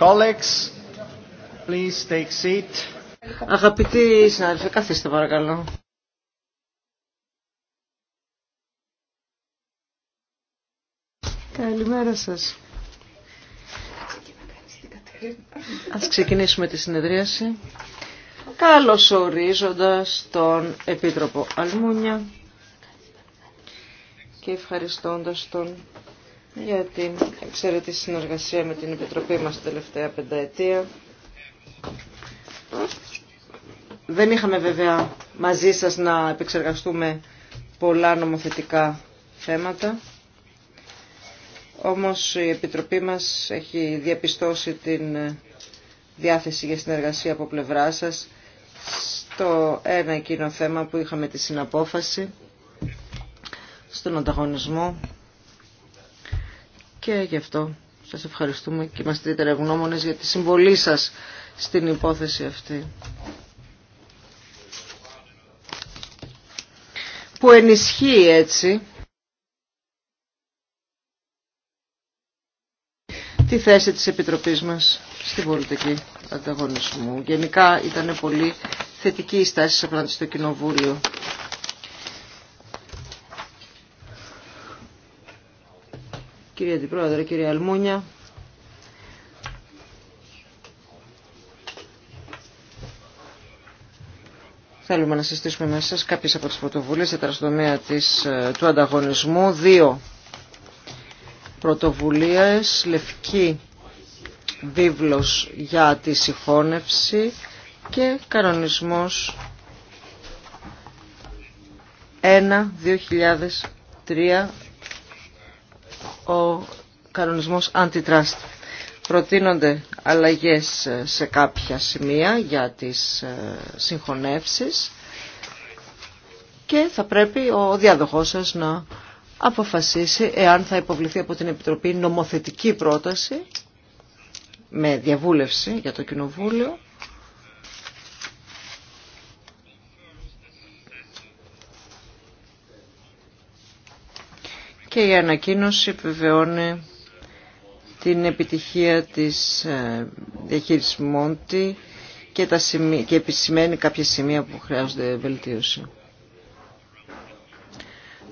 Colleagues, please Αγαπητοί συνάδελφοι, καθίστε παρακαλώ. Καλημέρα σας. Ας ξεκινήσουμε τη συνεδρίαση. Καλώς ορίζοντας τον Επίτροπο Αλμούνια και ευχαριστώντας τον για την εξαιρετή συνεργασία με την Επιτροπή μας τα τελευταία πενταετία. Δεν είχαμε βέβαια μαζί σας να επεξεργαστούμε πολλά νομοθετικά θέματα. Όμως η Επιτροπή μας έχει διαπιστώσει την διάθεση για συνεργασία από πλευρά σας στο ένα εκείνο θέμα που είχαμε τη συναπόφαση στον ανταγωνισμό και γι' αυτό σας ευχαριστούμε και είμαστε ιδιαίτερα ευγνώμονες για τη συμβολή σας στην υπόθεση αυτή. Που ενισχύει έτσι τη θέση της Επιτροπής μας στην πολιτική ανταγωνισμού. Γενικά ήταν πολύ θετική η στάση απέναντι στο Κοινοβούλιο. Κύριε Αντιπρόεδρε, κύριε Αλμούνια. Θέλουμε να συστήσουμε μέσα σας κάποιες από τις πρωτοβουλίες για τα της, ε, του ανταγωνισμού. Δύο πρωτοβουλίες, λευκή βίβλος για τη συγχώνευση και κανονισμός 1-2003 ο κανονισμός antitrust. Προτείνονται αλλαγές σε κάποια σημεία για τις ε, συγχωνεύσεις και θα πρέπει ο διάδοχός σας να αποφασίσει εάν θα υποβληθεί από την Επιτροπή νομοθετική πρόταση με διαβούλευση για το Κοινοβούλιο και η ανακοίνωση επιβεβαιώνει την επιτυχία της ε, διαχείρισης Μόντι και, τα και επισημαίνει κάποια σημεία που χρειάζονται βελτίωση.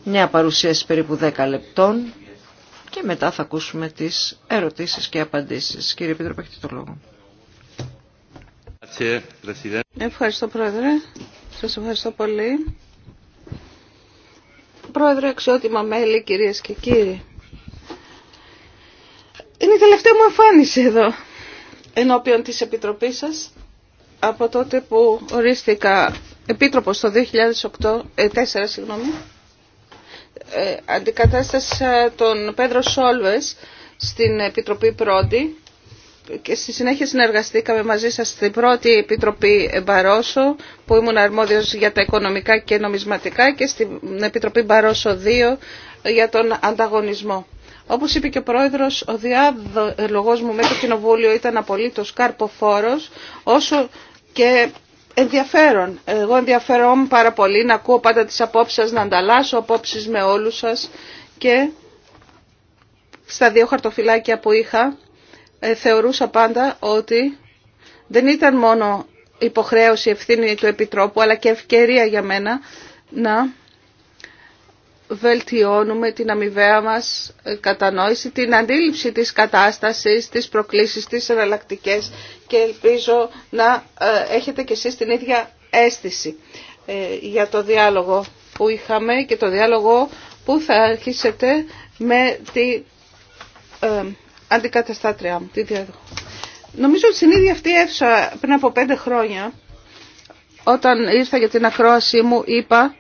Μια παρουσίαση περίπου 10 λεπτών και μετά θα ακούσουμε τις ερωτήσεις και απαντήσεις. Κύριε Επίτροπε, έχετε το λόγο. Ευχαριστώ Πρόεδρε. Σας ευχαριστώ πολύ. Πρόεδρε, αξιότιμα μέλη, κυρίες και κύριοι. Είναι η τελευταία μου εμφάνιση εδώ, ενώπιον της Επιτροπής σας, από τότε που ορίστηκα Επίτροπος το 2008, 4, ε, συγγνώμη, ε, αντικατάστασα τον Πέδρο Σόλβες στην Επιτροπή Πρώτη και στη συνέχεια συνεργαστήκαμε μαζί σας στην πρώτη Επιτροπή Μπαρόσο που ήμουν αρμόδιος για τα οικονομικά και νομισματικά και στην Επιτροπή Μπαρόσο 2 για τον ανταγωνισμό. Όπως είπε και ο Πρόεδρος, ο διάλογός μου με το Κοινοβούλιο ήταν απολύτως καρποφόρος όσο και ενδιαφέρον. Εγώ ενδιαφέρομαι πάρα πολύ να ακούω πάντα τις απόψεις σας, να ανταλλάσσω απόψεις με όλους σας και στα δύο χαρτοφυλάκια που είχα ε, θεωρούσα πάντα ότι δεν ήταν μόνο υποχρέωση ευθύνη του Επιτρόπου, αλλά και ευκαιρία για μένα να βελτιώνουμε την αμοιβαία μας ε, κατανόηση, την αντίληψη της κατάστασης, της προκλήσεις, της εναλλακτικέ και ελπίζω να ε, έχετε κι εσείς την ίδια αίσθηση για το διάλογο που είχαμε και το διάλογο που θα αρχίσετε με τη αντικαταστάτρια μου. Νομίζω ότι στην ίδια αυτή έφυσα πριν από πέντε χρόνια, όταν ήρθα για την ακρόασή μου, είπα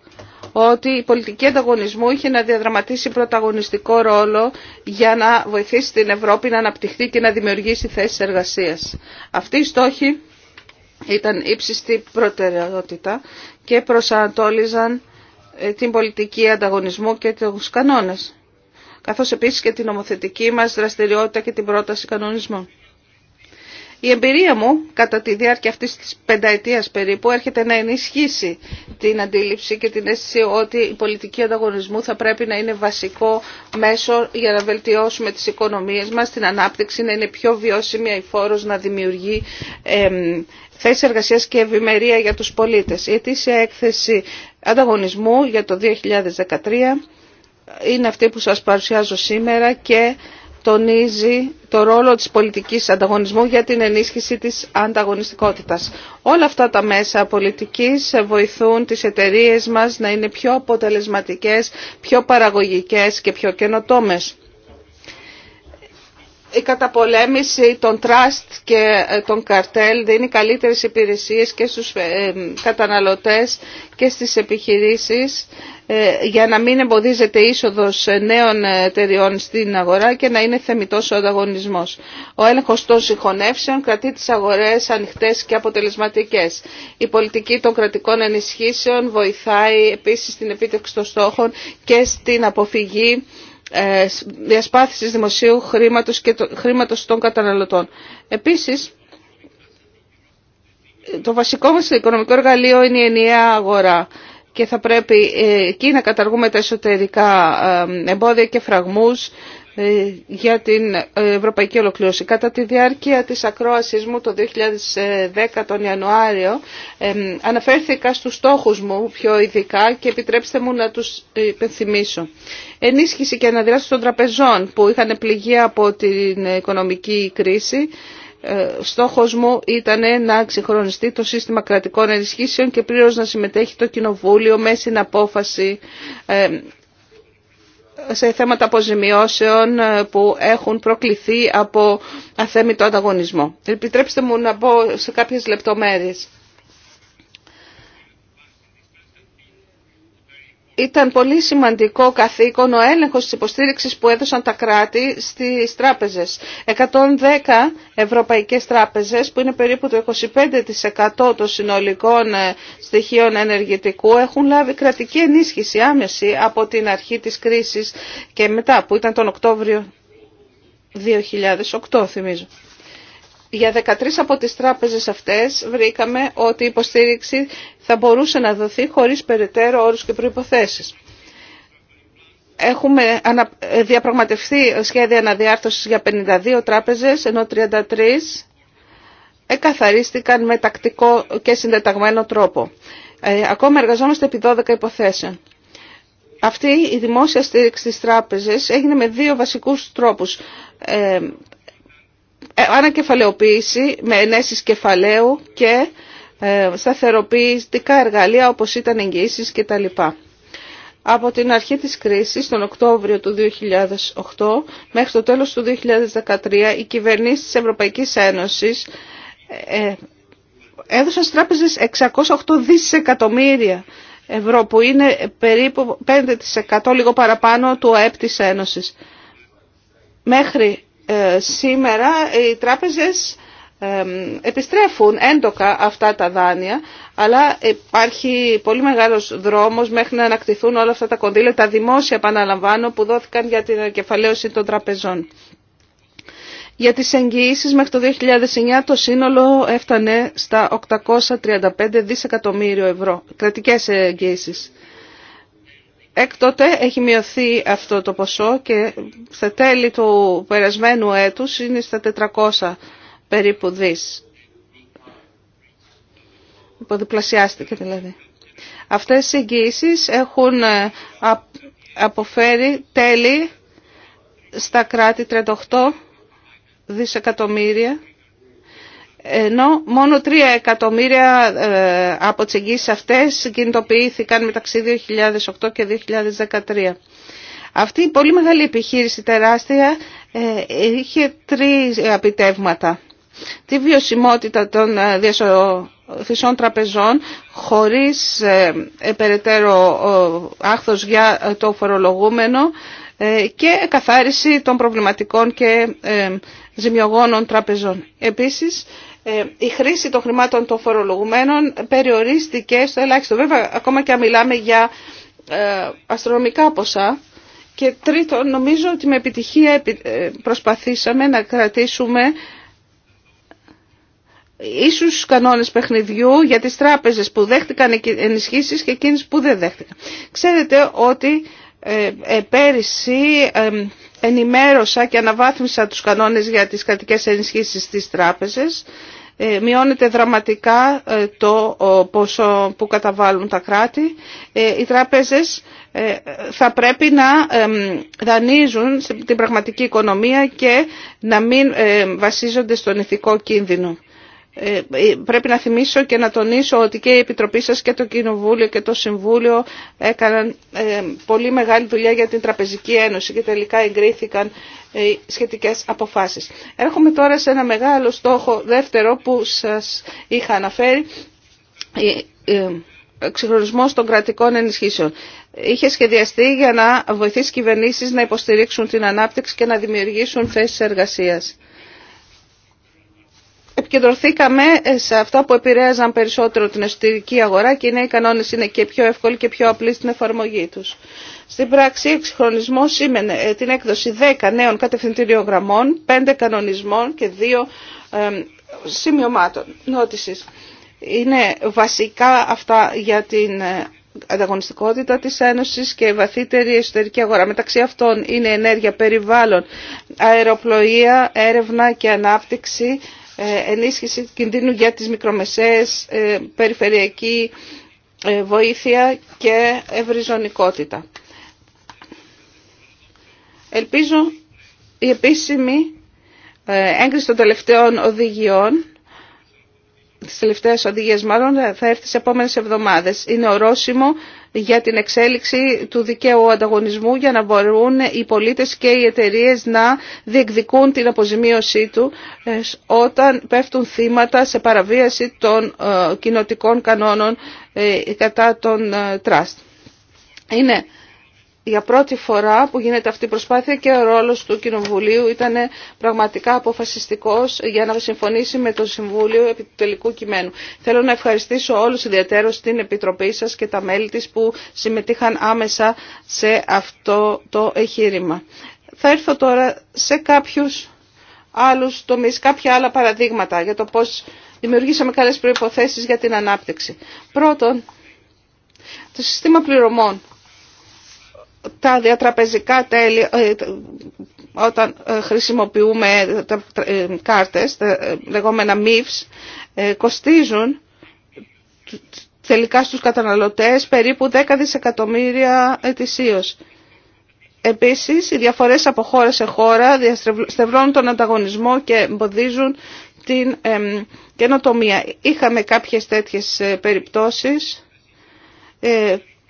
ότι η πολιτική ανταγωνισμού είχε να διαδραματίσει πρωταγωνιστικό ρόλο για να βοηθήσει την Ευρώπη να αναπτυχθεί και να δημιουργήσει θέσεις εργασίας. Αυτή η στόχη ήταν ύψιστη προτεραιότητα και προσανατόλιζαν ε, την πολιτική ανταγωνισμού και τους κανόνες καθώς επίσης και την νομοθετική μας δραστηριότητα και την πρόταση κανονισμού. Η εμπειρία μου κατά τη διάρκεια αυτής της πενταετίας περίπου έρχεται να ενισχύσει την αντίληψη και την αίσθηση ότι η πολιτική ανταγωνισμού θα πρέπει να είναι βασικό μέσο για να βελτιώσουμε τις οικονομίες μας, την ανάπτυξη να είναι πιο βιώσιμη η φόρος, να δημιουργεί εμ, θέσεις εργασίας και ευημερία για τους πολίτες. Η ετήσια έκθεση ανταγωνισμού για το 2013 είναι αυτή που σας παρουσιάζω σήμερα και τονίζει το ρόλο της πολιτικής ανταγωνισμού για την ενίσχυση της ανταγωνιστικότητας. Όλα αυτά τα μέσα πολιτικής βοηθούν τις εταιρείες μας να είναι πιο αποτελεσματικές, πιο παραγωγικές και πιο καινοτόμες η καταπολέμηση των τραστ και ε, των καρτέλ δίνει καλύτερες υπηρεσίες και στους ε, καταναλωτές και στις επιχειρήσεις ε, για να μην εμποδίζεται είσοδος νέων εταιριών στην αγορά και να είναι θεμητός ο ανταγωνισμός. Ο έλεγχος των συγχωνεύσεων κρατεί τις αγορές ανοιχτές και αποτελεσματικές. Η πολιτική των κρατικών ενισχύσεων βοηθάει επίσης στην επίτευξη των στόχων και στην αποφυγή ε, διασπάθησης δημοσίου χρήματος και το, χρήματος των καταναλωτών. Επίσης, το βασικό μας οικονομικό εργαλείο είναι η ενιαία αγορά και θα πρέπει ε, εκεί να καταργούμε τα εσωτερικά ε, εμπόδια και φραγμούς ε, για την ε, Ευρωπαϊκή Ολοκλήρωση. Κατά τη διάρκεια της ακρόασης μου το 2010 τον Ιανουάριο αναφέρθηκα στους στόχους μου πιο ειδικά και επιτρέψτε μου να τους ε, υπενθυμίσω. Ενίσχυση και αναδράση των τραπεζών που είχαν πληγεί από την οικονομική κρίση στόχος μου ήταν να ξεχρονιστεί το σύστημα κρατικών ενισχύσεων και πλήρως να συμμετέχει το Κοινοβούλιο με συναπόφαση σε θέματα αποζημιώσεων ε, που έχουν προκληθεί από αθέμητο ανταγωνισμό. Επιτρέψτε μου να πω σε κάποιες λεπτομέρειες. ήταν πολύ σημαντικό καθήκον ο έλεγχος της υποστήριξης που έδωσαν τα κράτη στις τράπεζες. 110 ευρωπαϊκές τράπεζες που είναι περίπου το 25% των συνολικών ε, στοιχείων ενεργητικού έχουν λάβει κρατική ενίσχυση άμεση από την αρχή της κρίσης και μετά που ήταν τον Οκτώβριο 2008 θυμίζω για 13 από τις τράπεζες αυτές βρήκαμε ότι η υποστήριξη θα μπορούσε να δοθεί χωρίς περαιτέρω όρους και προϋποθέσεις. Έχουμε ε, διαπραγματευτεί σχέδια αναδιάρθρωσης για 52 τράπεζες, ενώ 33 εκαθαρίστηκαν με τακτικό και συντεταγμένο τρόπο. Ε, ακόμα εργαζόμαστε επί 12 υποθέσεων. Αυτή η δημόσια στήριξη της τράπεζες έγινε με δύο βασικούς τρόπους. Ε, ε, ανακεφαλαιοποίηση με ενέσεις κεφαλαίου και ε, σταθεροποιητικά εργαλεία όπως ήταν εγγύησεις κτλ. Από την αρχή της κρίσης, τον Οκτώβριο του 2008 μέχρι το τέλος του 2013, οι κυβερνήσεις της Ευρωπαϊκής Ένωσης ε, έδωσαν στις τράπεζες 608 δισεκατομμύρια ευρώ, που είναι περίπου 5% λίγο παραπάνω του ΑΕΠ της Ένωσης. Μέχρι ε, σήμερα οι τράπεζες ε, επιστρέφουν έντοκα αυτά τα δάνεια, αλλά υπάρχει πολύ μεγάλος δρόμος μέχρι να ανακτηθούν όλα αυτά τα κονδύλια, τα δημόσια επαναλαμβάνω που δόθηκαν για την κεφαλαίωση των τραπεζών. Για τις εγγυήσεις μέχρι το 2009 το σύνολο έφτανε στα 835 δισεκατομμύριο ευρώ, κρατικές εγγυήσεις. Έκτοτε έχει μειωθεί αυτό το ποσό και στα τέλη του περασμένου έτους είναι στα 400 περίπου δις. Υποδιπλασιάστηκε δηλαδή. Αυτές οι εγγύησεις έχουν ε, αποφέρει τέλη στα κράτη 38 δισεκατομμύρια ενώ μόνο 3 εκατομμύρια ε, από τις εγγύσεις αυτές κινητοποιήθηκαν μεταξύ 2008 και 2013. Αυτή η πολύ μεγάλη επιχείρηση τεράστια ε, είχε τρεις επιτεύγματα. Τη βιωσιμότητα των ε, διασωθησών τραπεζών χωρίς περαιτέρω άχθος για το φορολογούμενο και καθάριση των προβληματικών και ζημιογόνων τραπεζών. Επίσης, ε, η χρήση των χρημάτων των φορολογουμένων περιορίστηκε στο ελάχιστο. Βέβαια, ακόμα και αν μιλάμε για ε, αστρονομικά ποσά. Και τρίτον, νομίζω ότι με επιτυχία ε, προσπαθήσαμε να κρατήσουμε ίσους κανόνες παιχνιδιού για τις τράπεζες που δέχτηκαν ενισχύσεις και εκείνες που δεν δέχτηκαν. Ξέρετε ότι πέρυσι ενημέρωσα και αναβάθμισα τους κανόνες για τις κρατικές ενισχύσεις στις τράπεζες ε, μειώνεται δραματικά ε, το ποσό που καταβάλουν τα κράτη. Ε, οι τράπεζες θα πρέπει να δανείζουν την πραγματική οικονομία και να μην βασίζονται στον ηθικό κίνδυνο. Ε, ε, πρέπει να θυμίσω και να τονίσω ότι και η Επιτροπή σας και το Κοινοβούλιο και το Συμβούλιο έκαναν ε, πολύ μεγάλη δουλειά για την Τραπεζική Ένωση και τελικά εγκρίθηκαν οι σχετικές αποφάσεις. Έρχομαι τώρα σε ένα μεγάλο στόχο δεύτερο που σας είχα αναφέρει ξεχωρισμός των κρατικών ενισχύσεων. Είχε σχεδιαστεί για να βοηθήσει κυβερνήσει να υποστηρίξουν την ανάπτυξη και να δημιουργήσουν θέσει εργασία επικεντρωθήκαμε σε αυτά που επηρέαζαν περισσότερο την εσωτερική αγορά και οι νέοι κανόνες είναι και πιο εύκολοι και πιο απλοί στην εφαρμογή τους. Στην πράξη, εξυγχρονισμό σήμαινε ε, την έκδοση 10 νέων κατευθυντήριων γραμμών, 5 κανονισμών και 2 σημειωμάτων νότησης. Είναι βασικά αυτά για την ε, ανταγωνιστικότητα της Ένωσης και βαθύτερη εσωτερική αγορά. Μεταξύ αυτών είναι ενέργεια, περιβάλλον, αεροπλοεία, έρευνα και ανάπτυξη, ε, ενίσχυση κινδύνου για τις μικρομεσαίες, ε, περιφερειακή ε, βοήθεια και ευρυζωνικότητα. Ελπίζω η επίσημη έγκριση των τελευταίων οδηγιών τις τελευταίες οδηγίες μάλλον θα έρθει σε επόμενες εβδομάδες. Είναι ορόσημο για την εξέλιξη του δικαίου ανταγωνισμού για να μπορούν οι πολίτες και οι εταιρείες να διεκδικούν την αποζημίωσή του ε, όταν πέφτουν θύματα σε παραβίαση των ε, κοινοτικών κανόνων ε, κατά των τραστ. Είναι για πρώτη φορά που γίνεται αυτή η προσπάθεια και ο ρόλος του Κοινοβουλίου ήταν πραγματικά αποφασιστικός για να συμφωνήσει με το Συμβούλιο επί του τελικού κειμένου. Θέλω να ευχαριστήσω όλους ιδιαίτερω την Επιτροπή σας και τα μέλη της που συμμετείχαν άμεσα σε αυτό το εγχείρημα. Θα έρθω τώρα σε κάποιου άλλους τομείς, κάποια άλλα παραδείγματα για το πώς δημιουργήσαμε καλές προϋποθέσεις για την ανάπτυξη. Πρώτον, το σύστημα πληρωμών τα διατραπεζικά τέλη ε, όταν ε, χρησιμοποιούμε τα ε, κάρτες, τα λεγόμενα MIFS, κοστίζουν τελικά στους καταναλωτές περίπου 10 δισεκατομμύρια ετησίως. Επίσης, οι διαφορές από χώρα σε χώρα διαστρεβλώνουν τον ανταγωνισμό και εμποδίζουν την καινοτομία. Είχαμε κάποιες τέτοιες περιπτώσεις,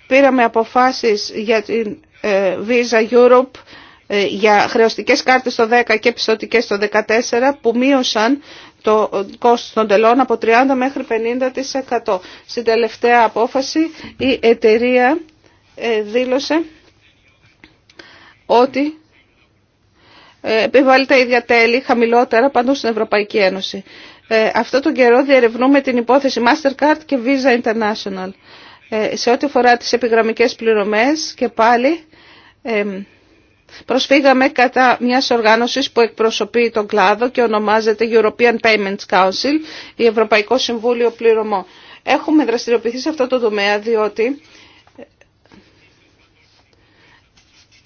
πήραμε αποφάσεις για την ε, Visa Europe ε, για χρεωστικές κάρτες το 10 και πιστωτικές το 14 που μείωσαν το κόστος των τελών από 30 μέχρι 50%. Στην τελευταία απόφαση η εταιρεία ε, δήλωσε ότι επιβάλλει τα ίδια τέλη χαμηλότερα παντού στην Ευρωπαϊκή Ένωση. Αυτό τον καιρό διερευνούμε την υπόθεση Mastercard και Visa International. Ε, σε ό,τι αφορά τις επιγραμμικές πληρωμές και πάλι ε, προσφύγαμε κατά μιας οργάνωσης που εκπροσωπεί τον κλάδο και ονομάζεται European Payments Council, η Ευρωπαϊκό Συμβούλιο Πληρωμό. Έχουμε δραστηριοποιηθεί σε αυτό το τομέα διότι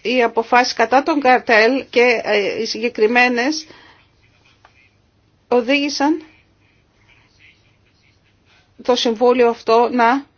ε, οι αποφάσεις κατά τον καρτέλ και οι συγκεκριμένες οδήγησαν το Συμβούλιο αυτό να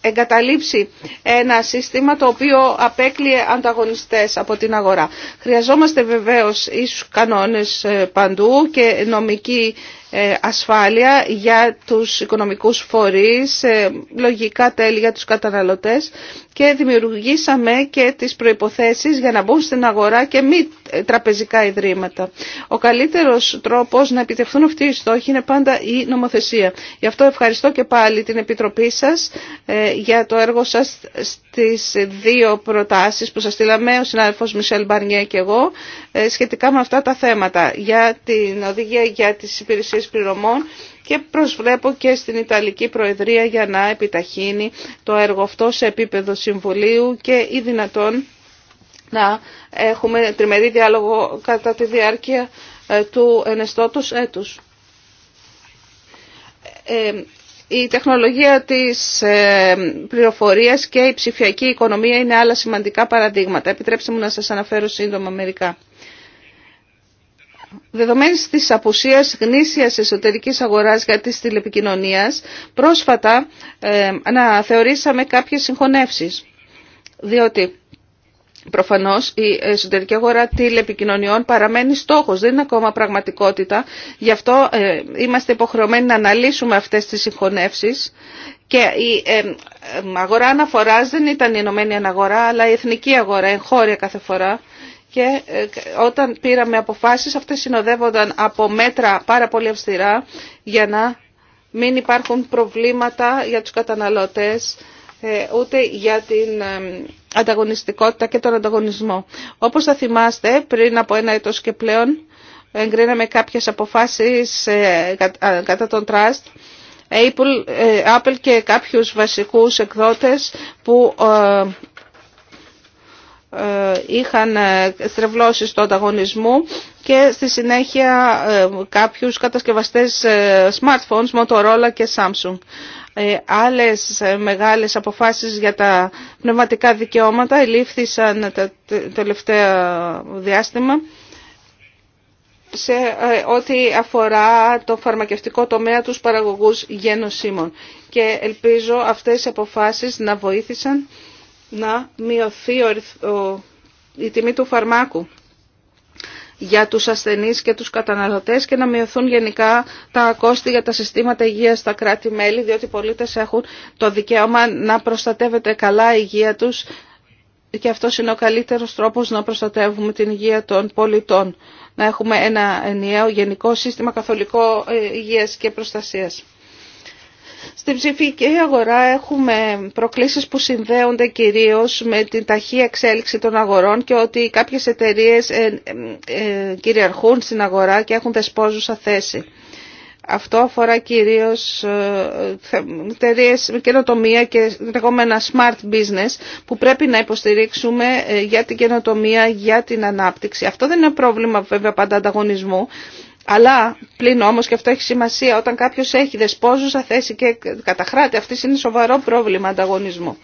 εγκαταλείψει ένα σύστημα το οποίο απέκλειε ανταγωνιστές από την αγορά. Χρειαζόμαστε βεβαίως ίσους κανόνες ε, παντού και νομική ε, ασφάλεια για τους οικονομικούς φορείς, ε, λογικά τέλη για τους καταναλωτές και δημιουργήσαμε και τις προϋποθέσεις για να μπουν στην αγορά και μη ε, τραπεζικά ιδρύματα. Ο καλύτερος τρόπος να επιτευχθούν αυτοί οι στόχοι είναι πάντα η νομοθεσία. Γι' αυτό ευχαριστώ και πάλι την Επιτροπή σας για το έργο σας στις δύο προτάσεις που σας στείλαμε, ο συνάδελφος Μισελ Μπαρνιέ και εγώ, σχετικά με αυτά τα θέματα για την οδηγία για τις υπηρεσίες πληρωμών και προσβλέπω και στην Ιταλική Προεδρία για να επιταχύνει το έργο αυτό σε επίπεδο Συμβουλίου και ή δυνατόν να έχουμε τριμερή διάλογο κατά τη διάρκεια ε, του ενεστώτος έτους. Ε, η τεχνολογία της ε, πληροφορίας και η ψηφιακή οικονομία είναι άλλα σημαντικά παραδείγματα. Επιτρέψτε μου να σας αναφέρω σύντομα μερικά. Δεδομένης της απουσίας γνήσιας εσωτερικής αγοράς για τη τηλεπικοινωνία πρόσφατα ε, αναθεωρήσαμε κάποιες συγχωνεύσεις, διότι Προφανώς η εσωτερική αγορά τηλεπικοινωνιών παραμένει στόχος, δεν είναι ακόμα πραγματικότητα. Γι' αυτό ε, είμαστε υποχρεωμένοι να αναλύσουμε αυτές τις συγχωνεύσεις και η ε, αγορά αναφοράς δεν ήταν η ενωμένη αναγορά αλλά η εθνική αγορά εγχώρια κάθε φορά και ε, όταν πήραμε αποφάσεις αυτές συνοδεύονταν από μέτρα πάρα πολύ αυστηρά για να μην υπάρχουν προβλήματα για τους καταναλωτές ε, ούτε για την ε, ανταγωνιστικότητα και τον ανταγωνισμό. Όπως θα θυμάστε, πριν από ένα έτος και πλέον εγκρίναμε κάποιες αποφάσεις κατά τον τραστ Apple, Apple και κάποιους βασικούς εκδότες που ε, είχαν ε, στρεβλώσει στον ανταγωνισμό και στη συνέχεια ε, κάποιους κατασκευαστές smartphones, Motorola και Samsung. Άλλες μεγάλες αποφάσεις για τα πνευματικά δικαιώματα ελήφθησαν το τελευταίο διάστημα σε ό,τι αφορά το φαρμακευτικό τομέα τους παραγωγούς σήμων. Και ελπίζω αυτές οι αποφάσεις να βοήθησαν να μειωθεί η τιμή του φαρμάκου για τους ασθενείς και τους καταναλωτές και να μειωθούν γενικά τα κόστη για τα συστήματα υγείας στα κράτη-μέλη, διότι οι πολίτες έχουν το δικαίωμα να προστατεύεται καλά η υγεία τους και αυτός είναι ο καλύτερος τρόπος να προστατεύουμε την υγεία των πολιτών. Να έχουμε ένα ενιαίο γενικό σύστημα καθολικό ε, υγείας και προστασίας. Στην ψηφική αγορά έχουμε προκλήσεις που συνδέονται κυρίως με την ταχεία εξέλιξη των αγορών και ότι κάποιες εταιρείες ε, ε, κυριαρχούν στην αγορά και έχουν δεσπόζουσα θέση. Αυτό αφορά κυρίως ε, εταιρείε με καινοτομία και λεγόμενα smart business που πρέπει να υποστηρίξουμε για την καινοτομία, για την ανάπτυξη. Αυτό δεν είναι πρόβλημα βέβαια πάντα ανταγωνισμού, αλλά πλην όμως και αυτό έχει σημασία όταν κάποιο έχει δεσπόζουσα θέση και καταχράτη. Αυτή είναι σοβαρό πρόβλημα ανταγωνισμού.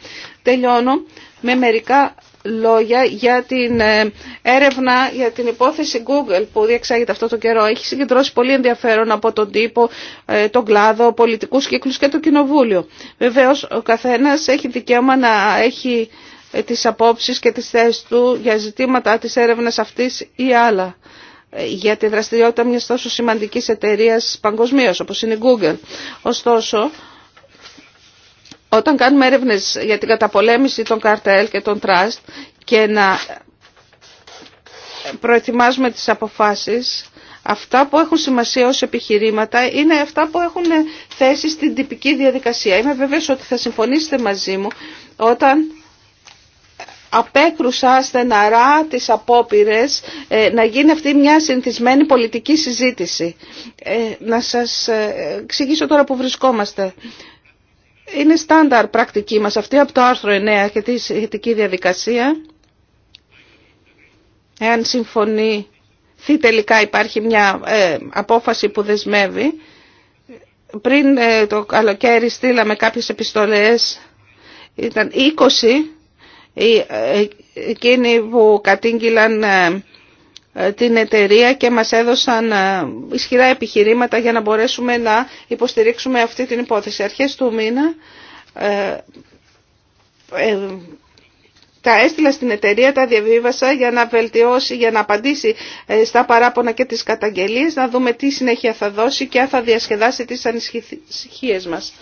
Τελειώνω με μερικά λόγια για την ε, έρευνα για την υπόθεση Google που διεξάγεται αυτό το καιρό. Έχει συγκεντρώσει πολύ ενδιαφέρον από τον τύπο, ε, τον κλάδο, πολιτικούς κύκλου και το κοινοβούλιο. Βεβαίω, ο καθένα έχει δικαίωμα να έχει ε, τις απόψεις και τις θέσεις του για ζητήματα της έρευνας αυτής ή άλλα. Ε, για τη δραστηριότητα μιας τόσο σημαντικής εταιρείας παγκοσμίως όπως είναι η Google. Ωστόσο, όταν κάνουμε έρευνες για την καταπολέμηση των καρτέλ και των τραστ και να προετοιμάζουμε τις αποφάσεις, αυτά που έχουν σημασία ως επιχειρήματα είναι αυτά που έχουν θέση στην τυπική διαδικασία. Είμαι βέβαιος ότι θα συμφωνήσετε μαζί μου όταν απέκρουσα στεναρά τις απόπειρες ε, να γίνει αυτή μια συνηθισμένη πολιτική συζήτηση. Ε, να σας ε, εξηγήσω τώρα που βρισκόμαστε. Είναι στάνταρ πρακτική μας αυτή από το άρθρο 9 και τη σχετική διαδικασία. Εάν συμφωνεί, τελικά υπάρχει μια απόφαση που δεσμεύει. Πριν το καλοκαίρι στείλαμε κάποιες επιστολές, ήταν 20 ε, εκείνοι που κατήγγυλαν ε, ε, την εταιρεία και μας έδωσαν ισχυρά επιχειρήματα για να μπορέσουμε να υποστηρίξουμε αυτή την υπόθεση. Αρχές του μήνα τα έστειλα στην εταιρεία, τα διαβίβασα για να βελτιώσει, για να απαντήσει στα παράπονα και τις καταγγελίες, να δούμε τι συνέχεια θα δώσει και αν θα διασκεδάσει τις ανησυχίες μας.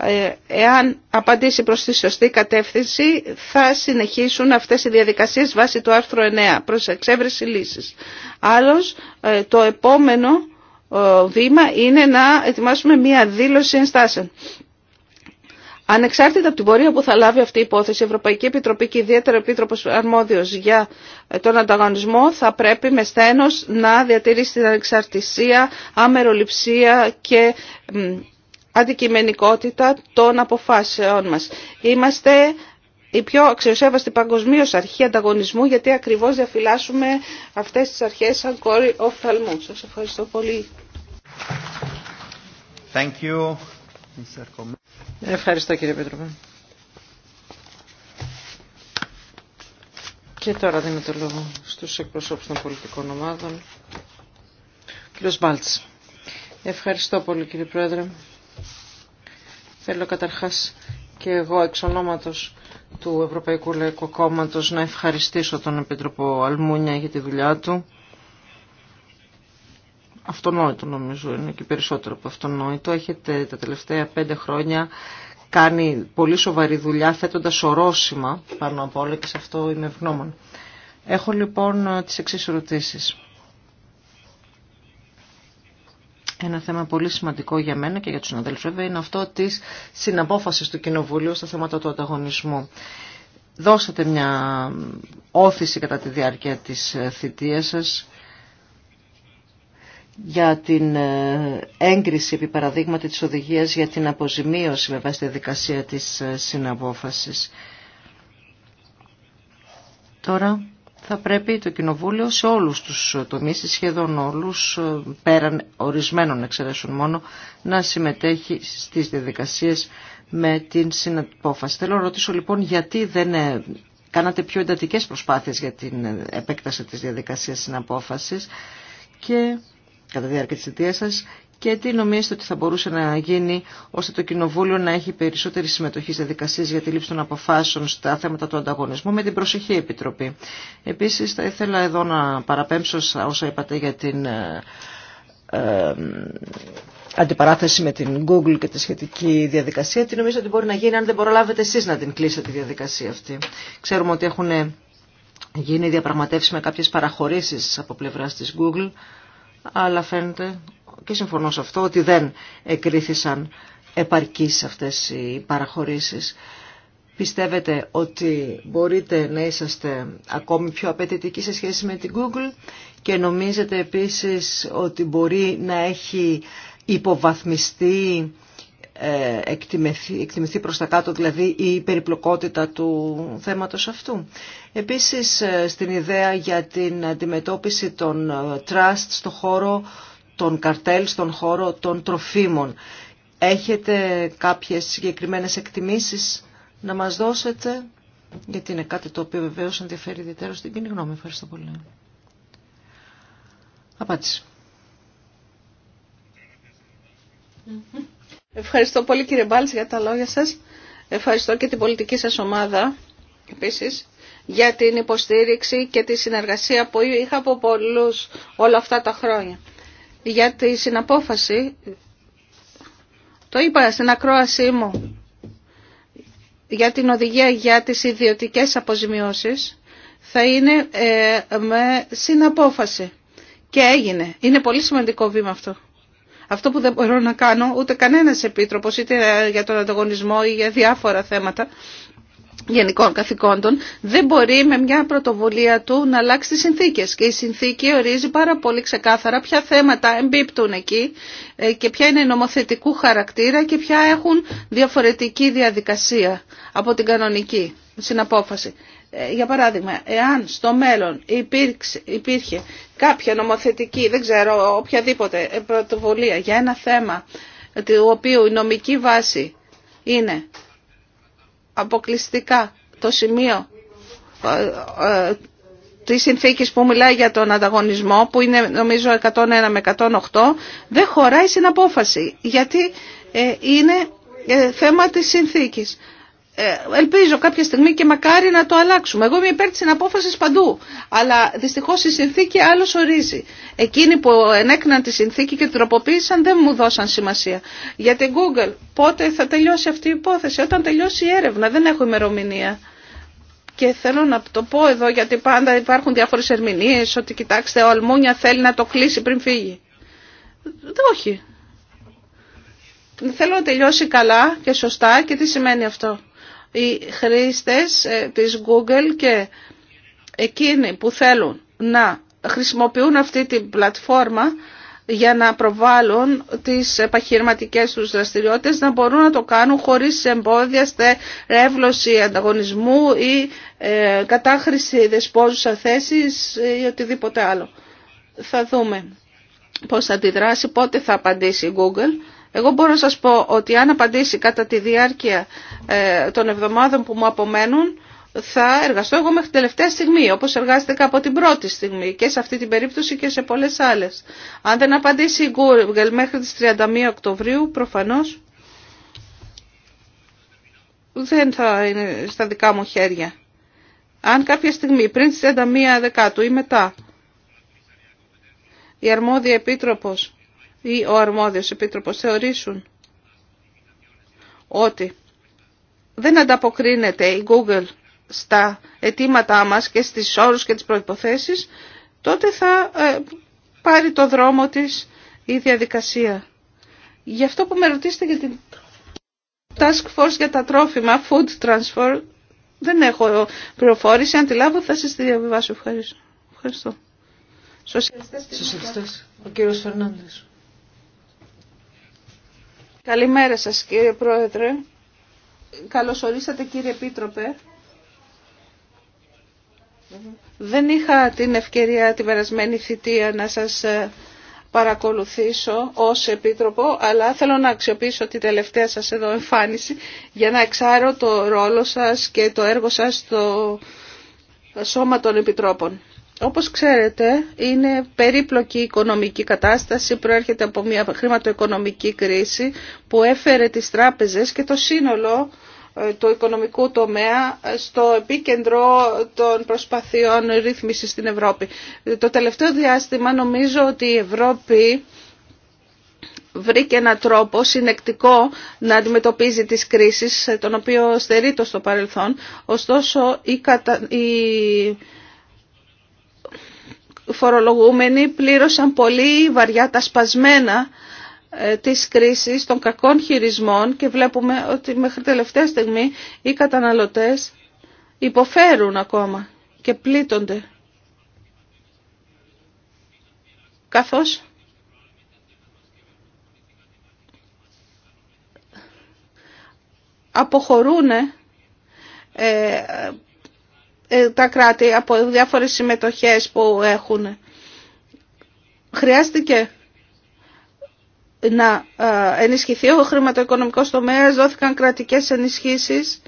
Ε, εάν απαντήσει προς τη σωστή κατεύθυνση θα συνεχίσουν αυτές οι διαδικασίες βάσει του άρθρου 9 προς εξέβρεση λύσης. Άλλως, ε, το επόμενο ε, βήμα είναι να ετοιμάσουμε μία δήλωση ενστάσεων. Ανεξάρτητα από την πορεία που θα λάβει αυτή η υπόθεση, η Ευρωπαϊκή Επιτροπή και ιδιαίτερα ο Επίτροπο Αρμόδιο για τον ανταγωνισμό θα πρέπει με στένο να διατηρήσει την ανεξαρτησία, αμεροληψία και αντικειμενικότητα των αποφάσεών μας. Είμαστε η πιο αξιοσέβαστη παγκοσμίω αρχή ανταγωνισμού γιατί ακριβώς διαφυλάσσουμε αυτές τις αρχές σαν κόρη οφθαλμού. Σας ευχαριστώ πολύ. Thank you. Ευχαριστώ κύριε Πέτροπε. Και τώρα δίνω το λόγο στους εκπροσώπους των πολιτικών ομάδων. Κύριος Μπάλτς. Ευχαριστώ πολύ κύριε Πρόεδρε. Θέλω καταρχάς και εγώ εξ ονόματος του Ευρωπαϊκού Λαϊκού Κόμματος να ευχαριστήσω τον Επίτροπο Αλμούνια για τη δουλειά του. Αυτονόητο νομίζω είναι και περισσότερο από αυτονόητο. Έχετε τα τελευταία πέντε χρόνια κάνει πολύ σοβαρή δουλειά θέτοντας ορόσημα πάνω από όλα και σε αυτό είμαι ευγνώμων. Έχω λοιπόν τις εξής ερωτήσεις. Ένα θέμα πολύ σημαντικό για μένα και για τους συναδέλφους βέβαια είναι αυτό της συναπόφασης του Κοινοβουλίου στα θέματα του ανταγωνισμού. Δώσατε μια όθηση κατά τη διάρκεια της ε, θητείας σας για την ε, έγκριση επί παραδείγματι της οδηγίας για την αποζημίωση με βάση τη δικασία της ε, συναπόφασης. Τώρα θα πρέπει το Κοινοβούλιο σε όλους τους τομείς, σχεδόν όλους, πέραν ορισμένων εξαιρέσεων μόνο, να συμμετέχει στις διαδικασίες με την συναπόφαση. Θέλω να ρωτήσω λοιπόν γιατί δεν ε, κάνατε πιο εντατικές προσπάθειες για την επέκταση της διαδικασίας συναπόφασης και κατά τη διάρκεια της αιτίας σας και τι νομίζετε ότι θα μπορούσε να γίνει ώστε το Κοινοβούλιο να έχει περισσότερη συμμετοχή σε δικασίες για τη λήψη των αποφάσεων στα θέματα του ανταγωνισμού με την προσοχή Επιτροπή. Επίση, θα ήθελα εδώ να παραπέμψω όσα είπατε για την ε, ε, αντιπαράθεση με την Google και τη σχετική διαδικασία. Τι νομίζετε ότι μπορεί να γίνει αν δεν προλάβετε εσεί να την κλείσετε τη διαδικασία αυτή. Ξέρουμε ότι έχουν γίνει διαπραγματεύσει με κάποιε παραχωρήσει από πλευρά τη Google αλλά φαίνεται και συμφωνώ σε αυτό ότι δεν εκρίθησαν επαρκείς αυτές οι παραχωρήσεις. Πιστεύετε ότι μπορείτε να είσαστε ακόμη πιο απαιτητικοί σε σχέση με την Google και νομίζετε επίσης ότι μπορεί να έχει υποβαθμιστεί, ε, εκτιμηθεί, εκτιμηθεί προς τα κάτω δηλαδή η περιπλοκότητα του θέματος αυτού. Επίσης ε, στην ιδέα για την αντιμετώπιση των ε, trust στο χώρο των καρτέλ στον χώρο των τροφίμων. Έχετε κάποιες συγκεκριμένες εκτιμήσεις να μας δώσετε, γιατί είναι κάτι το οποίο βεβαίως ενδιαφέρει ιδιαίτερα στην κοινή γνώμη. Ευχαριστώ πολύ. Απάντηση. Ευχαριστώ πολύ κύριε Μπάλς για τα λόγια σας. Ευχαριστώ και την πολιτική σας ομάδα επίσης για την υποστήριξη και τη συνεργασία που είχα από πολλούς όλα αυτά τα χρόνια. Γιατί η συναπόφαση. Το είπα στην ακρόασή μου για την οδηγία για τις ιδιωτικές αποζημιώσεις θα είναι ε, με συναπόφαση. Και έγινε. Είναι πολύ σημαντικό βήμα αυτό. Αυτό που δεν μπορώ να κάνω ούτε κανένας επίτροπος είτε για τον ανταγωνισμό ή για διάφορα θέματα γενικών καθηκόντων, δεν μπορεί με μια πρωτοβουλία του να αλλάξει τις συνθήκες. Και η συνθήκη ορίζει πάρα πολύ ξεκάθαρα ποια θέματα εμπίπτουν εκεί ε, και ποια είναι νομοθετικού χαρακτήρα και ποια έχουν διαφορετική διαδικασία από την κανονική συναπόφαση. Ε, για παράδειγμα, εάν στο μέλλον υπήρχε κάποια νομοθετική, δεν ξέρω, οποιαδήποτε πρωτοβουλία για ένα θέμα του οποίου η νομική βάση είναι αποκλειστικά το σημείο ε, ε, τη συνθήκη που μιλάει για τον ανταγωνισμό, που είναι νομίζω 101 με 108, δεν χωράει στην απόφαση, γιατί ε, είναι θέμα της συνθήκης. Ε, ελπίζω κάποια στιγμή και μακάρι να το αλλάξουμε. Εγώ είμαι υπέρ τη απόφαση παντού. Αλλά δυστυχώ η συνθήκη άλλο ορίζει. Εκείνοι που ενέκναν τη συνθήκη και την τροποποίησαν δεν μου δώσαν σημασία. Για την Google πότε θα τελειώσει αυτή η υπόθεση. Όταν τελειώσει η έρευνα δεν έχω ημερομηνία. Και θέλω να το πω εδώ γιατί πάντα υπάρχουν διάφορε ερμηνείε ότι κοιτάξτε ο Αλμούνια θέλει να το κλείσει πριν φύγει. Όχι. Θέλω να τελειώσει καλά και σωστά και τι σημαίνει αυτό οι χρήστες ε, της Google και εκείνοι που θέλουν να χρησιμοποιούν αυτή την πλατφόρμα για να προβάλλουν τις επαχειρηματικές τους δραστηριότητες να μπορούν να το κάνουν χωρίς εμπόδια ρεύλωση ανταγωνισμού ή ε, κατάχρηση δεσπόζουσα θέσης ή οτιδήποτε άλλο. Θα δούμε πώς θα αντιδράσει, πότε θα απαντήσει η Google εγώ μπορώ να σας πω ότι αν απαντήσει κατά τη διάρκεια ε, των εβδομάδων που μου απομένουν, θα εργαστώ εγώ μέχρι την τελευταία στιγμή, όπως εργάζεται από την πρώτη στιγμή και σε αυτή την περίπτωση και σε πολλές άλλες. Αν δεν απαντήσει η Google μέχρι τις 31 Οκτωβρίου, προφανώς δεν θα είναι στα δικά μου χέρια. Αν κάποια στιγμή, πριν τις 31 Δεκάτου ή μετά, η αρμόδια επίτροπος ή ο αρμόδιος επίτροπος θεωρήσουν ότι δεν ανταποκρίνεται η Google στα αιτήματά μας και στις όρους και τις προϋποθέσεις, τότε θα ε, πάρει το δρόμο της η διαδικασία. Γι' αυτό που με ρωτήσετε για την Task Force για τα τρόφιμα, Food Transfer, δεν έχω πληροφόρηση. Αν τη λάβω θα σας τη διαβιβάσω. Ευχαριστώ. Ευχαριστώ. Σοσιαλιστές. Ο κύριος Φερνάνδης. Καλημέρα σας κύριε Πρόεδρε. Καλώς ορίσατε κύριε Επίτροπε. Δεν είχα την ευκαιρία την περασμένη θητεία να σας ε, παρακολουθήσω ως Επίτροπο, αλλά θέλω να αξιοποιήσω τη τελευταία σας εδώ εμφάνιση για να εξάρω το ρόλο σας και το έργο σας στο Σώμα των Επιτρόπων. Όπως ξέρετε, είναι περίπλοκη οικονομική κατάσταση, προέρχεται από μια χρηματοοικονομική κρίση που έφερε τις τράπεζες και το σύνολο ε, του οικονομικού τομέα ε, στο επίκεντρο των προσπαθειών ρύθμισης στην Ευρώπη. Το τελευταίο διάστημα νομίζω ότι η Ευρώπη βρήκε έναν τρόπο συνεκτικό να αντιμετωπίζει τις κρίσεις, ε, τον οποίο το στο παρελθόν. Ωστόσο, η, η φορολογούμενοι πλήρωσαν πολύ βαριά τα σπασμένα ε, της κρίσης των κακών χειρισμών και βλέπουμε ότι μέχρι τελευταία στιγμή οι καταναλωτές υποφέρουν ακόμα και πλήττονται. Καθώς αποχωρούν ε, ε, τα κράτη από διάφορες συμμετοχές που έχουν. Χρειάστηκε να ε, ενισχυθεί ο χρηματοοικονομικός τομέας, δόθηκαν κρατικές ενισχύσεις,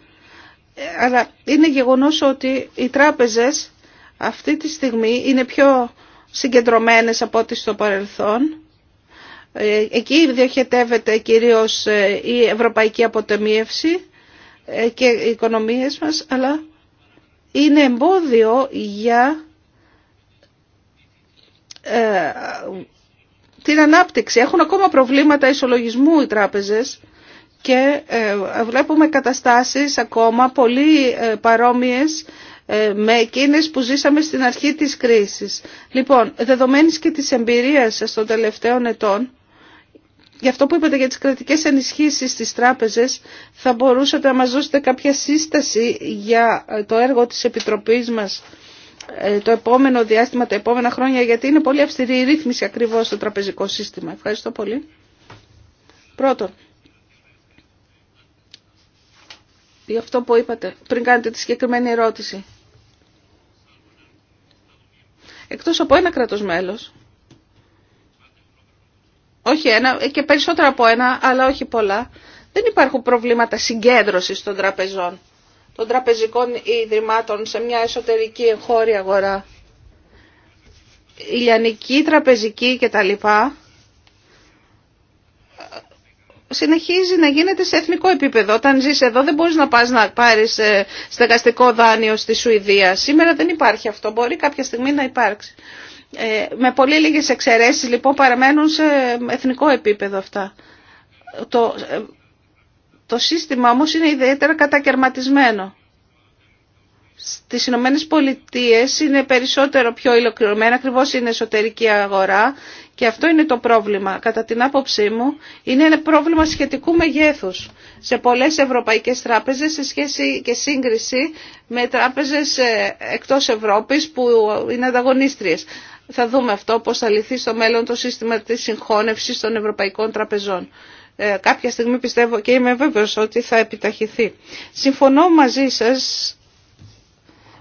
ε, αλλά είναι γεγονός ότι οι τράπεζες αυτή τη στιγμή είναι πιο συγκεντρωμένες από ό,τι στο παρελθόν. Εκεί διοχετεύεται κυρίως η ευρωπαϊκή αποτεμίευση και οι οικονομίες μας, αλλά είναι εμπόδιο για ε, την ανάπτυξη. Έχουν ακόμα προβλήματα ισολογισμού οι τράπεζες και ε, βλέπουμε καταστάσεις ακόμα πολύ ε, παρόμοιες με εκείνες που ζήσαμε στην αρχή της κρίσης. Λοιπόν, δεδομένης και της εμπειρίας των τελευταίων ετών, Γι' αυτό που είπατε για τις κρατικές ανισχύσεις στις τράπεζες, θα μπορούσατε να μας δώσετε κάποια σύσταση για ε, το έργο της Επιτροπής μας ε, το επόμενο διάστημα, τα επόμενα χρόνια, γιατί είναι πολύ αυστηρή η ρύθμιση ακριβώς στο τραπεζικό σύστημα. Ευχαριστώ πολύ. Πρώτον, για αυτό που είπατε, πριν κάνετε τη συγκεκριμένη ερώτηση. Εκτός από ένα κρατος μέλος, όχι ένα ε, και περισσότερο από ένα, αλλά όχι πολλά, δεν υπάρχουν προβλήματα συγκέντρωσης των τραπεζών, των τραπεζικών ιδρυμάτων σε μια εσωτερική εγχώρια αγορά. Ηλιανική, τραπεζική κτλ. Συνεχίζει να γίνεται σε εθνικό επίπεδο. Όταν ζεις εδώ δεν μπορείς να πας να πάρεις ε, στεγαστικό δάνειο στη Σουηδία. Σήμερα δεν υπάρχει αυτό. Μπορεί κάποια στιγμή να υπάρξει. Ε, με πολύ λίγες εξαιρέσεις λοιπόν παραμένουν σε εθνικό επίπεδο αυτά. Το, ε, το σύστημα όμως είναι ιδιαίτερα κατακαιρματισμένο. Στις Ηνωμένε Πολιτείε είναι περισσότερο πιο υλοκληρωμένα, ακριβώ είναι εσωτερική αγορά και αυτό είναι το πρόβλημα. Κατά την άποψή μου είναι ένα πρόβλημα σχετικού μεγέθους σε πολλές ευρωπαϊκές τράπεζες σε σχέση και σύγκριση με τράπεζες ε, εκτός Ευρώπης που είναι ανταγωνίστριες θα δούμε αυτό πώς θα λυθεί στο μέλλον το σύστημα της συγχώνευσης των ευρωπαϊκών τραπεζών. Ε, κάποια στιγμή πιστεύω και είμαι βέβαιος ότι θα επιταχυθεί. Συμφωνώ μαζί σας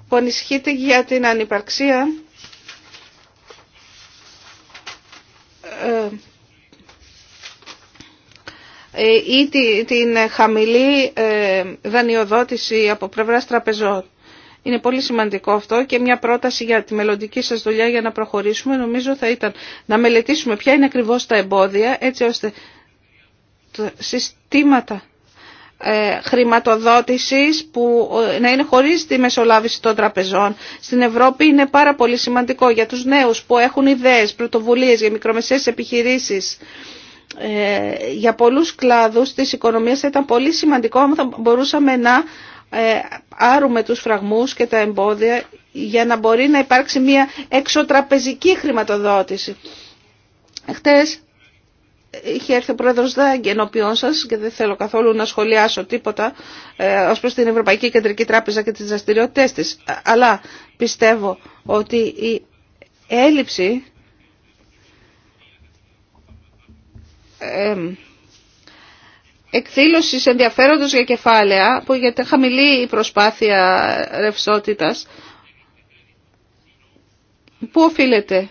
που ανησυχείτε για την ανυπαρξία ε, ή την χαμηλή ε, δανειοδότηση από πλευράς τραπεζών. Είναι πολύ σημαντικό αυτό και μια πρόταση για τη μελλοντική σας δουλειά για να προχωρήσουμε νομίζω θα ήταν να μελετήσουμε ποια είναι ακριβώς τα εμπόδια έτσι ώστε τα συστήματα ε, χρηματοδότησης που ε, να είναι χωρίς τη μεσολάβηση των τραπεζών στην Ευρώπη είναι πάρα πολύ σημαντικό για τους νέους που έχουν ιδέες, πρωτοβουλίες για μικρομεσαίες επιχειρήσεις ε, για πολλούς κλάδους της οικονομίας θα ήταν πολύ σημαντικό αν θα μπορούσαμε να ε, άρουμε τους φραγμούς και τα εμπόδια για να μπορεί να υπάρξει μια εξωτραπεζική χρηματοδότηση. Χτες είχε έρθει ο πρόεδρος Δάγκη ενώπιόν σας και δεν θέλω καθόλου να σχολιάσω τίποτα ε, ως προς την Ευρωπαϊκή Κεντρική Τράπεζα και τις δραστηριότητε της. Αλλά πιστεύω ότι η έλλειψη... Ε, Εκδήλωση ενδιαφέροντος για κεφάλαια, που γιατί χαμηλή η προσπάθεια ρευσότητας, πού οφείλεται.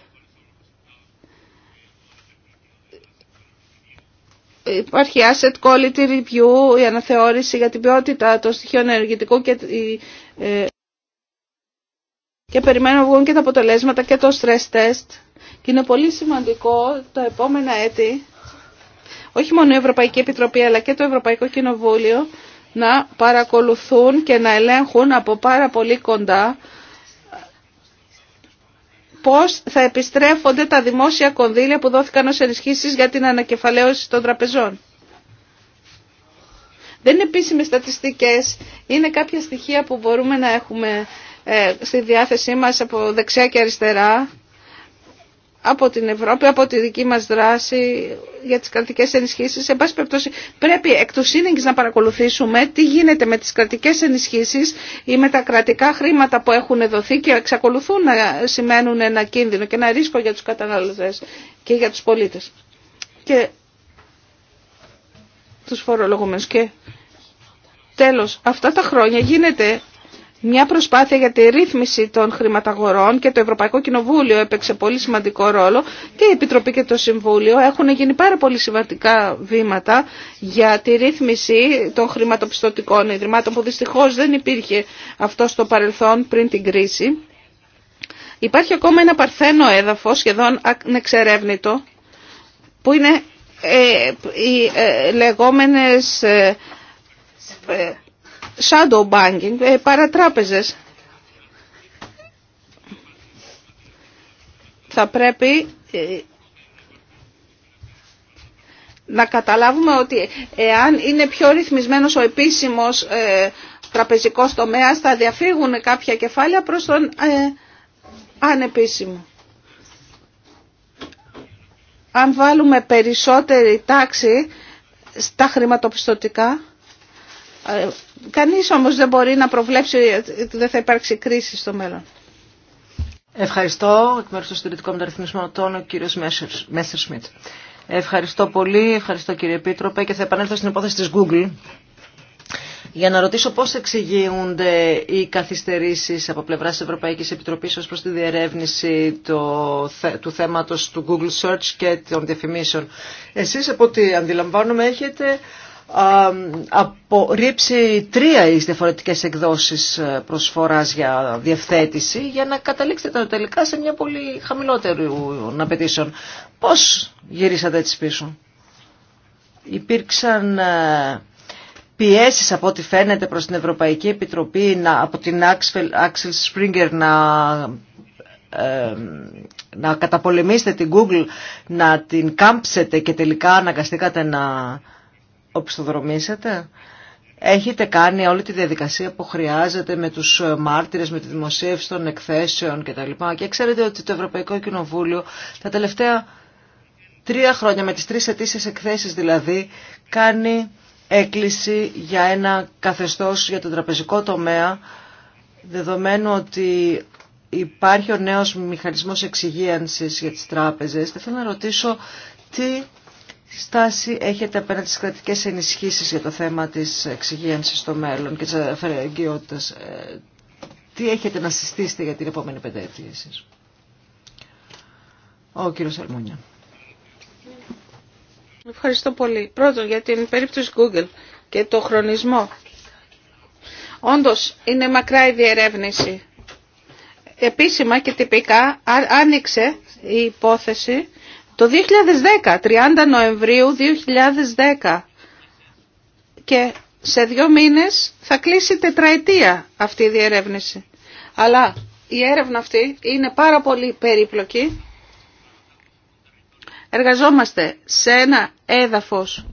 Υπάρχει asset quality review, η αναθεώρηση για την ποιότητα των στοιχείων ενεργητικού και, ε, και περιμένω βγουν και τα αποτελέσματα και το stress test. Και είναι πολύ σημαντικό τα επόμενα έτη όχι μόνο η Ευρωπαϊκή Επιτροπή αλλά και το Ευρωπαϊκό Κοινοβούλιο να παρακολουθούν και να ελέγχουν από πάρα πολύ κοντά πώς θα επιστρέφονται τα δημόσια κονδύλια που δόθηκαν ως ενισχύσεις για την ανακεφαλαίωση των τραπεζών. Δεν είναι επίσημες στατιστικές, είναι κάποια στοιχεία που μπορούμε να έχουμε ε, στη διάθεσή μας από δεξιά και αριστερά από την Ευρώπη, από τη δική μας δράση για τις κρατικές ενισχύσεις. Σε πάση περιπτώσει πρέπει εκ του να παρακολουθήσουμε τι γίνεται με τις κρατικές ενισχύσεις ή με τα κρατικά χρήματα που έχουν δοθεί και εξακολουθούν να σημαίνουν ένα κίνδυνο και ένα ρίσκο για τους καταναλωτές και για τους πολίτες και τους φορολογούμενους. τέλος, αυτά τα χρόνια γίνεται μια προσπάθεια για τη ρύθμιση των χρηματαγορών και το Ευρωπαϊκό Κοινοβούλιο έπαιξε πολύ σημαντικό ρόλο και η Επιτροπή και το Συμβούλιο έχουν γίνει πάρα πολύ σημαντικά βήματα για τη ρύθμιση των χρηματοπιστωτικών ιδρυμάτων που δυστυχώς δεν υπήρχε αυτό στο παρελθόν πριν την κρίση. Υπάρχει ακόμα ένα παρθένο έδαφος σχεδόν ανεξερεύνητο που είναι ε, οι ε, λεγόμενες ε, shadow banking, ε, παρατράπεζες. Θα πρέπει ε, να καταλάβουμε ότι εάν είναι πιο ρυθμισμένος ο επίσημος ε, τραπεζικός τομέας θα διαφύγουν κάποια κεφάλαια προς τον ανεπίσημο. Αν βάλουμε περισσότερη τάξη στα χρηματοπιστωτικά ε, κανείς όμως δεν μπορεί να προβλέψει ότι δεν θα υπάρξει κρίση στο μέλλον. Ευχαριστώ εκ μέρους του Συντηρητικού Μεταρρυθμισμού ο κύριος Μέσσερ Σμιτ. Ευχαριστώ πολύ, ευχαριστώ κύριε Επίτροπε και θα επανέλθω στην υπόθεση της Google. Για να ρωτήσω πώς εξηγούνται οι καθυστερήσεις από πλευράς της Ευρωπαϊκής Επιτροπής ως προς τη διερεύνηση του θέματος του Google Search και των διαφημίσεων. Εσείς από ό,τι αντιλαμβάνομαι έχετε απορρίψει τρία εις διαφορετικές εκδόσεις ε, προσφοράς για διευθέτηση για να καταλήξετε τελικά σε μια πολύ χαμηλότερη απαιτήσεων. Πώς γυρίσατε έτσι πίσω. Υπήρξαν ε, πιέσεις από ό,τι φαίνεται προς την Ευρωπαϊκή Επιτροπή να, από την Axel Springer να ε, να καταπολεμήσετε την Google, να την κάμψετε και τελικά αναγκαστήκατε να οπισθοδρομήσετε. Έχετε κάνει όλη τη διαδικασία που χρειάζεται με τους ε, μάρτυρες, με τη δημοσίευση των εκθέσεων κτλ. Και ξέρετε ότι το Ευρωπαϊκό Κοινοβούλιο τα τελευταία τρία χρόνια, με τις τρεις αιτήσεις εκθέσεις δηλαδή, κάνει έκκληση για ένα καθεστώς για τον τραπεζικό τομέα, δεδομένου ότι υπάρχει ο νέος μηχανισμός εξυγίανσης για τις τράπεζες. Θα θέλω να ρωτήσω τι στάση έχετε απέναντι στις κρατικές ενισχύσεις για το θέμα της εξυγίανσης στο μέλλον και της αφαιρεγγιότητας. Ε, τι έχετε να συστήσετε για την επόμενη πενταετία εσείς. Ο κύριος Αλμούνια. Ευχαριστώ πολύ. Πρώτον για την περίπτωση Google και το χρονισμό. Όντως είναι μακρά η διερεύνηση. Επίσημα και τυπικά άνοιξε η υπόθεση το 2010, 30 Νοεμβρίου 2010 και σε δύο μήνες θα κλείσει τετραετία αυτή η διερεύνηση. Αλλά η έρευνα αυτή είναι πάρα πολύ περίπλοκη. Εργαζόμαστε σε ένα έδαφος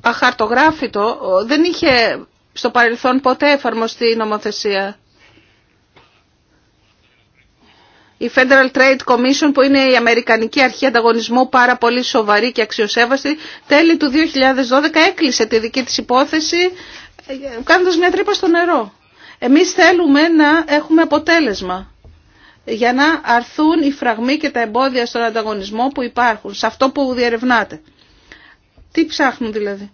αχαρτογράφητο. Δεν είχε στο παρελθόν ποτέ εφαρμοστεί η νομοθεσία. η Federal Trade Commission που είναι η Αμερικανική Αρχή Ανταγωνισμού πάρα πολύ σοβαρή και αξιοσέβαστη τέλη του 2012 έκλεισε τη δική της υπόθεση κάνοντας μια τρύπα στο νερό. Εμείς θέλουμε να έχουμε αποτέλεσμα για να αρθούν οι φραγμοί και τα εμπόδια στον ανταγωνισμό που υπάρχουν, σε αυτό που διερευνάτε. Τι ψάχνουν δηλαδή.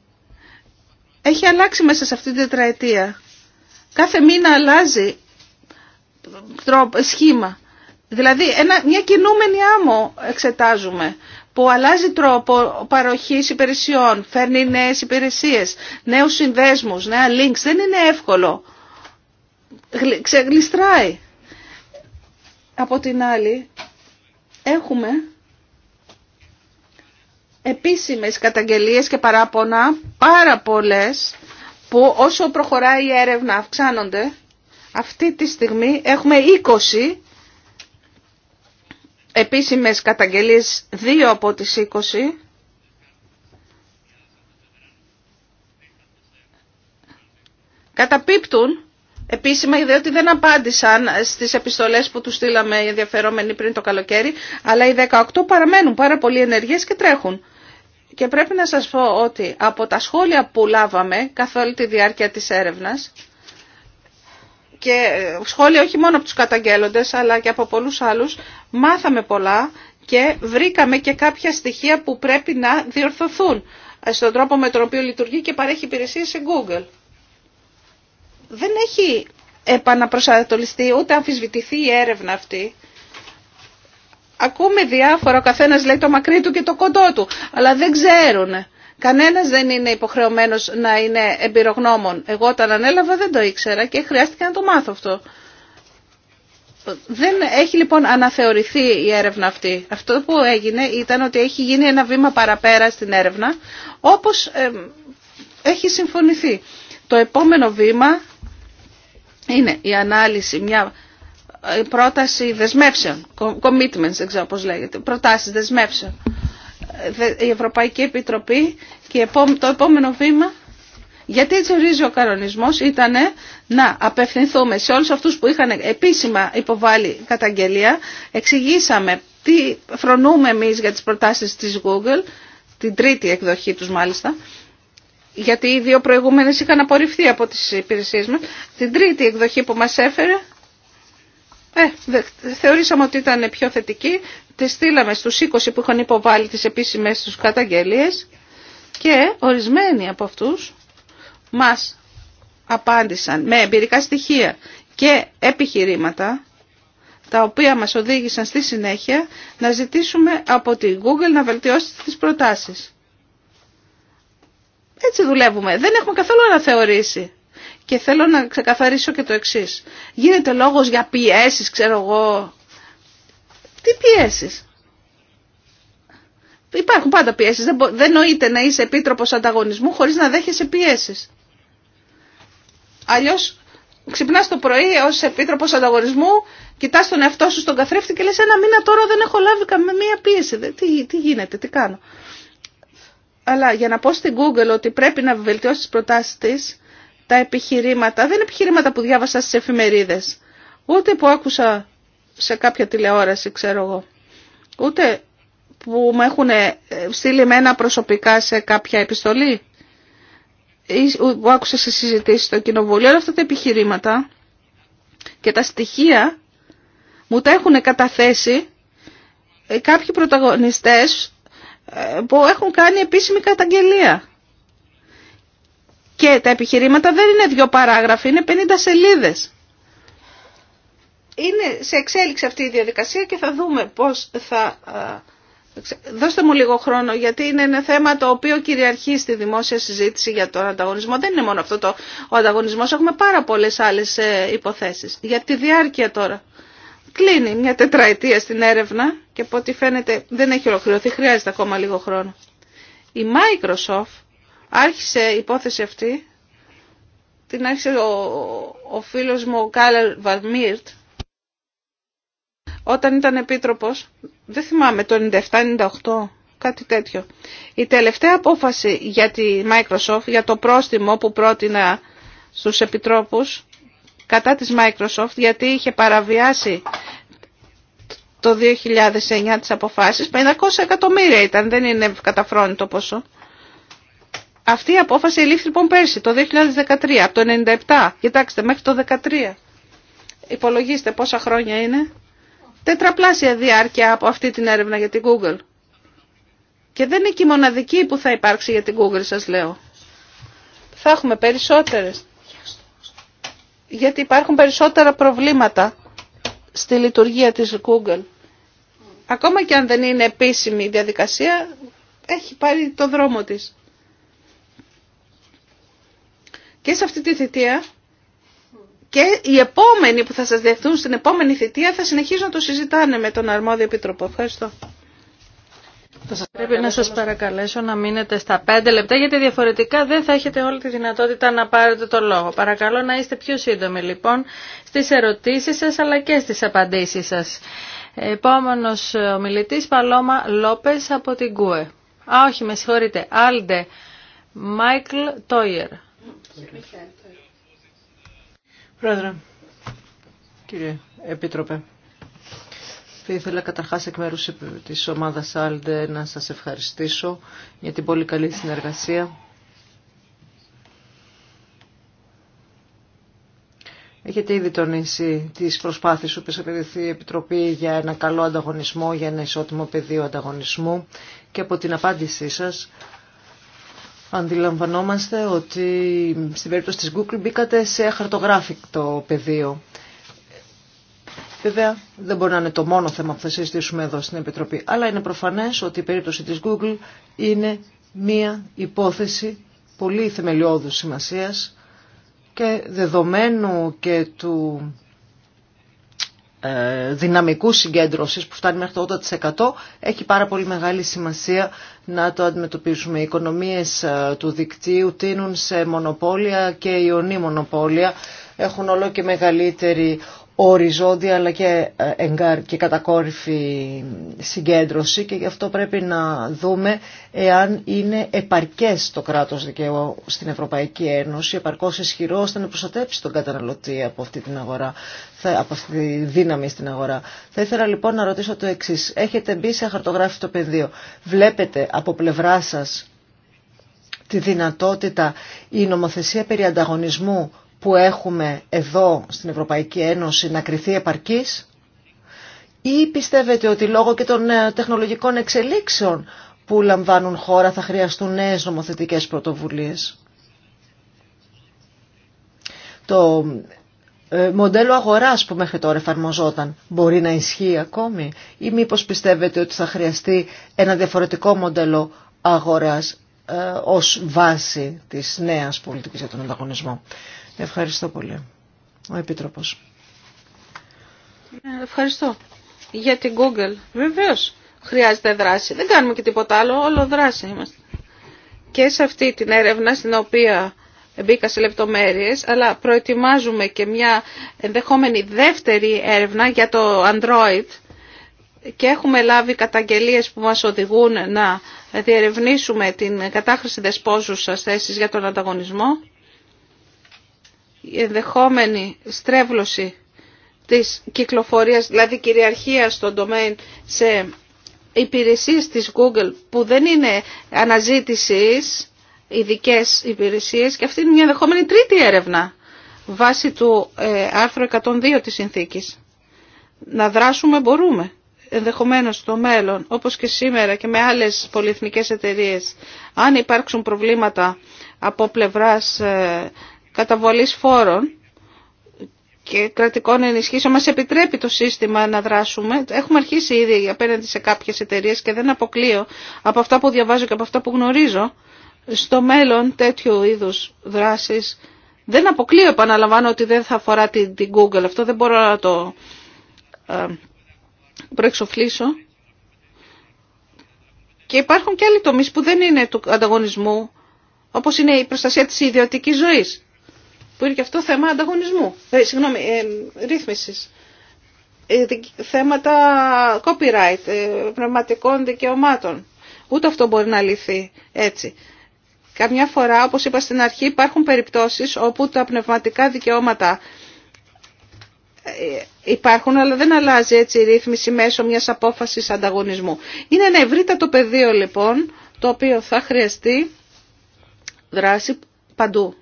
Έχει αλλάξει μέσα σε αυτή την τετραετία. Κάθε μήνα αλλάζει σχήμα. Δηλαδή ένα, μια κινούμενη άμμο εξετάζουμε που αλλάζει τρόπο παροχής υπηρεσιών, φέρνει νέες υπηρεσίες, νέους συνδέσμους, νέα links. Δεν είναι εύκολο. Ξεγλιστράει. Από την άλλη έχουμε επίσημες καταγγελίες και παράπονα πάρα πολλές που όσο προχωράει η έρευνα αυξάνονται. Αυτή τη στιγμή έχουμε 20 επίσημες καταγγελίες δύο από τις 20 καταπίπτουν επίσημα διότι δεν απάντησαν στις επιστολές που τους στείλαμε οι ενδιαφερόμενοι πριν το καλοκαίρι, αλλά οι 18 παραμένουν πάρα πολύ ενεργές και τρέχουν. Και πρέπει να σας πω ότι από τα σχόλια που λάβαμε καθ' όλη τη διάρκεια της έρευνας, και ε, σχόλια όχι μόνο από τους καταγγέλλοντες αλλά και από πολλούς άλλους. Μάθαμε πολλά και βρήκαμε και κάποια στοιχεία που πρέπει να διορθωθούν ε, στον τρόπο με τον οποίο λειτουργεί και παρέχει υπηρεσίες σε Google. Δεν έχει επαναπροσανατολιστεί ούτε αμφισβητηθεί η έρευνα αυτή. Ακούμε διάφορα, ο καθένας λέει το μακρύ του και το κοντό του, αλλά δεν ξέρουν Κανένας δεν είναι υποχρεωμένος να είναι εμπειρογνώμων. Εγώ όταν ανέλαβα δεν το ήξερα και χρειάστηκε να το μάθω αυτό. Δεν έχει λοιπόν αναθεωρηθεί η έρευνα αυτή. Αυτό που έγινε ήταν ότι έχει γίνει ένα βήμα παραπέρα στην έρευνα όπως έχει συμφωνηθεί. Το επόμενο βήμα είναι η ανάλυση, μια ε, πρόταση δεσμεύσεων, commitments δεν ξέρω πώς λέγεται, προτάσεις δεσμεύσεων η Ευρωπαϊκή Επιτροπή και το επόμενο βήμα γιατί έτσι ορίζει ο κανονισμό ήταν να απευθυνθούμε σε όλους αυτούς που είχαν επίσημα υποβάλει καταγγελία. Εξηγήσαμε τι φρονούμε εμείς για τις προτάσεις της Google, την τρίτη εκδοχή τους μάλιστα, γιατί οι δύο προηγούμενες είχαν απορριφθεί από τις υπηρεσίες μας. Την τρίτη εκδοχή που μας έφερε, ε, θεωρήσαμε ότι ήταν πιο θετική Τη στείλαμε στους 20 που είχαν υποβάλει τις επίσημες τους καταγγελίες και ορισμένοι από αυτούς μας απάντησαν με εμπειρικά στοιχεία και επιχειρήματα τα οποία μας οδήγησαν στη συνέχεια να ζητήσουμε από τη Google να βελτιώσει τις προτάσεις. Έτσι δουλεύουμε. Δεν έχουμε καθόλου θεωρήσει Και θέλω να ξεκαθαρίσω και το εξής. Γίνεται λόγος για πιέσεις, ξέρω εγώ, τι πιέσεις. Υπάρχουν πάντα πιέσεις. Δεν, δεν νοείται να είσαι επίτροπος ανταγωνισμού χωρίς να δέχεσαι πιέσεις. Αλλιώς ξυπνάς το πρωί ως επίτροπος ανταγωνισμού, κοιτάς τον εαυτό σου στον καθρέφτη και λες ένα μήνα τώρα δεν έχω λάβει καμία πίεση. Τι, τι γίνεται, τι κάνω. Αλλά για να πω στην Google ότι πρέπει να βελτιώσει τι προτάσει τη τα επιχειρήματα, δεν είναι επιχειρήματα που διάβασα στι εφημερίδε. ούτε που άκουσα σε κάποια τηλεόραση, ξέρω εγώ. Ούτε που με έχουν ε, στείλει εμένα προσωπικά σε κάποια επιστολή ή που άκουσα σε συζητήσει στο κοινοβούλιο. Όλα αυτά τα επιχειρήματα και τα στοιχεία μου τα έχουν καταθέσει ε, κάποιοι πρωταγωνιστές ε, που έχουν κάνει επίσημη καταγγελία. Και τα επιχειρήματα δεν είναι δύο παράγραφοι, είναι 50 σελίδες είναι σε εξέλιξη αυτή η διαδικασία και θα δούμε πώς θα... Δώστε μου λίγο χρόνο γιατί είναι ένα θέμα το οποίο κυριαρχεί στη δημόσια συζήτηση για τον ανταγωνισμό. Δεν είναι μόνο αυτό το ο ανταγωνισμός, έχουμε πάρα πολλές άλλες ε, υποθέσεις. Για τη διάρκεια τώρα. Κλείνει μια τετραετία στην έρευνα και από ό,τι φαίνεται δεν έχει ολοκληρωθεί, χρειάζεται ακόμα λίγο χρόνο. Η Microsoft άρχισε η υπόθεση αυτή, την άρχισε ο, ο φίλος μου ο Κάλερ Βαρμίρτ, όταν ήταν επίτροπος, δεν θυμάμαι, το 97-98, κάτι τέτοιο. Η τελευταία απόφαση για τη Microsoft, για το πρόστιμο που πρότεινα στους επιτρόπους κατά της Microsoft, γιατί είχε παραβιάσει το 2009 τις αποφάσεις, 500 εκατομμύρια ήταν, δεν είναι καταφρόνητο ποσό. Αυτή η απόφαση ελήφθη λοιπόν πέρσι, το 2013, από το 97. Κοιτάξτε, μέχρι το 2013. Υπολογίστε πόσα χρόνια είναι τετραπλάσια διάρκεια από αυτή την έρευνα για την Google. Και δεν είναι και η μοναδική που θα υπάρξει για την Google, σας λέω. Θα έχουμε περισσότερες. Γιατί υπάρχουν περισσότερα προβλήματα στη λειτουργία της Google. Ακόμα και αν δεν είναι επίσημη η διαδικασία, έχει πάρει το δρόμο της. Και σε αυτή τη θητεία και οι επόμενοι που θα σας διευθύνουν στην επόμενη θητεία θα συνεχίσουν να το συζητάνε με τον αρμόδιο επίτροπο. Ευχαριστώ. Θα σας πρέπει να σας παρακαλέσω να μείνετε στα 5 λεπτά γιατί διαφορετικά δεν θα έχετε όλη τη δυνατότητα να πάρετε το λόγο. Παρακαλώ να είστε πιο σύντομοι λοιπόν στις ερωτήσεις σας αλλά και στις απαντήσεις σας. Επόμενος ομιλητής Παλώμα Λόπες από την ΚΟΕ. Α, όχι, με συγχωρείτε. Άλντε Μάικλ Τόιερ. Πρόεδρε, κύριε Επίτροπε, θα ήθελα καταρχάς εκ μέρους της ομάδας Άλντε να σας ευχαριστήσω για την πολύ καλή συνεργασία. Έχετε ήδη τονίσει τις προσπάθειες που η Επιτροπή για ένα καλό ανταγωνισμό, για ένα ισότιμο πεδίο ανταγωνισμού και από την απάντησή σας αντιλαμβανόμαστε ότι στην περίπτωση της Google μπήκατε σε χαρτογράφικτο πεδίο. Βέβαια δεν μπορεί να είναι το μόνο θέμα που θα συζητήσουμε εδώ στην Επιτροπή, αλλά είναι προφανές ότι η περίπτωση της Google είναι μία υπόθεση πολύ θεμελιώδους σημασίας και δεδομένου και του ε, δυναμικού συγκέντρωσης που φτάνει μέχρι το 80% έχει πάρα πολύ μεγάλη σημασία να το αντιμετωπίσουμε. Οι οικονομίες ε, του δικτύου τίνουν σε μονοπόλια και ιονή μονοπόλια έχουν όλο και μεγαλύτερη οριζόντια αλλά και, ε, εγκάρ, και κατακόρυφη συγκέντρωση και γι' αυτό πρέπει να δούμε εάν είναι επαρκές το κράτος δικαίου στην Ευρωπαϊκή Ένωση, επαρκώς ισχυρό ώστε να προστατέψει τον καταναλωτή από αυτή την αγορά, από αυτή τη δύναμη στην αγορά. Θα ήθελα λοιπόν να ρωτήσω το εξή. Έχετε μπει σε χαρτογράφητο πεδίο. Βλέπετε από πλευρά σας τη δυνατότητα η νομοθεσία περί ανταγωνισμού που έχουμε εδώ στην Ευρωπαϊκή Ένωση να κριθεί επαρκής ή πιστεύετε ότι λόγω και των ε, τεχνολογικών εξελίξεων που λαμβάνουν χώρα θα χρειαστούν νέες νομοθετικές πρωτοβουλίες. Το ε, μοντέλο αγοράς που μέχρι τώρα εφαρμοζόταν μπορεί να ισχύει ακόμη ή μήπως πιστεύετε ότι θα χρειαστεί ένα διαφορετικό μοντέλο αγοράς ε, ως βάση της νέας πολιτικής για τον ανταγωνισμό. Ευχαριστώ πολύ. Ο Επίτροπος. Ε, ευχαριστώ. Για την Google. Βεβαίως χρειάζεται δράση. Δεν κάνουμε και τίποτα άλλο, όλο δράση είμαστε. Και σε αυτή την έρευνα στην οποία μπήκα σε λεπτομέρειες, αλλά προετοιμάζουμε και μια ενδεχόμενη δεύτερη έρευνα για το Android και έχουμε λάβει καταγγελίες που μας οδηγούν να διερευνήσουμε την κατάχρηση δεσπόζουσας θέσης για τον ανταγωνισμό η ενδεχόμενη στρέβλωση της κυκλοφορίας, δηλαδή κυριαρχία στον domain σε υπηρεσίες της Google που δεν είναι αναζήτησης, ειδικέ υπηρεσίες και αυτή είναι μια ενδεχόμενη τρίτη έρευνα βάσει του ε, άρθρου 102 της συνθήκης. Να δράσουμε μπορούμε ενδεχομένως στο μέλλον, όπως και σήμερα και με άλλες πολυεθνικές εταιρείες, αν υπάρξουν προβλήματα από πλευράς ε, καταβολής φόρων και κρατικών ενισχύσεων μας επιτρέπει το σύστημα να δράσουμε. Έχουμε αρχίσει ήδη απέναντι σε κάποιες εταιρείε και δεν αποκλείω από αυτά που διαβάζω και από αυτά που γνωρίζω στο μέλλον τέτοιου είδους δράσεις. Δεν αποκλείω, επαναλαμβάνω, ότι δεν θα αφορά την, Google. Αυτό δεν μπορώ να το ε, προεξοφλήσω. Και υπάρχουν και άλλοι τομείς που δεν είναι του ανταγωνισμού, όπως είναι η προστασία της ιδιωτικής ζωής που είναι και αυτό θέμα ανταγωνισμού, ε, συγγνώμη, ε, ρύθμισης. Ε, θέματα copyright, ε, πνευματικών δικαιωμάτων. Ούτε αυτό μπορεί να λυθεί έτσι. Καμιά φορά, όπως είπα στην αρχή, υπάρχουν περιπτώσεις όπου τα πνευματικά δικαιώματα ε, υπάρχουν, αλλά δεν αλλάζει έτσι η ρύθμιση μέσω μιας απόφασης ανταγωνισμού. Είναι ένα ευρύτατο πεδίο λοιπόν, το οποίο θα χρειαστεί δράση παντού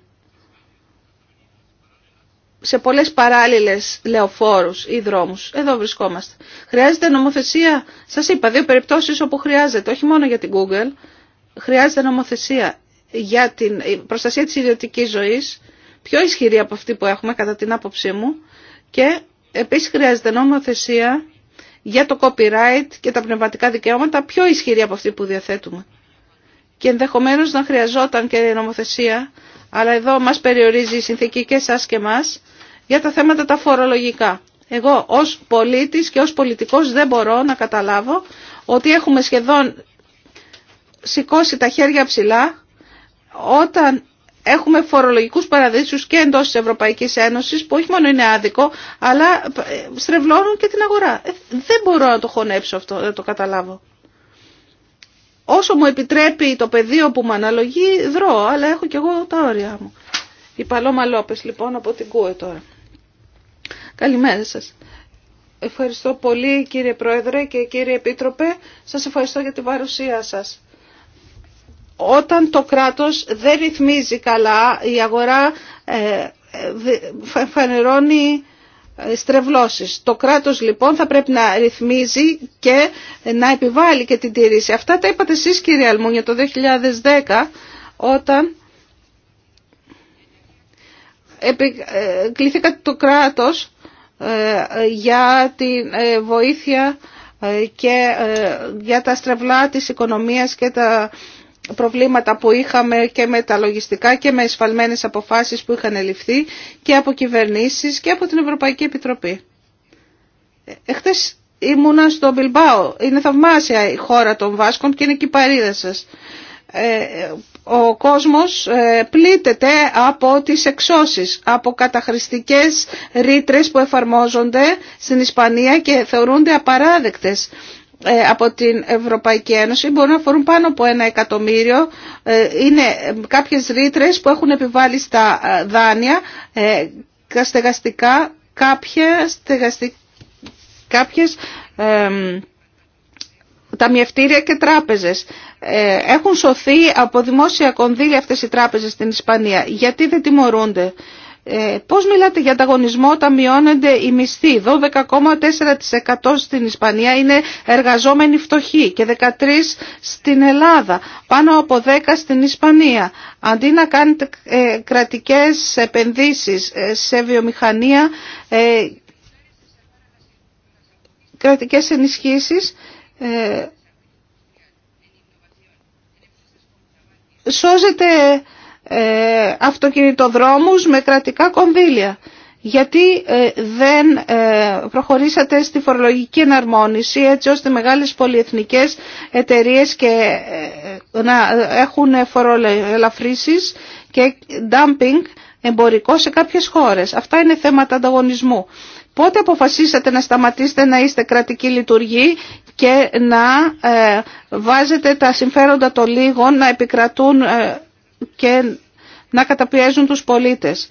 σε πολλές παράλληλες λεωφόρους ή δρόμους. Εδώ βρισκόμαστε. Χρειάζεται νομοθεσία. Σας είπα δύο περιπτώσεις όπου χρειάζεται, όχι μόνο για την Google. Χρειάζεται νομοθεσία για την προστασία της ιδιωτικής ζωής, πιο ισχυρή από αυτή που έχουμε κατά την άποψή μου. Και επίσης χρειάζεται νομοθεσία για το copyright και τα πνευματικά δικαιώματα πιο ισχυρή από αυτή που διαθέτουμε. Και ενδεχομένως να χρειαζόταν και νομοθεσία αλλά εδώ μας περιορίζει η συνθήκη και εσάς και μας για τα θέματα τα φορολογικά. Εγώ ως πολίτης και ως πολιτικός δεν μπορώ να καταλάβω ότι έχουμε σχεδόν σηκώσει τα χέρια ψηλά όταν έχουμε φορολογικούς παραδείσους και εντός της Ευρωπαϊκής Ένωσης που όχι μόνο είναι άδικο αλλά ε, στρεβλώνουν και την αγορά. Ε, δεν μπορώ να το χωνέψω αυτό, δεν το καταλάβω. Όσο μου επιτρέπει το πεδίο που με αναλογεί δρώω αλλά έχω και εγώ τα όρια μου. Η Παλώμα Λόπες λοιπόν από την ΚΟΕ τώρα. Καλημέρα σας. Ευχαριστώ πολύ κύριε Πρόεδρε και κύριε Επίτροπε. Σας ευχαριστώ για την παρουσία σας. Όταν το κράτος δεν ρυθμίζει καλά, η αγορά ε, ε, φανερώνει ε, στρεβλώσεις. Το κράτος λοιπόν θα πρέπει να ρυθμίζει και να επιβάλλει και την τηρήση. Αυτά τα είπατε εσείς κύριε Αλμούνια το 2010 όταν κληθήκατε το κράτος ε, για τη ε, βοήθεια ε, και για τα στρεβλά της οικονομίας και τα προβλήματα που είχαμε και με τα λογιστικά και με εσφαλμένες αποφάσεις που είχαν ληφθεί και από κυβερνήσεις και από την Ευρωπαϊκή Επιτροπή. Εχθές ήμουνα στο Μπιλμπάο. Είναι θαυμάσια η χώρα των Βάσκων και είναι και η παρίδα σας. Ε, ο κόσμος ε, πλήττεται από τις εξώσεις, από καταχρηστικές ρήτρες που εφαρμόζονται στην Ισπανία και θεωρούνται απαράδεκτες ε, από την Ευρωπαϊκή Ένωση. Μπορούν να φορούν πάνω από ένα εκατομμύριο. Είναι κάποιες ρήτρες που έχουν επιβάλει στα δάνεια στεγαστικά κάποια, στεγαστικά, κάποιες ταμιευτήρια και τράπεζες. Ε, έχουν σωθεί από δημόσια κονδύλια αυτές οι τράπεζες στην Ισπανία. Γιατί δεν τιμωρούνται. Ε, πώς μιλάτε για ανταγωνισμό όταν μειώνονται οι μισθοί. 12,4% στην Ισπανία είναι εργαζόμενοι φτωχοί και 13% στην Ελλάδα, πάνω από 10% στην Ισπανία. Αντί να κάνετε ε, κρατικές επενδύσεις σε βιομηχανία, κρατικές ενισχύσεις ε, σώζεται ε, αυτοκινητοδρόμους με κρατικά κονδύλια. Γιατί ε, δεν προχωρήσατε στη φορολογική εναρμόνιση έτσι ώστε μεγάλες πολυεθνικές εταιρείες και να έχουν φορολαφρήσεις και dumping εμπορικό σε κάποιες χώρες. Αυτά είναι θέματα ανταγωνισμού. Πότε αποφασίσατε να σταματήσετε να είστε κρατική λειτουργή και να ε, βάζετε τα συμφέροντα των λίγων να επικρατούν ε, και να καταπιέζουν τους πολίτες.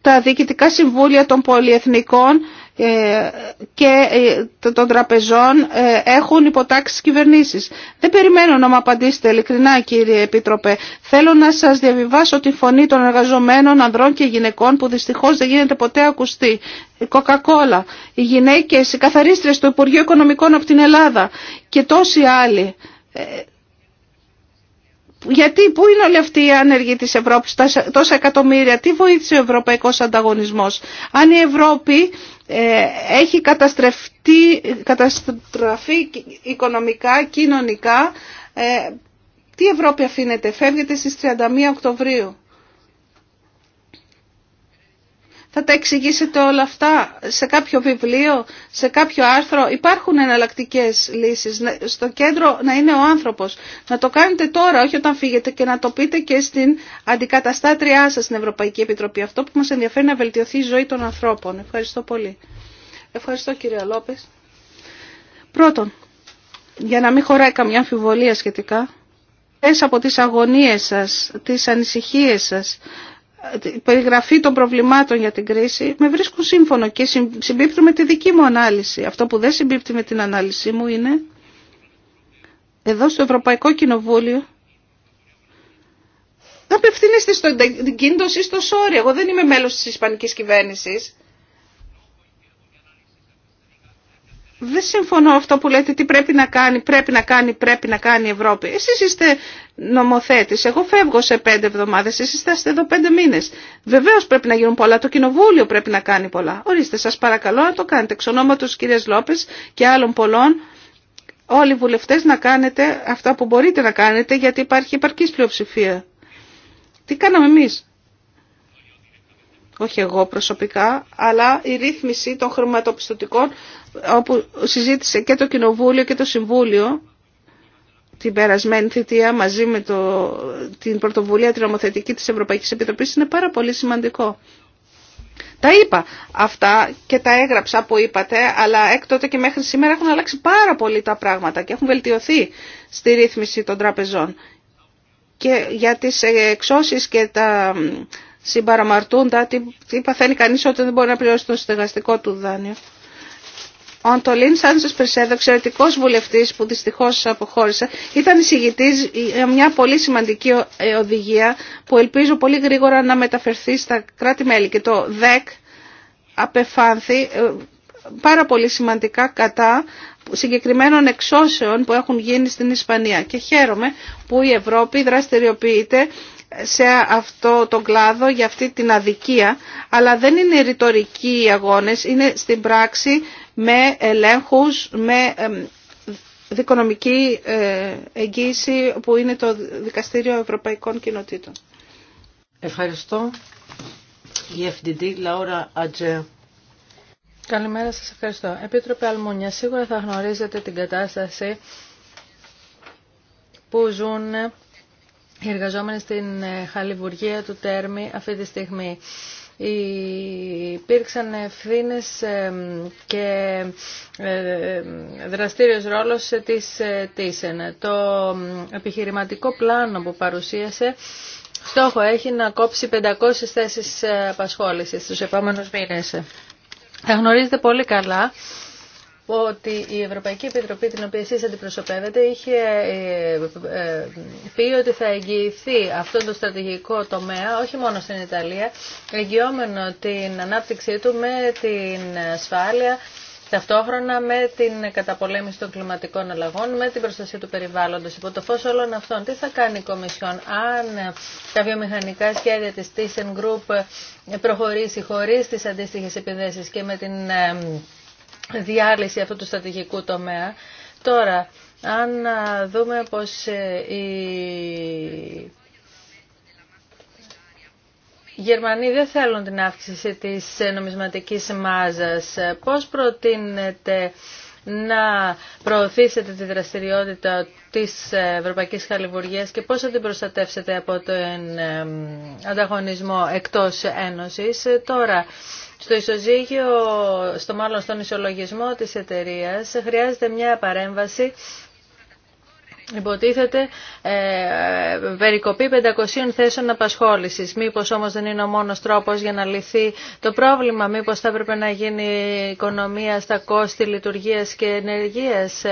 Τα διοικητικά συμβούλια των πολυεθνικών ε, και ε, των τραπεζών ε, έχουν υποτάξει κυβερνήσεις. Δεν περιμένω να μου απαντήσετε ειλικρινά κύριε Επίτροπε. Θέλω να σας διαβιβάσω τη φωνή των εργαζομένων ανδρών και γυναικών που δυστυχώς δεν γίνεται ποτέ ακουστή. Η Coca-Cola, οι γυναίκες, οι καθαρίστρες του Υπουργείου Οικονομικών από την Ελλάδα και τόσοι άλλοι. Γιατί, πού είναι όλοι αυτοί οι άνεργοι της Ευρώπης, τόσα εκατομμύρια, τι βοήθησε ο ευρωπαϊκός ανταγωνισμός. Αν η Ευρώπη ε, έχει καταστρεφτεί, καταστραφεί οικονομικά, κοινωνικά. Ε, τι Ευρώπη αφήνεται, φεύγεται στις 31 Οκτωβρίου. Θα τα εξηγήσετε όλα αυτά σε κάποιο βιβλίο, σε κάποιο άρθρο. Υπάρχουν εναλλακτικέ λύσεις. Στο κέντρο να είναι ο άνθρωπος. Να το κάνετε τώρα, όχι όταν φύγετε και να το πείτε και στην αντικαταστάτριά σα στην Ευρωπαϊκή Επιτροπή. Αυτό που μας ενδιαφέρει να βελτιωθεί η ζωή των ανθρώπων. Ευχαριστώ πολύ. Ευχαριστώ κύριε Λόπε. Πρώτον, για να μην χωράει καμιά αμφιβολία σχετικά, πέρα από τι αγωνίε σα, τι ανησυχίε σα περιγραφή των προβλημάτων για την κρίση με βρίσκουν σύμφωνο και συμπίπτουν με τη δική μου ανάλυση. Αυτό που δεν συμπίπτει με την ανάλυση μου είναι εδώ στο Ευρωπαϊκό Κοινοβούλιο να απευθύνεστε στον κίνδυνο, η Ευρώπη. Εσείς είστε νομοθέτης. Εγώ φεύγω σε πέντε εβδομάδες, εσείς θα είστε εδώ πέντε μήνες. Βεβαίως πρέπει να γίνουν πολλά, το Κοινοβούλιο πρέπει να κάνει πολλά. Ορίστε, σας παρακαλώ να το κάνετε. Εξ ονόματος κυρίας Λόπες και άλλων πολλών, όλοι οι βουλευτές να κάνετε αυτά που μπορείτε να κάνετε, γιατί υπάρχει υπαρκής πλειοψηφία. Τι κάναμε εμείς. Όχι εγώ προσωπικά, αλλά η ρύθμιση των χρηματοπιστωτικών, όπου συζήτησε και το Κοινοβούλιο και το Συμβούλιο, την περασμένη θητεία μαζί με το, την πρωτοβουλία την νομοθετική της Ευρωπαϊκής Επιτροπής είναι πάρα πολύ σημαντικό. Τα είπα αυτά και τα έγραψα που είπατε, αλλά έκτοτε και μέχρι σήμερα έχουν αλλάξει πάρα πολύ τα πράγματα και έχουν βελτιωθεί στη ρύθμιση των τραπεζών. Και για τις εξώσεις και τα συμπαραμαρτούντα, τι, παθαίνει κανείς όταν δεν μπορεί να πληρώσει το στεγαστικό του δάνειο. Ο Αντολίν Σάντζο Περσέδο, εξαιρετικό βουλευτή που δυστυχώ αποχώρησε, ήταν εισηγητή για μια πολύ σημαντική ε, οδηγία που ελπίζω πολύ γρήγορα να μεταφερθεί στα κράτη-μέλη. Και το ΔΕΚ απεφάνθη ε, πάρα πολύ σημαντικά κατά συγκεκριμένων εξώσεων που έχουν γίνει στην Ισπανία. Και χαίρομαι που η Ευρώπη δραστηριοποιείται σε αυτό τον κλάδο για αυτή την αδικία αλλά δεν είναι ρητορικοί οι αγώνες είναι στην πράξη με ελέγχους, με δικονομική ε, εγγύηση που είναι το Δικαστήριο Ευρωπαϊκών Κοινοτήτων. Ευχαριστώ. FDD, Καλημέρα σας, ευχαριστώ. Επίτροπε Αλμούνια, σίγουρα θα γνωρίζετε την κατάσταση που ζουν οι εργαζόμενοι στην ε, χαλιβουργία του Τέρμη αυτή τη στιγμή υπήρξαν ευθύνε και δραστήριος ρόλος της ε, Τίσεν. Το επιχειρηματικό πλάνο που παρουσίασε στόχο έχει να κόψει 500 θέσεις ε, απασχόλησης στους επόμενους μήνες. Θα γνωρίζετε πολύ καλά ότι η Ευρωπαϊκή Επιτροπή την οποία εσείς αντιπροσωπεύετε είχε ε, ε, πει ότι θα εγγυηθεί αυτό το στρατηγικό τομέα όχι μόνο στην Ιταλία εγγυόμενο την ανάπτυξή του με την ασφάλεια ταυτόχρονα με την καταπολέμηση των κλιματικών αλλαγών, με την προστασία του περιβάλλοντος. Υπό το φως όλων αυτών, τι θα κάνει η Κομισιόν αν τα βιομηχανικά σχέδια της Group προχωρήσει χωρίς τις αντίστοιχες επιδέσεις και με την ε, διάλυση αυτού του στρατηγικού τομέα. Τώρα, αν δούμε πως η ε, οι Γερμανοί δεν θέλουν την αύξηση της ε, νομισματικής μάζας. Πώς προτείνετε να προωθήσετε τη δραστηριότητα της Ευρωπαϊκής Χαλιβουργίας και πώς θα την προστατεύσετε από τον ε, ανταγωνισμό εκτός Ένωσης. Τώρα, στο ισοζύγιο, στο μάλλον στον ισολογισμό της εταιρείας χρειάζεται μια παρέμβαση Υποτίθεται ε, περικοπή 500 θέσεων απασχόλησης. Μήπως όμως δεν είναι ο μόνος τρόπος για να λυθεί το πρόβλημα. Μήπως θα έπρεπε να γίνει οικονομία στα κόστη λειτουργίας και ενεργείας.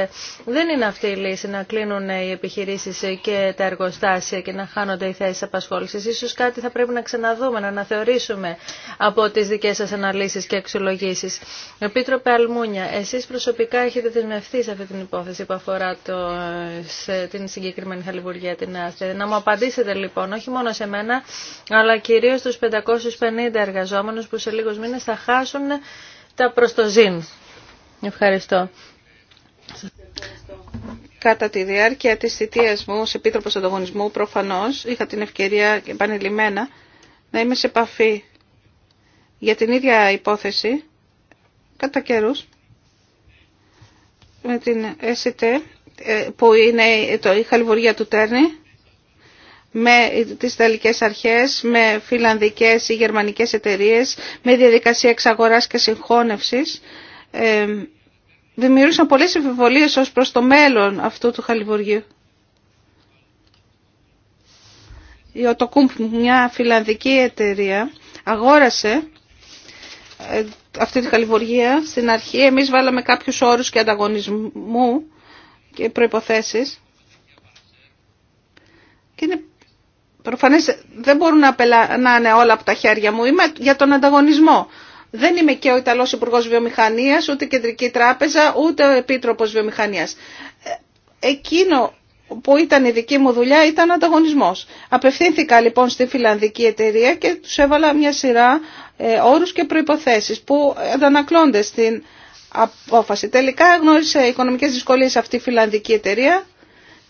Δεν είναι αυτή η λύση να κλείνουν οι επιχειρήσεις και τα εργοστάσια και να χάνονται οι θέσεις απασχόλησης. Ίσως κάτι θα πρέπει να ξαναδούμε, να αναθεωρήσουμε από τις δικές σας αναλύσεις και αξιολογήσεις. Επίτροπε Αλμούνια, εσείς προσωπικά έχετε δεσμευτεί σε αυτή την υπόθεση που αφορά το ε, την συγκεκριμένη χαλιβουργία την Άστρια. Να μου απαντήσετε λοιπόν, όχι μόνο σε μένα, αλλά κυρίως στους 550 εργαζόμενους που σε λίγους μήνες θα χάσουν τα προστοζήν. Ευχαριστώ. Κατά τη διάρκεια της θητείας μου ως Επίτροπος Ανταγωνισμού προφανώς είχα την ευκαιρία επανειλημμένα να είμαι σε επαφή για την ίδια υπόθεση κατά καιρούς με την ΕΣΥΤΕ ε, που είναι το, η χαλιβουργία του Τέρνη με τις Ιταλικές αρχές, με φιλανδικές ή γερμανικές εταιρείες, με διαδικασία εξαγοράς και συγχώνευσης. Ε, δημιούργησαν πολλές εμφιβολίες ως προς το μέλλον αυτού του χαλιβουργίου. Η Οτοκούμπ, μια φιλανδική εταιρεία, αγόρασε ε, αυτή τη χαλιβουργία. Στην αρχή εμείς βάλαμε κάποιους όρους και ανταγωνισμού και προϋποθέσεις και είναι προφανές δεν μπορούν να, απελα... να είναι όλα από τα χέρια μου. Είμαι για τον ανταγωνισμό. Δεν είμαι και ο Ιταλός Υπουργό Βιομηχανίας, ούτε Κεντρική Τράπεζα, ούτε ο Επίτροπος Βιομηχανίας. Ε, εκείνο που ήταν η δική μου δουλειά ήταν ανταγωνισμός. Απευθύνθηκα λοιπόν στη φιλανδική εταιρεία και τους έβαλα μια σειρά ε, όρους και προϋποθέσεις που αντανακλώνται στην απόφαση. Τελικά γνώρισε οικονομικές δυσκολίες αυτή η φιλανδική εταιρεία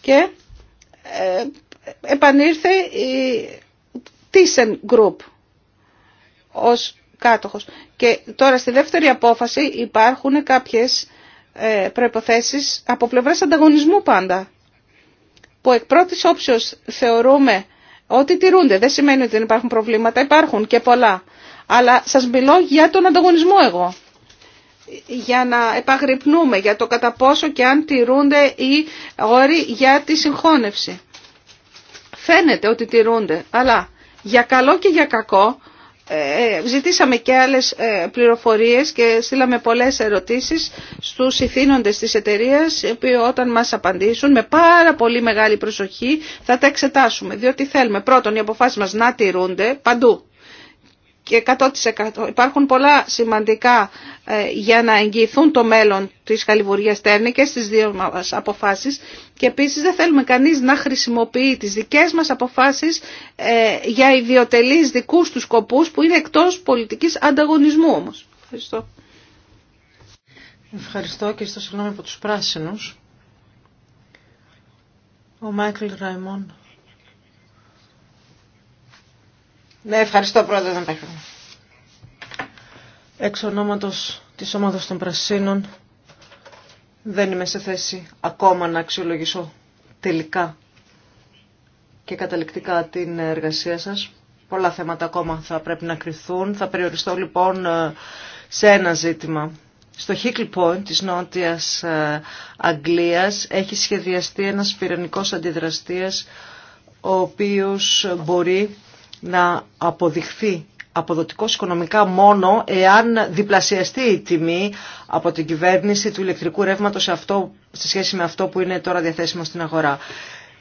και ε, επανήρθε η Thyssen Group ως κάτοχος. Και τώρα στη δεύτερη απόφαση υπάρχουν κάποιες ε, προϋποθέσεις από πλευράς ανταγωνισμού πάντα που εκ πρώτης όψεως θεωρούμε ότι τηρούνται. Δεν σημαίνει ότι δεν υπάρχουν προβλήματα, υπάρχουν και πολλά. Αλλά σας μιλώ για τον ανταγωνισμό εγώ για να επαγρυπνούμε για το κατά πόσο και αν τηρούνται οι όροι για τη συγχώνευση. Φαίνεται ότι τηρούνται, αλλά για καλό και για κακό ε, ε, ζητήσαμε και άλλες ε, πληροφορίες και στείλαμε πολλές ερωτήσεις στους ηθήνοντες της εταιρείας οι οποίοι όταν μας απαντήσουν με πάρα πολύ μεγάλη προσοχή θα τα εξετάσουμε διότι θέλουμε πρώτον οι αποφάσεις μας να τηρούνται παντού και 100%. Υπάρχουν πολλά σημαντικά ε, για να εγγυηθούν το μέλλον της Χαλιβουργίας Τέρνη και στις δύο μας αποφάσεις και επίσης δεν θέλουμε κανείς να χρησιμοποιεί τις δικές μας αποφάσεις ε, για ιδιωτελείς δικούς του σκοπούς που είναι εκτός πολιτικής ανταγωνισμού όμως. Ευχαριστώ. Ευχαριστώ και στο συγγνώμη από τους πράσινους. Ο Μάικλ Ραϊμόν. Ναι, ευχαριστώ πρόεδρε. Δεν Εξ ονόματος της ομάδας των Πρασίνων δεν είμαι σε θέση ακόμα να αξιολογήσω τελικά και καταληκτικά την εργασία σας. Πολλά θέματα ακόμα θα πρέπει να κρυθούν. Θα περιοριστώ λοιπόν ε, σε ένα ζήτημα. Στο Hickle Point της Νότιας ε, Αγγλίας έχει σχεδιαστεί ένας πυρηνικός αντιδραστίας ο οποίος μπορεί να αποδειχθεί αποδοτικός οικονομικά μόνο εάν διπλασιαστεί η τιμή από την κυβέρνηση του ηλεκτρικού ρεύματος σε, αυτό, σε σχέση με αυτό που είναι τώρα διαθέσιμο στην αγορά.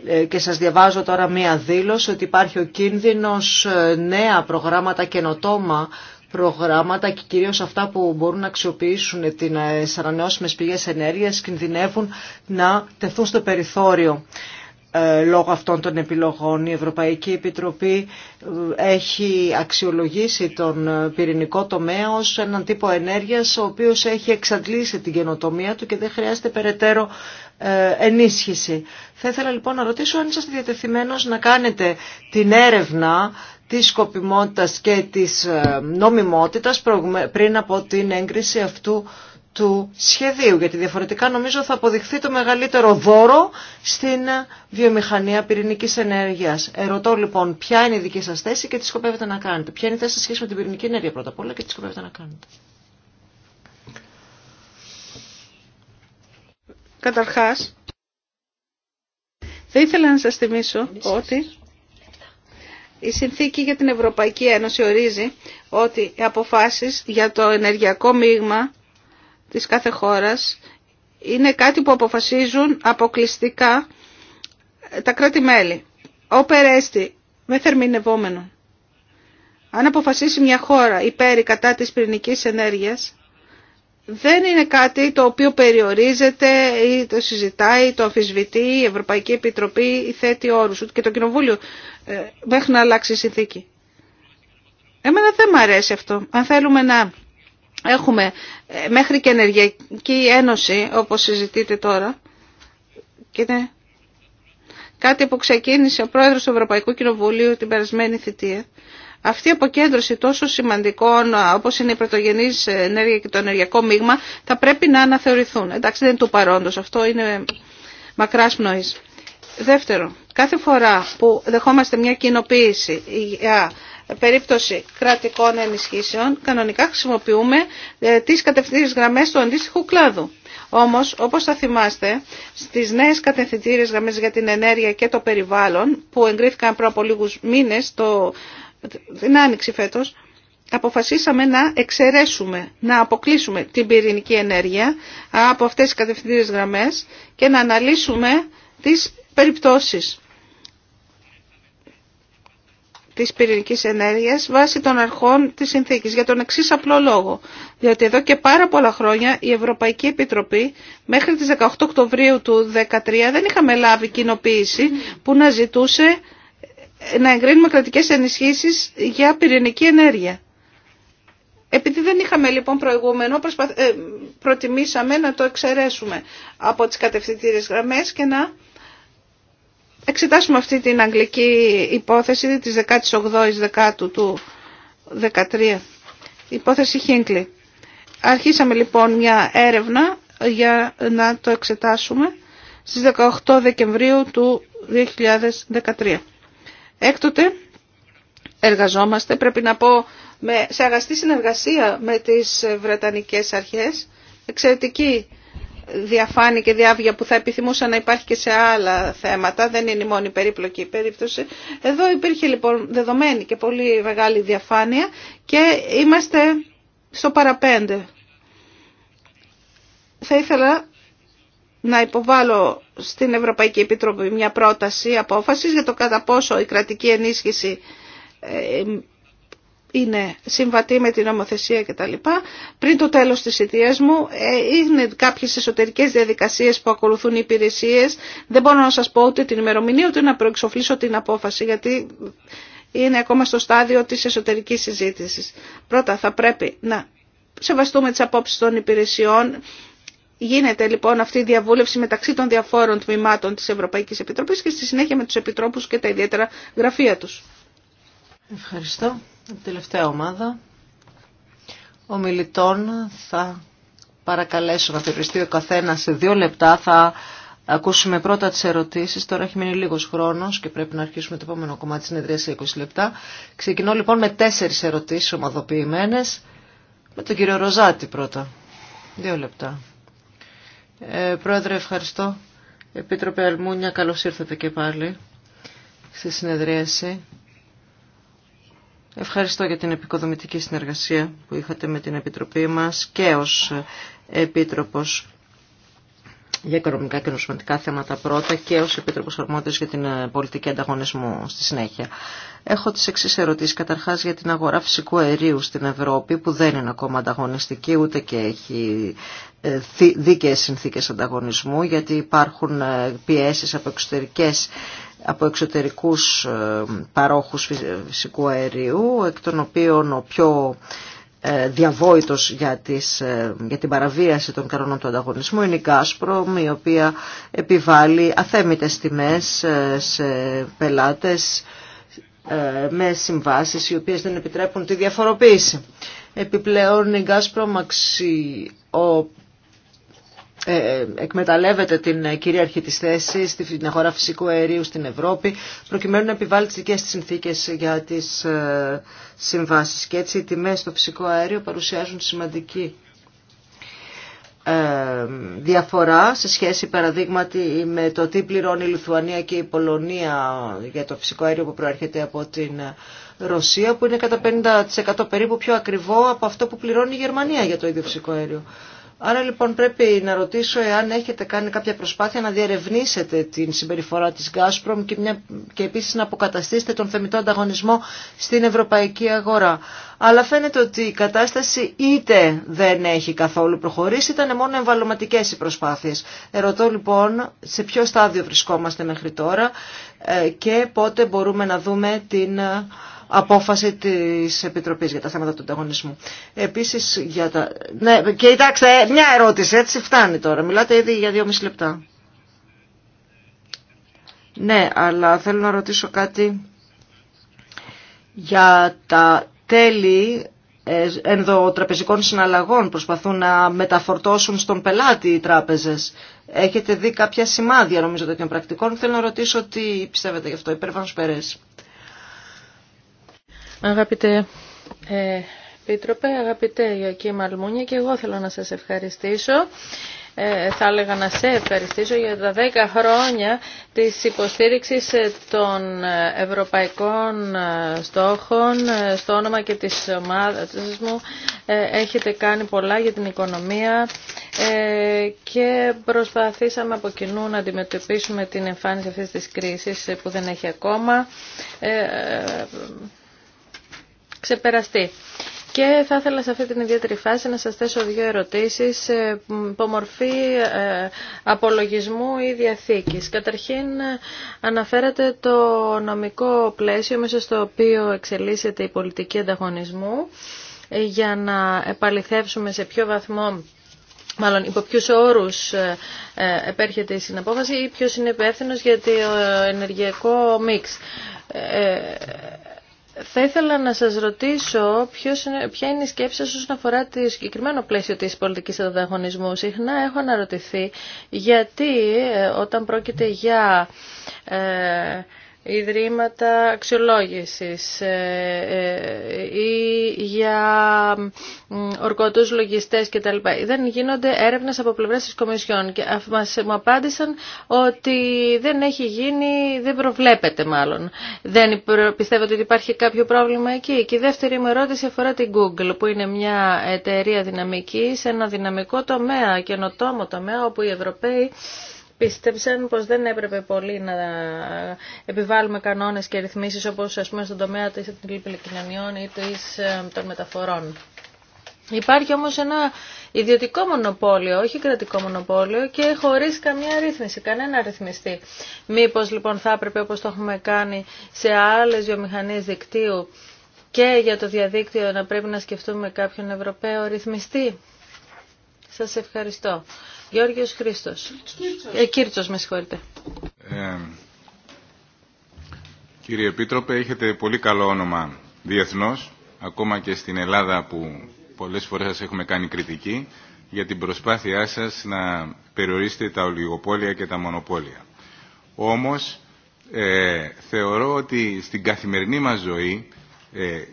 Ε, και σας διαβάζω τώρα μία δήλωση ότι υπάρχει ο κίνδυνος ε, νέα προγράμματα καινοτόμα προγράμματα και κυρίως αυτά που μπορούν να αξιοποιήσουν ε, τις ανανεώσιμες πηγές ενέργειας κινδυνεύουν να τεθούν στο περιθώριο. Ε, λόγω αυτών των επιλογών. Η Ευρωπαϊκή Επιτροπή ε, έχει αξιολογήσει τον ε, πυρηνικό τομέα ως έναν τύπο ενέργειας ο οποίος έχει εξαντλήσει την καινοτομία του και δεν χρειάζεται περαιτέρω ενίσχυση. Θα ήθελα λοιπόν να ρωτήσω αν είσαστε διατεθειμένος να κάνετε την έρευνα της σκοπιμότητας και της νομιμότητας πριν από την έγκριση αυτού του σχεδίου, γιατί διαφορετικά νομίζω θα αποδειχθεί το μεγαλύτερο δώρο στην βιομηχανία πυρηνικής ενέργειας. Ερωτώ λοιπόν ποια είναι η δική σας θέση και τι σκοπεύετε να κάνετε. Ποια είναι η θέση σας σχέση με την πυρηνική ενέργεια πρώτα απ' όλα και τι σκοπεύετε να κάνετε. Καταρχάς, θα ήθελα να σας θυμίσω ότι η συνθήκη για την Ευρωπαϊκή Ένωση ορίζει ότι οι αποφάσεις για το ενεργειακό μείγμα της κάθε χώρας είναι κάτι που αποφασίζουν αποκλειστικά τα κράτη-μέλη. περέστη με θερμινευόμενο. Αν αποφασίσει μια χώρα υπέρ ή κατά της πυρηνικής ενέργειας, δεν είναι κάτι το οποίο περιορίζεται ή το συζητάει, το αμφισβητεί η Ευρωπαϊκή Επιτροπή ή το αφισβητει η ευρωπαικη όρους και το Κοινοβούλιο ε, μέχρι να αλλάξει η συνθήκη. Εμένα δεν μου αρέσει αυτό. Αν θέλουμε να έχουμε ε, μέχρι και ενεργειακή ένωση όπως συζητείτε τώρα και είναι κάτι που ξεκίνησε ο πρόεδρος του Ευρωπαϊκού Κοινοβουλίου την περασμένη θητεία. Αυτή η αποκέντρωση τόσο σημαντικών ε, όπως είναι η πρωτογενή ε, ενέργεια και το ενεργειακό μείγμα θα πρέπει να αναθεωρηθούν. Εντάξει δεν είναι του παρόντος, αυτό είναι μακράς πνοής. Δεύτερο, κάθε φορά που δεχόμαστε μια κοινοποίηση για περίπτωση κρατικών ενισχύσεων, κανονικά χρησιμοποιούμε ε, τις κατευθυντήριες γραμμές του αντίστοιχου κλάδου. Όμως, όπως θα θυμάστε, στις νέες κατευθυντήριες γραμμές για την ενέργεια και το περιβάλλον, που εγκρίθηκαν πριν από λίγους μήνες, το, την άνοιξη φέτος, αποφασίσαμε να εξαιρέσουμε, να αποκλείσουμε την πυρηνική ενέργεια από αυτές τις κατευθυντήριες γραμμές και να αναλύσουμε τις περιπτώσεις της πυρηνικής ενέργειας βάσει των αρχών της συνθήκης για τον εξή απλό λόγο. Διότι εδώ και πάρα πολλά χρόνια η Ευρωπαϊκή Επιτροπή μέχρι τις 18 Οκτωβρίου του 2013 δεν είχαμε λάβει κοινοποίηση που να ζητούσε να εγκρίνουμε κρατικές ενισχύσεις για πυρηνική ενέργεια. Επειδή δεν είχαμε λοιπόν προηγούμενο, ε, προτιμήσαμε να το εξαιρέσουμε από τις κατευθυντήριες γραμμές και να εξετάσουμε αυτή την αγγλική υπόθεση της 18ης δεκάτου του 13. Υπόθεση Χίνκλη. Αρχίσαμε λοιπόν μια έρευνα για να το εξετάσουμε στις 18 Δεκεμβρίου του 2013. Έκτοτε εργαζόμαστε, πρέπει να πω, με, σε αγαστή συνεργασία με τις Βρετανικές Αρχές. Εξαιρετική διαφάνεια και διάβια που θα επιθυμούσα να υπάρχει και σε άλλα θέματα. Δεν είναι η μόνη περίπλοκη περίπτωση. Εδώ υπήρχε λοιπόν δεδομένη και πολύ μεγάλη διαφάνεια και είμαστε στο παραπέντε. Θα ήθελα να υποβάλω στην Ευρωπαϊκή Επιτροπή μια πρόταση απόφασης για το κατά πόσο η κρατική ενίσχυση ε, είναι συμβατή με την νομοθεσία κτλ. Πριν το τέλος της ιδίας μου ε, είναι κάποιες εσωτερικές διαδικασίες που ακολουθούν οι υπηρεσίες. Δεν μπορώ να σας πω ούτε την ημερομηνία ούτε να προεξοφλήσω την απόφαση γιατί είναι ακόμα στο στάδιο της εσωτερικής συζήτησης. Πρώτα θα πρέπει να σεβαστούμε τις απόψεις των υπηρεσιών Γίνεται λοιπόν αυτή η διαβούλευση μεταξύ των διαφόρων τμήματων της Ευρωπαϊκής Επιτροπής και στη συνέχεια με τους επιτρόπους και τα ιδιαίτερα γραφεία τους. Ευχαριστώ. τελευταία ομάδα ομιλητών θα παρακαλέσω να περιοριστεί ο καθένα σε δύο λεπτά. Θα ακούσουμε πρώτα τι ερωτήσει. Τώρα έχει μείνει λίγο χρόνο και πρέπει να αρχίσουμε το επόμενο κομμάτι τη συνεδρία σε 20 λεπτά. Ξεκινώ λοιπόν με τέσσερι ερωτήσει ομαδοποιημένε. Με τον κύριο Ροζάτη πρώτα. Δύο λεπτά. Ε, πρόεδρε, ευχαριστώ. Επίτροπε Αλμούνια, Καλώ ήρθατε και πάλι στη συνεδρίαση. Ευχαριστώ για την επικοδομητική συνεργασία που είχατε με την Επιτροπή μας και ως Επίτροπος για οικονομικά και νοσηματικά θέματα πρώτα και ως Επίτροπος Αρμόδιος για την ε, πολιτική ανταγωνισμού στη συνέχεια. Έχω τις εξής ερωτήσεις καταρχάς για την αγορά φυσικού αερίου στην Ευρώπη που δεν είναι ακόμα ανταγωνιστική ούτε και έχει ε, δίκαιες συνθήκες ανταγωνισμού γιατί υπάρχουν ε, πιέσεις από εξωτερικές από εξωτερικούς ε, παρόχους φυσικού αερίου, εκ των οποίων ο πιο ε, διαβόητος για, τις, ε, για την παραβίαση των κανόνων του ανταγωνισμού είναι η Gazprom, η οποία επιβάλλει αθέμητες τιμές σε πελάτες με συμβάσεις οι οποίες δεν επιτρέπουν τη διαφοροποίηση. Επιπλέον η Gazprom αξιοποιεί ε, ε, εκμεταλλεύεται την ε, κυρίαρχη της θέση στην αγορά φυσικού αερίου στην Ευρώπη προκειμένου να επιβάλλει τις δικές της συνθήκες για τις συμβάσεις και έτσι οι τιμές στο φυσικό αέριο παρουσιάζουν σημαντική διαφορά σε σχέση παραδείγματι με το τι πληρώνει η Λιθουανία και η Πολωνία για το φυσικό αέριο που προέρχεται από την Ρωσία που είναι κατά 50% περίπου πιο ακριβό από αυτό που πληρώνει η Γερμανία για το ίδιο φυσικό αέριο. Άρα λοιπόν πρέπει να ρωτήσω εάν έχετε κάνει κάποια προσπάθεια να διερευνήσετε την συμπεριφορά της Gazprom και, μια, και επίσης να αποκαταστήσετε τον θεμητό ανταγωνισμό στην ευρωπαϊκή αγορά. Αλλά φαίνεται ότι η κατάσταση είτε δεν έχει καθόλου προχωρήσει, ήταν μόνο εμβαλωματικές οι προσπάθειες. Ερωτώ λοιπόν σε ποιο στάδιο βρισκόμαστε μέχρι τώρα ε, και πότε μπορούμε να δούμε την απόφαση της Επιτροπής για τα θέματα του ανταγωνισμού. Επίσης για τα... Ναι, και κοιτάξτε, ε, μια ερώτηση, έτσι φτάνει τώρα. Μιλάτε ήδη για δύο μισή λεπτά. Ναι, αλλά θέλω να ρωτήσω κάτι για τα τέλη ε, ενδοτραπεζικών συναλλαγών προσπαθούν να μεταφορτώσουν στον πελάτη οι τράπεζες. Έχετε δει κάποια σημάδια νομίζω τέτοιων πρακτικών. Θέλω να ρωτήσω τι πιστεύετε γι' αυτό. Υπέρβανος Περές. Αγαπητέ ε, Πίτροπε, αγαπητέ Ιωκή Μαλμούνια και εγώ θέλω να σας ευχαριστήσω. Ε, θα έλεγα να σε ευχαριστήσω για τα 10 χρόνια της υποστήριξης ε, των ευρωπαϊκών ε, στόχων στο όνομα και της ομάδας μου. έχετε κάνει πολλά για την οικονομία και προσπαθήσαμε από κοινού να αντιμετωπίσουμε την εμφάνιση αυτής της κρίσης που δεν έχει ακόμα ξεπεραστεί. Και θα ήθελα σε αυτή την ιδιαίτερη φάση να σας θέσω δύο ερωτήσεις ε, υπό μορφή ε, απολογισμού ή διαθήκης. Καταρχήν αναφέρατε το νομικό πλαίσιο μέσα στο οποίο εξελίσσεται η πολιτική ανταγωνισμού ε, για να επαληθεύσουμε σε ποιο βαθμό Μάλλον υπό ποιου όρου επέρχεται η συναπόφαση ή ποιο είναι υπεύθυνο για το ενεργειακό μίξ. Θα ήθελα να σας ρωτήσω είναι, ποια είναι η σκέψη σας όσον αφορά το συγκεκριμένο πλαίσιο της πολιτικής ανταγωνισμού. Συχνά έχω αναρωτηθεί γιατί ε, όταν πρόκειται για... Ε, ιδρύματα αξιολόγησης ε, ε, ή για ορκωτούς λογιστές κτλ. Δεν γίνονται έρευνες από πλευρά της Κομισιόν και μας, μου απάντησαν ότι δεν έχει γίνει, δεν προβλέπεται μάλλον. Δεν πιστεύω ότι υπάρχει κάποιο πρόβλημα εκεί. Και η δεύτερη μου ερώτηση αφορά την Google που είναι μια εταιρεία δυναμική σε ένα δυναμικό τομέα, καινοτόμο τομέα όπου οι Ευρωπαίοι πίστεψαν πως δεν έπρεπε πολύ να επιβάλλουμε κανόνες και ρυθμίσεις όπως ας πούμε στον τομέα της κοινωνιών ή ε, των μεταφορών. Υπάρχει όμως ένα ιδιωτικό μονοπόλιο, όχι κρατικό μονοπόλιο και χωρίς καμία ρύθμιση, κανένα ρυθμιστή. Μήπως λοιπόν θα έπρεπε όπως το έχουμε κάνει σε άλλες βιομηχανίες δικτύου και για το διαδίκτυο να πρέπει να σκεφτούμε κάποιον Ευρωπαίο ρυθμιστή. Σας ευχαριστώ. Γιώργος Χρήστος. Ε, με ε, κύριε Επίτροπε, έχετε πολύ καλό όνομα διεθνώς, ακόμα και στην Ελλάδα που πολλές φορές σας έχουμε κάνει κριτική, για την προσπάθειά σας να περιορίσετε τα ολιγοπόλια και τα μονοπόλια. Όμως, ε, θεωρώ ότι στην καθημερινή μας ζωή ε,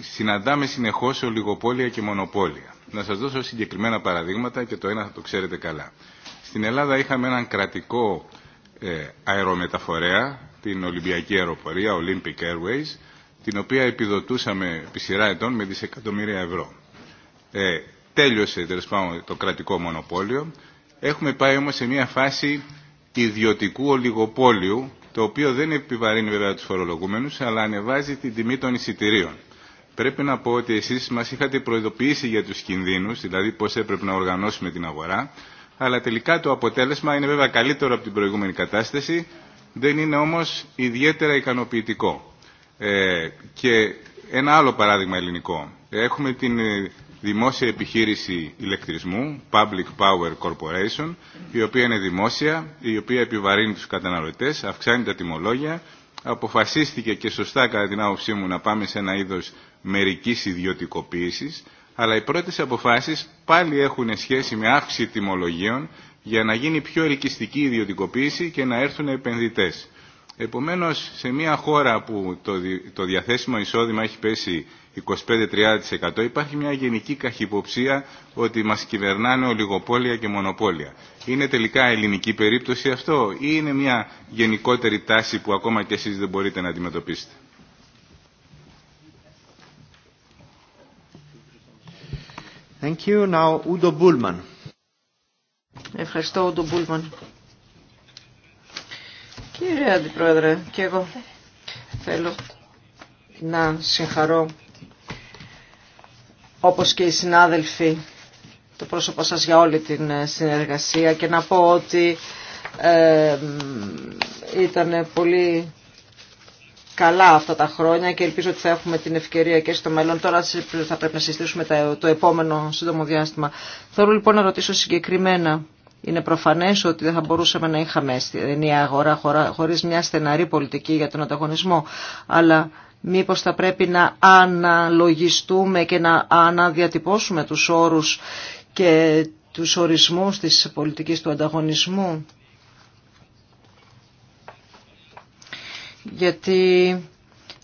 συναντάμε συνεχώς ολιγοπόλια και μονοπόλια. Να σας δώσω συγκεκριμένα παραδείγματα και το ένα θα το ξέρετε καλά. Στην Ελλάδα είχαμε έναν κρατικό ε, αερομεταφορέα, την Ολυμπιακή Αεροπορία, Olympic Airways, την οποία επιδοτούσαμε επί σειρά ετών με δισεκατομμύρια ευρώ. Ε, τέλειωσε το κρατικό μονοπόλιο. Έχουμε πάει όμως σε μια φάση ιδιωτικού ολιγοπόλιου, το οποίο δεν επιβαρύνει βέβαια τους φορολογούμενους, αλλά ανεβάζει την τιμή των εισιτηρίων πρέπει να πω ότι εσείς μας είχατε προειδοποιήσει για τους κινδύνους, δηλαδή πώς έπρεπε να οργανώσουμε την αγορά, αλλά τελικά το αποτέλεσμα είναι βέβαια καλύτερο από την προηγούμενη κατάσταση, δεν είναι όμως ιδιαίτερα ικανοποιητικό. Ε, και ένα άλλο παράδειγμα ελληνικό. Έχουμε την ε, δημόσια επιχείρηση ηλεκτρισμού, Public Power Corporation, η οποία είναι δημόσια, η οποία επιβαρύνει τους καταναλωτές, αυξάνει τα τιμολόγια αποφασίστηκε και σωστά κατά την άποψή μου να πάμε σε ένα είδος μερικής ιδιωτικοποίησης, αλλά οι πρώτες αποφάσεις πάλι έχουν σχέση με αύξηση τιμολογίων για να γίνει πιο ελκυστική ιδιωτικοποίηση και να έρθουν επενδυτές. Επομένως, σε μια χώρα που το διαθέσιμο εισόδημα έχει πέσει 25-30% υπάρχει μια γενική καχυποψία ότι μας κυβερνάνε ολιγοπόλια και μονοπόλια. Είναι τελικά ελληνική περίπτωση αυτό ή είναι μια γενικότερη τάση που ακόμα και εσείς δεν μπορείτε να αντιμετωπίσετε. Thank you. Now, Udo Ευχαριστώ, Ούντο Μπούλμαν. Κύριε Αντιπρόεδρε, και εγώ θέλω να συγχαρώ όπως και οι συνάδελφοι, το πρόσωπό σας για όλη την ε, συνεργασία και να πω ότι ε, ήταν πολύ καλά αυτά τα χρόνια και ελπίζω ότι θα έχουμε την ευκαιρία και στο μέλλον. Τώρα θα πρέπει να συζητήσουμε το επόμενο σύντομο διάστημα. Θέλω λοιπόν να ρωτήσω συγκεκριμένα. Είναι προφανές ότι δεν θα μπορούσαμε να είχαμε στην ενιαία αγορά χωρίς μια στεναρή πολιτική για τον ανταγωνισμό. Αλλά Μήπως θα πρέπει να αναλογιστούμε και να αναδιατυπώσουμε τους όρους και τους ορισμούς της πολιτικής του ανταγωνισμού. Γιατί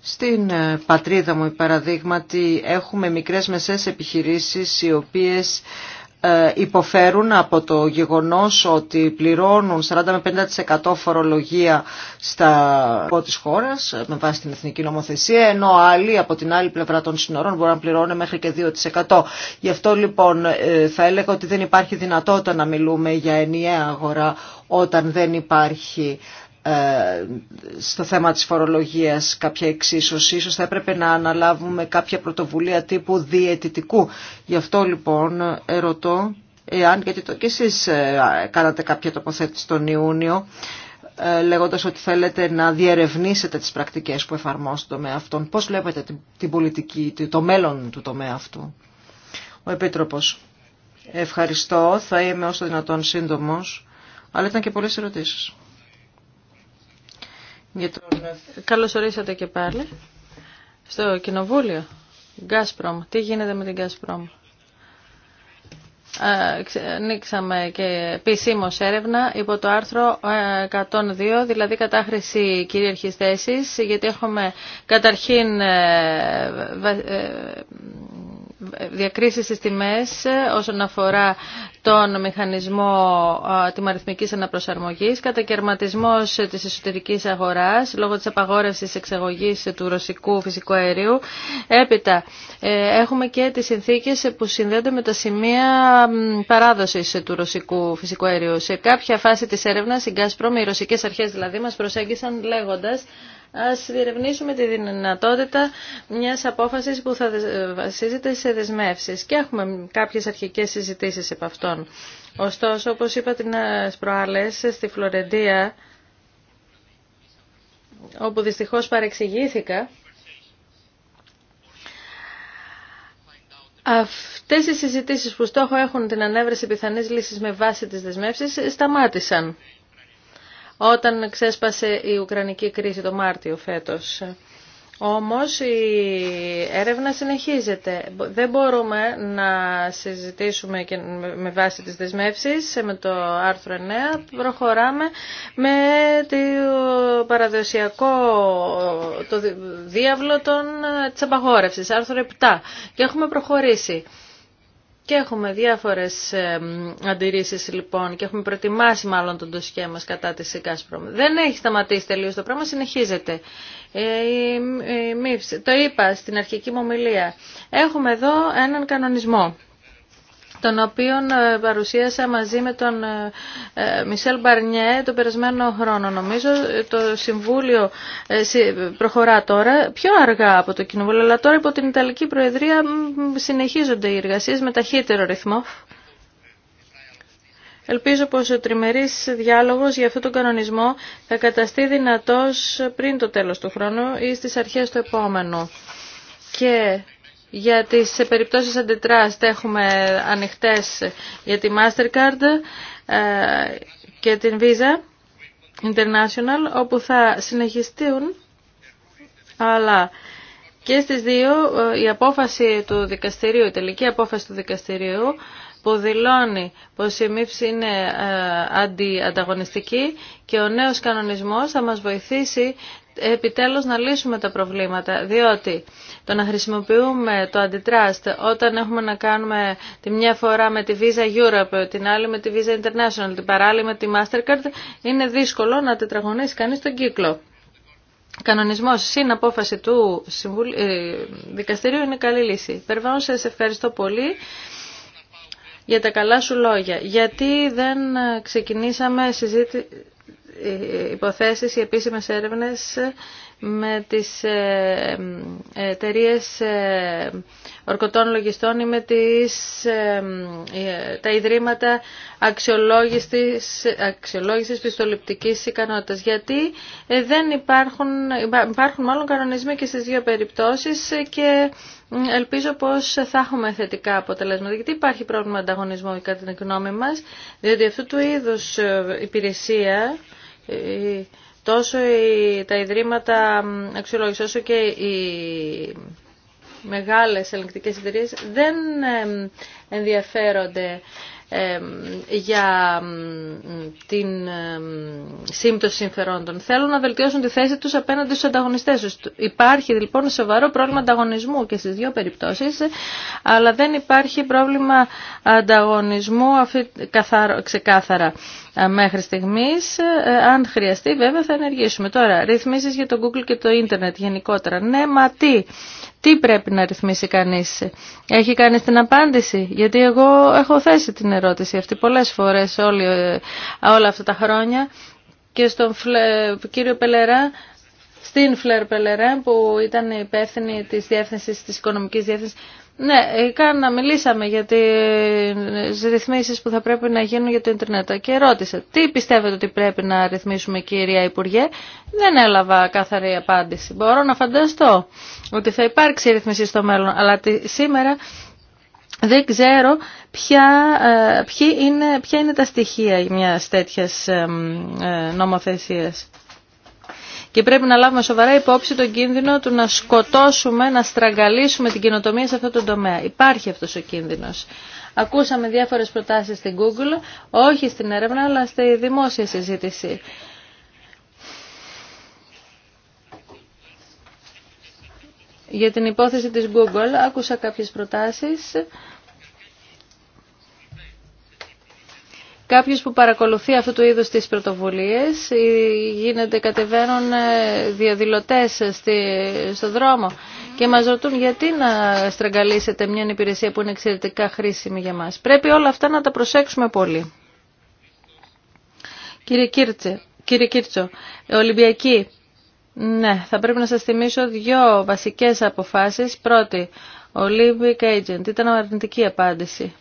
στην πατρίδα μου, παραδείγματι, έχουμε μικρές μεσές επιχειρήσεις οι οποίες ε, υποφέρουν από το γεγονός ότι πληρώνουν 40 με 50% φορολογία στα από της χώρας ε, με βάση την εθνική νομοθεσία ενώ άλλοι από την άλλη πλευρά των σύνορων μπορούν να πληρώνουν μέχρι και 2%. Γι' αυτό λοιπόν ε, θα έλεγα ότι δεν υπάρχει δυνατότητα να μιλούμε για ενιαία αγορά όταν δεν υπάρχει ε, στο θέμα της φορολογίας κάποια εξίσωση. Ίσως θα έπρεπε να αναλάβουμε κάποια πρωτοβουλία τύπου διαιτητικού. Γι' αυτό λοιπόν ερωτώ, εάν, γιατί το, και εσείς ε, κάνατε κάποια τοποθέτηση τον Ιούνιο, ε, λέγοντας ότι θέλετε να διερευνήσετε τις πρακτικές που εφαρμόζει το τομέα αυτόν. Πώς βλέπετε την, πολιτική, το μέλλον του τομέα αυτού. Ο Επίτροπος. Ευχαριστώ. Θα είμαι όσο δυνατόν σύντομος. Αλλά ήταν και πολλές ερωτήσεις. Καλώς ορίσατε και πάλι στο κοινοβούλιο. Γκάσπρομ. Τι γίνεται με την Γκάσπρομ. Ε, ανοίξαμε και επισήμω έρευνα υπό το άρθρο 102, ε, δηλαδή κατάχρηση κυρίαρχης θέσης, γιατί έχουμε καταρχήν ε, διακρίσεις στις τιμές ε, όσον αφορά τον μηχανισμό ε, τιμαριθμικής αναπροσαρμογής, κατακαιρματισμός ε, της εσωτερικής αγοράς λόγω της απαγόρευσης εξαγωγής του ρωσικού φυσικού αερίου. Έπειτα, έχουμε και τις συνθήκες που συνδέονται με τα σημεία παράδοσης του ρωσικού φυσικού αερίου. Σε κάποια φάση της έρευνας, η Gazprom, οι ρωσικές αρχές δηλαδή, μας προσέγγισαν λέγοντας ας διερευνήσουμε τη δυνατότητα μιας απόφασης που θα βασίζεται σε δεσμεύσεις. Και έχουμε κάποιες αρχικές συζητήσεις επ' αυτών. Ωστόσο, όπως είπα την ε, προάλλες, στη Φλωρεντία, όπου δυστυχώς παρεξηγήθηκα, Αυτές οι συζητήσεις που στόχο έχουν την ανέβρεση πιθανής λύσης με βάση τις δεσμεύσεις σταμάτησαν όταν ξέσπασε η Ουκρανική κρίση το Μάρτιο φέτος. Όμως η έρευνα συνεχίζεται. Δεν μπορούμε να συζητήσουμε και με βάση τις δεσμεύσεις με το άρθρο 9. Προχωράμε με το παραδοσιακό το διάβλο των, ε, της απαγόρευσης, άρθρο 7. Και έχουμε προχωρήσει. Και έχουμε διάφορες αντιρρήσεις λοιπόν και έχουμε προετοιμάσει μάλλον τον τοσχέ μας κατά της ΕΚΑΣΠΡΟΜ. Δεν έχει σταματήσει τελείως το πράγμα, συνεχίζεται. Ε, το είπα στην αρχική μου ομιλία. Έχουμε εδώ έναν κανονισμό τον οποίο ε, παρουσίασα μαζί με τον ε, ε, Μισελ Μπαρνιέ τον περασμένο χρόνο. Νομίζω το Συμβούλιο προχωρά τώρα πιο αργά από το Κοινοβούλιο, αλλά τώρα υπό την Ιταλική Προεδρία συνεχίζονται οι εργασίες με ταχύτερο ρυθμό. Ελπίζω πως ο τριμερής διάλογος για αυτόν τον κανονισμό θα καταστεί δυνατός πριν το τέλος του χρόνου ή στις αρχές του επόμενου. Και για τις περιπτώσεις αντιτράστ έχουμε ανοιχτές για τη Mastercard ε, και την Visa International, όπου θα συνεχιστούν, αλλά και στις δύο ε, η απόφαση του δικαστηρίου, η τελική απόφαση του δικαστηρίου, που δηλώνει πως η μύψη είναι ε, αντιανταγωνιστική και ο νέος κανονισμός θα μας βοηθήσει επιτέλους να λύσουμε τα προβλήματα, διότι το να χρησιμοποιούμε το antitrust όταν έχουμε να κάνουμε τη μια φορά με τη Visa Europe, την άλλη με τη Visa International, την παράλληλη με τη Mastercard, είναι δύσκολο να τετραγωνίσει κανείς τον κύκλο. Κανονισμός συν απόφαση του ε, δικαστηρίου είναι καλή λύση. Περβάνω, σε ευχαριστώ πολύ για τα καλά σου λόγια. Γιατί δεν ξεκινήσαμε συζήτηση υποθέσεις, οι επίσημες έρευνες με τις ε, ε, εταιρείε ε, ορκωτών λογιστών ή με τις, τα ιδρύματα αξιολόγησης, αξιολόγησης πιστοληπτικής ικανότητας. Γιατί δεν υπάρχουν, υπάρχουν μάλλον κανονισμοί και στις δύο περιπτώσεις και ελπίζω πως θα έχουμε θετικά αποτελέσματα. Γιατί υπάρχει πρόβλημα ανταγωνισμού κατά την γνώμη μας, διότι αυτού του είδους υπηρεσία ε, τόσο τα ιδρύματα αξιολόγηση όσο και οι μεγάλες ελεγκτικές εταιρείε δεν ενδιαφέρονται για την σύμπτωση συμφερόντων. Θέλουν να βελτιώσουν τη θέση τους απέναντι στους ανταγωνιστές τους. Υπάρχει λοιπόν σοβαρό πρόβλημα ανταγωνισμού και στις δύο περιπτώσεις, αλλά δεν υπάρχει πρόβλημα ανταγωνισμού ξεκάθαρα. Ε, μέχρι στιγμής. Ε, αν χρειαστεί βέβαια θα ενεργήσουμε. Τώρα, ρυθμίσεις για το Google και το ίντερνετ γενικότερα. Ναι, μα τι. Τι πρέπει να ρυθμίσει κανείς. Έχει κάνει την απάντηση. Γιατί εγώ έχω θέσει την ερώτηση αυτή πολλές φορές ε, όλα αυτά τα χρόνια και στον κύριο Πελερά στην Φλερ Πελερά που ήταν υπεύθυνη της διεύθυνσης, της οικονομικής διεύθυνσης ναι, ε, να μιλήσαμε για τις ρυθμίσεις που θα πρέπει να γίνουν για το Ιντερνετ και ρώτησα τι πιστεύετε ότι πρέπει να ρυθμίσουμε κυρία Υπουργέ. Δεν έλαβα καθαρή απάντηση. Μπορώ να φανταστώ ότι θα υπάρξει ρυθμίση στο μέλλον, αλλά σήμερα δεν ξέρω ποια, ε, ποια, είναι, ποια είναι τα στοιχεία μιας τέτοιας ε, νομοθεσίας. Και πρέπει να λάβουμε σοβαρά υπόψη τον κίνδυνο του να σκοτώσουμε, να στραγγαλίσουμε την κοινοτομία σε αυτό το τομέα. Υπάρχει αυτός ο κίνδυνος. Ακούσαμε διάφορες προτάσεις στην Google, όχι στην έρευνα, αλλά στη δημόσια συζήτηση. Για την υπόθεση της Google άκουσα κάποιες προτάσεις Κάποιος που παρακολουθεί αυτού του είδους τις πρωτοβουλίες γίνεται κατεβαίνουν ε, διαδηλωτές στο δρόμο και μας ρωτούν γιατί να στραγγαλίσετε μια υπηρεσία που είναι εξαιρετικά χρήσιμη για μας. Πρέπει όλα αυτά να τα προσέξουμε πολύ. Κύριε, Κίρτσε, κύριε Κίρτσο, Ολυμπιακή, ναι, θα πρέπει να σας θυμίσω δύο βασικές αποφάσεις. Πρώτη, Olympic Agent, ήταν αρνητική απάντηση.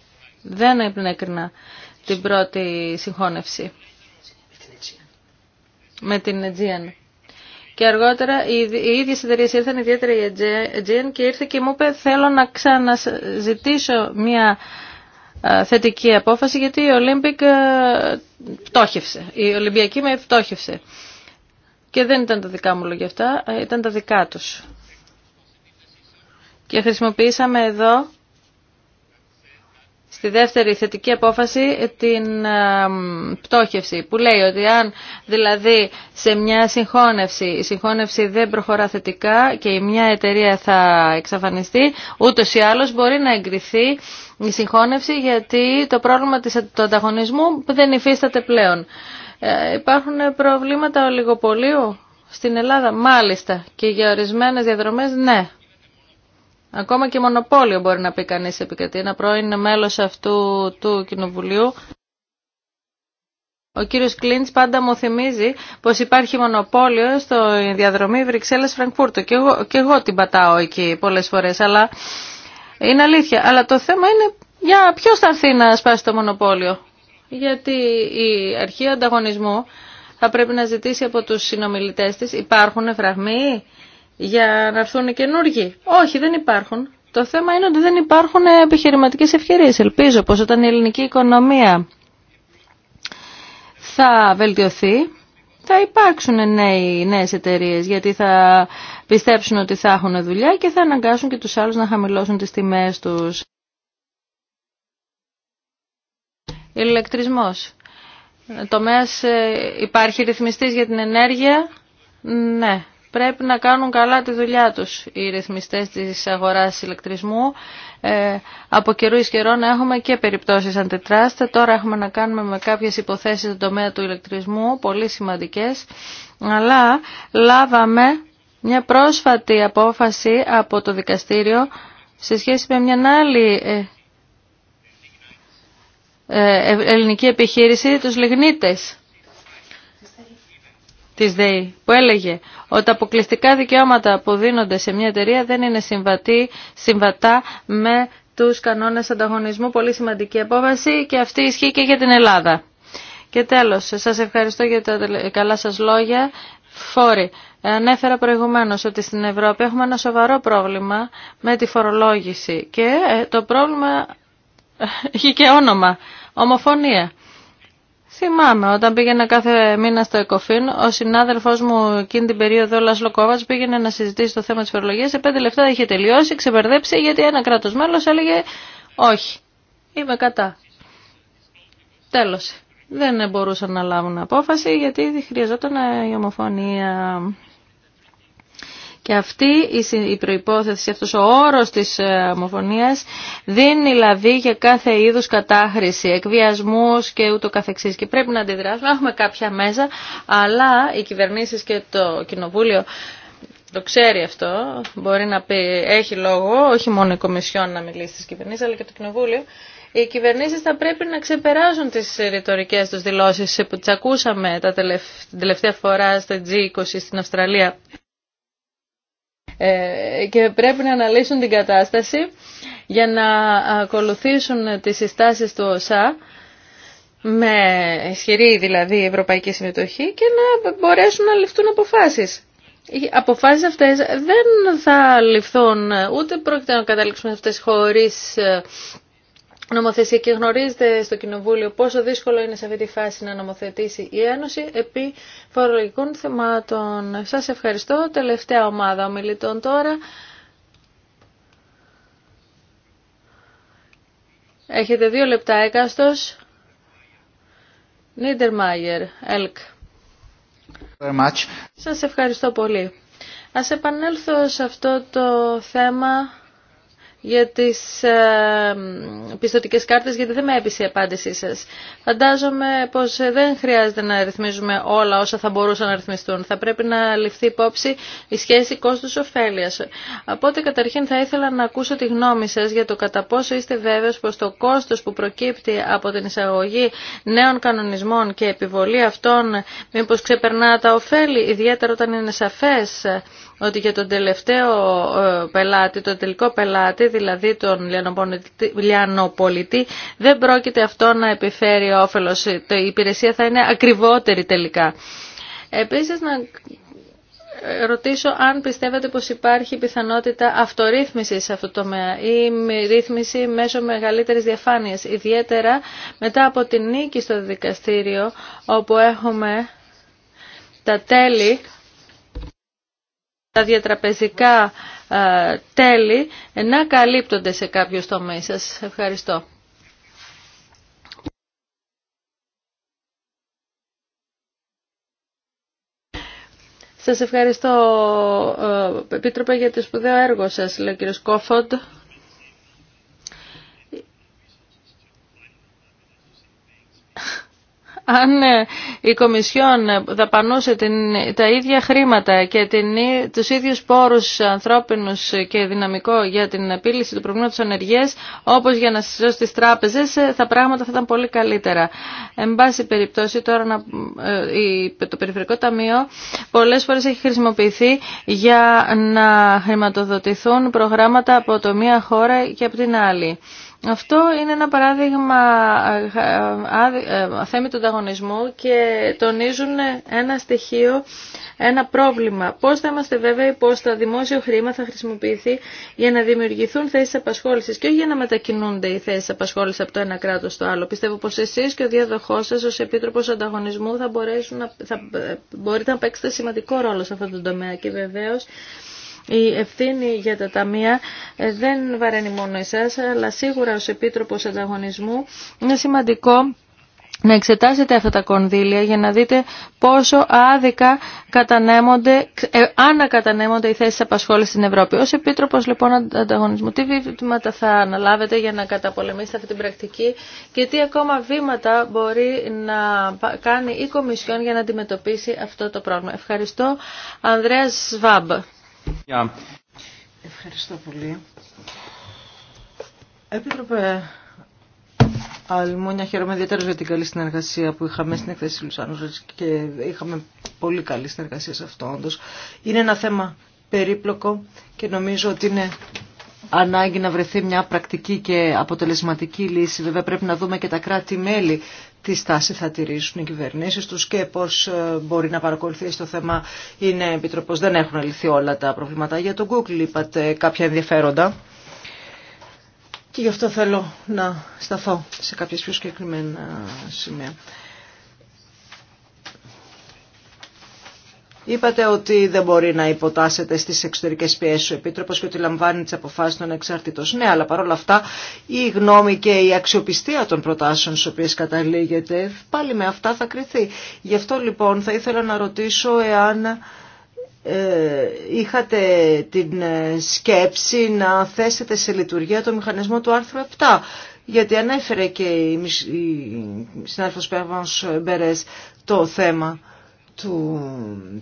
Δεν έπρεπε την πρώτη συγχώνευση με την Aegean. Και αργότερα οι, ίδια ίδιε εταιρείε ήρθαν, ιδιαίτερα η Aegean, και ήρθε και μου είπε: Θέλω να ξαναζητήσω μια θετική απόφαση, γιατί η Olympic πτώχευσε. Η Ολυμπιακή με πτώχευσε. Και δεν ήταν τα δικά μου λόγια αυτά, ήταν τα δικά τους. Και χρησιμοποιήσαμε εδώ στη δεύτερη θετική απόφαση την ε, πτώχευση που λέει ότι αν δηλαδή σε μια συγχώνευση η συγχώνευση δεν προχωρά θετικά και η μια εταιρεία θα εξαφανιστεί ούτως ή άλλως μπορεί να εγκριθεί η συγχώνευση γιατί το πρόβλημα του ανταγωνισμού δεν υφίσταται πλέον. Ε, υπάρχουν προβλήματα ολιγοπολίου στην Ελλάδα μάλιστα και για ορισμένες διαδρομές ναι. Ακόμα και μονοπόλιο μπορεί να πει κανείς επικρατεί. Ένα πρώην μέλος αυτού του κοινοβουλίου. Ο κύριος Κλίντς πάντα μου θυμίζει πως υπάρχει μονοπόλιο στο διαδρομή Βρυξέλλες-Φραγκφούρτο. Και εγώ, και εγώ την πατάω εκεί πολλές φορές, αλλά είναι αλήθεια. Αλλά το θέμα είναι για ποιος θα έρθει να σπάσει το μονοπόλιο. Γιατί η αρχή ανταγωνισμού θα πρέπει να ζητήσει από τους συνομιλητές της υπάρχουν φραγμοί για να έρθουν καινούργοι. Όχι, δεν υπάρχουν. Το θέμα είναι ότι δεν υπάρχουν επιχειρηματικές ευκαιρίες. Ελπίζω πως όταν η ελληνική οικονομία θα βελτιωθεί, θα υπάρξουν νέοι, νέες εταιρείες, γιατί θα πιστέψουν ότι θα έχουν δουλειά και θα αναγκάσουν και τους άλλους να χαμηλώσουν τις τιμές τους. Ηλεκτρισμός. Τομέας ε, υπάρχει ρυθμιστής για την ενέργεια. Ναι πρέπει να κάνουν καλά τη δουλειά τους οι ρυθμιστές της αγοράς ηλεκτρισμού. Ε, από καιρού εις καιρό να έχουμε και περιπτώσεις αντιτράστα. Τώρα έχουμε να κάνουμε με κάποιες υποθέσεις στον τομέα του ηλεκτρισμού, πολύ σημαντικές. Αλλά λάβαμε μια πρόσφατη απόφαση από το δικαστήριο σε σχέση με μια άλλη ε, ε, ε, ελληνική επιχείρηση, τους Λιγνίτες της ΔΕΗ που έλεγε ότι τα αποκλειστικά δικαιώματα που δίνονται σε μια εταιρεία δεν είναι συμβατή, συμβατά με τους κανόνες ανταγωνισμού. Πολύ σημαντική απόβαση και αυτή ισχύει και για την Ελλάδα. Και τέλος, σας ευχαριστώ για τα καλά σας λόγια. Φόρη, Ανέφερα προηγουμένως ότι στην Ευρώπη έχουμε ένα σοβαρό πρόβλημα με τη φορολόγηση και ε, το πρόβλημα έχει ε, και όνομα. Ομοφωνία. Θυμάμαι, όταν πήγαινα κάθε μήνα στο ΕΚΟΦΗΝ, ο συνάδελφός μου εκείνη την περίοδο, ο Λάσλο πήγαινε να συζητήσει το θέμα τη φορολογία. Σε πέντε λεπτά είχε τελειώσει, ξεπερδέψει, γιατί ένα κράτο μέλο έλεγε «Όχι, είμαι κατά». Τέλος. Δεν μπορούσαν να λάβουν απόφαση, γιατί χρειαζόταν η ομοφωνία. Και αυτή η προϋπόθεση, αυτός ο όρος της ε, ομοφωνίας δίνει λαβή για κάθε είδους κατάχρηση, εκβιασμούς και ούτω καθεξής. Και πρέπει να αντιδράσουμε, έχουμε κάποια μέσα, αλλά οι κυβερνήσεις και το κοινοβούλιο το ξέρει αυτό, μπορεί να πει, έχει λόγο, όχι μόνο η Κομισιόν να μιλήσει στις κυβερνήσεις, αλλά και το Κοινοβούλιο. Οι κυβερνήσει θα πρέπει να ξεπεράσουν τις ρητορικέ τους δηλώσεις που τις ακούσαμε τα την τελευταία φορά στα G20 στην Αυστραλία. Ε, και πρέπει να αναλύσουν την κατάσταση για να ακολουθήσουν τις συστάσεις του ΩΣΑ με ισχυρή δηλαδή ευρωπαϊκή συμμετοχή και να μπορέσουν να ληφθούν αποφάσεις. Οι αποφάσεις αυτές δεν θα ληφθούν ούτε πρόκειται να καταλήξουν αυτές χωρίς ε, νομοθεσία και γνωρίζετε στο Κοινοβούλιο πόσο δύσκολο είναι σε αυτή τη φάση να νομοθετήσει η Ένωση επί φορολογικών θεμάτων. Σας ευχαριστώ. Τελευταία ομάδα ομιλητών τώρα. Έχετε δύο λεπτά έκαστος. Νίτερ ΕΛΚ. Σας ευχαριστώ πολύ. Ας επανέλθω σε αυτό το θέμα για τις ε, πιστοτικές κάρτες γιατί δεν με έπεισε η απάντησή σας. Φαντάζομαι πως δεν χρειάζεται να ρυθμίζουμε όλα όσα θα μπορούσαν να ρυθμιστούν. Θα πρέπει να ληφθεί υπόψη η σχέση κόστους ωφέλειας. Οπότε καταρχήν θα ήθελα να ακούσω τη γνώμη σας για το κατά πόσο είστε βέβαιος πως το κόστος που προκύπτει από την εισαγωγή νέων κανονισμών και επιβολή αυτών μήπως ξεπερνά τα ωφέλη, ιδιαίτερα όταν είναι σαφές ότι για τον τελευταίο ε, πελάτη, τον τελικό πελάτη, δηλαδή τον λιανοπολιτή, δεν πρόκειται αυτό να επιφέρει όφελος. Η υπηρεσία θα είναι ακριβότερη τελικά. Επίσης να ρωτήσω αν πιστεύετε πως υπάρχει πιθανότητα αυτορύθμισης σε αυτό το τομέα ή ρύθμιση μέσω μεγαλύτερης διαφάνειας, ιδιαίτερα μετά από την νίκη στο δικαστήριο όπου έχουμε τα τέλη τα διατραπεζικά ε, τέλη να καλύπτονται σε κάποιους τομείς. Σας ευχαριστώ. Σας ευχαριστώ, ε, Επίτροπε, για το σπουδαίο έργο σας, λέει ο κύριος Κόφοντ. αν ε, η Κομισιόν δαπανούσε την, τα ίδια χρήματα και την, τους ίδιους πόρους ανθρώπινους και δυναμικό για την επίλυση του προβλήματος ανεργίας όπως για να συζητήσω τις τράπεζες ε, τα πράγματα θα ήταν πολύ καλύτερα. Εν πάση περιπτώσει τώρα ε, το Περιφερικό Ταμείο πολλές φορές έχει χρησιμοποιηθεί για να χρηματοδοτηθούν προγράμματα από το μία χώρα και από την άλλη. Αυτό είναι ένα παράδειγμα ε, ε, θέμη του ανταγωνισμού και τονίζουν ένα στοιχείο, ένα πρόβλημα. Πώς θα είμαστε βέβαιοι πώς το δημόσιο χρήμα θα χρησιμοποιηθεί για να δημιουργηθούν θέσεις απασχόλησης και όχι για να μετακινούνται οι θέσεις απασχόλησης από το ένα κράτος στο άλλο. Πιστεύω πως εσείς και ο διαδοχός σας ως Επίτροπος Ανταγωνισμού θα, να, θα ε, μπορείτε να παίξετε σημαντικό ρόλο σε αυτό το τομέα και η ευθύνη για τα ταμεία ε, δεν βαραίνει μόνο εσάς, αλλά σίγουρα ως Επίτροπος Ανταγωνισμού είναι σημαντικό να εξετάσετε αυτά τα κονδύλια για να δείτε πόσο άδικα κατανέμονται, ε, ανακατανέμονται οι θέσεις απασχόληση στην Ευρώπη. Ως Επίτροπος λοιπόν Ανταγωνισμού, τι βήματα θα αναλάβετε για να καταπολεμήσετε αυτή την πρακτική και τι ακόμα βήματα μπορεί να κάνει η Κομισιόν για να αντιμετωπίσει αυτό το πρόβλημα. Ευχαριστώ. Ανδρέας Σβάμπ. Ευχαριστώ πολύ. Επίτροπε Αλμούνια, χαίρομαι ιδιαίτερα για την καλή συνεργασία που είχαμε στην εκθέση Λουσάνου και είχαμε πολύ καλή συνεργασία σε αυτό όντως. Είναι ένα θέμα περίπλοκο και νομίζω ότι είναι ανάγκη να βρεθεί μια πρακτική και αποτελεσματική λύση. Βέβαια πρέπει να δούμε και τα κράτη-μέλη τι στάση θα τηρήσουν οι κυβερνήσεις τους και πώς ε, μπορεί να παρακολουθεί το θέμα είναι επιτροπός. Δεν έχουν λυθεί όλα τα προβλήματα. Για τον Google είπατε κάποια ενδιαφέροντα. Και γι' αυτό θέλω να σταθώ σε κάποιες πιο συγκεκριμένα σημεία. Είπατε ότι δεν μπορεί να υποτάσσεται στι εξωτερικέ πιέσει ο Επίτροπο και ότι λαμβάνει τι αποφάσει των εξαρτήτω. Ναι, αλλά παρόλα αυτά η γνώμη και η αξιοπιστία των προτάσεων στι οποίε καταλήγεται πάλι με αυτά θα κρυθεί. Γι' αυτό λοιπόν θα ήθελα να ρωτήσω εάν ε, είχατε την ε, σκέψη να θέσετε σε λειτουργία το μηχανισμό του άρθρου 7 γιατί ανέφερε και η συνάδελφος Πέρβανς Μπερές το θέμα του,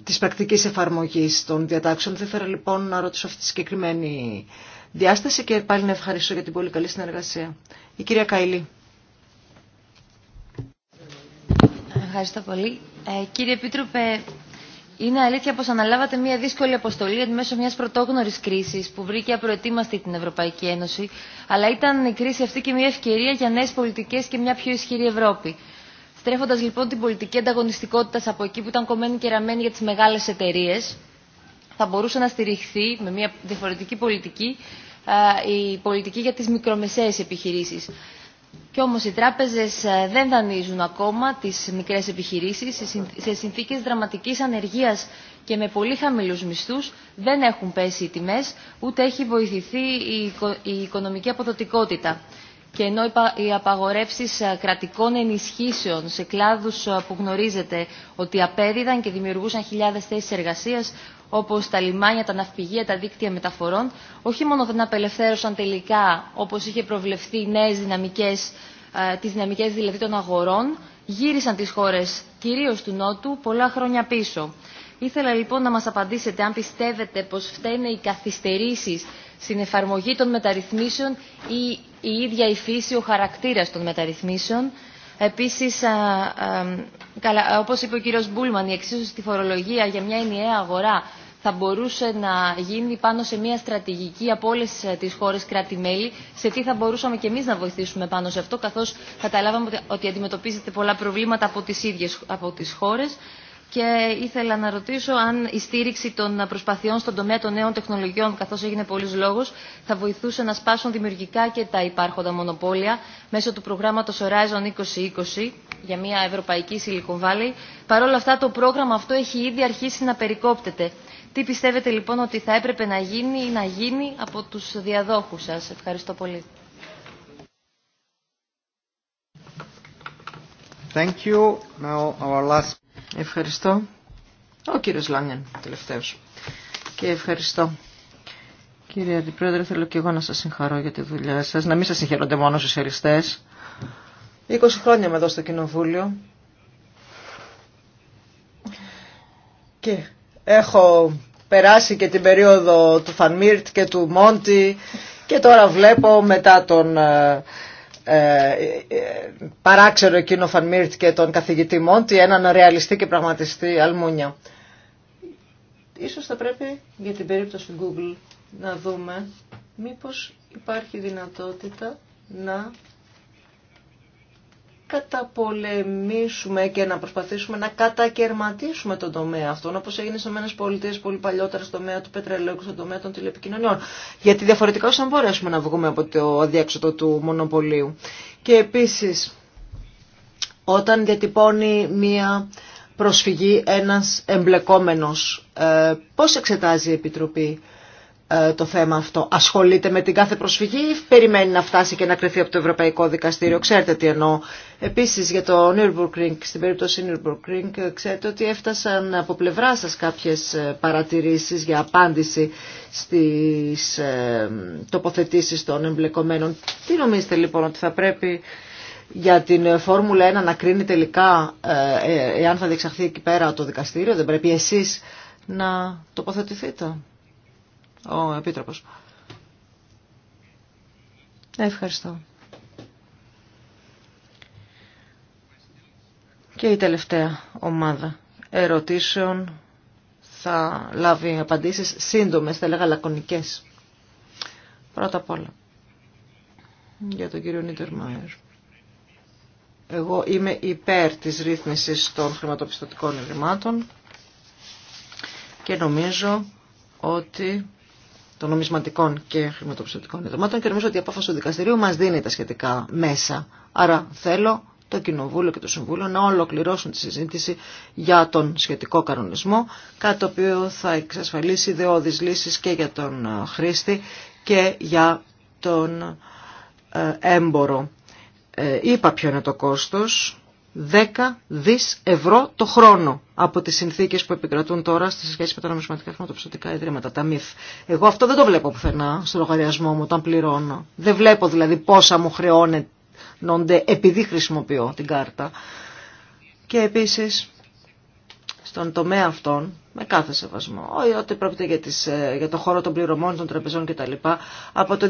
της πρακτικής εφαρμογής των διατάξεων. Θα ήθελα λοιπόν να ρωτήσω αυτή τη συγκεκριμένη διάσταση και πάλι να ευχαριστώ για την πολύ καλή συνεργασία. Η κυρία Καϊλή. Ευχαριστώ πολύ. Ε, κύριε Επίτροπε, είναι αλήθεια πως αναλάβατε μια δύσκολη αποστολή εν μέσω μιας πρωτόγνωρης κρίσης που βρήκε απροετοίμαστη την Ευρωπαϊκή Ένωση, αλλά ήταν η κρίση αυτή και μια ευκαιρία για νέες πολιτικές και μια πιο ισχυρή Ευρώπη. Στρέφοντα λοιπόν την πολιτική ανταγωνιστικότητα από εκεί που ήταν κομμένη και ραμμένη για τι μεγάλε εταιρείε, θα μπορούσε να στηριχθεί με μια διαφορετική πολιτική η πολιτική για τις μικρομεσαίες επιχειρήσεις. Κι όμως οι τράπεζες δεν δανείζουν ακόμα τις μικρές επιχειρήσεις. Σε συνθήκες δραματική ανεργία και με πολύ χαμηλού μισθού δεν έχουν πέσει οι τιμέ, ούτε έχει βοηθηθεί η οικονομική αποδοτικότητα και ενώ οι απαγορεύσεις ε, κρατικών ενισχύσεων σε κλάδους ε, που γνωρίζετε ότι απέδιδαν και δημιουργούσαν χιλιάδες θέσεις εργασίας, όπως τα λιμάνια, τα ναυπηγεία, τα δίκτυα μεταφορών, όχι μόνο δεν απελευθέρωσαν τελικά, όπως είχε προβλεφθεί, νέες δυναμικές, ε, τις δυναμικές δηλαδή των αγορών, γύρισαν τις χώρες, κυρίως του Νότου, πολλά χρόνια πίσω. Ήθελα λοιπόν να μας απαντήσετε αν πιστεύετε πως φταίνε οι καθυστερήσεις στην εφαρμογή των μεταρρυθμίσεων ή η ίδια η φύση, ο χαρακτήρας των μεταρρυθμίσεων. Επίσης, α, όπως είπε ο κύριος Μπούλμαν, η εξίσωση στη φορολογία για μια ενιαία αγορά θα μπορούσε να γίνει πάνω σε μια στρατηγική από όλε τι χώρε κράτη-μέλη. Σε τι θα μπορούσαμε και εμεί να βοηθήσουμε πάνω σε αυτό, καθώ καταλάβαμε ότι αντιμετωπίζεται πολλά προβλήματα από τι ίδιε χώρε και ήθελα να ρωτήσω αν η στήριξη των προσπαθειών στον τομέα των νέων τεχνολογιών, καθώς έγινε πολλού λόγος, θα βοηθούσε να σπάσουν δημιουργικά και τα υπάρχοντα μονοπόλια μέσω του προγράμματος Horizon 2020 για μια ευρωπαϊκή Silicon Valley. Παρ' όλα αυτά το πρόγραμμα αυτό έχει ήδη αρχίσει να περικόπτεται. Τι πιστεύετε λοιπόν ότι θα έπρεπε να γίνει ή να γίνει από του διαδόχους σα. Ευχαριστώ πολύ. Thank you. Now our last... Ευχαριστώ. Ο κύριος Λάνιεν, τελευταίος. Και ευχαριστώ. Κύριε Αντιπρόεδρε, θέλω και εγώ να σας συγχαρώ για τη δουλειά σας. Να μην σας συγχαίρονται μόνο οι σοσιαλιστές. 20 χρόνια με εδώ στο Κοινοβούλιο. Και έχω περάσει και την περίοδο του Φανμίρτ και του Μόντι και τώρα βλέπω μετά τον ε, ε, παράξερο εκείνο Φαν Μίρτ και τον καθηγητή Μόντι, έναν ρεαλιστή και πραγματιστή αλμούνια. Ίσως θα πρέπει για την περίπτωση του Google να δούμε μήπως υπάρχει δυνατότητα να καταπολεμήσουμε και να προσπαθήσουμε να κατακαιρματίσουμε τον τομέα αυτόν, όπως έγινε στις ΗΠΑ πολύ παλιότερα στο τομέα του πετρελαίου και στον τομέα των τηλεπικοινωνιών. Γιατί διαφορετικά όσο μπορέσουμε να βγούμε από το αδιέξοδο του μονοπωλίου. Και επίσης, όταν διατυπώνει μία προσφυγή ένας εμπλεκόμενος, ε, πώς εξετάζει η Επιτροπή ε, το θέμα αυτό. Ασχολείται με την κάθε προσφυγή ή περιμένει να φτάσει και να κρυφτεί από το Ευρωπαϊκό Δικαστήριο. Ξέρετε τι εννοώ. Επίσης για το Nürburgring, στην περίπτωση Nürburgring, ξέρετε ότι έφτασαν από πλευρά σας κάποιες ε, παρατηρήσεις για απάντηση στις ε, τοποθετήσεις των εμπλεκομένων. Τι νομίζετε λοιπόν ότι θα πρέπει για την Φόρμουλα 1 να κρίνει τελικά εάν θα διεξαχθεί εκεί πέρα το δικαστήριο, δεν πρέπει εσείς να τοποθετηθείτε ο Επίτροπος. Ευχαριστώ. Και η τελευταία ομάδα ερωτήσεων θα λάβει απαντήσεις σύντομες, θα έλεγα λακωνικές. Πρώτα απ' όλα, για τον κύριο Νίτερ Μάιρ. Εγώ είμαι υπέρ της ρύθμισης των χρηματοπιστωτικών ευρημάτων και νομίζω ότι των νομισματικών και χρηματοπιστωτικών ιδρυμάτων και νομίζω ότι η απόφαση του δικαστηρίου μας δίνει τα σχετικά μέσα. Άρα θέλω το Κοινοβούλιο και το Συμβούλιο να ολοκληρώσουν τη συζήτηση για τον σχετικό κανονισμό, κάτι το οποίο θα εξασφαλίσει ιδεώδεις λύσεις και για τον ε, χρήστη και για τον ε, έμπορο. Ε, είπα ποιο είναι το κόστος 10 δις ευρώ το χρόνο από τις συνθήκες που επικρατούν τώρα στη σχέση με τα νομισματικά χρηματοπιστωτικά ιδρύματα, τα ΜΥΦ. Εγώ αυτό δεν το βλέπω πουθενά στο λογαριασμό μου όταν πληρώνω. Δεν βλέπω δηλαδή πόσα μου χρεώνονται επειδή χρησιμοποιώ την κάρτα. Και επίσης στον τομέα αυτών με κάθε σεβασμό, ό,τι πρόκειται για, τις, ε, για το χώρο των πληρωμών, των τραπεζών κτλ. Από το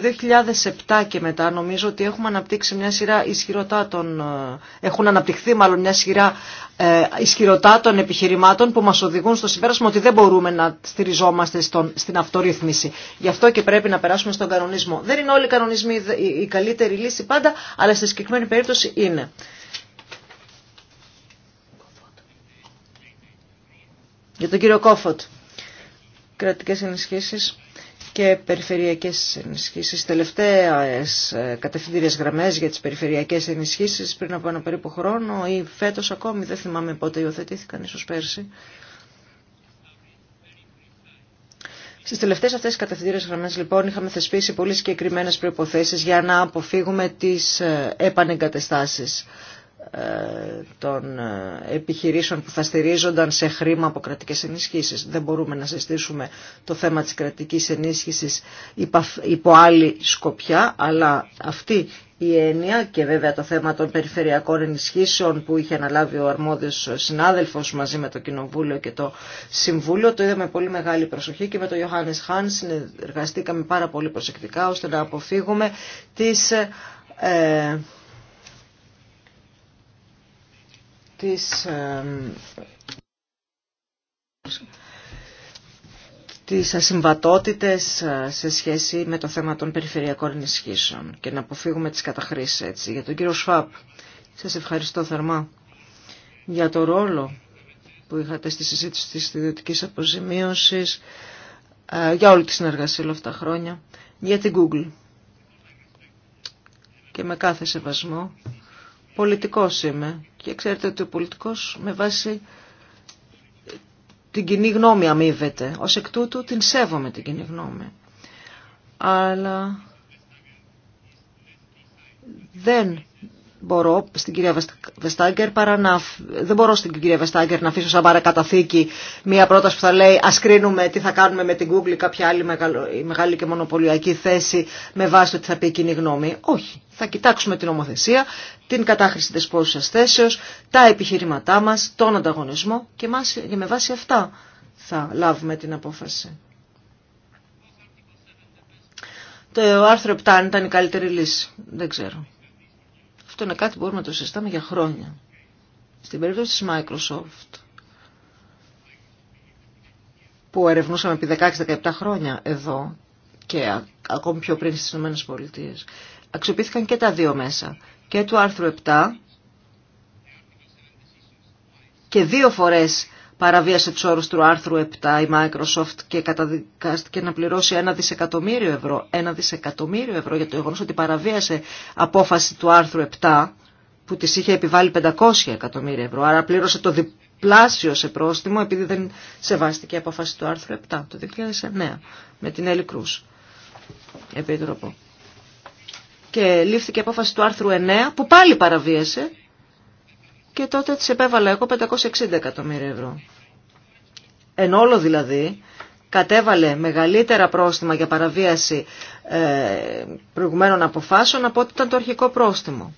2007 και μετά νομίζω ότι έχουμε αναπτύξει μια σειρά ισχυροτάτων, ε, έχουν αναπτυχθεί μάλλον μια σειρά ε, ισχυροτάτων επιχειρημάτων που μας οδηγούν στο συμπέρασμα ότι δεν μπορούμε να στηριζόμαστε στον, στην αυτορύθμιση. Γι' αυτό και πρέπει να περάσουμε στον κανονισμό. Δεν είναι όλοι οι κανονισμοί η, η καλύτερη λύση πάντα, αλλά στη συγκεκριμένη περίπτωση είναι. για τον κύριο Κόφωτ. Κρατικές ενισχύσεις και περιφερειακές ενισχύσεις. Τελευταίες ε, κατευθυντήριες γραμμές για τις περιφερειακές ενισχύσεις πριν από ένα περίπου χρόνο ή φέτος ακόμη, δεν θυμάμαι πότε υιοθετήθηκαν, ίσως πέρσι. Στι τελευταίε αυτέ τι κατευθυντήρε γραμμέ, λοιπόν, είχαμε θεσπίσει πολύ συγκεκριμένε προποθέσει για να αποφύγουμε τι ε, επανεγκατεστάσει των ε, επιχειρήσεων που θα στηρίζονταν σε χρήμα από κρατικές ενισχύσεις. Δεν μπορούμε να συστήσουμε το θέμα της κρατικής ενίσχυσης υπό άλλη σκοπιά, αλλά αυτή η έννοια και βέβαια το θέμα των περιφερειακών ενισχύσεων που είχε αναλάβει ο αρμόδιος συνάδελφος μαζί με το Κοινοβούλιο και το Συμβούλιο το είδαμε πολύ μεγάλη προσοχή και με τον Ιωάννης Χάν συνεργαστήκαμε πάρα πολύ προσεκτικά ώστε να αποφύγουμε τις ε, της, ε, τις ασυμβατότητες ε, σε σχέση με το θέμα των περιφερειακών ενισχύσεων και να αποφύγουμε τις καταχρήσεις έτσι. Για τον κύριο Σφάπ, σας ευχαριστώ θερμά για το ρόλο που είχατε στη συζήτηση της ιδιωτικής αποζημίωσης, ε, για όλη τη συνεργασία όλα αυτά τα χρόνια, για την Google. Και με κάθε σεβασμό πολιτικός είμαι και ξέρετε ότι ο πολιτικός με βάση την κοινή γνώμη αμείβεται. Ως εκ τούτου την σέβομαι την κοινή γνώμη. Αλλά δεν μπορώ στην κυρία Βεστάγκερ παρά να... Δεν μπορώ στην κυρία Βεστάγκερ να αφήσω σαν παρακαταθήκη μία πρόταση που θα λέει ας κρίνουμε τι θα κάνουμε με την Google ή κάποια άλλη μεγάλη και μονοπωλιακή θέση με βάση το τι θα πει η κοινή γνώμη. Όχι. Θα κοιτάξουμε την ομοθεσία, την κατάχρηση της πόσης θέσεως, τα επιχειρηματά μας, τον ανταγωνισμό και με βάση αυτά θα λάβουμε την απόφαση. Το άρθρο 7 ήταν η καλύτερη λύση. Δεν ξέρω. Αυτό είναι κάτι που μπορούμε να το συζητάμε για χρόνια. Στην περίπτωση της Microsoft, που ερευνούσαμε επί 16-17 χρόνια εδώ και ακόμη πιο πριν στις ΗΠΑ, αξιοποιήθηκαν και τα δύο μέσα. Και του άρθρου 7 και δύο φορές παραβίασε του όρου του άρθρου 7 η Microsoft και καταδικάστηκε να πληρώσει ένα δισεκατομμύριο ευρώ. Ένα δισεκατομμύριο ευρώ για το γεγονό ότι παραβίασε απόφαση του άρθρου 7 που της είχε επιβάλει 500 εκατομμύρια ευρώ. Άρα πλήρωσε το διπλάσιο σε πρόστιμο επειδή δεν σεβάστηκε η απόφαση του άρθρου 7 το 2009 με την Έλλη Κρούς. Επίτροπο. Και λήφθηκε η απόφαση του άρθρου 9 που πάλι παραβίασε και τότε της επέβαλα εγώ 560 εκατομμύρια ευρώ. Εν όλο δηλαδή κατέβαλε μεγαλύτερα πρόστιμα για παραβίαση ε, προηγουμένων αποφάσεων από ό,τι ήταν το αρχικό πρόστιμο.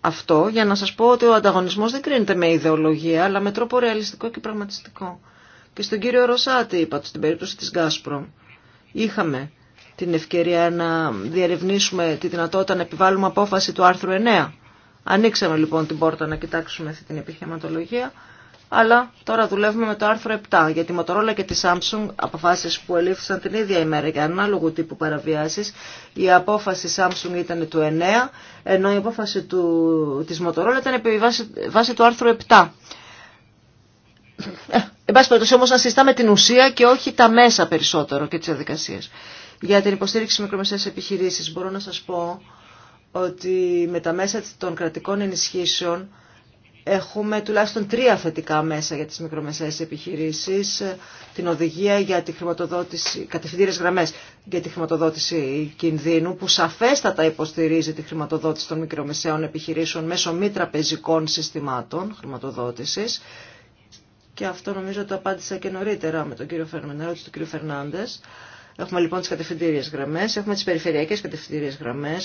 Αυτό για να σας πω ότι ο ανταγωνισμός δεν κρίνεται με ιδεολογία, αλλά με τρόπο ρεαλιστικό και πραγματιστικό. Και στον κύριο Ρωσάτη είπα, στην περίπτωση της Γκάσπρομ, είχαμε την ευκαιρία να διαρευνήσουμε τη δυνατότητα να επιβάλλουμε απόφαση του άρθρου 9 Ανοίξαμε λοιπόν την πόρτα να κοιτάξουμε αυτή την επιχειρηματολογία, αλλά τώρα δουλεύουμε με το άρθρο 7, γιατί τη Motorola και τη Samsung, αποφάσεις που ελήφθησαν την ίδια ημέρα για ανάλογο τύπου παραβιάσεις, η απόφαση Samsung ήταν του 9, ενώ η απόφαση του, της Motorola ήταν επί βάση, του άρθρου 7. Ε, εν πάση περιπτώσει όμως να συζητάμε την ουσία και όχι τα μέσα περισσότερο και τις διαδικασίε. Για την υποστήριξη μικρομεσαίες επιχειρήσεις μπορώ να σας πω ότι με τα μέσα των κρατικών ενισχύσεων έχουμε τουλάχιστον τρία θετικά μέσα για τις μικρομεσαίες επιχειρήσεις, την οδηγία για τη χρηματοδότηση, κατευθυντήρες γραμμές για τη χρηματοδότηση κινδύνου, που σαφέστατα υποστηρίζει τη χρηματοδότηση των μικρομεσαίων επιχειρήσεων μέσω μη τραπεζικών συστημάτων χρηματοδότησης. Και αυτό νομίζω το απάντησα και νωρίτερα με τον κύριο ερώτηση του Φερνάντες. Έχουμε λοιπόν τι κατευθυντήριε γραμμέ, έχουμε τι περιφερειακέ κατευθυντήριε γραμμέ,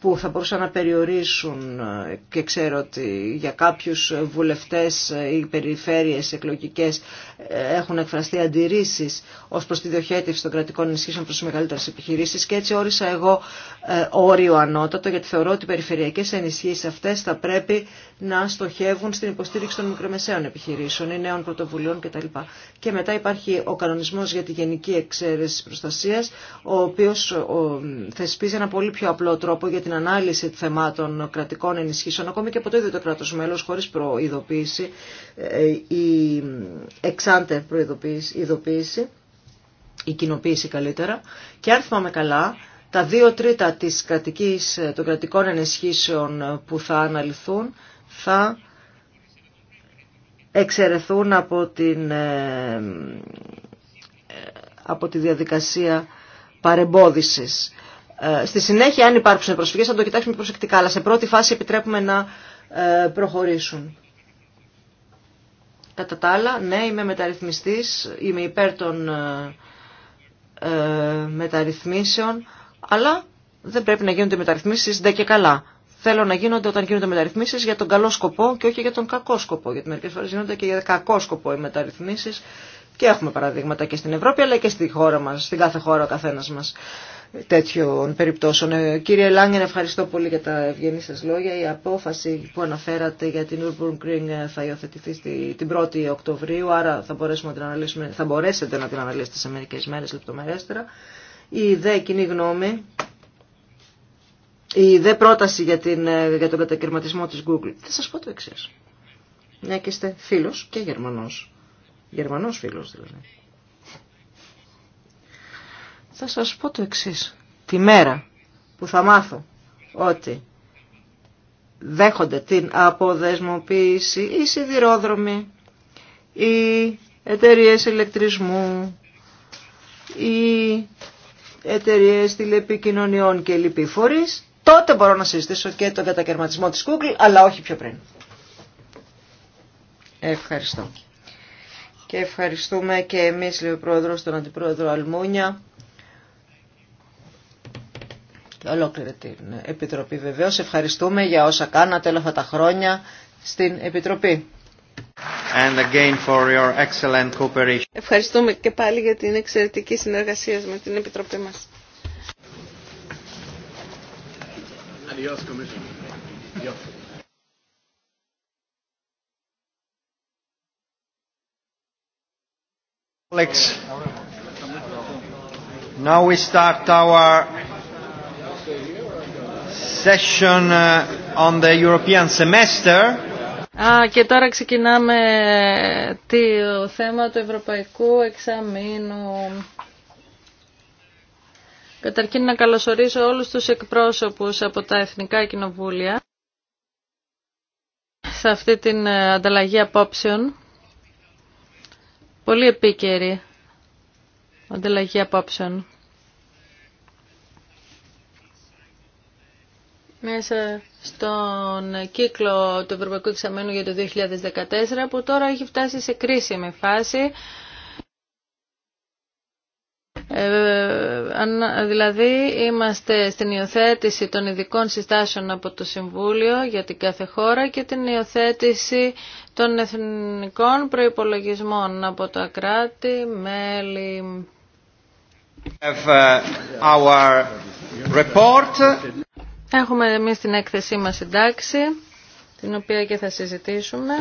που θα μπορούσαν να περιορίσουν ε, και ξέρω ότι για κάποιου βουλευτέ ε, οι περιφέρειε εκλογικέ ε, έχουν εκφραστεί αντιρρήσει ω προ τη διοχέτευση των κρατικών ενισχύσεων προ τι μεγαλύτερε επιχειρήσει. και έτσι όρισα εγώ όριο ανώτατο γιατί θεωρώ ότι οι περιφερειακέ ενισχύσει αυτέ θα πρέπει να στοχεύουν στην υποστήριξη των μικρομεσαίων επιχειρήσεων ή νέων πρωτοβουλειών κτλ. Και μετά υπάρχει ο κανονισμό για τη γενική εξαίρεση προστασία ο οποίος θεσπίζει ένα πολύ πιο απλό τρόπο για την ανάλυση θεμάτων κρατικών ενισχύσεων, ακόμη και από το ίδιο το κράτος μέλος, χωρίς προειδοποίηση ή ε, εξάντε προειδοποίηση, ειδοποίηση, η εξαντε προειδοποιηση καλύτερα. Και αν θυμάμαι καλά, τα δύο τρίτα της κρατικής, των κρατικών ενισχύσεων που θα αναλυθούν θα εξαιρεθούν από την ε, από τη διαδικασία παρεμπόδιση. Ε, στη συνέχεια, αν υπάρξουν προσφυγές, θα το κοιτάξουμε προσεκτικά, αλλά σε πρώτη φάση επιτρέπουμε να ε, προχωρήσουν. Κατά τα άλλα, ναι, είμαι μεταρρυθμιστής, είμαι υπέρ των ε, ε μεταρρυθμίσεων, αλλά δεν πρέπει να γίνονται μεταρρυθμίσεις δεν και καλά. Θέλω να γίνονται όταν γίνονται μεταρρυθμίσεις για τον καλό σκοπό και όχι για τον κακό σκοπό, γιατί μερικές φορές γίνονται και για κακό σκοπό οι μεταρρυθμίσει. Και έχουμε παραδείγματα και στην Ευρώπη αλλά και στη χώρα μας, στην κάθε χώρα ο καθένας μας τέτοιων περιπτώσεων. Ε, κύριε Λάγκεν, ευχαριστώ πολύ για τα ευγενή σας λόγια. Η απόφαση που αναφέρατε για την Urban Green ε, θα υιοθετηθεί την 1η Οκτωβρίου, άρα θα, την θα μπορέσετε να την αναλύσετε σε μερικές μέρες λεπτομερέστερα. Η δε κοινή γνώμη, η δε πρόταση για, την, ε, για τον κατακαιρματισμό της Google. Θα σας πω το εξή. Ναι, και είστε φίλος και Γερμανός. Γερμανός φίλος δηλαδή. Θα σας πω το εξής. Τη μέρα που θα μάθω ότι δέχονται την αποδεσμοποίηση οι σιδηρόδρομοι, οι εταιρείε ηλεκτρισμού, οι εταιρείε τηλεπικοινωνιών και λοιποί φορείς, τότε μπορώ να συζητήσω και τον κατακαιρματισμό της Google, αλλά όχι πιο πριν. Ευχαριστώ. Και ευχαριστούμε και εμείς, λέει ο Πρόεδρος, τον Αντιπρόεδρο Αλμούνια και ολόκληρη την Επιτροπή βεβαίως. Ευχαριστούμε για όσα κάνατε όλα αυτά τα χρόνια στην Επιτροπή. And again for your excellent cooperation. Ευχαριστούμε και πάλι για την εξαιρετική συνεργασία με την Επιτροπή μας. Adios, now we start our session uh, και τώρα ξεκινάμε ε, το θέμα του Ευρωπαϊκού Εξαμήνου. Καταρχήν να καλωσορίσω όλους τους εκπρόσωπους από τα Εθνικά Κοινοβούλια σε αυτή την ε, ανταλλαγή απόψεων Πολύ επίκαιρη ανταλλαγή απόψεων. Μέσα στον κύκλο του Ευρωπαϊκού Εξαμένου για το 2014 που τώρα έχει φτάσει σε κρίσιμη φάση ε, δηλαδή είμαστε στην υιοθέτηση των ειδικών συστάσεων από το Συμβούλιο για την κάθε χώρα και την υιοθέτηση των εθνικών προϋπολογισμών από τα κράτη, μέλη. Uh, Έχουμε εμείς την έκθεσή μας συντάξει, την οποία και θα συζητήσουμε.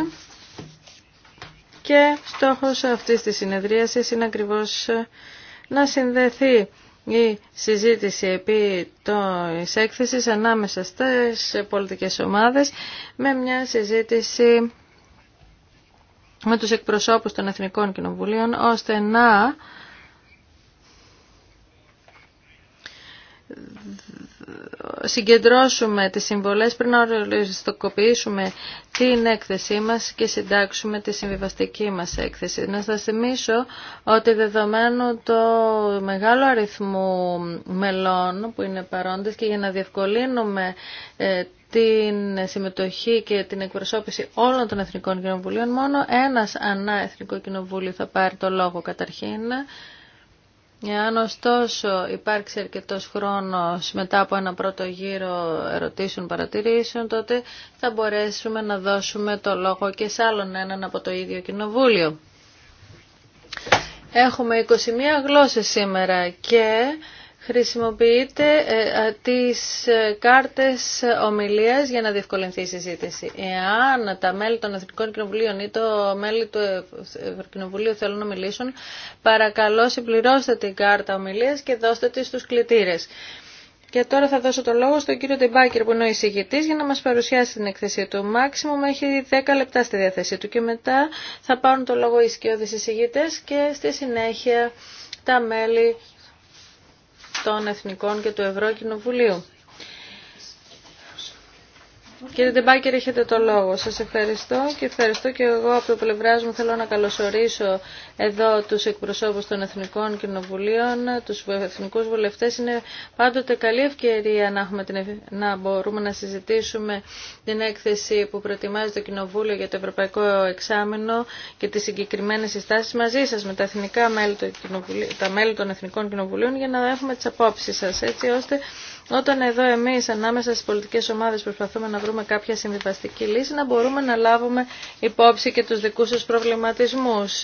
Και στόχος αυτής της συνεδρίασης είναι ακριβώς να συνδεθεί η συζήτηση επί της έκθεσης ανάμεσα στις πολιτικές ομάδες με μια συζήτηση με τους εκπροσώπους των Εθνικών Κοινοβουλίων ώστε να συγκεντρώσουμε τις συμβολές πριν να οριστοκοποιήσουμε την έκθεσή μας και συντάξουμε τη συμβιβαστική μας έκθεση. Να σας θυμίσω ότι δεδομένου το μεγάλο αριθμό μελών που είναι παρόντες και για να διευκολύνουμε ε, την συμμετοχή και την εκπροσώπηση όλων των Εθνικών Κοινοβουλίων, μόνο ένας ανά Εθνικό Κοινοβούλιο θα πάρει το λόγο καταρχήν Εάν ωστόσο υπάρξει αρκετό χρόνος μετά από ένα πρώτο γύρο ερωτήσεων παρατηρήσεων, τότε θα μπορέσουμε να δώσουμε το λόγο και σε άλλον έναν από το ίδιο κοινοβούλιο. Έχουμε 21 γλώσσες σήμερα και χρησιμοποιείτε ε, τις ε, κάρτες ομιλίας για να διευκολυνθεί η συζήτηση. Εάν τα μέλη των Εθνικών Κοινοβουλίων ή το μέλη του ε- Ευρωκοινοβουλίου θέλουν να μιλήσουν, παρακαλώ συμπληρώστε την κάρτα ομιλίας και δώστε τη στους κλητήρες. Και τώρα θα δώσω το λόγο στον κύριο Τιμπάκερ που είναι ο εισηγητής για να μας παρουσιάσει την εκθεσία του. Μάξιμουμ έχει 10 λεπτά στη διάθεσή του και μετά θα πάρουν το λόγο οι σκιώδεις εισηγητές και στη συνέχεια τα μέλη των Εθνικών και του Ευρωκοινοβουλίου. Κύριε Ντεμπάκερ, έχετε το λόγο. Σας ευχαριστώ και ευχαριστώ και εγώ από το πλευρά μου θέλω να καλωσορίσω εδώ τους εκπροσώπους των Εθνικών Κοινοβουλίων, τους εθνικούς βουλευτές. Είναι πάντοτε καλή ευκαιρία να, μπορούμε να συζητήσουμε την έκθεση που προετοιμάζει το Κοινοβούλιο για το Ευρωπαϊκό Εξάμεινο και τις συγκεκριμένες συστάσεις μαζί σας με τα, εθνικά μέλη, τα μέλη των Εθνικών Κοινοβουλίων για να έχουμε τις απόψεις σας έτσι ώστε όταν εδώ εμείς ανάμεσα στις πολιτικές ομάδες προσπαθούμε να βρούμε κάποια συμβιβαστική λύση, να μπορούμε να λάβουμε υπόψη και τους δικούς τους προβληματισμούς.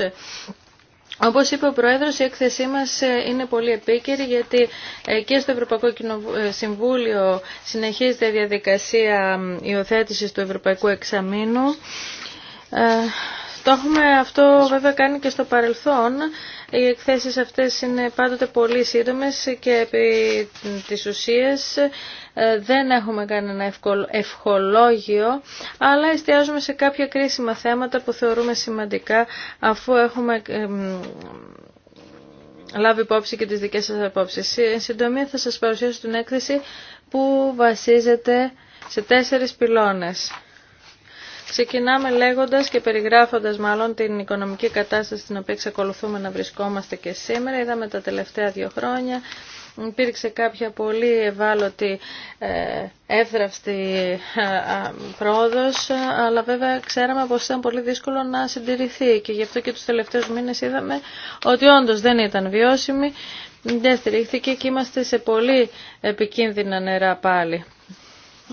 Όπως είπε ο Πρόεδρος, η έκθεσή μας ε, είναι πολύ επίκαιρη γιατί ε, και στο Ευρωπαϊκό ε, Συμβούλιο συνεχίζεται η διαδικασία υιοθέτησης του Ευρωπαϊκού Εξαμήνου το έχουμε αυτό βέβαια κάνει και στο παρελθόν. Οι εκθέσεις αυτές είναι πάντοτε πολύ σύντομε και επί της ουσίας ε, δεν έχουμε κανένα ένα ευχολόγιο, αλλά εστιάζουμε σε κάποια κρίσιμα θέματα που θεωρούμε σημαντικά αφού έχουμε λάβει υπόψη και τις δικές σας απόψεις. Εν συντομία θα σας παρουσιάσω την έκθεση που βασίζεται σε τέσσερις πυλώνες. Ξεκινάμε λέγοντας και περιγράφοντας μάλλον την οικονομική κατάσταση στην οποία εξακολουθούμε να βρισκόμαστε και σήμερα. Είδαμε τα τελευταία δύο χρόνια υπήρξε κάποια πολύ ευάλωτη ε, εύθραυστη ε, πρόοδος, αλλά βέβαια ξέραμε πως ήταν πολύ δύσκολο να συντηρηθεί και γι' αυτό και τους τελευταίους μήνες είδαμε ότι όντως δεν ήταν βιώσιμη, δεν στηρίχθηκε και είμαστε σε πολύ επικίνδυνα νερά πάλι.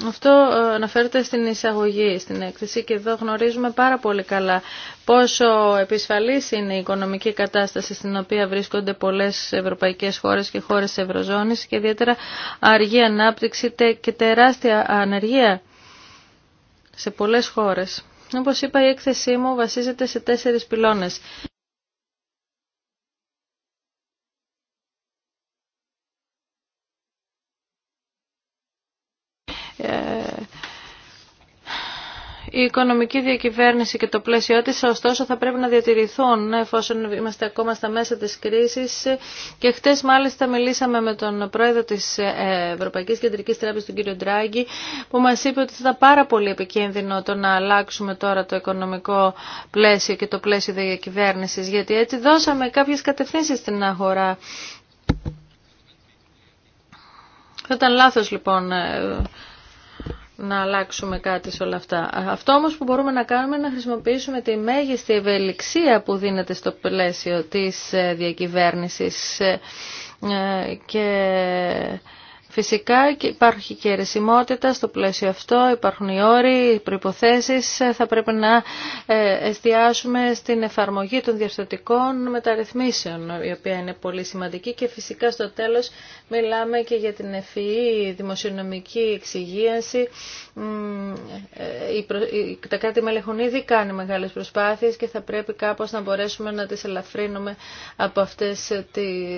Αυτό ε, αναφέρεται στην εισαγωγή, στην έκθεση και εδώ γνωρίζουμε πάρα πολύ καλά πόσο επισφαλής είναι η οικονομική κατάσταση στην οποία βρίσκονται πολλές ευρωπαϊκές χώρες και χώρες της Ευρωζώνης και ιδιαίτερα αργή ανάπτυξη και τεράστια ανεργία σε πολλές χώρες. Όπως είπα η έκθεσή μου βασίζεται σε τέσσερις πυλώνες. Η οικονομική διακυβέρνηση και το πλαίσιό της ωστόσο θα πρέπει να διατηρηθούν ναι, εφόσον είμαστε ακόμα στα μέσα της κρίσης και χτες μάλιστα μιλήσαμε με τον πρόεδρο της ε, Ευρωπαϊκής Κεντρικής Τράπεζας τον κύριο Ντράγκη που μας είπε ότι θα ήταν πάρα πολύ επικίνδυνο το να αλλάξουμε τώρα το οικονομικό πλαίσιο και το πλαίσιο διακυβέρνησης γιατί έτσι δώσαμε κάποιες κατευθύνσεις στην αγορά. Θα ήταν λάθος λοιπόν ε, να αλλάξουμε κάτι σε όλα αυτά. Αυτό όμως που μπορούμε να κάνουμε είναι να χρησιμοποιήσουμε τη μέγιστη ευελιξία που δίνεται στο πλαίσιο της ε, διακυβέρνησης ε, ε, και Φυσικά υπάρχει και αιρεσιμότητα στο πλαίσιο αυτό, υπάρχουν οι όροι, οι προϋποθέσεις. Θα πρέπει να ε, εστιάσουμε στην εφαρμογή των διαστατικών μεταρρυθμίσεων, η οποία είναι πολύ σημαντική και φυσικά στο τέλος μιλάμε και για την ευφυή δημοσιονομική εξυγίανση. Ε, τα κράτη μέλη ήδη κάνει μεγάλες προσπάθειες και θα πρέπει κάπως να μπορέσουμε να τις ελαφρύνουμε από αυτές,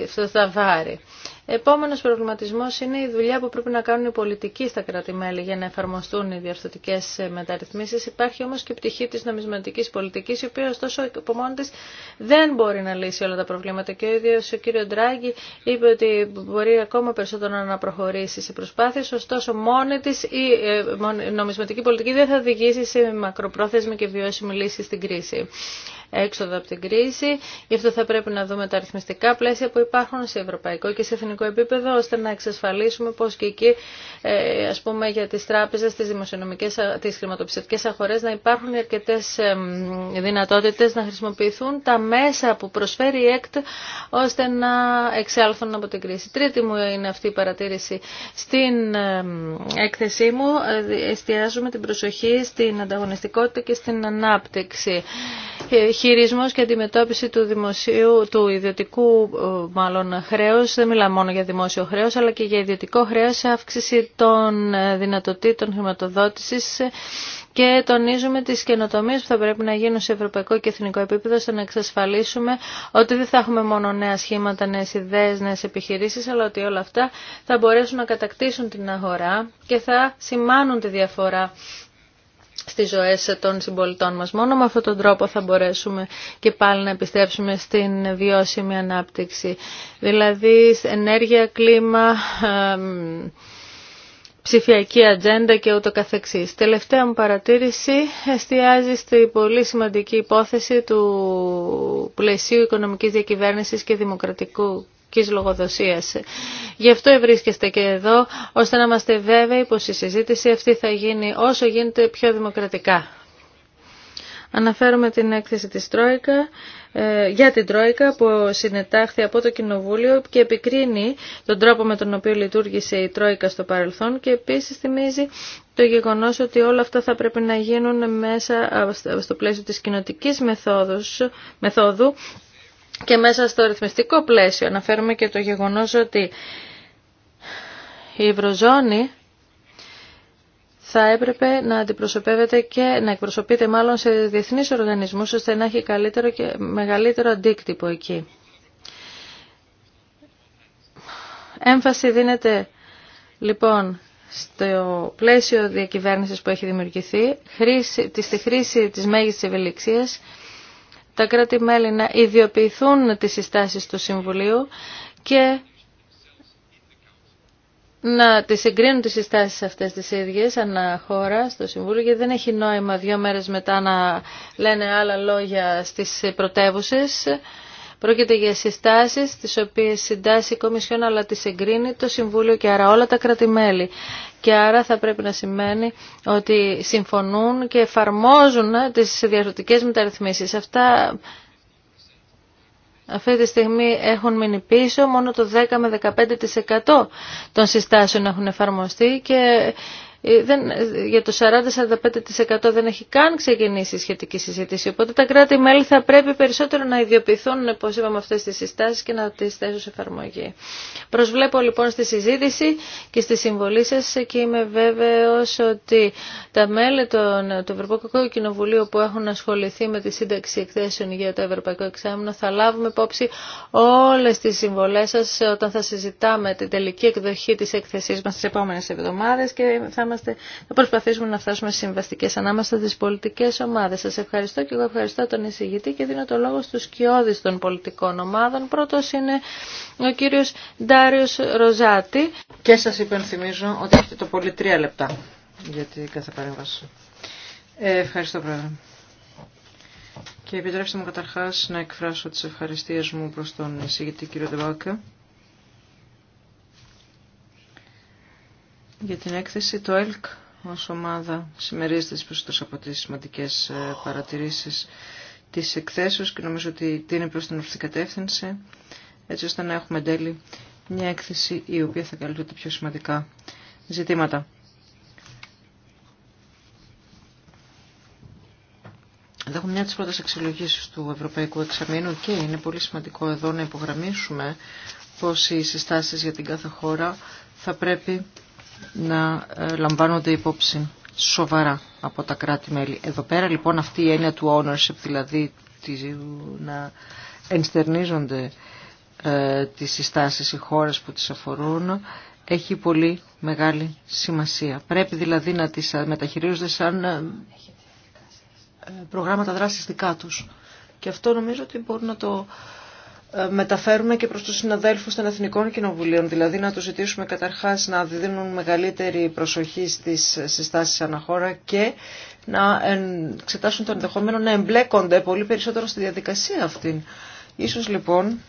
αυτό τα βάρη. Επόμενος προβληματισμός είναι η δουλειά που πρέπει να κάνουν οι πολιτικοί στα κρατη για να εφαρμοστούν οι διαρθωτικές ε, μεταρρυθμίσεις. Υπάρχει όμως και η πτυχή της νομισματικής πολιτικής, η οποία ωστόσο από μόνη της δεν μπορεί να λύσει όλα τα προβλήματα. Και ο ίδιος ο κύριο Ντράγκη είπε ότι μπορεί ακόμα περισσότερο να προχωρήσει σε προσπάθειες, ωστόσο μόνη της ε, η νομισματική πολιτική δεν θα οδηγήσει σε μακροπρόθεσμη και βιώσιμη λύση στην κρίση έξοδο από την κρίση. Γι' αυτό θα πρέπει να δούμε τα αριθμιστικά πλαίσια που υπάρχουν σε ευρωπαϊκό και σε εθνικό εθνικό επίπεδο ώστε να εξασφαλίσουμε πως και εκεί ε, ας πούμε για τις τράπεζες, τις δημοσιονομικές, τις χρηματοπιστωτικές αγορές να υπάρχουν αρκετές δυνατότητες να χρησιμοποιηθούν τα μέσα που προσφέρει η ΕΚΤ ώστε να εξέλθουν από την κρίση. Τρίτη μου είναι αυτή η παρατήρηση στην έκθεσή μου. Ε, εστιάζουμε την προσοχή στην ανταγωνιστικότητα και στην ανάπτυξη. Ε, χειρισμός και αντιμετώπιση του, δημοσίου, του ιδιωτικού μάλλον χρέους δεν μιλάμε μόνο για δημόσιο χρέο, αλλά και για ιδιωτικό χρέο σε αύξηση των ε, δυνατοτήτων χρηματοδότηση και τονίζουμε τι καινοτομίε που θα πρέπει να γίνουν σε ευρωπαϊκό και εθνικό επίπεδο ώστε να εξασφαλίσουμε ότι δεν θα έχουμε μόνο νέα σχήματα, νέε ιδέε, νέε επιχειρήσει, αλλά ότι όλα αυτά θα μπορέσουν να κατακτήσουν την αγορά και θα σημάνουν τη διαφορά στις ζωές των συμπολιτών μας. Μόνο με αυτόν τον τρόπο θα μπορέσουμε και πάλι να επιστρέψουμε στην βιώσιμη ανάπτυξη. Δηλαδή ενέργεια, κλίμα, ψηφιακή ατζέντα και ούτω καθεξής. Τελευταία μου παρατήρηση εστιάζει στη πολύ σημαντική υπόθεση του πλαισίου οικονομικής διακυβέρνησης και δημοκρατικού Γι' αυτό ευρίσκεστε και εδώ, ώστε να είμαστε βέβαιοι πως η συζήτηση αυτή θα γίνει όσο γίνεται πιο δημοκρατικά. Αναφέρομαι την έκθεση της Τρόικα, ε, για την Τρόικα που συνετάχθη από το Κοινοβούλιο και επικρίνει τον τρόπο με τον οποίο λειτουργήσε η Τρόικα στο παρελθόν και επίσης θυμίζει το γεγονός ότι όλα αυτά θα πρέπει να γίνουν μέσα στο πλαίσιο της κοινοτικής μεθόδου και μέσα στο ρυθμιστικό πλαίσιο αναφέρουμε και το γεγονός ότι η Ευρωζώνη θα έπρεπε να αντιπροσωπεύεται και να εκπροσωπείται μάλλον σε διεθνείς οργανισμούς ώστε να έχει καλύτερο και μεγαλύτερο αντίκτυπο εκεί. Έμφαση δίνεται λοιπόν στο πλαίσιο διακυβέρνησης που έχει δημιουργηθεί, στη χρήση της μέγιστης ευελιξίας τα κράτη-μέλη να ιδιοποιηθούν τις συστάσεις του Συμβουλίου και να τις εγκρίνουν τις συστάσεις αυτές τις ίδιες ανά χώρα στο Συμβούλιο γιατί δεν έχει νόημα δύο μέρες μετά να λένε άλλα λόγια στις πρωτεύουσε. Πρόκειται για συστάσεις τις οποίες συντάσσει η Κομισιόν αλλά τις εγκρίνει το Συμβούλιο και άρα όλα τα κράτη-μέλη και άρα θα πρέπει να σημαίνει ότι συμφωνούν και εφαρμόζουν τις διαρθρωτικές μεταρρυθμίσεις. Αυτά αυτή τη στιγμή έχουν μείνει πίσω, μόνο το 10 με 15% των συστάσεων έχουν εφαρμοστεί και ε, δεν, ε, για το 40-45% δεν έχει καν ξεκινήσει η σχετική συζήτηση. Οπότε τα κράτη-μέλη θα πρέπει περισσότερο να ιδιοποιηθούν, όπω είπαμε, αυτέ τι συστάσει και να τι θέσουν σε εφαρμογή. Προσβλέπω λοιπόν στη συζήτηση και στη συμβολή σα και είμαι βέβαιο ότι τα μέλη των, του Ευρωπαϊκού Κοινοβουλίου που έχουν ασχοληθεί με τη σύνταξη εκθέσεων για το Ευρωπαϊκό Εξάμεινο θα λάβουμε υπόψη όλε τι συμβολέ σα όταν θα συζητάμε την τελική εκδοχή τη εκθεσή μα τι επόμενε εβδομάδε και θα είμαστε, θα προσπαθήσουμε να φτάσουμε στι συμβαστικές ανάμεσα στις πολιτικές ομάδες. Σα ευχαριστώ και εγώ ευχαριστώ τον εισηγητή και δίνω το λόγο στους κοιόδη των πολιτικών ομάδων. Πρώτος είναι ο κύριος Ντάριο Ροζάτη. Και σας υπενθυμίζω ότι έχετε το πολύ τρία λεπτά για την κάθε παρέμβαση. Ε, ευχαριστώ πρόεδρε. Και επιτρέψτε μου καταρχάς να εκφράσω τις ευχαριστίες μου προς τον εισηγητή κύριο Ντεβάκα Για την έκθεση το ΕΛΚ ως ομάδα συμμερίζεται προς από τις σημαντικές ε, παρατηρήσεις της εκθέσεως και νομίζω ότι τίνει προς την ορθή κατεύθυνση έτσι ώστε να έχουμε εν τέλει μια έκθεση η οποία θα καλύπτει τα πιο σημαντικά ζητήματα. Εδώ έχουμε μια από τις πρώτες του Ευρωπαϊκού Εξαμήνου και είναι πολύ σημαντικό εδώ να υπογραμμίσουμε πως οι συστάσεις για την κάθε χώρα θα πρέπει να ε, λαμβάνονται υπόψη σοβαρά από τα κράτη-μέλη. Εδώ πέρα λοιπόν αυτή η έννοια του ownership, δηλαδή να ενστερνίζονται ε, τις συστάσεις οι χώρες που τις αφορούν, έχει πολύ μεγάλη σημασία. Πρέπει δηλαδή να τις ε, μεταχειρίζονται σαν προγράμματα δράσης δικά τους. Και αυτό νομίζω ότι μπορούν να το ε, μεταφέρουμε και προς τους συναδέλφους των Εθνικών Κοινοβουλίων, δηλαδή να τους ζητήσουμε καταρχάς να δίνουν μεγαλύτερη προσοχή στις συστάσεις αναχώρα και να εξετάσουν το ενδεχόμενο να εμπλέκονται πολύ περισσότερο στη διαδικασία αυτή. Ίσως λοιπόν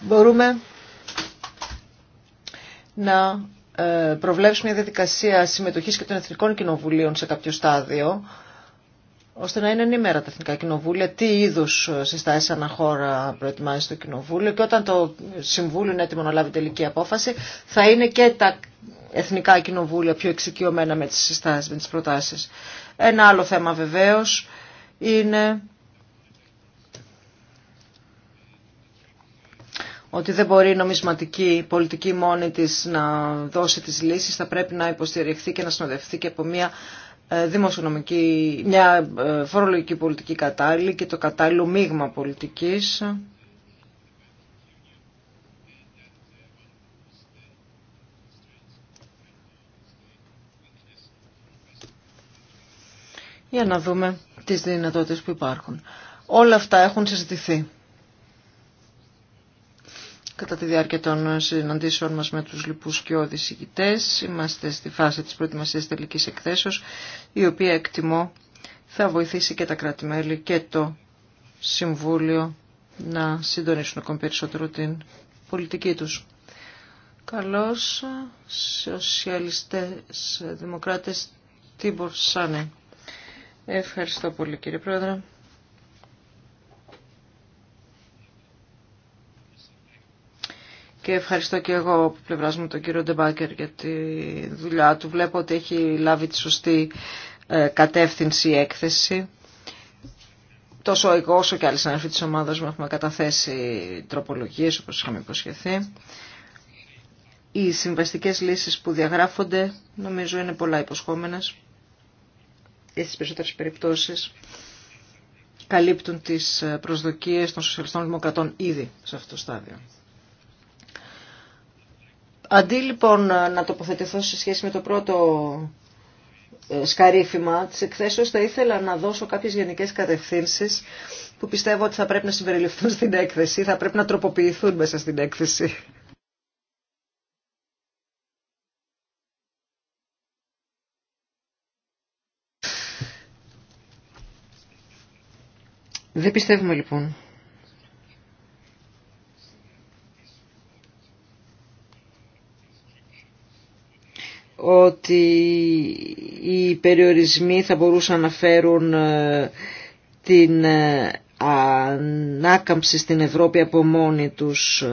μπορούμε να ε, προβλέψουμε μια διαδικασία συμμετοχής και των Εθνικών Κοινοβουλίων σε κάποιο στάδιο ώστε να είναι ενήμερα τα εθνικά κοινοβούλια, τι είδου συστάσει αναχώρα προετοιμάζει το κοινοβούλιο και όταν το Συμβούλιο είναι έτοιμο να λάβει τελική απόφαση, θα είναι και τα εθνικά κοινοβούλια πιο εξοικειωμένα με τι συστάσει, με τι προτάσει. Ένα άλλο θέμα βεβαίω είναι ότι δεν μπορεί η νομισματική πολιτική μόνη της να δώσει τις λύσεις, θα πρέπει να υποστηριχθεί και να συνοδευτεί και από μια ε, δημοσιονομική, μια ε, φορολογική πολιτική κατάλληλη και το κατάλληλο μείγμα πολιτικής. Για να δούμε τις δυνατότητες που υπάρχουν. Όλα αυτά έχουν συζητηθεί κατά τη διάρκεια των συναντήσεων μας με τους λοιπούς και οδησηγητές. Είμαστε στη φάση της προετοιμασίας τελικής εκθέσεως, η οποία εκτιμώ θα βοηθήσει και τα κράτη-μέλη και το Συμβούλιο να συντονίσουν ακόμη περισσότερο την πολιτική τους. Καλώς, σοσιαλιστές, δημοκράτες, τι Σάνε. Ευχαριστώ πολύ κύριε Πρόεδρε. Και ευχαριστώ και εγώ από πλευρά μου τον κύριο Ντεμπάκερ για τη δουλειά του. Βλέπω ότι έχει λάβει τη σωστή ε, κατεύθυνση η έκθεση. Τόσο εγώ όσο και άλλοι συνάδελφοι τη ομάδα μου έχουμε καταθέσει τροπολογίες όπως είχαμε υποσχεθεί. Οι συμβαστικέ λύσει που διαγράφονται νομίζω είναι πολλά υποσχόμενε Και στις περισσότερε περιπτώσει καλύπτουν τις ε, προσδοκίες των σοσιαλιστών δημοκρατών ήδη σε αυτό το στάδιο. Αντί λοιπόν να τοποθετηθώ σε σχέση με το πρώτο ε, σκαρίφημα της εκθέσεως, θα ήθελα να δώσω κάποιες γενικές κατευθύνσεις που πιστεύω ότι θα πρέπει να συμπεριληφθούν στην έκθεση, θα πρέπει να τροποποιηθούν μέσα στην έκθεση. Δεν πιστεύουμε λοιπόν ότι οι περιορισμοί θα μπορούσαν να φέρουν ε, την ε, ανάκαμψη στην Ευρώπη από μόνοι τους.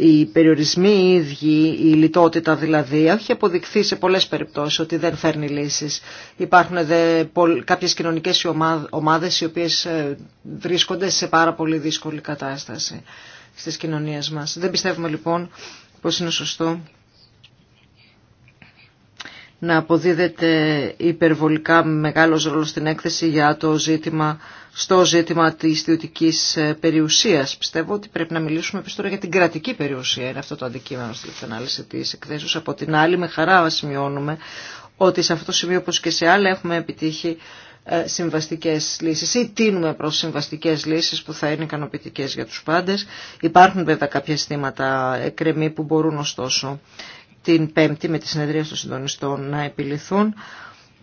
Οι περιορισμοί οι ίδιοι, η λιτότητα δηλαδή, έχει αποδειχθεί σε πολλές περιπτώσεις ότι δεν φέρνει λύσεις. Υπάρχουν δε κάποιες κοινωνικές ομάδες οι οποίες ε, βρίσκονται σε πάρα πολύ δύσκολη κατάσταση στις κοινωνίες μας. Δεν πιστεύουμε λοιπόν πως είναι σωστό να αποδίδεται υπερβολικά μεγάλο ρόλο στην έκθεση για το ζήτημα, στο ζήτημα της ιδιωτική ε, περιουσίας. Πιστεύω ότι πρέπει να μιλήσουμε τώρα για την κρατική περιουσία. Είναι αυτό το αντικείμενο στην ανάλυση της εκθέσεως. Από την άλλη με χαρά σημειώνουμε ότι σε αυτό το σημείο όπως και σε άλλα έχουμε επιτύχει ε, συμβαστικές λύσεις ή τίνουμε προς συμβαστικές λύσεις που θα είναι ικανοποιητικές για τους πάντες. Υπάρχουν βέβαια κάποια αισθήματα εκκρεμή που μπορούν ωστόσο την Πέμπτη με τη συνεδρία των συντονιστών να επιληθούν.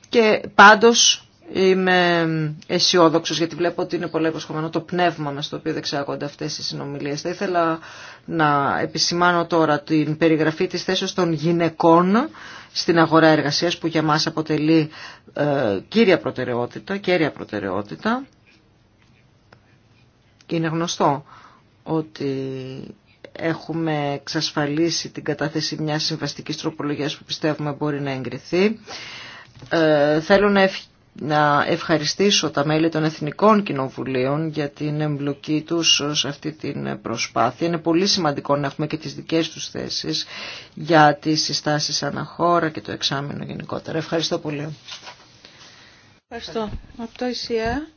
Και πάντως είμαι αισιόδοξο γιατί βλέπω ότι είναι πολύ υποσχομένο το πνεύμα με στο οποίο δεξάγονται αυτές οι συνομιλίες. Θα ήθελα να επισημάνω τώρα την περιγραφή της θέσης των γυναικών στην αγορά εργασίας που για μας αποτελεί ε, κύρια προτεραιότητα, κέρια προτεραιότητα. είναι γνωστό ότι έχουμε εξασφαλίσει την κατάθεση μιας συμβαστικής τροπολογίας που πιστεύουμε μπορεί να εγκριθεί. Ε, θέλω να, να ευχαριστήσω τα μέλη των Εθνικών Κοινοβουλίων για την εμπλοκή τους σε αυτή την προσπάθεια. Είναι πολύ σημαντικό να έχουμε και τις δικές τους θέσεις για τις συστάσεις αναχώρα και το εξάμεινο γενικότερα. Ευχαριστώ πολύ. Ευχαριστώ. Από το ΙΣΙΑ,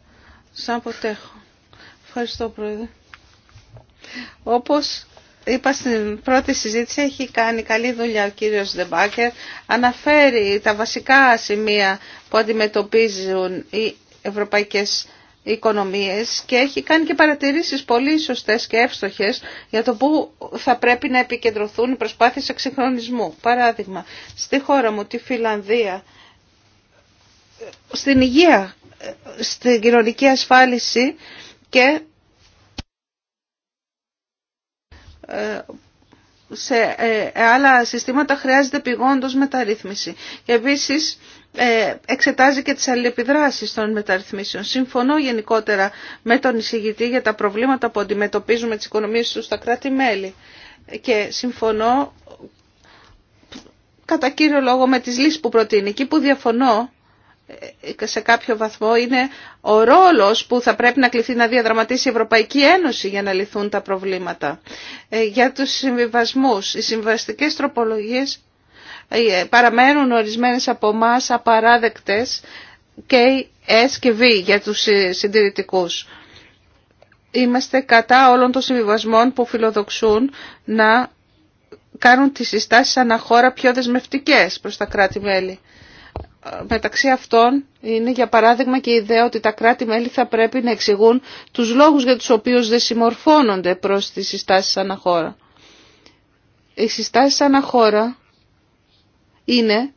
σαν Ευχαριστώ, Πρόεδρε. Όπως είπα στην πρώτη συζήτηση, έχει κάνει καλή δουλειά ο κύριος Δεμπάκερ, αναφέρει τα βασικά σημεία που αντιμετωπίζουν οι ευρωπαϊκές οικονομίες και έχει κάνει και παρατηρήσεις πολύ σωστές και εύστοχες για το πού θα πρέπει να επικεντρωθούν οι προσπάθειες εξυγχρονισμού. Παράδειγμα, στη χώρα μου, τη Φιλανδία, στην υγεία, στην κοινωνική ασφάλιση και σε ε, ε, άλλα συστήματα χρειάζεται πηγόντως μεταρρύθμιση. Και επίσης ε, εξετάζει και τις αλληλεπιδράσεις των μεταρρυθμίσεων. Συμφωνώ γενικότερα με τον εισηγητή για τα προβλήματα που αντιμετωπίζουμε τις οικονομίες του στα κράτη-μέλη. Και συμφωνώ κατά κύριο λόγο με τις λύσεις που προτείνει. Εκεί που διαφωνώ ε, σε κάποιο βαθμό είναι ο ρόλος που θα πρέπει να κληθεί να διαδραματίσει η Ευρωπαϊκή Ένωση για να λυθούν τα προβλήματα. Ε, για τους συμβιβασμούς, οι συμβαστικές τροπολογίες ε, παραμένουν ορισμένες από εμά απαράδεκτες και S και V για τους συντηρητικούς. Είμαστε κατά όλων των συμβιβασμών που φιλοδοξούν να κάνουν τις συστάσεις αναχώρα πιο δεσμευτικές προς τα κράτη-μέλη μεταξύ αυτών είναι για παράδειγμα και η ιδέα ότι τα κράτη-μέλη θα πρέπει να εξηγούν τους λόγους για τους οποίους δεν συμμορφώνονται προς τις συστάσεις αναχώρα. Οι συστάσεις αναχώρα είναι,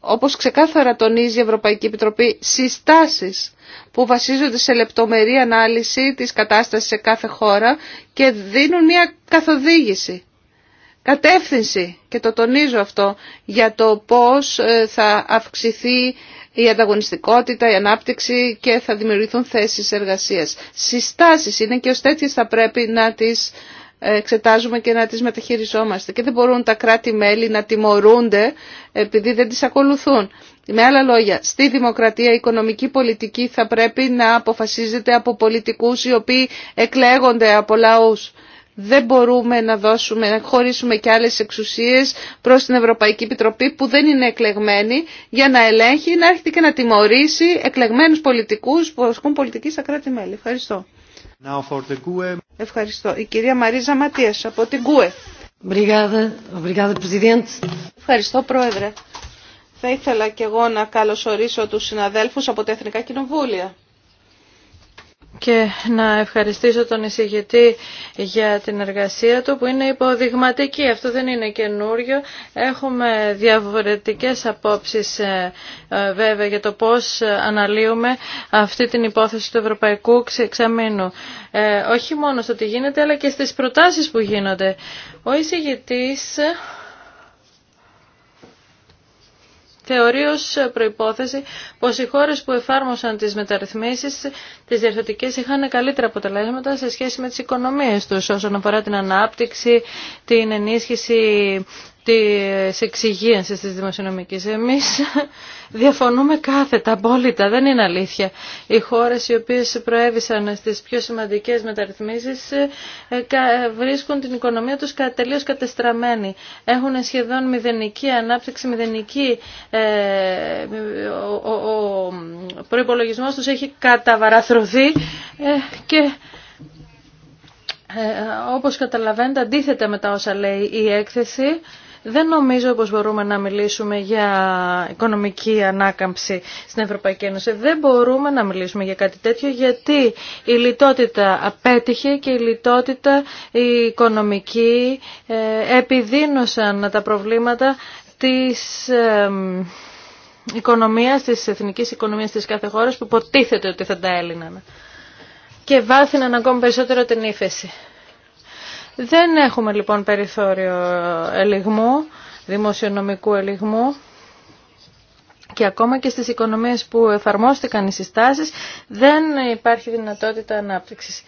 όπως ξεκάθαρα τονίζει η Ευρωπαϊκή Επιτροπή, συστάσεις που βασίζονται σε λεπτομερή ανάλυση της κατάστασης σε κάθε χώρα και δίνουν μια καθοδήγηση κατεύθυνση και το τονίζω αυτό για το πώς ε, θα αυξηθεί η ανταγωνιστικότητα, η ανάπτυξη και θα δημιουργηθούν θέσεις εργασίας. Συστάσεις είναι και ως τέτοιες θα πρέπει να τις ε, εξετάζουμε και να τις μεταχειριζόμαστε και δεν μπορούν τα κράτη-μέλη να τιμωρούνται επειδή δεν τις ακολουθούν. Με άλλα λόγια, στη δημοκρατία η οικονομική πολιτική θα πρέπει να αποφασίζεται από πολιτικούς οι οποίοι εκλέγονται από λαούς δεν μπορούμε να δώσουμε, να χωρίσουμε και άλλες εξουσίες προς την Ευρωπαϊκή Επιτροπή που δεν είναι εκλεγμένη για να ελέγχει, να έρχεται και να τιμωρήσει εκλεγμένους πολιτικούς που ασκούν πολιτική στα κράτη-μέλη. Ευχαριστώ. E. Ευχαριστώ. Η κυρία Μαρίζα Ματίας από την ΚΟΕ. E. Ευχαριστώ Πρόεδρε. Θα ήθελα και εγώ να καλωσορίσω τους συναδέλφους από τα Εθνικά Κοινοβούλια και να ευχαριστήσω τον εισηγητή για την εργασία του που είναι υποδειγματική. Αυτό δεν είναι καινούριο. Έχουμε διαφορετικές απόψεις ε, ε, βέβαια για το πώς αναλύουμε αυτή την υπόθεση του Ευρωπαϊκού Εξαμήνου. Ε, όχι μόνο στο τι γίνεται αλλά και στις προτάσεις που γίνονται. Ο εισηγητής Θεωρεί ω προπόθεση πω οι χώρε που εφάρμοσαν τι μεταρρυθμίσει, τι διαρθρωτικέ, είχαν καλύτερα αποτελέσματα σε σχέση με τι οικονομίε του όσον αφορά την ανάπτυξη, την ενίσχυση της σε της δημοσιονομικής. Εμείς διαφωνούμε κάθετα, απόλυτα, δεν είναι αλήθεια. Οι χώρες οι οποίες προέβησαν στις πιο σημαντικές μεταρρυθμίσεις ε, βρίσκουν την οικονομία τους τελείως κατεστραμμένη. Έχουν σχεδόν μηδενική ανάπτυξη, μηδενική... Ε, ο, ο, προϋπολογισμός τους έχει καταβαραθρωθεί ε, και... όπως καταλαβαίνετε αντίθετα με τα όσα λέει η έκθεση δεν νομίζω πως μπορούμε να μιλήσουμε για οικονομική ανάκαμψη στην Ευρωπαϊκή Ένωση. Δεν μπορούμε να μιλήσουμε για κάτι τέτοιο γιατί η λιτότητα απέτυχε και η λιτότητα η οικονομική ε, επιδίνωσαν τα προβλήματα της οικονομίας, της εθνικής οικονομίας της κάθε χώρας που ποτίθεται ότι θα τα έλυναν. Και βάθυναν ακόμη περισσότερο την ύφεση. Δεν έχουμε λοιπόν περιθώριο ελιγμού, δημοσιονομικού ελιγμού και ακόμα και στις οικονομίες που εφαρμόστηκαν οι συστάσεις δεν υπάρχει δυνατότητα ανάπτυξης.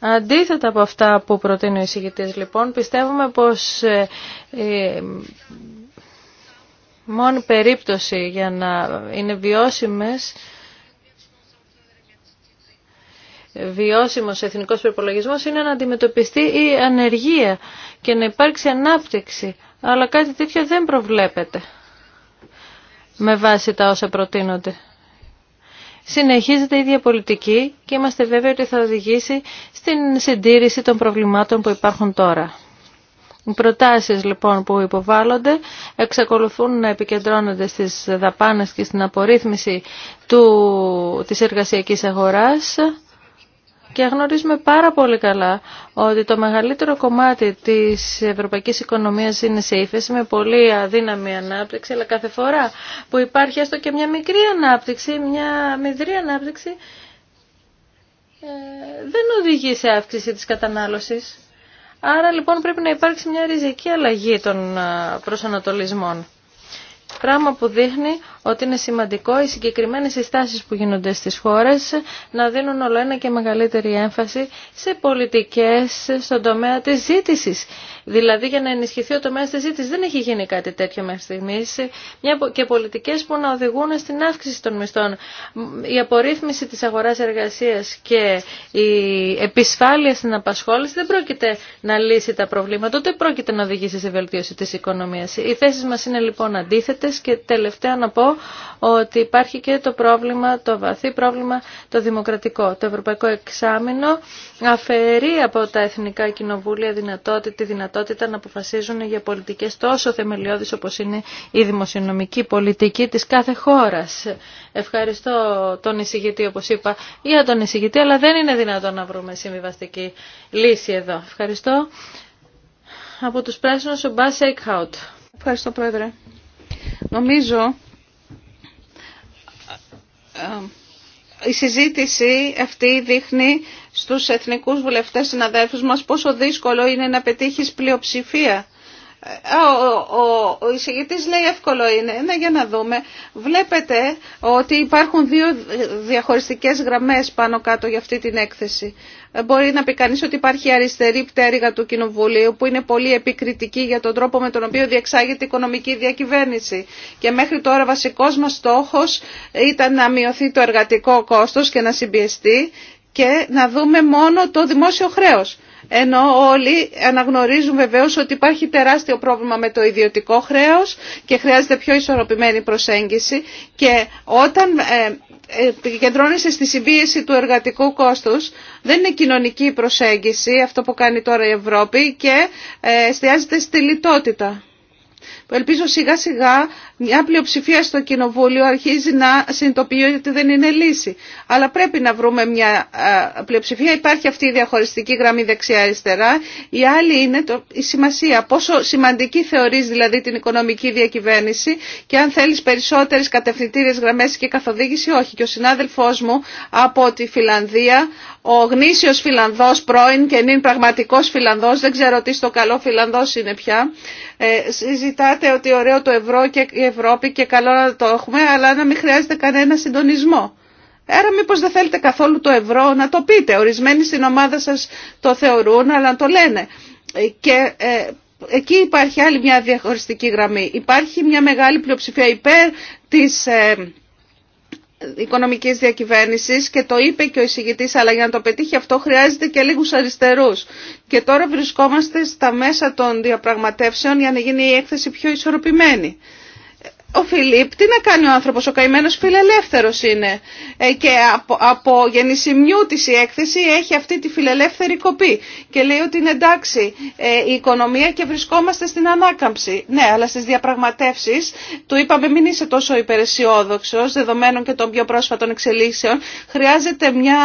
Αντίθετα από αυτά που προτείνει ο εισηγητής λοιπόν, πιστεύουμε πως ε, ε, μόνη περίπτωση για να είναι βιώσιμες βιώσιμος εθνικός προπολογισμό είναι να αντιμετωπιστεί η ανεργία και να υπάρξει ανάπτυξη. Αλλά κάτι τέτοιο δεν προβλέπεται με βάση τα όσα προτείνονται. Συνεχίζεται η ίδια πολιτική και είμαστε βέβαιοι ότι θα οδηγήσει στην συντήρηση των προβλημάτων που υπάρχουν τώρα. Οι προτάσεις λοιπόν που υποβάλλονται εξακολουθούν να επικεντρώνονται στις δαπάνες και στην απορρίθμιση του, της εργασιακής αγοράς και γνωρίζουμε πάρα πολύ καλά ότι το μεγαλύτερο κομμάτι της ευρωπαϊκής οικονομίας είναι σε ύφεση με πολύ αδύναμη ανάπτυξη, αλλά κάθε φορά που υπάρχει έστω και μια μικρή ανάπτυξη, μια μικρή ανάπτυξη, ε, δεν οδηγεί σε αύξηση της κατανάλωσης. Άρα λοιπόν πρέπει να υπάρξει μια ριζική αλλαγή των ε, προσανατολισμών. Πράγμα που δείχνει ότι είναι σημαντικό οι συγκεκριμένες συστάσεις που γίνονται στις χώρες να δίνουν όλο ένα και μεγαλύτερη έμφαση σε πολιτικές στον τομέα της ζήτησης. Δηλαδή για να ενισχυθεί ο τομέας της ζήτησης δεν έχει γίνει κάτι τέτοιο μέχρι στιγμής και πολιτικές που να οδηγούν στην αύξηση των μισθών. Η απορρίθμιση της αγοράς εργασίας και η επισφάλεια στην απασχόληση δεν πρόκειται να λύσει τα προβλήματα, ούτε πρόκειται να οδηγήσει σε βελτίωση της οικονομίας. Οι θέσεις μας είναι λοιπόν αντίθετες και τελευταία να ότι υπάρχει και το πρόβλημα, το βαθύ πρόβλημα το δημοκρατικό. Το Ευρωπαϊκό Εξάμεινο αφαιρεί από τα Εθνικά Κοινοβούλια δυνατότητα, τη δυνατότητα να αποφασίζουν για πολιτικές τόσο θεμελιώδεις όπως είναι η δημοσιονομική πολιτική της κάθε χώρας. Ευχαριστώ τον εισηγητή όπως είπα για τον εισηγητή, αλλά δεν είναι δυνατόν να βρούμε συμβιβαστική λύση εδώ. Ευχαριστώ. Από τους πράσινους ο Μπάς Ευχαριστώ Πρόεδρε. Νομίζω η συζήτηση αυτή δείχνει στους εθνικούς βουλευτές συναδέλφους μας πόσο δύσκολο είναι να πετύχεις πλειοψηφία ε, ο, ο εισηγητής λέει εύκολο είναι. Ναι, για να δούμε. Βλέπετε ότι υπάρχουν δύο διαχωριστικές γραμμές πάνω κάτω για αυτή την έκθεση. Ε, μπορεί να πει κανείς ότι υπάρχει αριστερή πτέρυγα του Κοινοβουλίου που είναι πολύ επικριτική για τον τρόπο με τον οποίο διεξάγεται η οικονομική διακυβέρνηση. Και μέχρι τώρα βασικός μας στόχος ήταν να μειωθεί το εργατικό κόστος και να συμπιεστεί και να δούμε μόνο το δημόσιο χρέος ενώ όλοι αναγνωρίζουν βεβαίως ότι υπάρχει τεράστιο πρόβλημα με το ιδιωτικό χρέος και χρειάζεται πιο ισορροπημένη προσέγγιση και όταν ε, ε, κεντρώνεσαι στη συμπίεση του εργατικού κόστους δεν είναι κοινωνική η προσέγγιση αυτό που κάνει τώρα η Ευρώπη και ε, εστιάζεται στη λιτότητα. Ελπίζω σιγά σιγά μια πλειοψηφία στο Κοινοβούλιο αρχίζει να συνειδητοποιεί ότι δεν είναι λύση. Αλλά πρέπει να βρούμε μια πλειοψηφία. Υπάρχει αυτή η διαχωριστική γραμμή δεξιά-αριστερά. Η άλλη είναι η σημασία. Πόσο σημαντική θεωρείς δηλαδή την οικονομική διακυβέρνηση και αν θέλεις περισσότερες κατευθυντήριες γραμμές και καθοδήγηση όχι. Και ο συνάδελφός μου από τη Φιλανδία, ο γνήσιο φιλανδό πρώην και νυν πραγματικός Φιλανδός, δεν ξέρω τι στο καλό Φιλανδός είναι πια, ε, Είπατε ότι ωραίο το ευρώ και η Ευρώπη και καλό να το έχουμε, αλλά να μην χρειάζεται κανένα συντονισμό. Άρα μήπως δεν θέλετε καθόλου το ευρώ να το πείτε. Ορισμένοι στην ομάδα σας το θεωρούν, αλλά το λένε. Και ε, εκεί υπάρχει άλλη μια διαχωριστική γραμμή. Υπάρχει μια μεγάλη πλειοψηφία υπέρ της... Ε, οικονομικής διακυβέρνησης και το είπε και ο εισηγητής, αλλά για να το πετύχει αυτό χρειάζεται και λίγους αριστερούς. Και τώρα βρισκόμαστε στα μέσα των διαπραγματεύσεων για να γίνει η έκθεση πιο ισορροπημένη ο Φιλίπ, τι να κάνει ο άνθρωπος, ο καημένος φιλελεύθερος είναι ε, και από, από γεννησιμιού της η έκθεση έχει αυτή τη φιλελεύθερη κοπή και λέει ότι είναι εντάξει ε, η οικονομία και βρισκόμαστε στην ανάκαμψη. Ναι, αλλά στις διαπραγματεύσεις του είπαμε μην είσαι τόσο υπεραισιόδοξος δεδομένων και των πιο πρόσφατων εξελίξεων. Χρειάζεται μια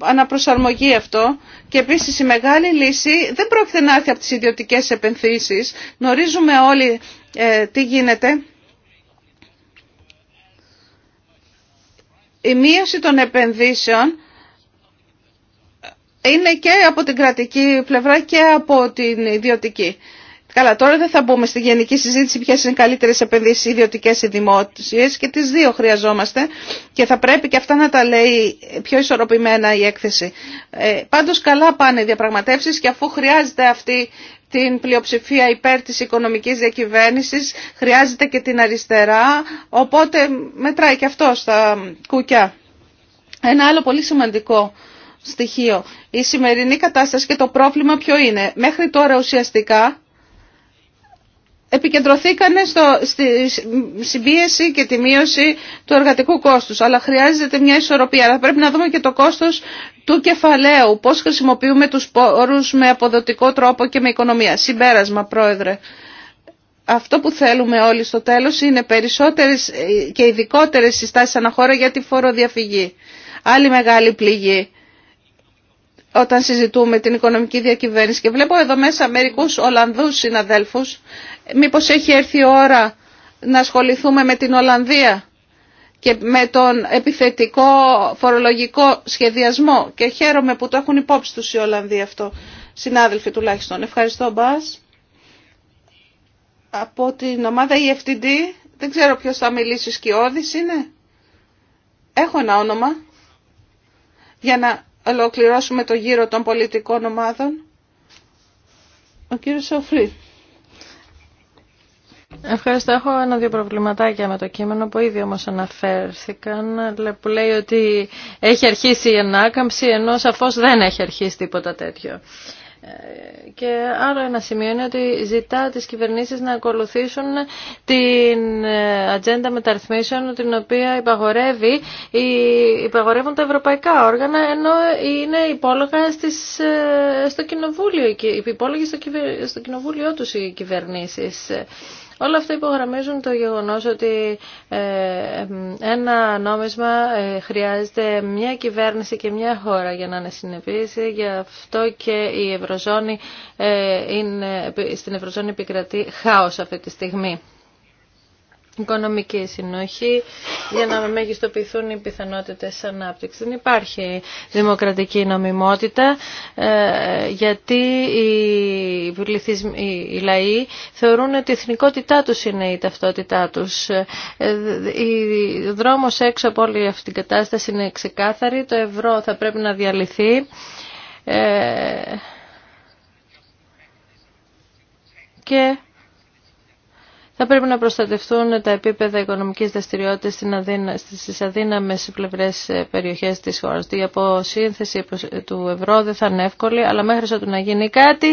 αναπροσαρμογή αυτό και επίσης η μεγάλη λύση δεν πρόκειται να έρθει από τις ιδιωτικές επενθύσεις. Γνωρίζουμε όλοι ε, τι γίνεται η μείωση των επενδύσεων είναι και από την κρατική πλευρά και από την ιδιωτική. Καλά, τώρα δεν θα μπούμε στη γενική συζήτηση ποιε είναι οι καλύτερε επενδύσει ιδιωτικέ ή και τι δύο χρειαζόμαστε και θα πρέπει και αυτά να τα λέει πιο ισορροπημένα η έκθεση. Ε, Πάντω καλά πάνε οι διαπραγματεύσει και αφού χρειάζεται αυτή την πλειοψηφία υπέρ της οικονομικής διακυβέρνησης, χρειάζεται και την αριστερά, οπότε μετράει και αυτό στα κουκιά. Ένα άλλο πολύ σημαντικό στοιχείο. Η σημερινή κατάσταση και το πρόβλημα ποιο είναι. Μέχρι τώρα ουσιαστικά επικεντρωθήκανε στο, στη συμπίεση και τη μείωση του εργατικού κόστους. Αλλά χρειάζεται μια ισορροπία. Αλλά πρέπει να δούμε και το κόστος του κεφαλαίου. Πώς χρησιμοποιούμε τους πόρους με αποδοτικό τρόπο και με οικονομία. Συμπέρασμα, Πρόεδρε. Αυτό που θέλουμε όλοι στο τέλος είναι περισσότερες ε, και ειδικότερες συστάσεις αναχώρα για τη φοροδιαφυγή. Άλλη μεγάλη πληγή όταν συζητούμε την οικονομική διακυβέρνηση και βλέπω εδώ μέσα μερικούς Ολλανδούς συναδέλφους Μήπως έχει έρθει η ώρα να ασχοληθούμε με την Ολλανδία και με τον επιθετικό φορολογικό σχεδιασμό και χαίρομαι που το έχουν υπόψη τους οι Ολλανδοί αυτό, συνάδελφοι τουλάχιστον. Ευχαριστώ Μπάς. Από την ομάδα EFTD, δεν ξέρω ποιος θα μιλήσει, Σκιώδης είναι. Έχω ένα όνομα για να ολοκληρώσουμε το γύρο των πολιτικών ομάδων. Ο κύριος Ευχαριστώ. Έχω ένα-δύο προβληματάκια με το κείμενο που ήδη όμως αναφέρθηκαν που λέει ότι έχει αρχίσει η ανάκαμψη ενώ σαφώς δεν έχει αρχίσει τίποτα τέτοιο. Ε, και άλλο ένα σημείο είναι ότι ζητά τις κυβερνήσεις να ακολουθήσουν την ε, ατζέντα μεταρρυθμίσεων την οποία υπαγορεύει, υπαγορεύουν τα ευρωπαϊκά όργανα ενώ είναι υπόλογα στις, ε, στο κοινοβούλιο, και στο, στο κοινοβούλιο τους οι κυβερνήσεις. Όλα αυτά υπογραμμίζουν το γεγονός ότι ε, ένα νόμισμα ε, χρειάζεται μια κυβέρνηση και μια χώρα για να είναι συνεπής. Γι' αυτό και η Ευρωζώνη ε, είναι, στην Ευρωζώνη επικρατεί χάος αυτή τη στιγμή οικονομική συνοχή για να μεγιστοποιηθούν οι πιθανότητες ανάπτυξης. Δεν υπάρχει δημοκρατική νομιμότητα ε, γιατί οι, οι λαοί θεωρούν ότι η εθνικότητά τους είναι η ταυτότητά τους. Ε, ο δρόμος έξω από όλη αυτή την κατάσταση είναι ξεκάθαρη. Το ευρώ θα πρέπει να διαλυθεί. Ε, και θα πρέπει να προστατευτούν τα επίπεδα οικονομικής δραστηριότητας στις αδύναμες πλευρές ε, περιοχές της χώρας. Η αποσύνθεση του ευρώ δεν θα είναι εύκολη, αλλά μέχρι ότου να γίνει κάτι,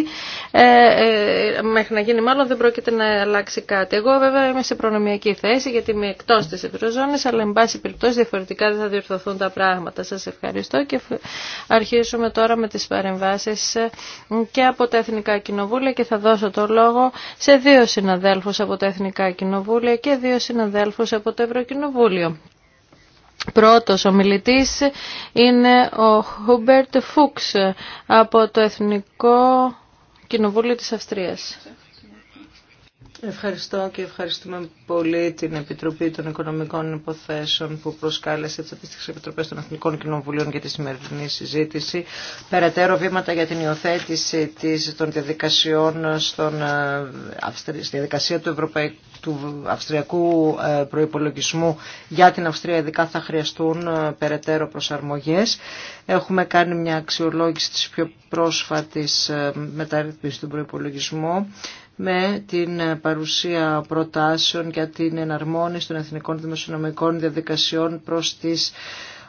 ε, ε, μέχρι να γίνει μάλλον δεν πρόκειται να αλλάξει κάτι. Εγώ βέβαια είμαι σε προνομιακή θέση, γιατί είμαι εκτός της ευρωζώνης, αλλά εν πάση περιπτώσει διαφορετικά δεν θα διορθωθούν τα πράγματα. Σας ευχαριστώ και αρχίσουμε τώρα με τις παρεμβάσεις και από τα Εθνικά Κοινοβούλια και θα δώσω το λόγο σε δύο συναδέλφους από τα Εθνικά Κοινοβούλια και δύο συναδέλφους από το Ευρωκοινοβούλιο. Πρώτος ομιλητής είναι ο Χούμπερτ Φούξ από το Εθνικό Κοινοβούλιο της Αυστρίας. Ευχαριστώ και ευχαριστούμε πολύ την Επιτροπή των Οικονομικών Υποθέσεων που προσκάλεσε τι αντίστοιχε επιτροπέ των Εθνικών Κοινοβουλίων για τη σημερινή συζήτηση. Περαιτέρω βήματα για την υιοθέτηση των διαδικασιών στον, ε, στη διαδικασία του, Ευρωπαϊ, του Αυστριακού ε, Προπολογισμού για την Αυστρία ειδικά θα χρειαστούν ε, περαιτέρω προσαρμογέ. Έχουμε κάνει μια αξιολόγηση τη πιο πρόσφατη μεταρρύθμιση του προπολογισμού με την παρουσία προτάσεων για την εναρμόνιση των εθνικών δημοσιονομικών διαδικασιών προς τις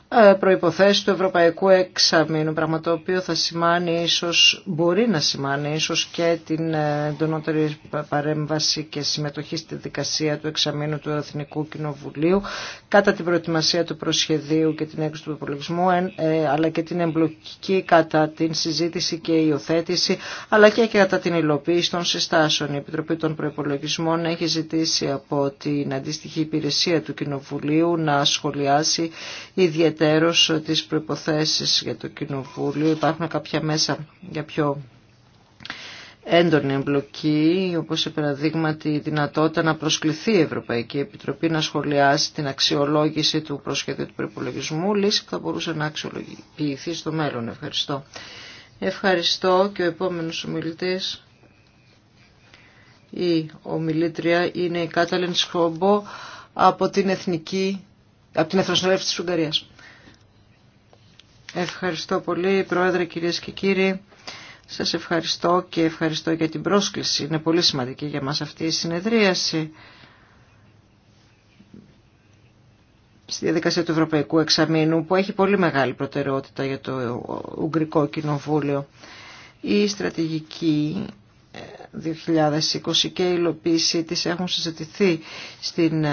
ε, προϋποθέσεις του Ευρωπαϊκού Εξαμήνου, πράγμα το οποίο θα σημάνει ίσως, μπορεί να σημάνει ίσως και την ε, εντονότερη παρέμβαση και συμμετοχή στη δικασία του Εξαμήνου του Εθνικού Κοινοβουλίου κατά την προετοιμασία του προσχεδίου και την έκρηση του υπολογισμού, ε, αλλά και την εμπλοκή κατά την συζήτηση και υιοθέτηση, αλλά και κατά την υλοποίηση των συστάσεων. Η Επιτροπή των Προπολογισμών έχει ζητήσει από την αντίστοιχη υπηρεσία του Κοινοβουλίου να σχολιάσει ιδιαίτερα τις προϋποθέσεις για το Κοινοβούλιο. Υπάρχουν κάποια μέσα για πιο έντονη εμπλοκή, όπως σε παραδείγματι η δυνατότητα να προσκληθεί η Ευρωπαϊκή Επιτροπή να σχολιάσει την αξιολόγηση του προσχεδίου του προπολογισμού, λύση που θα μπορούσε να αξιολογηθεί στο μέλλον. Ευχαριστώ. Ευχαριστώ και ο επόμενος ομιλητής, η ομιλήτρια, είναι η Κάταλεν Σχόμπο από την Εθνική, από την Εθνοσυνέλευση της Ουγγαρίας. Ευχαριστώ πολύ, Πρόεδρε, κυρίε και κύριοι. Σας ευχαριστώ και ευχαριστώ για την πρόσκληση. Είναι πολύ σημαντική για μας αυτή η συνεδρίαση. στη διαδικασία του Ευρωπαϊκού Εξαμήνου που έχει πολύ μεγάλη προτεραιότητα για το Ουγγρικό Κοινοβούλιο. Η στρατηγική 2020 και η υλοποίησή της έχουν συζητηθεί στην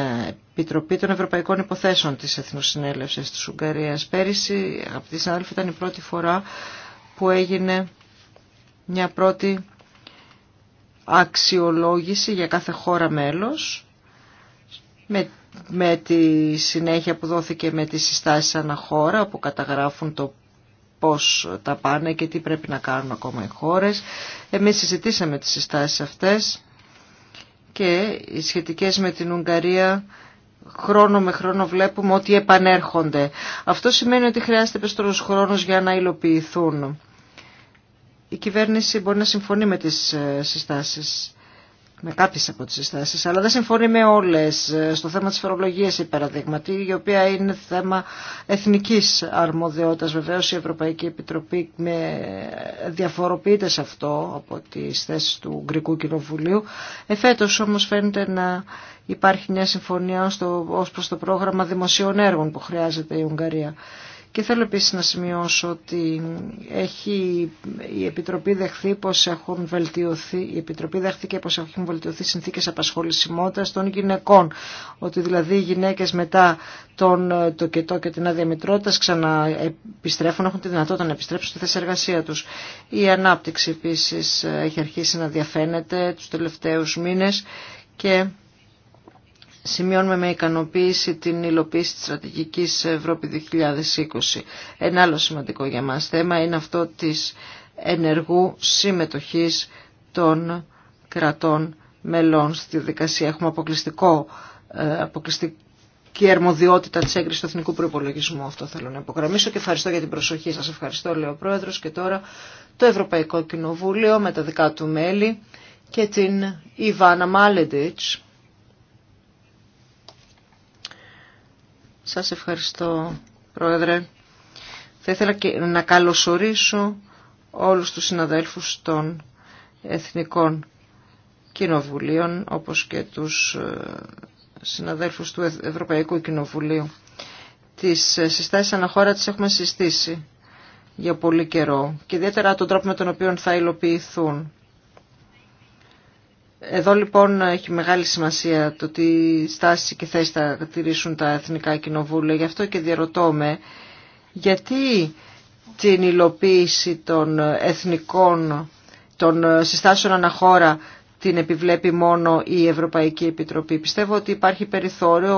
Επιτροπή των Ευρωπαϊκών Υποθέσεων της Εθνοσυνέλευσης της Ουγγαρίας. Πέρυσι, αγαπητοί συνάδελφοι, ήταν η πρώτη φορά που έγινε μια πρώτη αξιολόγηση για κάθε χώρα μέλος με, με τη συνέχεια που δόθηκε με τις συστάσεις αναχώρα που καταγράφουν το πώς τα πάνε και τι πρέπει να κάνουν ακόμα οι χώρες. Εμείς συζητήσαμε τις συστάσεις αυτές και οι σχετικές με την Ουγγαρία χρόνο με χρόνο βλέπουμε ότι επανέρχονται. Αυτό σημαίνει ότι χρειάζεται περισσότερος χρόνος για να υλοποιηθούν. Η κυβέρνηση μπορεί να συμφωνεί με τις ε, συστάσεις με κάποιες από τις συστάσεις, αλλά δεν συμφωνεί με όλες ε, στο θέμα της φορολογίας η παραδείγματη, η οποία είναι θέμα εθνικής αρμοδιότητας. Βεβαίως η Ευρωπαϊκή Επιτροπή με διαφοροποιείται σε αυτό από τις θέσεις του Γκρικού Κοινοβουλίου. Εφέτος όμως φαίνεται να υπάρχει μια συμφωνία ως, ως προς το πρόγραμμα δημοσίων έργων που χρειάζεται η Ουγγαρία. Και θέλω επίσης να σημειώσω ότι έχει η Επιτροπή δεχθεί πως έχουν βελτιωθεί, η Επιτροπή δέχθηκε πως έχουν βελτιωθεί συνθήκες απασχολησιμότητας των γυναικών. Ότι δηλαδή οι γυναίκες μετά τον το κετό και την άδεια ξαναεπιστρέφουν, έχουν τη δυνατότητα να επιστρέψουν στη θέση εργασία τους. Η ανάπτυξη επίσης έχει αρχίσει να διαφαίνεται τους τελευταίους μήνες και Σημειώνουμε με ικανοποίηση την υλοποίηση της στρατηγικής Ευρώπη 2020. Ένα άλλο σημαντικό για μας θέμα είναι αυτό της ενεργού συμμετοχής των κρατών μελών στη δικασία. Έχουμε αποκλειστικό, ε, αποκλειστική αρμοδιότητα της έγκρισης του Εθνικού Προϋπολογισμού. Αυτό θέλω να υπογραμμίσω και ευχαριστώ για την προσοχή σας. Ευχαριστώ, λέει ο Πρόεδρος. Και τώρα το Ευρωπαϊκό Κοινοβούλιο με τα δικά του μέλη και την Ιβάνα Μάλεντιτς Σας ευχαριστώ, Πρόεδρε. Θα ήθελα και να καλωσορίσω όλους τους συναδέλφους των Εθνικών Κοινοβουλίων, όπως και τους ε, συναδέλφους του Ευρωπαϊκού Κοινοβουλίου. Τις ε, συστάσεις αναχώρα τις έχουμε συστήσει για πολύ καιρό και ιδιαίτερα τον τρόπο με τον οποίο θα υλοποιηθούν. Εδώ λοιπόν έχει μεγάλη σημασία το τι στάση και θέση θα τηρήσουν τα εθνικά κοινοβούλια. Γι' αυτό και διαρωτώ με γιατί την υλοποίηση των εθνικών των συστάσεων αναχώρα την επιβλέπει μόνο η Ευρωπαϊκή Επιτροπή. Πιστεύω ότι υπάρχει περιθώριο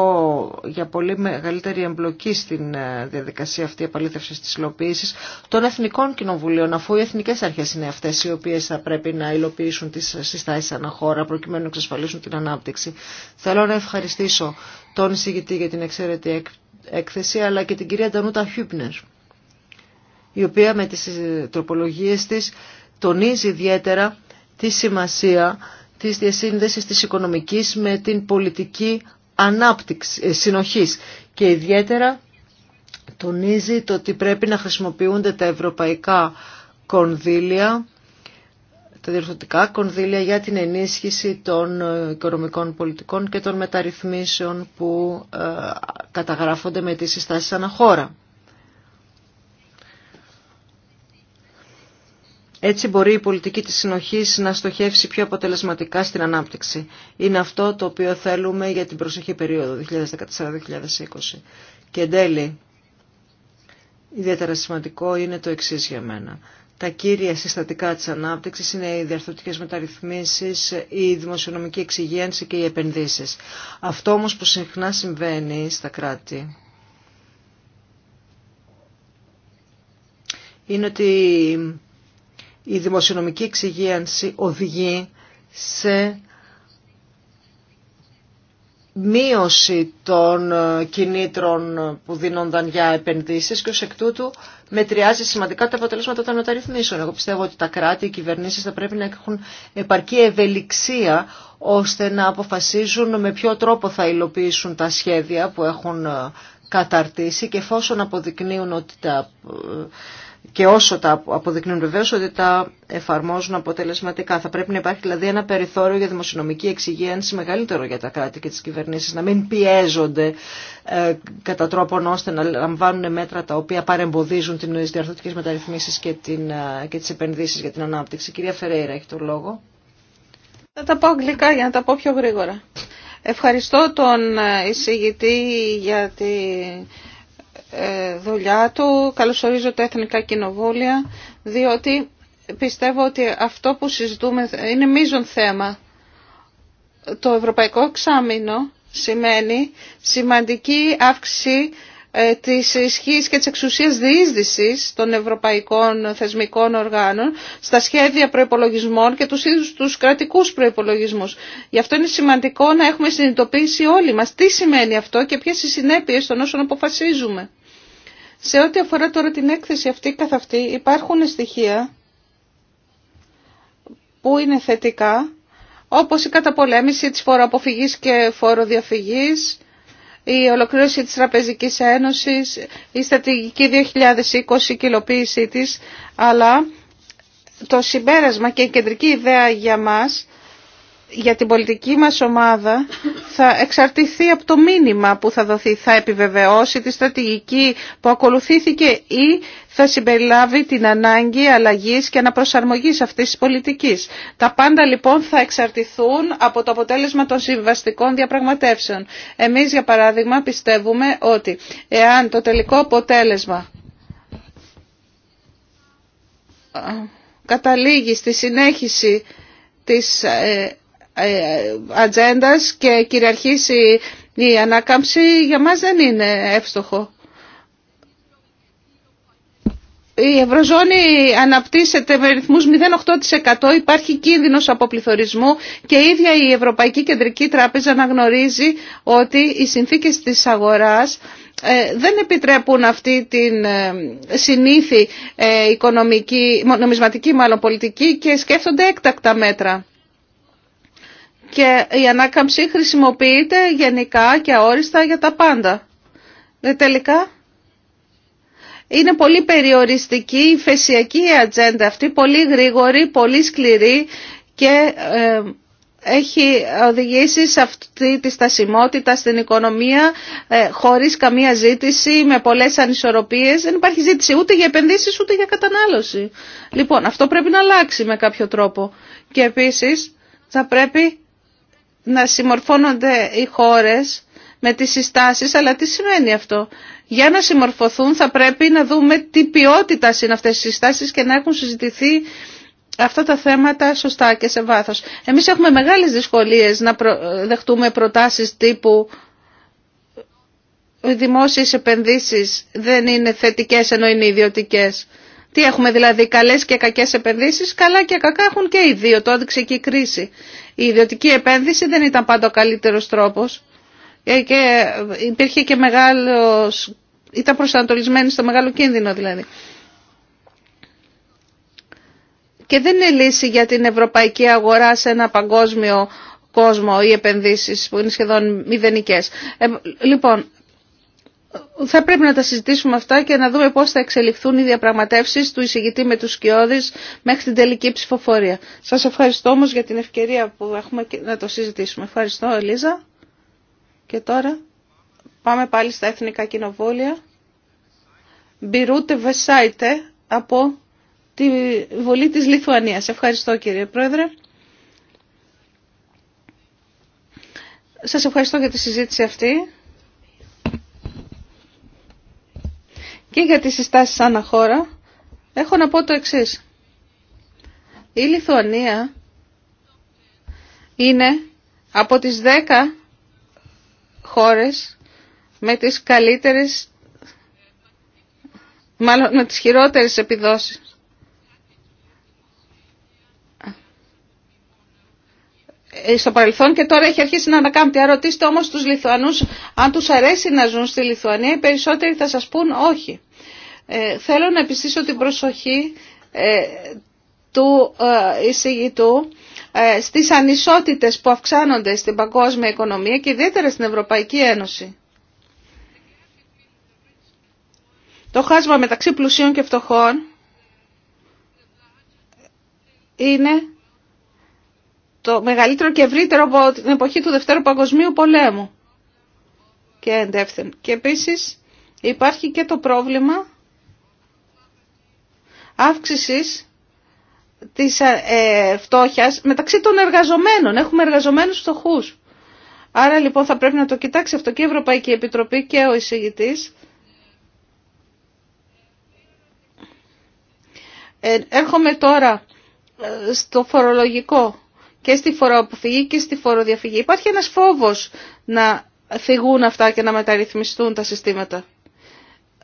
για πολύ μεγαλύτερη εμπλοκή στην ε, διαδικασία αυτή επαλήθευση τη υλοποίηση των Εθνικών Κοινοβουλίων, αφού οι Εθνικέ Αρχέ είναι αυτέ οι οποίε θα πρέπει να υλοποιήσουν τι συστάσει χώρα προκειμένου να εξασφαλίσουν την ανάπτυξη. Θέλω να ευχαριστήσω τον εισηγητή για την εξαίρετη έκθεση, αλλά και την κυρία Ντανούτα Χιούπνερ, η οποία με τι ε, τροπολογίε τη τονίζει ιδιαίτερα τη σημασία της διασύνδεσης της οικονομικής με την πολιτική ανάπτυξη, ε, συνοχής και ιδιαίτερα τονίζει το ότι πρέπει να χρησιμοποιούνται τα ευρωπαϊκά κονδύλια τα διορθωτικά κονδύλια για την ενίσχυση των ε, οικονομικών πολιτικών και των μεταρρυθμίσεων που ε, καταγράφονται με τις συστάσεις αναχώρα. Έτσι μπορεί η πολιτική της συνοχής να στοχεύσει πιο αποτελεσματικά στην ανάπτυξη. Είναι αυτό το οποίο θέλουμε για την προσεχή περίοδο 2014-2020. Και εν τέλει, ιδιαίτερα σημαντικό είναι το εξή για μένα. Τα κύρια συστατικά της ανάπτυξης είναι οι διαρθρωτικές μεταρρυθμίσεις, η δημοσιονομική εξυγένση και οι επενδύσεις. Αυτό όμως που συχνά συμβαίνει στα κράτη είναι ότι η δημοσιονομική εξυγίανση οδηγεί σε μείωση των ε, κινήτρων που δίνονταν για επενδύσεις και ως εκ τούτου μετριάζει σημαντικά τα αποτελέσματα των μεταρρυθμίσεων. Εγώ πιστεύω ότι τα κράτη, οι κυβερνήσεις θα πρέπει να έχουν επαρκή ευελιξία ώστε να αποφασίζουν με ποιο τρόπο θα υλοποιήσουν τα σχέδια που έχουν ε, καταρτήσει και εφόσον αποδεικνύουν ότι τα ε, και όσο τα αποδεικνύουν βεβαίως ότι τα εφαρμόζουν αποτελεσματικά. Θα πρέπει να υπάρχει δηλαδή ένα περιθώριο για δημοσιονομική εξυγίανση μεγαλύτερο για τα κράτη και τις κυβερνήσεις, να μην πιέζονται ε, κατά τρόπον ώστε να λαμβάνουν μέτρα τα οποία παρεμποδίζουν τις διαρθρωτικές μεταρρυθμίσεις και, την, ε, και τις επενδύσεις για την ανάπτυξη. Κυρία Φερέιρα, έχει το λόγο. Θα τα πω αγγλικά για να τα πω πιο γρήγορα. Ευχαριστώ τον ε, εισηγητή για τη ε, δουλειά του. Καλωσορίζω τα Εθνικά Κοινοβούλια, διότι πιστεύω ότι αυτό που συζητούμε είναι μείζον θέμα. Το Ευρωπαϊκό Εξάμεινο σημαίνει σημαντική αύξηση ε, της ισχύς και της εξουσίας διείσδυσης των ευρωπαϊκών θεσμικών οργάνων στα σχέδια προϋπολογισμών και τους ίδιους τους κρατικούς προϋπολογισμούς. Γι' αυτό είναι σημαντικό να έχουμε συνειδητοποιήσει όλοι μας τι σημαίνει αυτό και ποιες οι συνέπειες των όσων αποφασίζουμε. Σε ό,τι αφορά τώρα την έκθεση αυτή καθ' αυτή υπάρχουν στοιχεία που είναι θετικά όπως η καταπολέμηση της φοροαποφυγής και φοροδιαφυγής, η ολοκλήρωση της Τραπεζικής Ένωσης, η στρατηγική 2020, η κυλοποίησή της, αλλά το συμπέρασμα και η κεντρική ιδέα για μας, για την πολιτική μας ομάδα, θα εξαρτηθεί από το μήνυμα που θα δοθεί. Θα επιβεβαιώσει τη στρατηγική που ακολουθήθηκε ή θα συμπεριλάβει την ανάγκη αλλαγής και αναπροσαρμογής αυτής της πολιτικής. Τα πάντα λοιπόν θα εξαρτηθούν από το αποτέλεσμα των συμβαστικών διαπραγματεύσεων. Εμείς για παράδειγμα πιστεύουμε ότι εάν το τελικό αποτέλεσμα καταλήγει στη συνέχιση της ε, ε, ατζέντα και κυριαρχήσει η ανάκαμψη για μας δεν είναι εύστοχο η Ευρωζώνη αναπτύσσεται με ρυθμούς 0,8%, υπάρχει κίνδυνος αποπληθωρισμού και η ίδια η Ευρωπαϊκή Κεντρική Τράπεζα αναγνωρίζει ότι οι συνθήκες της αγοράς ε, δεν επιτρέπουν αυτή την ε, συνήθη ε, οικονομική, νομισματική μάλλον πολιτική και σκέφτονται έκτακτα μέτρα. Και η ανάκαμψη χρησιμοποιείται γενικά και αόριστα για τα πάντα. τελικά είναι πολύ περιοριστική η φεσιακή ατζέντα αυτή, πολύ γρήγορη, πολύ σκληρή και ε, έχει οδηγήσει σε αυτή τη στασιμότητα στην οικονομία ε, χωρίς καμία ζήτηση, με πολλές ανισορροπίες. Δεν υπάρχει ζήτηση ούτε για επενδύσεις ούτε για κατανάλωση. Λοιπόν, αυτό πρέπει να αλλάξει με κάποιο τρόπο. Και επίσης θα πρέπει να συμμορφώνονται οι χώρες με τις συστάσεις, αλλά τι σημαίνει αυτό. Για να συμμορφωθούν θα πρέπει να δούμε τι ποιότητα είναι αυτές οι συστάσεις και να έχουν συζητηθεί αυτά τα θέματα σωστά και σε βάθος. Εμείς έχουμε μεγάλες δυσκολίες να δεχτούμε προτάσεις τύπου δημόσιες επενδύσεις δεν είναι θετικές ενώ είναι ιδιωτικές. Τι έχουμε δηλαδή, καλές και κακές επενδύσεις, καλά και κακά έχουν και οι δύο, το έδειξε και η κρίση. Η ιδιωτική επένδυση δεν ήταν πάντα ο καλύτερος τρόπος. Ε, και υπήρχε και μεγάλος ήταν προσανατολισμένη στο μεγάλο κίνδυνο δηλαδή. Και δεν είναι λύση για την ευρωπαϊκή αγορά σε ένα παγκόσμιο κόσμο οι επενδύσεις που είναι σχεδόν μηδενικές. Ε, λοιπόν, θα πρέπει να τα συζητήσουμε αυτά και να δούμε πώς θα εξελιχθούν οι διαπραγματεύσεις του εισηγητή με τους σκιώδεις μέχρι την τελική ψηφοφορία. Σας ευχαριστώ όμως για την ευκαιρία που έχουμε να το συζητήσουμε. Ευχαριστώ Ελίζα. Και τώρα πάμε πάλι στα Εθνικά Κοινοβούλια. Μπιρούτε Βεσάιτε από τη Βολή της Λιθουανίας. Ευχαριστώ κύριε Πρόεδρε. Σας ευχαριστώ για τη συζήτηση αυτή και για τις συστάσεις σαν χώρα. Έχω να πω το εξής. Η Λιθουανία είναι από τις 10 χώρες με τις καλύτερες, μάλλον με τις χειρότερες επιδόσεις. Ε, στο παρελθόν και τώρα έχει αρχίσει να ανακάμπτει. Αν ρωτήσετε όμως τους Λιθουανούς αν τους αρέσει να ζουν στη Λιθουανία, οι περισσότεροι θα σας πούν όχι. Ε, θέλω να επιστήσω την προσοχή ε, του ε, εισηγητού ε, στις ανισότητες που αυξάνονται στην παγκόσμια οικονομία και ιδιαίτερα στην Ευρωπαϊκή Ένωση. Το χάσμα μεταξύ πλουσίων και φτωχών είναι το μεγαλύτερο και ευρύτερο από την εποχή του Δευτέρου Παγκοσμίου Πολέμου. Και Και επίσης υπάρχει και το πρόβλημα αύξησης της ε, ε, φτώχειας μεταξύ των εργαζομένων. Έχουμε εργαζομένους φτωχούς. Άρα λοιπόν θα πρέπει να το κοιτάξει αυτό και η Ευρωπαϊκή Επιτροπή και ο εισηγητής. Ε, έρχομαι τώρα στο φορολογικό και στη φοροαποφυγή και στη φοροδιαφυγή. Υπάρχει ένας φόβος να φυγούν αυτά και να μεταρρυθμιστούν τα συστήματα.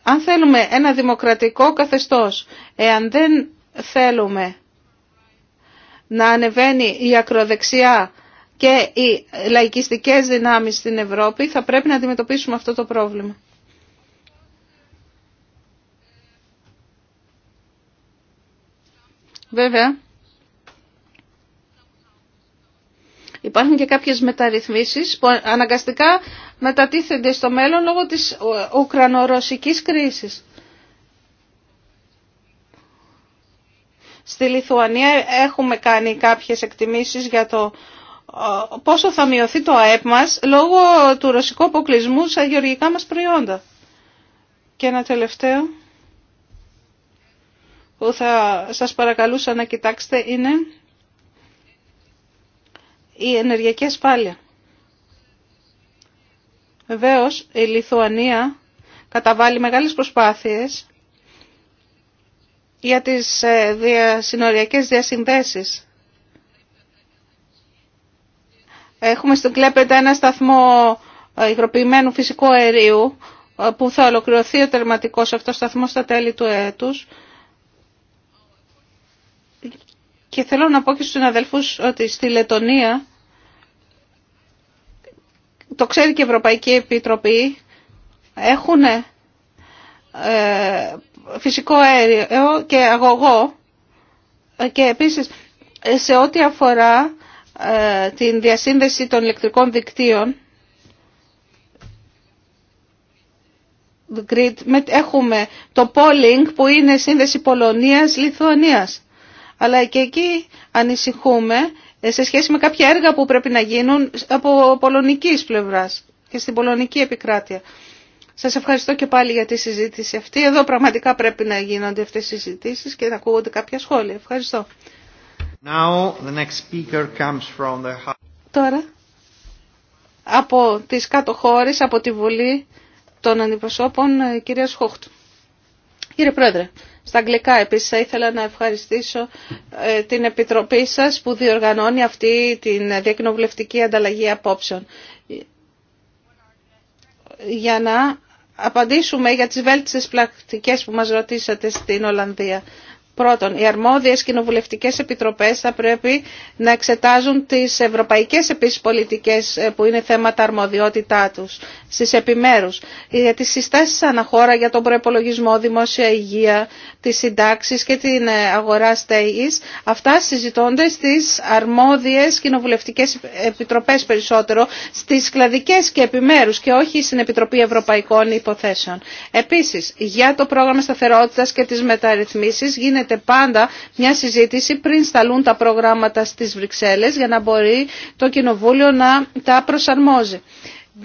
Αν θέλουμε ένα δημοκρατικό καθεστώς, εάν δεν θέλουμε να ανεβαίνει η ακροδεξιά και οι λαϊκιστικές δυνάμεις στην Ευρώπη, θα πρέπει να αντιμετωπίσουμε αυτό το πρόβλημα. Βέβαια, υπάρχουν και κάποιες μεταρρυθμίσεις που αναγκαστικά μετατίθενται στο μέλλον λόγω της Ουκρανορωσικής κρίσης. Στη Λιθουανία έχουμε κάνει κάποιες εκτιμήσεις για το ε, πόσο θα μειωθεί το ΑΕΠ μας λόγω του ρωσικού αποκλεισμού στα γεωργικά μας προϊόντα. Και ένα τελευταίο που θα σας παρακαλούσα να κοιτάξετε είναι η ενεργειακή ασφάλεια. Βεβαίως η Λιθουανία καταβάλει μεγάλες προσπάθειες για τις ε, συνοριακές διασυνδέσεις. Έχουμε στον Κλέπεντα ένα σταθμό ε, υγροποιημένου φυσικού αερίου ε, που θα ολοκληρωθεί ο τερματικός αυτός σταθμός στα τέλη του έτους. Και θέλω να πω και στους συναδελφούς ότι στη Λετωνία, το ξέρει και η Ευρωπαϊκή Επιτροπή, έχουν φυσικό αέριο και αγωγό και επίσης σε ό,τι αφορά ε, την διασύνδεση των ηλεκτρικών δικτύων grid, έχουμε το polling που είναι σύνδεση Πολωνίας-Λιθουανίας. Αλλά και εκεί ανησυχούμε ε, σε σχέση με κάποια έργα που πρέπει να γίνουν από πολωνικής πλευράς και στην πολωνική επικράτεια. Σας ευχαριστώ και πάλι για τη συζήτηση αυτή. Εδώ πραγματικά πρέπει να γίνονται αυτές οι συζητήσεις και να ακούγονται κάποια σχόλια. Ευχαριστώ. Τώρα, από τις κάτω χώρες, από τη Βουλή των Αντιπροσώπων, ε, κυρία Σχόχτ. Κύριε Πρόεδρε, στα αγγλικά επίσης θα ήθελα να ευχαριστήσω ε, την Επιτροπή σας που διοργανώνει αυτή την διακοινοβουλευτική ανταλλαγή απόψεων για να απαντήσουμε για τις βέλτιστες πρακτικές που μας ρωτήσατε στην Ολλανδία. Πρώτον, οι αρμόδιες κοινοβουλευτικέ επιτροπέ θα πρέπει να εξετάζουν τι ευρωπαϊκέ επίση πολιτικέ ε, που είναι θέματα αρμοδιότητά τους στι επιμέρου, Για τι συστάσει αναχώρα για τον προπολογισμό, δημόσια υγεία, τι συντάξεις και την ε, αγορά Στέγη, αυτά συζητώνται στις αρμόδιε κοινοβουλευτικέ επιτροπέ περισσότερο, στι κλαδικέ και επιμέρου, και όχι στην Επιτροπή Ευρωπαϊκών Υποθέσεων. Επίση, για το πρόγραμμα σταθερότητα και τι μεταρρυθμίσει γίνεται πάντα μια συζήτηση πριν σταλούν τα προγράμματα στις Βρυξέλλες για να μπορεί το Κοινοβούλιο να τα προσαρμόζει.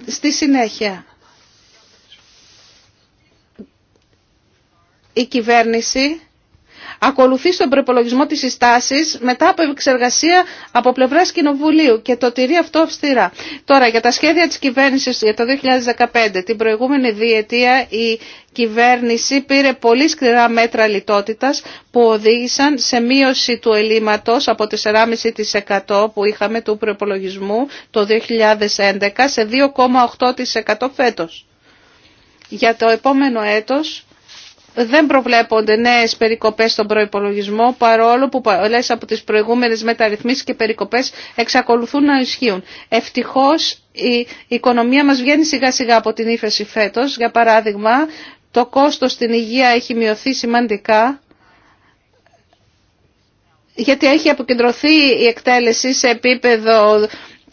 Στη συνέχεια, η κυβέρνηση ακολουθεί στον προπολογισμό της συστάσης μετά από επεξεργασία από πλευράς Κοινοβουλίου και το τηρεί αυτό αυστηρά. Τώρα για τα σχέδια της κυβέρνησης για το 2015, την προηγούμενη διετία η κυβέρνηση πήρε πολύ σκληρά μέτρα λιτότητας που οδήγησαν σε μείωση του ελλείμματος από 4,5% που είχαμε του προπολογισμού το 2011 σε 2,8% φέτος. Για το επόμενο έτος δεν προβλέπονται νέες περικοπές στον προϋπολογισμό παρόλο που πολλές από τις προηγούμενες μεταρρυθμίσεις και περικοπές εξακολουθούν να ισχύουν. Ευτυχώς η οικονομία μας βγαίνει σιγά σιγά από την ύφεση φέτος. Για παράδειγμα το κόστος στην υγεία έχει μειωθεί σημαντικά γιατί έχει αποκεντρωθεί η εκτέλεση σε επίπεδο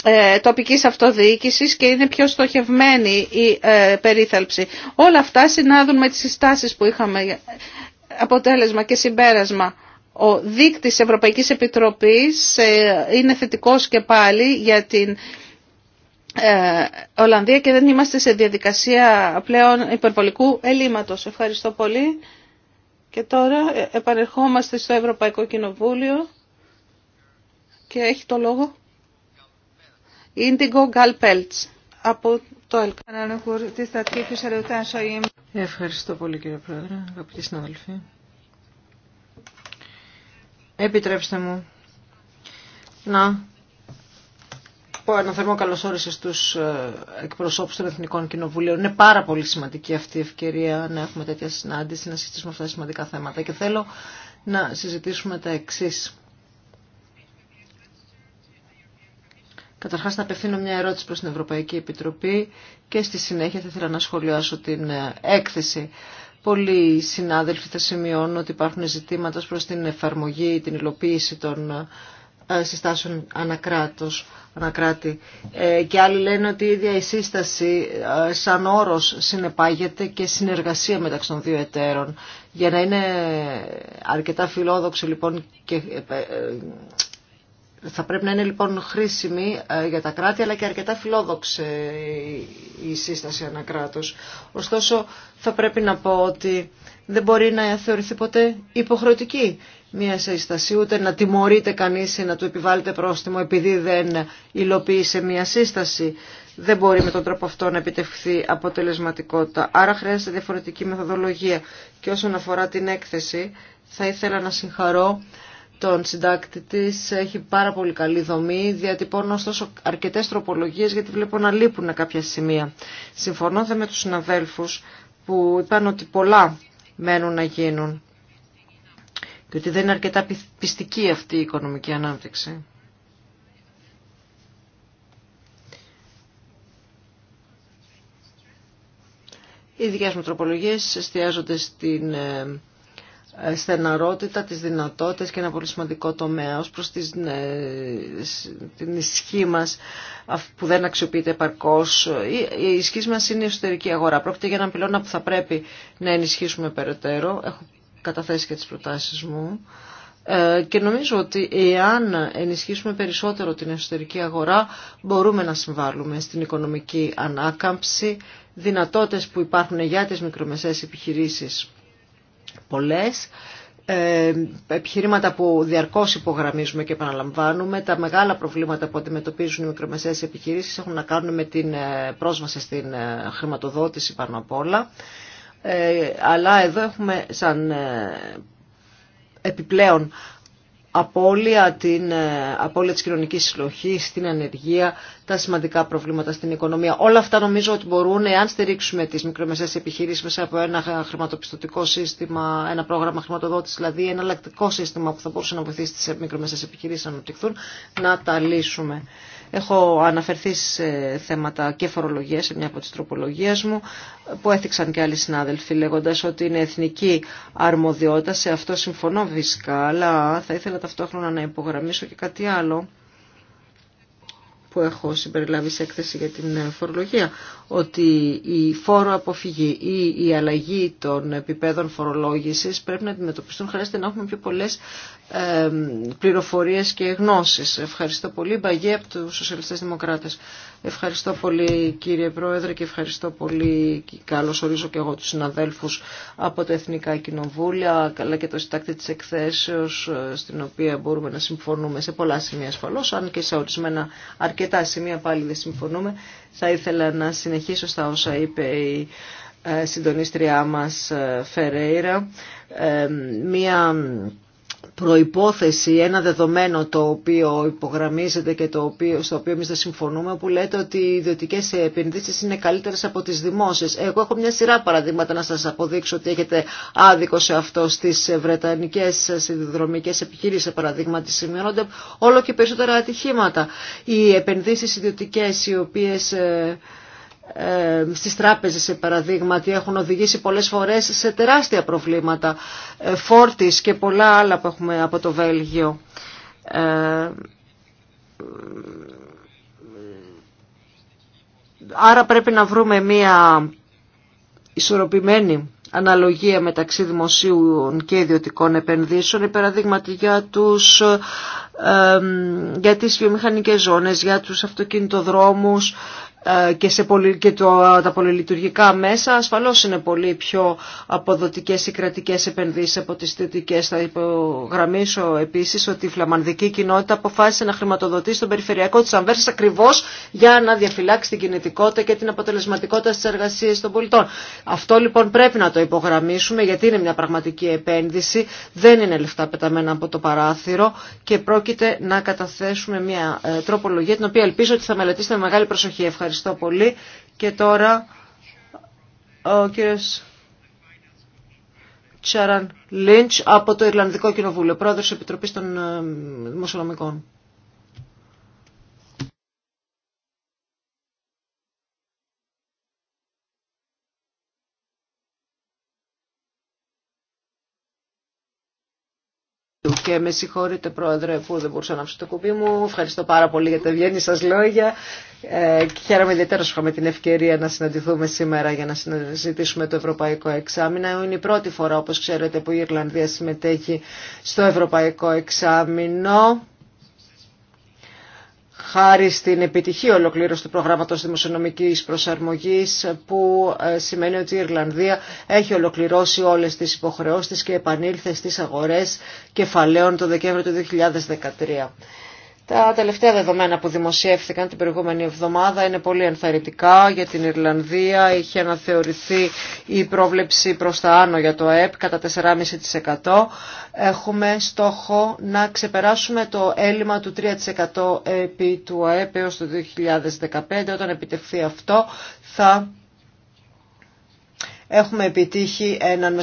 ε, τοπικής αυτοδιοίκησης και είναι πιο στοχευμένη η ε, περίθαλψη. Όλα αυτά συνάδουν με τις συστάσεις που είχαμε αποτέλεσμα και συμπέρασμα. Ο δείκτης Ευρωπαϊκής Επιτροπής ε, είναι θετικός και πάλι για την Ολλανδία και δεν είμαστε σε διαδικασία πλέον υπερβολικού ελλείμματος. Ευχαριστώ πολύ. Και τώρα επανερχόμαστε στο Ευρωπαϊκό Κοινοβούλιο και έχει το λόγο Indigo Galpelts από το ΕΛΚ. Ευχαριστώ πολύ κύριε Πρόεδρε, αγαπητοί συναδελφοί. Επιτρέψτε μου να πω ένα θερμό καλωσόρισε στους ε, εκπροσώπους των Εθνικών Κοινοβουλίων. Είναι πάρα πολύ σημαντική αυτή η ευκαιρία να έχουμε τέτοια συνάντηση, να συζητήσουμε αυτά τα σημαντικά θέματα και θέλω να συζητήσουμε τα εξής. Καταρχάς να απευθύνω μια ερώτηση προς την Ευρωπαϊκή Επιτροπή και στη συνέχεια θα ήθελα να σχολιάσω την ε, έκθεση. Πολλοί συνάδελφοι θα σημειώνουν ότι υπάρχουν ζητήματα προς την εφαρμογή, την υλοποίηση των ε, συστάσεων ανακράτος, ανακράτη. Ε, και άλλοι λένε ότι η ίδια η σύσταση σαν όρος συνεπάγεται και συνεργασία μεταξύ των δύο εταίρων. Για να είναι αρκετά φιλόδοξη λοιπόν και θα πρέπει να είναι λοιπόν χρήσιμη ε, για τα κράτη αλλά και αρκετά φιλόδοξη η σύσταση ανακράτος. Ωστόσο θα πρέπει να πω ότι δεν μπορεί να θεωρηθεί ποτέ υποχρεωτική μια σύσταση ούτε να τιμωρείται κανείς ή να του επιβάλλεται πρόστιμο επειδή δεν υλοποίησε μια σύσταση. Δεν μπορεί με τον τρόπο αυτό να επιτευχθεί αποτελεσματικότητα. Άρα χρειάζεται διαφορετική μεθοδολογία. Και όσον αφορά την έκθεση θα ήθελα να συγχαρώ τον συντάκτη τη Έχει πάρα πολύ καλή δομή. Διατυπώνω ωστόσο αρκετέ τροπολογίε, γιατί βλέπω να λείπουν κάποια σημεία. Συμφωνώ δε με τους συναδέλφου που είπαν ότι πολλά μένουν να γίνουν και ότι δεν είναι αρκετά πιστική αυτή η οικονομική ανάπτυξη. Οι δικέ μου τροπολογίε εστιάζονται στην ε, ε, στεναρότητα, τις δυνατότητες και ένα πολύ σημαντικό τομέα ως προς τις, ε, την ισχύ μας που δεν αξιοποιείται επαρκώς. Η, ισχύ μας είναι η εσωτερική αγορά. Πρόκειται για έναν πυλώνα που θα πρέπει να ενισχύσουμε περαιτέρω. Έχω καταθέσει και τις προτάσεις μου. Ε, και νομίζω ότι εάν ενισχύσουμε περισσότερο την εσωτερική αγορά μπορούμε να συμβάλλουμε στην οικονομική ανάκαμψη, δυνατότητες που υπάρχουν για τις μικρομεσαίες επιχειρήσεις πολλές ε, επιχειρήματα που διαρκώς υπογραμμίζουμε και επαναλαμβάνουμε, τα μεγάλα προβλήματα που αντιμετωπίζουν οι μικρομεσαίες επιχειρήσεις έχουν να κάνουν με την ε, πρόσβαση στην ε, χρηματοδότηση πάνω απ' όλα. αλλά εδώ έχουμε σαν επιπλέον απώλεια, την ε, απώλεια της κοινωνικής συλλογής, την ανεργία, τα σημαντικά προβλήματα στην οικονομία. Όλα αυτά νομίζω ότι μπορούν, εάν στηρίξουμε τις μικρομεσαίες επιχειρήσεις μέσα από ένα χρηματοπιστωτικό σύστημα, ένα πρόγραμμα χρηματοδότησης, δηλαδή ένα αλλακτικό σύστημα που θα μπορούσε να βοηθήσει τις μικρομεσαίες επιχειρήσεις να αναπτυχθούν, να τα λύσουμε. Έχω αναφερθεί σε θέματα και φορολογία σε μια από τις τροπολογίες μου, που έθιξαν και άλλοι συνάδελφοι λέγοντα ότι είναι εθνική αρμοδιότητα. Σε αυτό συμφωνώ φυσικά, αλλά θα ήθελα ταυτόχρονα να υπογραμμίσω και κάτι άλλο που έχω συμπεριλάβει σε έκθεση για την ε, φορολογία, ότι η φόρο αποφυγή ή η αλλαγή των επιπέδων φορολόγησης πρέπει να αντιμετωπιστούν. Χρειάζεται να έχουμε πιο πολλές ε, πληροφορίες και γνώσεις. Ευχαριστώ πολύ. Μπαγέ από τους Σοσιαλιστές Δημοκράτες. Ευχαριστώ πολύ κύριε Πρόεδρε και ευχαριστώ πολύ και καλώς ορίζω και εγώ τους συναδέλφους από τα Εθνικά Κοινοβούλια αλλά και το συντάκτη της εκθέσεως ε, στην οποία μπορούμε να συμφωνούμε σε πολλά σημεία ασφαλώς αν και σε ορισμένα αρκετά τα σημεία πάλι δεν συμφωνούμε. Θα ήθελα να συνεχίσω στα όσα είπε η ε, συντονίστριά μας ε, Φερέιρα. Ε, μία προϋπόθεση, ένα δεδομένο το οποίο υπογραμμίζεται και το οποίο, στο οποίο εμείς δεν συμφωνούμε που λέτε ότι οι ιδιωτικέ επενδύσεις είναι καλύτερες από τις δημόσιες. Εγώ έχω μια σειρά παραδείγματα να σας αποδείξω ότι έχετε άδικο σε αυτό στις βρετανικές συνδρομικές επιχείρησεις τη σημειώνονται όλο και περισσότερα ατυχήματα. Οι επενδύσεις ιδιωτικέ οι οποίες... Ε, ε, στις τράπεζες σε παραδείγματι έχουν οδηγήσει πολλές φορές σε τεράστια προβλήματα ε, φόρτις και πολλά άλλα που έχουμε από το Βέλγιο. Ε, άρα πρέπει να βρούμε μία ισορροπημένη αναλογία μεταξύ δημοσίων και ιδιωτικών επενδύσεων, παραδείγματι για, τους, ε, για τις βιομηχανικές ζώνες, για τους αυτοκινητοδρόμους, ε, και, σε πολυ... και το... τα πολυλειτουργικά μέσα ασφαλώς είναι πολύ πιο αποδοτικές οι κρατικές επενδύσεις από τις θετικές. Θα υπογραμμίσω επίσης ότι η φλαμανδική κοινότητα αποφάσισε να χρηματοδοτήσει τον περιφερειακό της Αμβέρσης ακριβώς για να διαφυλάξει την κινητικότητα και την αποτελεσματικότητα στις εργασίες των πολιτών. Αυτό λοιπόν πρέπει να το υπογραμμίσουμε γιατί είναι μια πραγματική επένδυση, δεν είναι λεφτά πεταμένα από το παράθυρο και πρόκειται να καταθέσουμε μια ε, τροπολογία την οποία ελπίζω ότι θα μελετήσετε με μεγάλη προσοχή. Ευχαριστώ. Ευχαριστώ πολύ. Και τώρα ο κύριος Τσάραν Λίντς από το Ιρλανδικό Κοινοβούλιο, πρόεδρος της Επιτροπής των ε, Δημοσιονομικών. και με συγχωρείτε πρόεδρε που δεν μπορούσα να αφήσω το κουμπί μου. Ευχαριστώ πάρα πολύ για τα βγαίνει σας λόγια. Ε, χαίρομαι ιδιαίτερα που είχαμε την ευκαιρία να συναντηθούμε σήμερα για να συζητήσουμε το Ευρωπαϊκό Εξάμεινο. Είναι η πρώτη φορά όπως ξέρετε που η Ιρλανδία συμμετέχει στο Ευρωπαϊκό Εξάμεινο χάρη στην επιτυχία ολοκλήρωση του προγράμματος δημοσιονομικής προσαρμογής που ε, σημαίνει ότι η Ιρλανδία έχει ολοκληρώσει όλες τις υποχρεώσεις και επανήλθε στις αγορές κεφαλαίων το Δεκέμβριο του 2013. Τα τελευταία δεδομένα που δημοσιεύθηκαν την προηγούμενη εβδομάδα είναι πολύ ενθαρρυντικά για την Ιρλανδία. Είχε αναθεωρηθεί η πρόβλεψη προς τα άνω για το ΑΕΠ κατά 4,5%. Έχουμε στόχο να ξεπεράσουμε το έλλειμμα του 3% επί του ΑΕΠ έως το 2015. Όταν επιτευχθεί αυτό θα έχουμε επιτύχει έναν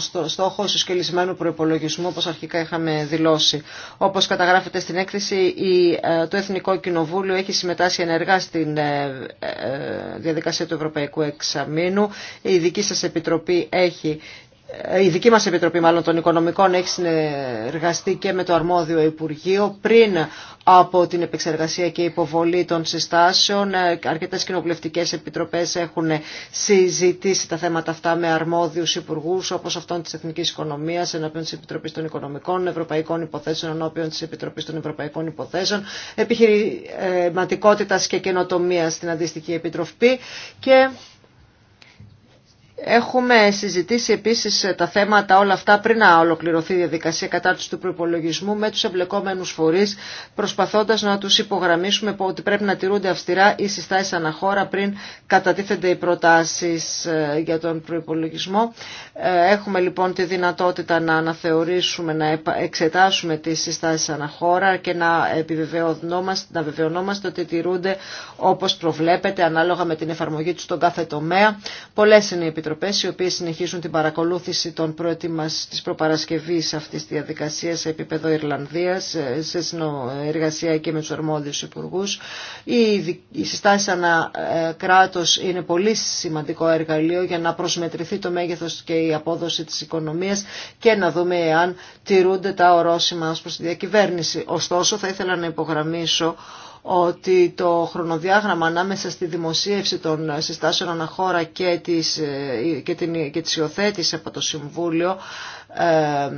στο στόχο συσκελισμένου προπολογισμού όπως αρχικά είχαμε δηλώσει. Όπως καταγράφεται στην έκθεση, ε, το Εθνικό Κοινοβούλιο έχει συμμετάσχει ενεργά στην ε, ε, διαδικασία του Ευρωπαϊκού Εξαμήνου. Η δική σας Επιτροπή έχει ε, η δική μας Επιτροπή μάλλον των Οικονομικών έχει συνεργαστεί και με το αρμόδιο Υπουργείο πριν από την επεξεργασία και υποβολή των συστάσεων. Ε, αρκετές κοινοβουλευτικές επιτροπές έχουν συζητήσει τα θέματα αυτά με αρμόδιους υπουργούς όπως αυτών της Εθνικής Οικονομίας ενώπιον της Επιτροπής των Οικονομικών, Ευρωπαϊκών Υποθέσεων ενώπιον της Επιτροπής των Ευρωπαϊκών Υποθέσεων, επιχειρηματικότητας και καινοτομίας στην αντίστοιχη Επιτροπή και Έχουμε συζητήσει επίσης τα θέματα όλα αυτά πριν να ολοκληρωθεί η διαδικασία κατάρτισης του προπολογισμού με τους εμπλεκόμενους φορείς προσπαθώντας να τους υπογραμμίσουμε ότι πρέπει να τηρούνται αυστηρά οι συστάσεις αναχώρα πριν κατατίθενται οι προτάσεις ε, για τον προπολογισμό. Ε, έχουμε λοιπόν τη δυνατότητα να αναθεωρήσουμε, να εξετάσουμε τις συστάσεις αναχώρα και να να βεβαιωνόμαστε ότι τηρούνται όπως προβλέπεται ανάλογα με την εφαρμογή του στον κάθε τομέα. Πολλές είναι οι επιτροπέ, οι οποίες συνεχίζουν την παρακολούθηση των προετοιμασ... της προπαρασκευής αυτής της διαδικασίας σε επίπεδο Ιρλανδίας ε, σε συνεργασία και με τους αρμόδιου υπουργούς. Οι συστάσει ανά ε, κράτος είναι πολύ σημαντικό εργαλείο για να προσμετρηθεί το μέγεθος και η απόδοση της οικονομίας και να δούμε εάν τηρούνται τα ορόσημα ω προς τη διακυβέρνηση. Ωστόσο θα ήθελα να υπογραμμίσω ότι το χρονοδιάγραμμα ανάμεσα στη δημοσίευση των συστάσεων αναχώρα και, της, ε, και, την, και της υιοθέτηση από το Συμβούλιο ε,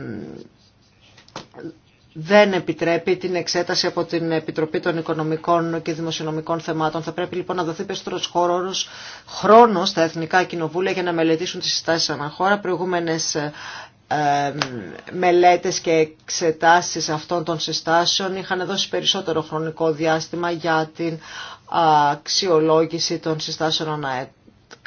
δεν επιτρέπει την εξέταση από την Επιτροπή των Οικονομικών και Δημοσιονομικών Θεμάτων. Θα πρέπει λοιπόν να δοθεί περισσότερο χρόνος χρόνο στα Εθνικά Κοινοβούλια για να μελετήσουν τις συστάσεις αναχώρα. Προηγούμενε ε, μελέτες και εξετάσεις αυτών των συστάσεων είχαν δώσει περισσότερο χρονικό διάστημα για την αξιολόγηση των συστάσεων ανά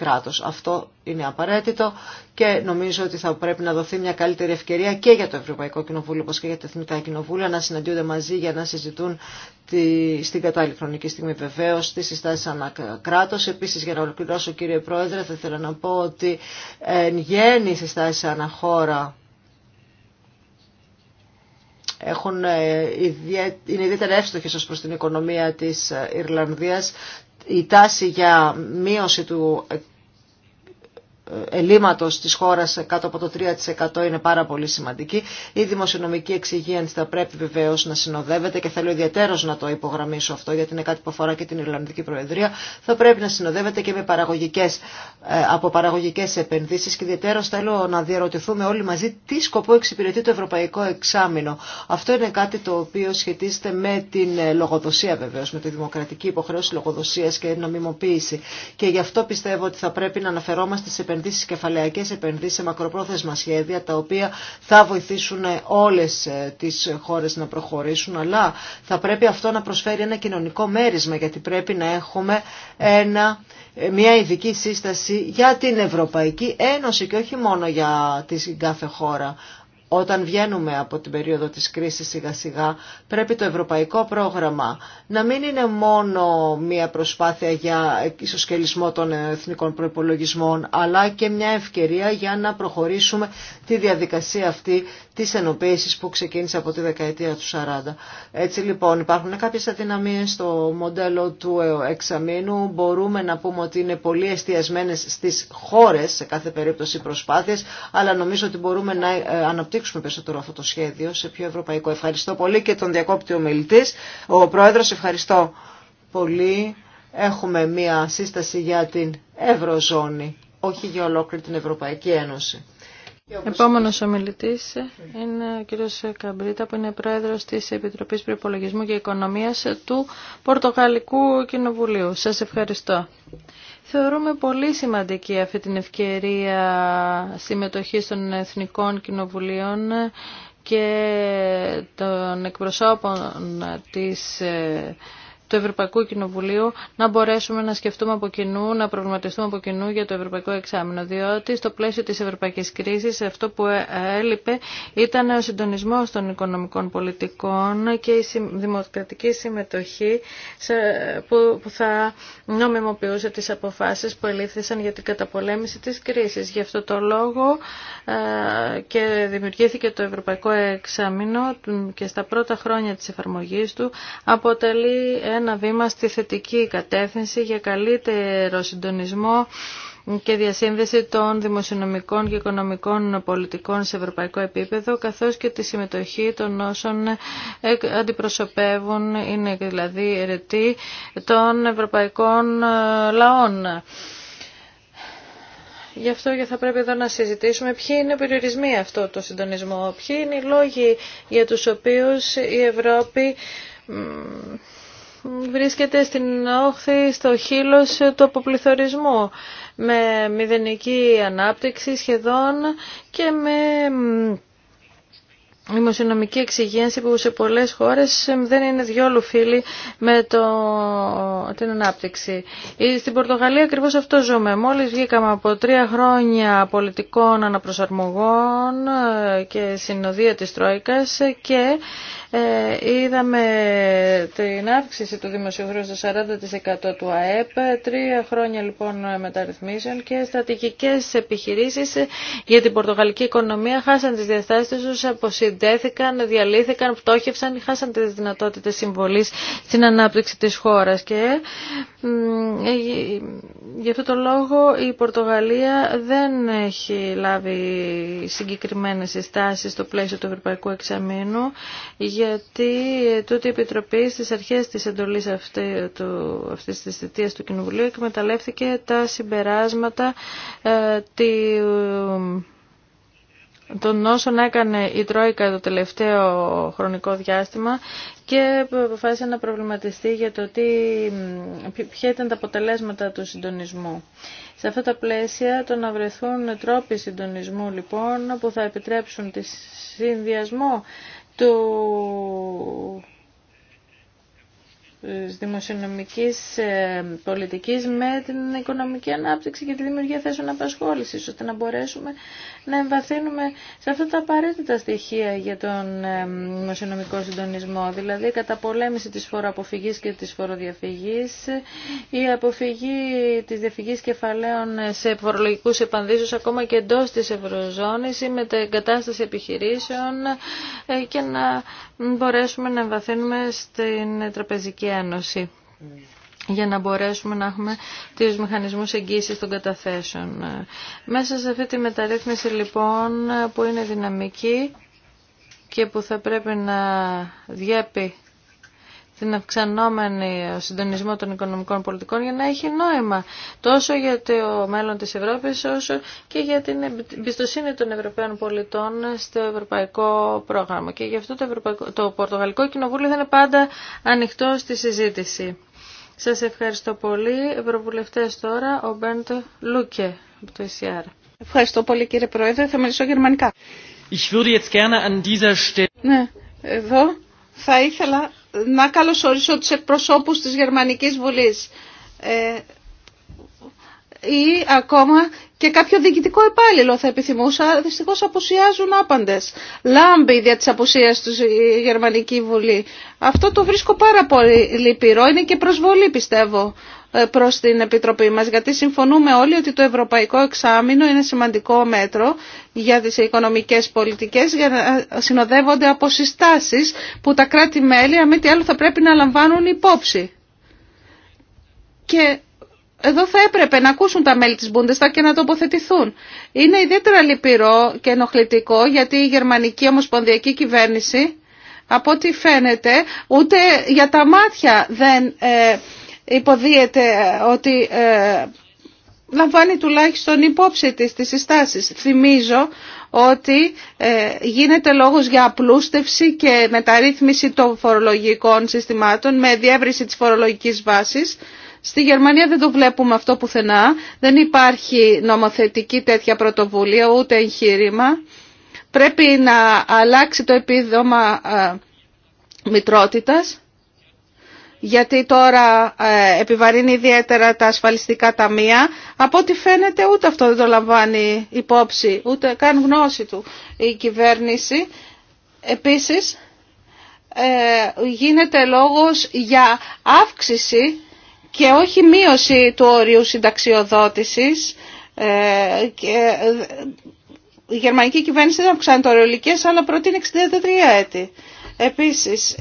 κράτος. Αυτό είναι απαραίτητο και νομίζω ότι θα πρέπει να δοθεί μια καλύτερη ευκαιρία και για το Ευρωπαϊκό Κοινοβούλιο όπως και για τα Εθνικά Κοινοβούλια να συναντιούνται μαζί για να συζητούν τη, στην κατάλληλη χρονική στιγμή βεβαίω τι συστάσει ανακράτο. Επίση, για να ολοκληρώσω, κύριε Πρόεδρε, θα ήθελα να πω ότι εν γέννη οι αναχώρα έχουν, ε, είναι ιδιαίτερα εύστοχες ως προς την οικονομία της ε, Ιρλανδίας. Η τάση για μείωση του ε, ελλείμματος της χώρας κάτω από το 3% είναι πάρα πολύ σημαντική. Η δημοσιονομική εξυγίανση θα πρέπει βεβαίως να συνοδεύεται και θέλω ιδιαίτερο να το υπογραμμίσω αυτό γιατί είναι κάτι που αφορά και την Ιρλανδική Προεδρία. Θα πρέπει να συνοδεύεται και με παραγωγικές, ε, από παραγωγικές επενδύσεις και ιδιαίτερως θέλω να διαρωτηθούμε όλοι μαζί τι σκοπό εξυπηρετεί το Ευρωπαϊκό Εξάμεινο. Αυτό είναι κάτι το οποίο σχετίζεται με την ε, λογοδοσία βεβαίως, με τη δημοκρατική υποχρέωση λογοδοσίας και νομιμοποίηση. Και γι' αυτό πιστεύω ότι θα πρέπει να αναφερόμαστε σε επενδύσεις, κεφαλαϊκές επενδύσεις σε μακροπρόθεσμα σχέδια τα οποία θα βοηθήσουν όλες ε, τις χώρες να προχωρήσουν αλλά θα πρέπει αυτό να προσφέρει ένα κοινωνικό μέρισμα γιατί πρέπει να έχουμε ένα ε, μια ειδική σύσταση για την Ευρωπαϊκή Ένωση και όχι μόνο για την κάθε χώρα όταν βγαίνουμε από την περίοδο της κρίσης σιγά σιγά, πρέπει το ευρωπαϊκό πρόγραμμα να μην είναι μόνο μια προσπάθεια για ισοσκελισμό των εθνικών προϋπολογισμών, αλλά και μια ευκαιρία για να προχωρήσουμε τη διαδικασία αυτή της ενοποίησης που ξεκίνησε από τη δεκαετία του 40. Έτσι λοιπόν υπάρχουν κάποιες αδυναμίες στο μοντέλο του εξαμήνου, μπορούμε να πούμε ότι είναι πολύ εστιασμένες στις χώρες σε κάθε περίπτωση προσπάθειες, αλλά νομίζω ότι μπορούμε να ε, αναπτύξουμε αναπτύξουμε περισσότερο αυτό το σχέδιο σε πιο ευρωπαϊκό. Ευχαριστώ πολύ και τον διακόπτη ομιλητή. Ο Πρόεδρος, ευχαριστώ πολύ. Έχουμε μία σύσταση για την Ευρωζώνη, όχι για ολόκληρη την Ευρωπαϊκή Ένωση. Επόμενος ομιλητής είναι ο κύριος Καμπρίτα που είναι πρόεδρος της Επιτροπής Προπολογισμού και Οικονομία του Πορτογαλικού Κοινοβουλίου. Σα ευχαριστώ. Θεωρούμε πολύ σημαντική αυτή την ευκαιρία συμμετοχής των Εθνικών Κοινοβουλίων και των εκπροσώπων της ε, του Ευρωπαϊκού Κοινοβουλίου να μπορέσουμε να σκεφτούμε από κοινού, να προβληματιστούμε από κοινού για το Ευρωπαϊκό Εξάμεινο. Διότι στο πλαίσιο τη Ευρωπαϊκή κρίση αυτό που ε, έλειπε ήταν ο συντονισμό των οικονομικών πολιτικών και η δημοκρατική συμμετοχή που θα νομιμοποιούσε τι αποφάσει που ελήφθησαν για την καταπολέμηση τη κρίση. Γι' αυτό το λόγο ε, και δημιουργήθηκε το Ευρωπαϊκό Εξάμεινο και στα πρώτα χρόνια της εφαρμογής του αποτελεί ένα βήμα στη θετική κατεύθυνση για καλύτερο συντονισμό και διασύνδεση των δημοσιονομικών και οικονομικών πολιτικών σε ευρωπαϊκό επίπεδο, καθώς και τη συμμετοχή των όσων αντιπροσωπεύουν, είναι δηλαδή ερετοί, των ευρωπαϊκών ε, λαών. Γι' αυτό και θα πρέπει εδώ να συζητήσουμε ποιοι είναι οι περιορισμοί αυτό το συντονισμό, ποιοι είναι οι λόγοι για τους οποίους η Ευρώπη βρίσκεται στην όχθη, στο χείλος του αποπληθωρισμού με μηδενική ανάπτυξη σχεδόν και με δημοσιονομική εξυγένση που σε πολλές χώρες δεν είναι διόλου φίλοι με το, την ανάπτυξη. Στην Πορτογαλία ακριβώς αυτό ζούμε. Μόλις βγήκαμε από τρία χρόνια πολιτικών αναπροσαρμογών ε, και συνοδεία της Τρόικας ε, και ε, είδαμε την αύξηση του δημοσιογράφου στο 40% του ΑΕΠ, τρία χρόνια λοιπόν μεταρρυθμίσεων και στρατηγικές επιχειρήσεις για την πορτογαλική οικονομία χάσαν τις διαστάσεις τους, αποσυντέθηκαν, διαλύθηκαν, φτώχευσαν χάσαν τις δυνατότητες συμβολής στην ανάπτυξη της χώρας και ε, γι' αυτό τον λόγο η Πορτογαλία δεν έχει λάβει συγκεκριμένες συστάσεις στο πλαίσιο του Ευρωπαϊκού Εξαμήνου γιατί τούτη η Επιτροπή στις αρχές της εντολής αυτή, το, αυτής της θητείας του Κοινοβουλίου εκμεταλλεύτηκε τα συμπεράσματα ε, τη, των όσων έκανε η Τρόικα το τελευταίο χρονικό διάστημα και αποφάσισε να προβληματιστεί για το τι, ποια ήταν τα αποτελέσματα του συντονισμού. Σε αυτά τα πλαίσια το να βρεθούν τρόποι συντονισμού λοιπόν που θα επιτρέψουν τη συνδυασμό το δημοσιονομικής ε, πολιτικής με την οικονομική ανάπτυξη και τη δημιουργία θέσεων απασχόλησης, ώστε να μπορέσουμε να εμβαθύνουμε σε αυτά τα απαραίτητα στοιχεία για τον ε, δημοσιονομικό συντονισμό, δηλαδή η καταπολέμηση της φοροαποφυγής και της φοροδιαφυγής, η αποφυγή της διαφυγής κεφαλαίων σε φορολογικούς επανδύσεις ακόμα και εντός της Ευρωζώνης ή με την κατάσταση επιχειρήσεων ε, και να μπορέσουμε να εμβαθύνουμε στην τραπεζική Ένωση για να μπορέσουμε να έχουμε τους μηχανισμούς εγγύησης των καταθέσεων. Μέσα σε αυτή τη μεταρρύθμιση λοιπόν που είναι δυναμική και που θα πρέπει να διέπει την αυξανόμενη συντονισμό των οικονομικών πολιτικών για να έχει νόημα τόσο για το μέλλον της Ευρώπης όσο και για την εμπιστοσύνη των Ευρωπαίων πολιτών στο ευρωπαϊκό πρόγραμμα. Και γι' αυτό το, ευρωπαϊκό, το Πορτογαλικό Κοινοβούλιο θα είναι πάντα ανοιχτό στη συζήτηση. Σας ευχαριστώ πολύ. Ευρωβουλευτές τώρα, ο Μπέντ Λούκε από το ECR. Ευχαριστώ πολύ κύριε Πρόεδρε. Θα μιλήσω γερμανικά. Ich würde jetzt gerne an dieser... ναι, εδώ θα ήθελα να καλωσορίσω τους εκπροσώπους της Γερμανικής Βουλής ε, ή ακόμα και κάποιο διοικητικό υπάλληλο θα επιθυμούσα, δυστυχώς απουσιάζουν άπαντες. Λάμπει δια της απουσίας του η Γερμανική Βουλή. Αυτό το βρίσκω πάρα πολύ λυπηρό, είναι και προσβολή πιστεύω ε, προς την Επιτροπή μας, γιατί συμφωνούμε όλοι ότι το Ευρωπαϊκό Εξάμεινο είναι σημαντικό μέτρο για τις οικονομικές πολιτικές, για να συνοδεύονται από συστάσεις που τα κράτη-μέλη, αν μη τι άλλο, θα πρέπει να λαμβάνουν υπόψη. Και εδώ θα έπρεπε να ακούσουν τα μέλη της Μπούντεστα και να τοποθετηθούν. Είναι ιδιαίτερα λυπηρό και ενοχλητικό γιατί η γερμανική ομοσπονδιακή κυβέρνηση από ό,τι φαίνεται ούτε για τα μάτια δεν ε, υποδίεται ε, ότι ε, λαμβάνει τουλάχιστον υπόψη της τις συστάσεις. Θυμίζω ότι ε, γίνεται λόγος για απλούστευση και μεταρρύθμιση των φορολογικών συστημάτων με διεύρυνση της φορολογικής βάσης. Στη Γερμανία δεν το βλέπουμε αυτό πουθενά. Δεν υπάρχει νομοθετική τέτοια πρωτοβουλία ούτε εγχείρημα. Πρέπει να αλλάξει το επίδομα ε, μητρότητας γιατί τώρα ε, επιβαρύνει ιδιαίτερα τα ασφαλιστικά ταμεία. Από ό,τι φαίνεται ούτε αυτό δεν το λαμβάνει υπόψη, ούτε καν γνώση του η κυβέρνηση. Επίσης ε, γίνεται λόγος για αύξηση και όχι μείωση του όριου συνταξιοδότησης. Ε, και, η γερμανική κυβέρνηση δεν αυξάνει το αλλά προτείνει 63 έτη. Επίσης,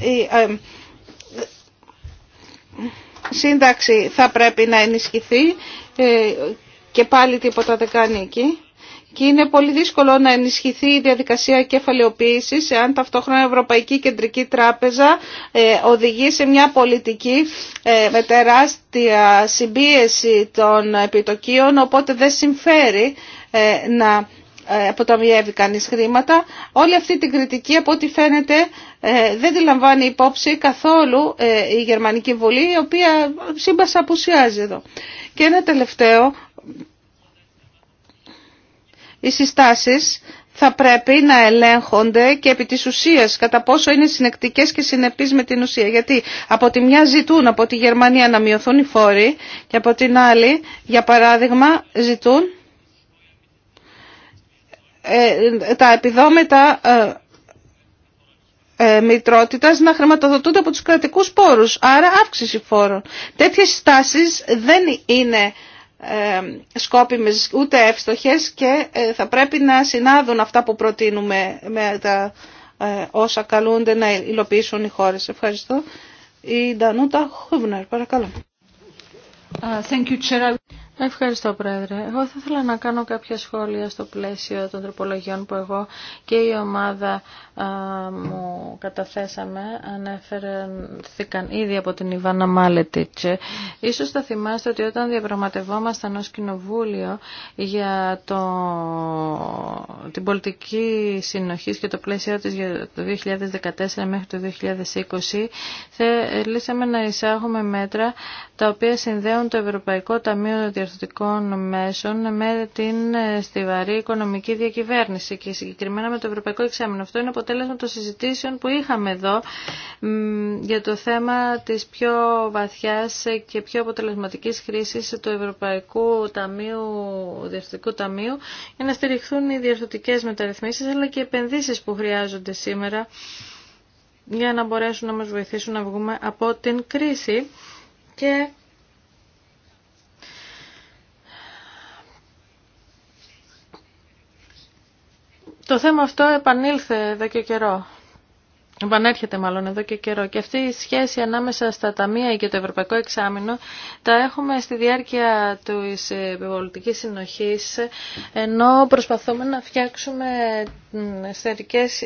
σύνταξη θα πρέπει να ενισχυθεί ε, και πάλι τίποτα δεν κάνει εκεί. Και είναι πολύ δύσκολο να ενισχυθεί η διαδικασία κεφαλαιοποίησης εάν ταυτόχρονα η Ευρωπαϊκή Κεντρική Τράπεζα ε, οδηγεί σε μια πολιτική ε, με τεράστια συμπίεση των επιτοκίων οπότε δεν συμφέρει να ε, αποταμιεύει κανείς χρήματα. Όλη αυτή την κριτική από ό,τι φαίνεται ε, δεν τη λαμβάνει υπόψη καθόλου ε, η Γερμανική Βουλή η οποία σύμπασα απουσιάζει εδώ. Και ένα τελευταίο, οι συστάσεις θα πρέπει να ελέγχονται και επί της ουσίας κατά πόσο είναι συνεκτικές και συνεπείς με την ουσία. Γιατί από τη μια ζητούν από τη Γερμανία να μειωθούν οι φόροι και από την άλλη, για παράδειγμα, ζητούν ε, τα επιδόμετα ε, ε, μητρότητας να χρηματοδοτούνται από τους κρατικούς πόρους, άρα αύξηση φόρων. Τέτοιες στάσεις δεν είναι σκόπιμες ούτε εύστοχες και θα πρέπει να συνάδουν αυτά που προτείνουμε με τα όσα καλούνται να υλοποιήσουν οι χώρες. Ευχαριστώ. Η Ντανούτα Χούβνερ, παρακαλώ. Uh, thank you, Ευχαριστώ, Πρόεδρε. Εγώ θα ήθελα να κάνω κάποια σχόλια στο πλαίσιο των τροπολογιών που εγώ και η ομάδα μου καταθέσαμε. Ανέφερθηκαν ήδη από την Ιβάνα Μάλετιτς. Ίσως θα θυμάστε ότι όταν διαπραγματευόμασταν ως κοινοβούλιο για το, την πολιτική συνοχής και το πλαίσιο της για το 2014 μέχρι το 2020, θελήσαμε να εισάγουμε μέτρα τα οποία συνδέουν το Ευρωπαϊκό Ταμείο μέσων με την στιβαρή οικονομική διακυβέρνηση και συγκεκριμένα με το Ευρωπαϊκό Εξάμεινο. Αυτό είναι αποτέλεσμα των συζητήσεων που είχαμε εδώ για το θέμα της πιο βαθιάς και πιο αποτελεσματικής χρήσης του Ευρωπαϊκού Ταμείου, Διευθυντικού Ταμείου για να στηριχθούν οι διαρθωτικές μεταρρυθμίσεις αλλά και οι επενδύσεις που χρειάζονται σήμερα για να μπορέσουν να μας βοηθήσουν να βγούμε από την κρίση και Το θέμα αυτό επανήλθε εδώ και καιρό. Επανέρχεται μάλλον εδώ και καιρό. Και αυτή η σχέση ανάμεσα στα ταμεία και το ευρωπαϊκό εξάμεινο τα έχουμε στη διάρκεια της πολιτικής συνοχής ενώ προσπαθούμε να φτιάξουμε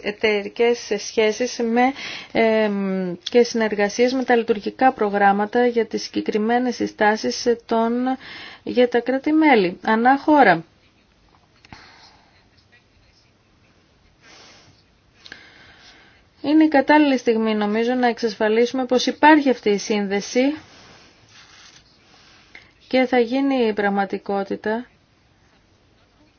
εταιρικέ σχέσεις με, και συνεργασίες με τα λειτουργικά προγράμματα για τις συγκεκριμένες συστάσεις για τα κράτη-μέλη. Ανά χώρα. Είναι η κατάλληλη στιγμή νομίζω να εξασφαλίσουμε πως υπάρχει αυτή η σύνδεση και θα γίνει η πραγματικότητα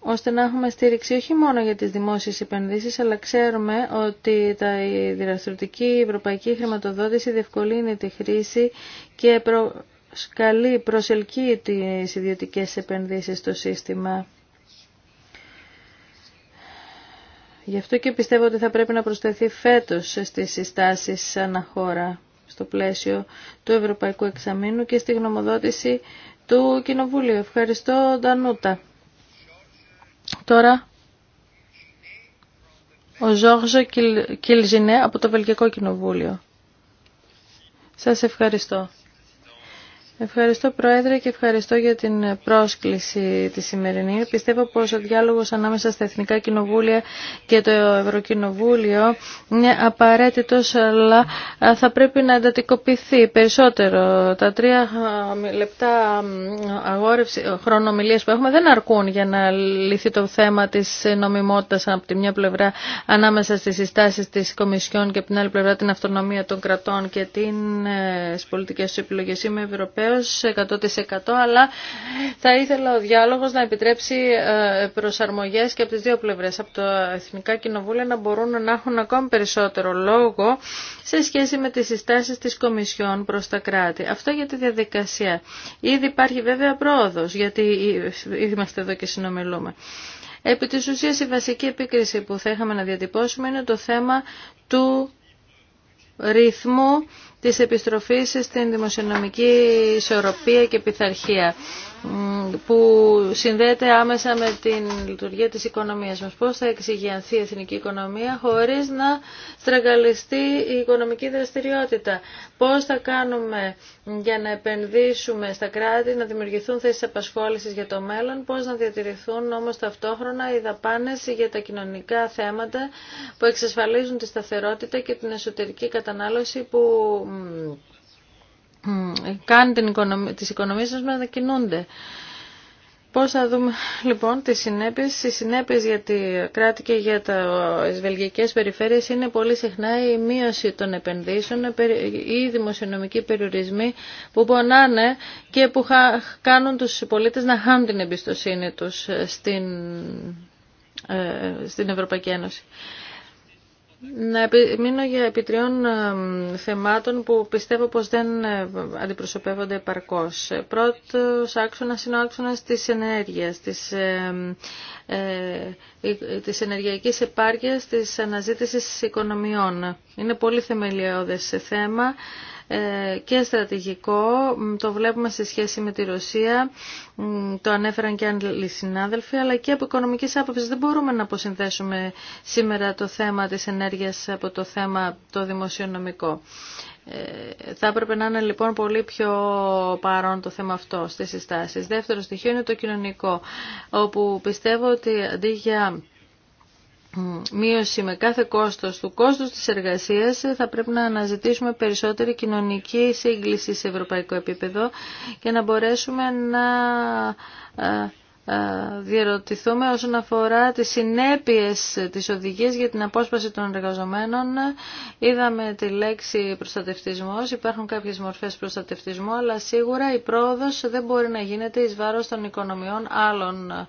ώστε να έχουμε στήριξη όχι μόνο για τις δημόσιες επενδύσεις, αλλά ξέρουμε ότι τα, η δραστηριοτική ευρωπαϊκή χρηματοδότηση διευκολύνει τη χρήση και προσκαλεί, προσελκύει τις ιδιωτικές επενδύσεις στο σύστημα. Γι' αυτό και πιστεύω ότι θα πρέπει να προσθεθεί φέτος στις συστάσεις αναχώρα στο πλαίσιο του Ευρωπαϊκού Εξαμήνου και στη γνωμοδότηση του Κοινοβουλίου. Ευχαριστώ, Ντανούτα. Τώρα, ο Ζόρζο Κιλζινέ από το Βελγικό Κοινοβούλιο. Σας ευχαριστώ. Ευχαριστώ Πρόεδρε και ευχαριστώ για την πρόσκληση τη σημερινή. Πιστεύω πως ο διάλογος ανάμεσα στα Εθνικά Κοινοβούλια και το Ευρωκοινοβούλιο είναι απαραίτητος αλλά θα πρέπει να εντατικοποιηθεί περισσότερο. Τα τρία λεπτά αγόρευση, χρονομιλίες που έχουμε δεν αρκούν για να λυθεί το θέμα της νομιμότητας από τη μια πλευρά ανάμεσα στις συστάσεις της Κομισιόν και από την άλλη πλευρά την αυτονομία των κρατών και την πολιτικές επιλογές. Είμαι Ευρωπαίος βεβαίως 100% αλλά θα ήθελα ο διάλογος να επιτρέψει ε, προσαρμογές και από τις δύο πλευρές, από τα Εθνικά Κοινοβούλια να μπορούν να έχουν ακόμη περισσότερο λόγο σε σχέση με τις συστάσεις της Κομισιόν προς τα κράτη. Αυτό για τη διαδικασία. Ήδη υπάρχει βέβαια πρόοδος γιατί είμαστε εδώ και συνομιλούμε. Επί της ουσίας η βασική επίκριση που θα είχαμε να διατυπώσουμε είναι το θέμα του ρυθμού της επιστροφής στην δημοσιονομική ισορροπία και πειθαρχία που συνδέεται άμεσα με την λειτουργία της οικονομίας μας. Πώς θα εξηγιανθεί η εθνική οικονομία χωρίς να στραγγαλιστεί η οικονομική δραστηριότητα. Πώς θα κάνουμε για να επενδύσουμε στα κράτη, να δημιουργηθούν θέσεις απασχόλησης για το μέλλον, πώς να διατηρηθούν όμως ταυτόχρονα οι δαπάνες για τα κοινωνικά θέματα που εξασφαλίζουν τη σταθερότητα και την εσωτερική κατανάλωση που κάνει την οικονομία, τις οικονομίες μας να δεκινούνται. Πώς θα δούμε λοιπόν τις συνέπειες. Οι συνέπειες για τη κράτη και για τις ε, βελγικές περιφέρειες είναι πολύ συχνά η μείωση των επενδύσεων ή ε, οι δημοσιονομικοί περιορισμοί που πονάνε και που κάνουν τους πολίτες να χάνουν την εμπιστοσύνη τους ε, στην, στην Ευρωπαϊκή Ένωση να μείνω για επιτριών ε, θεμάτων που πιστεύω πως δεν ε, αντιπροσωπεύονται επαρκώς. Πρώτος άξονας είναι ο άξονας της ενέργειας, της, ε, ε, ε της ενεργειακής επάρκειας, της αναζήτησης οικονομιών. Είναι πολύ θεμελιώδες θέμα ε, και στρατηγικό. Το βλέπουμε σε σχέση με τη Ρωσία, το ανέφεραν και άλλοι συνάδελφοι, αλλά και από οικονομικής άποψης δεν μπορούμε να αποσυνδέσουμε σήμερα το θέμα της ενέργειας από το θέμα το δημοσιονομικό. Ε, θα έπρεπε να είναι λοιπόν πολύ πιο παρόν το θέμα αυτό στις συστάσεις. Δεύτερο στοιχείο είναι το κοινωνικό, όπου πιστεύω ότι αντί για μείωση με κάθε κόστος του κόστους της εργασίας ε, θα πρέπει να αναζητήσουμε περισσότερη κοινωνική σύγκληση σε ευρωπαϊκό επίπεδο και να μπορέσουμε να ε, διερωτηθούμε όσον αφορά τις συνέπειες της οδηγίας για την απόσπαση των εργαζομένων. Είδαμε τη λέξη προστατευτισμός, υπάρχουν κάποιες μορφές προστατευτισμού, αλλά σίγουρα η πρόοδος δεν μπορεί να γίνεται εις βάρος των οικονομιών άλλων,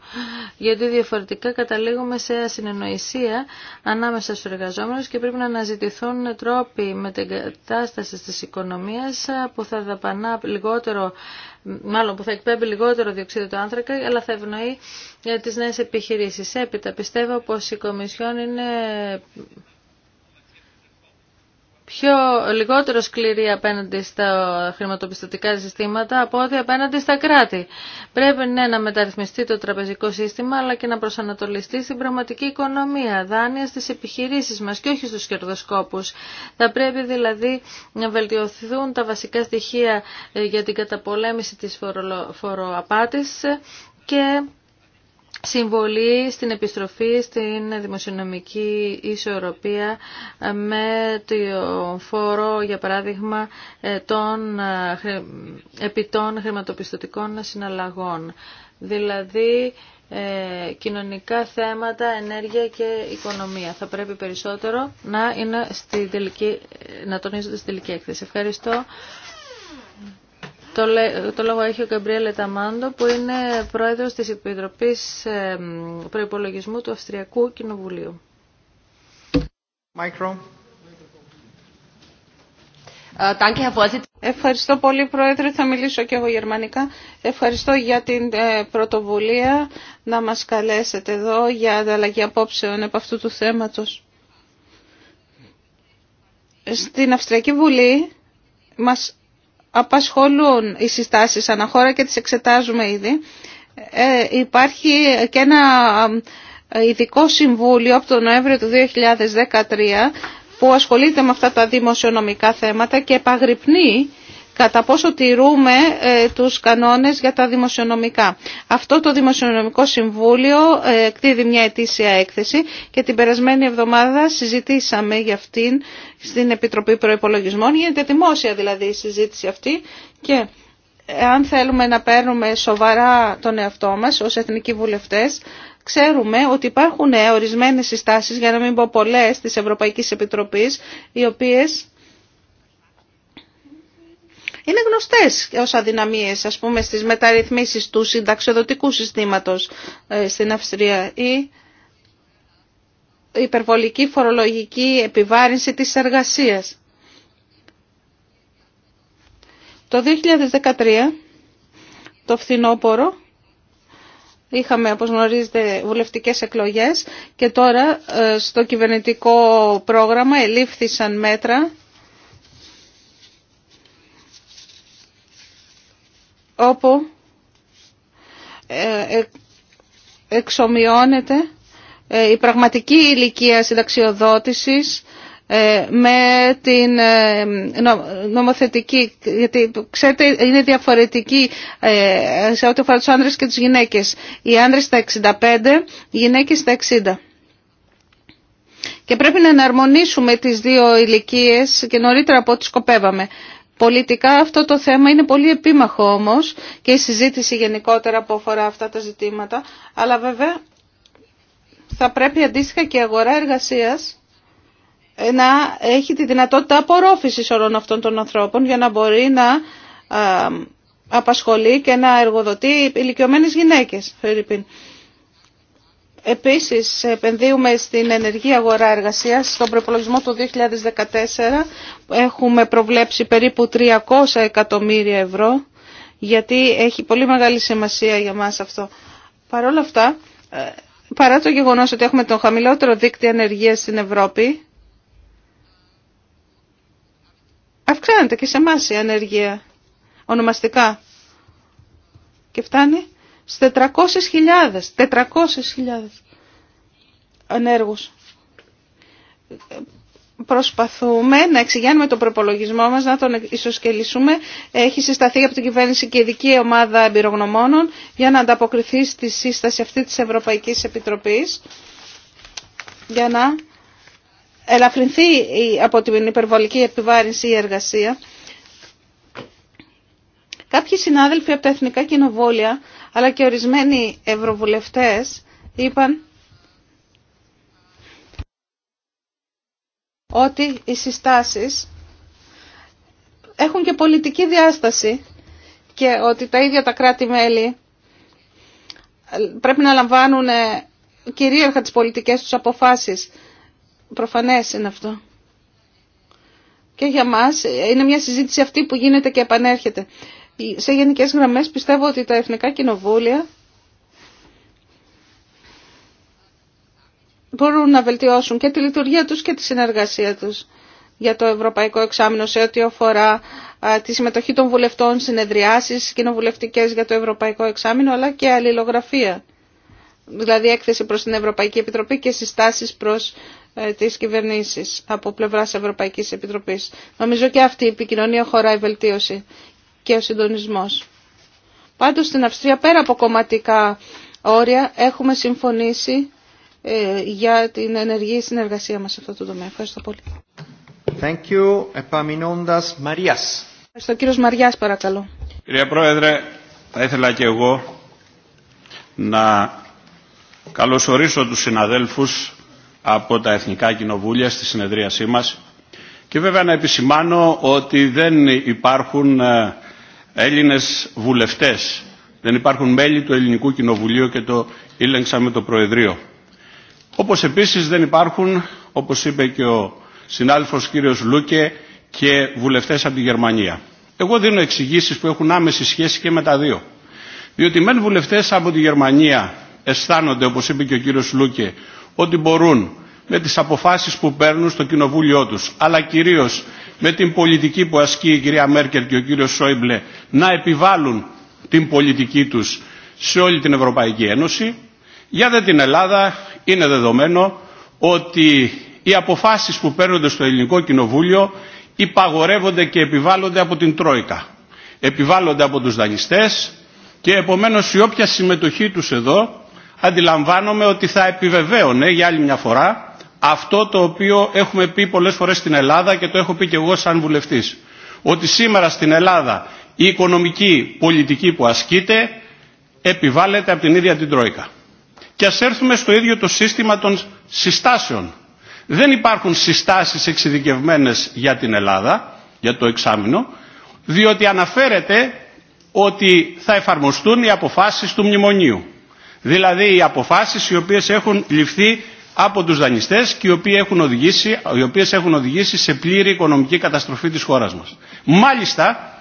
γιατί διαφορετικά καταλήγουμε σε ασυνεννοησία ανάμεσα στους εργαζόμενους και πρέπει να αναζητηθούν τρόποι με την της οικονομίας που θα δαπανά λιγότερο μάλλον που θα εκπέμπει λιγότερο διοξείδιο του άνθρακα, αλλά θα ευνοεί ε, τις νέες επιχειρήσεις. Έπειτα πιστεύω πως η Κομισιόν είναι πιο λιγότερο σκληρή απέναντι στα χρηματοπιστωτικά συστήματα από ό,τι απέναντι στα κράτη. Πρέπει ναι, να μεταρρυθμιστεί το τραπεζικό σύστημα αλλά και να προσανατολιστεί στην πραγματική οικονομία, δάνεια στις επιχειρήσεις μας και όχι στους κερδοσκόπους. Θα πρέπει δηλαδή να βελτιωθούν τα βασικά στοιχεία ε, για την καταπολέμηση της φοροαπάτης και συμβολή στην επιστροφή στην δημοσιονομική ισορροπία με το φόρο, για παράδειγμα, ε, των ε, επιτών χρηματοπιστωτικών συναλλαγών. Δηλαδή, ε, κοινωνικά θέματα, ενέργεια και οικονομία. Θα πρέπει περισσότερο να, είναι στη τελική, να τονίζονται στη τελική έκθεση. Ευχαριστώ. Το, το λόγο έχει ο Καμπριέλε Ταμάντο που είναι πρόεδρος της Επιτροπής ε, Προϋπολογισμού του Αυστριακού Κοινοβουλίου. Ε, Ευχαριστώ πολύ Πρόεδρε, θα μιλήσω και εγώ γερμανικά. Ευχαριστώ για την ε, πρωτοβουλία να μας καλέσετε εδώ για ανταλλαγή απόψεων από αυτού του θέματος. Στην Αυστριακή Βουλή μας απασχολούν οι συστάσεις αναχώρα και τις εξετάζουμε ήδη. Ε, υπάρχει και ένα ε, ειδικό συμβούλιο από τον Νοέμβριο του 2013 που ασχολείται με αυτά τα δημοσιονομικά θέματα και επαγρυπνεί κατά πόσο τηρούμε ε, τους κανόνες για τα δημοσιονομικά. Αυτό το Δημοσιονομικό Συμβούλιο εκδίδει μια ετήσια έκθεση και την περασμένη εβδομάδα συζητήσαμε για αυτήν στην Επιτροπή Προϋπολογισμών. Γίνεται δημόσια δηλαδή η συζήτηση αυτή και ε, αν θέλουμε να παίρνουμε σοβαρά τον εαυτό μας ως εθνικοί βουλευτές, ξέρουμε ότι υπάρχουν ε, ορισμένες συστάσεις, για να μην πω πολλές, της Ευρωπαϊκής Επιτροπής, οι οποίες είναι γνωστές ως αδυναμίες, ας πούμε, στις μεταρρυθμίσεις του συνταξιοδοτικού συστήματος ε, στην Αυστρία ή υπερβολική φορολογική επιβάρυνση της εργασίας. Το 2013, το φθινόπωρο, είχαμε όπως γνωρίζετε βουλευτικές εκλογές και τώρα ε, στο κυβερνητικό πρόγραμμα ελήφθησαν μέτρα όπου ε, ε, εξομοιώνεται ε, η πραγματική ηλικία συνταξιοδότησης ε, με την ε, νομοθετική, γιατί ξέρετε είναι διαφορετική σε ό,τι αφορά τους άνδρες και τις γυναίκες. Οι άνδρες στα 65, οι γυναίκες στα 60. Και πρέπει να εναρμονίσουμε τις δύο ηλικίε και νωρίτερα από ό,τι σκοπεύαμε. Πολιτικά αυτό το θέμα είναι πολύ επίμαχο όμως και η συζήτηση γενικότερα που αφορά αυτά τα ζητήματα, αλλά βέβαια θα πρέπει αντίστοιχα και η αγορά εργασίας ε, να έχει τη δυνατότητα απορρόφησης όλων αυτών των ανθρώπων για να μπορεί να απασχολεί και να εργοδοτεί ηλικιωμένες γυναίκες. Επίσης, επενδύουμε στην ενεργή αγορά εργασίας. Στον προπολογισμό του 2014 έχουμε προβλέψει περίπου 300 εκατομμύρια ευρώ, γιατί έχει πολύ μεγάλη σημασία για μας αυτό. Παρ' αυτά, ε, παρά το γεγονός ότι έχουμε το χαμηλότερο δίκτυο ενεργείας στην Ευρώπη, αυξάνεται και σε εμά η ανεργία ονομαστικά και φτάνει στις 400.000, 400.000 ανέργους προσπαθούμε να εξηγάνουμε τον προπολογισμό μας, να τον ισοσκελίσουμε. Έχει συσταθεί από την κυβέρνηση και ειδική ομάδα εμπειρογνωμόνων για να ανταποκριθεί στη σύσταση αυτή της Ευρωπαϊκής Επιτροπής για να ελαφρυνθεί από την υπερβολική επιβάρυνση η εργασία. Κάποιοι συνάδελφοι από τα Εθνικά Κοινοβούλια αλλά και ορισμένοι ευρωβουλευτές είπαν ότι οι συστάσεις έχουν και πολιτική διάσταση και ότι τα ίδια τα κράτη-μέλη ε, πρέπει να λαμβάνουν ε, κυρίαρχα τις πολιτικές τους αποφάσεις. Προφανές είναι αυτό. Και για μας ε, είναι μια συζήτηση αυτή που γίνεται και επανέρχεται. Σε γενικές γραμμές πιστεύω ότι τα εθνικά κοινοβούλια μπορούν να βελτιώσουν και τη λειτουργία τους και τη συνεργασία τους για το Ευρωπαϊκό Εξάμεινο σε ό,τι αφορά τη συμμετοχή των βουλευτών, συνεδριάσεις κοινοβουλευτικές για το Ευρωπαϊκό Εξάμεινο, αλλά και αλληλογραφία. Δηλαδή έκθεση προς την Ευρωπαϊκή Επιτροπή και συστάσεις προς ε, τις κυβερνήσεις από πλευράς Ευρωπαϊκής Επιτροπής. Νομίζω και αυτή η επικοινωνία χωράει βελτίωση και ο συντονισμός. Πάντως στην Αυστρία πέρα από κομματικά όρια έχουμε συμφωνήσει ε, για την ενεργή συνεργασία μας σε αυτό το τομέα. Ευχαριστώ πολύ. Thank you. Μαριάς. Ευχαριστώ. Κύριος Μαριάς παρακαλώ. Κύριε Πρόεδρε, θα ήθελα και εγώ να καλωσορίσω τους συναδέλφους από τα Εθνικά Κοινοβούλια στη συνεδρίασή μας και βέβαια να επισημάνω ότι δεν υπάρχουν ε, Έλληνες βουλευτές, δεν υπάρχουν μέλη του Ελληνικού Κοινοβουλίου και το με το Προεδρείο. Όπως επίσης δεν υπάρχουν, όπως είπε και ο συνάδελφος κύριος Λούκε, και βουλευτές από τη Γερμανία. Εγώ δίνω εξηγήσει που έχουν άμεση σχέση και με τα δύο. Διότι μεν βουλευτές από τη Γερμανία αισθάνονται, όπως είπε και ο κύριος Λούκε, ότι μπορούν με τις αποφάσεις που παίρνουν στο κοινοβούλιο τους, αλλά κυρίως με την πολιτική που ασκεί η κυρία Μέρκελ και ο κύριος Σόιμπλε, να επιβάλλουν την πολιτική τους σε όλη την Ευρωπαϊκή Ένωση. Για δε την Ελλάδα είναι δεδομένο ότι οι αποφάσεις που παίρνονται στο ελληνικό κοινοβούλιο υπαγορεύονται και επιβάλλονται από την Τρόικα. Επιβάλλονται από τους δανειστές και επομένως η όποια συμμετοχή τους εδώ αντιλαμβάνομαι ότι θα επιβεβαίωνε για άλλη μια φορά αυτό το οποίο έχουμε πει πολλές φορές στην Ελλάδα και το έχω πει και εγώ σαν βουλευτής. Ότι σήμερα στην Ελλάδα η οικονομική πολιτική που ασκείται επιβάλλεται από την ίδια την Τρόικα και ας έρθουμε στο ίδιο το σύστημα των συστάσεων. Δεν υπάρχουν συστάσεις εξειδικευμένες για την Ελλάδα, για το εξάμεινο, διότι αναφέρεται ότι θα εφαρμοστούν οι αποφάσεις του μνημονίου. Δηλαδή οι αποφάσεις οι οποίες έχουν ληφθεί από τους δανειστές και οι οποίες έχουν οδηγήσει, οι οποίες έχουν οδηγήσει σε πλήρη οικονομική καταστροφή της χώρας μας. Μάλιστα,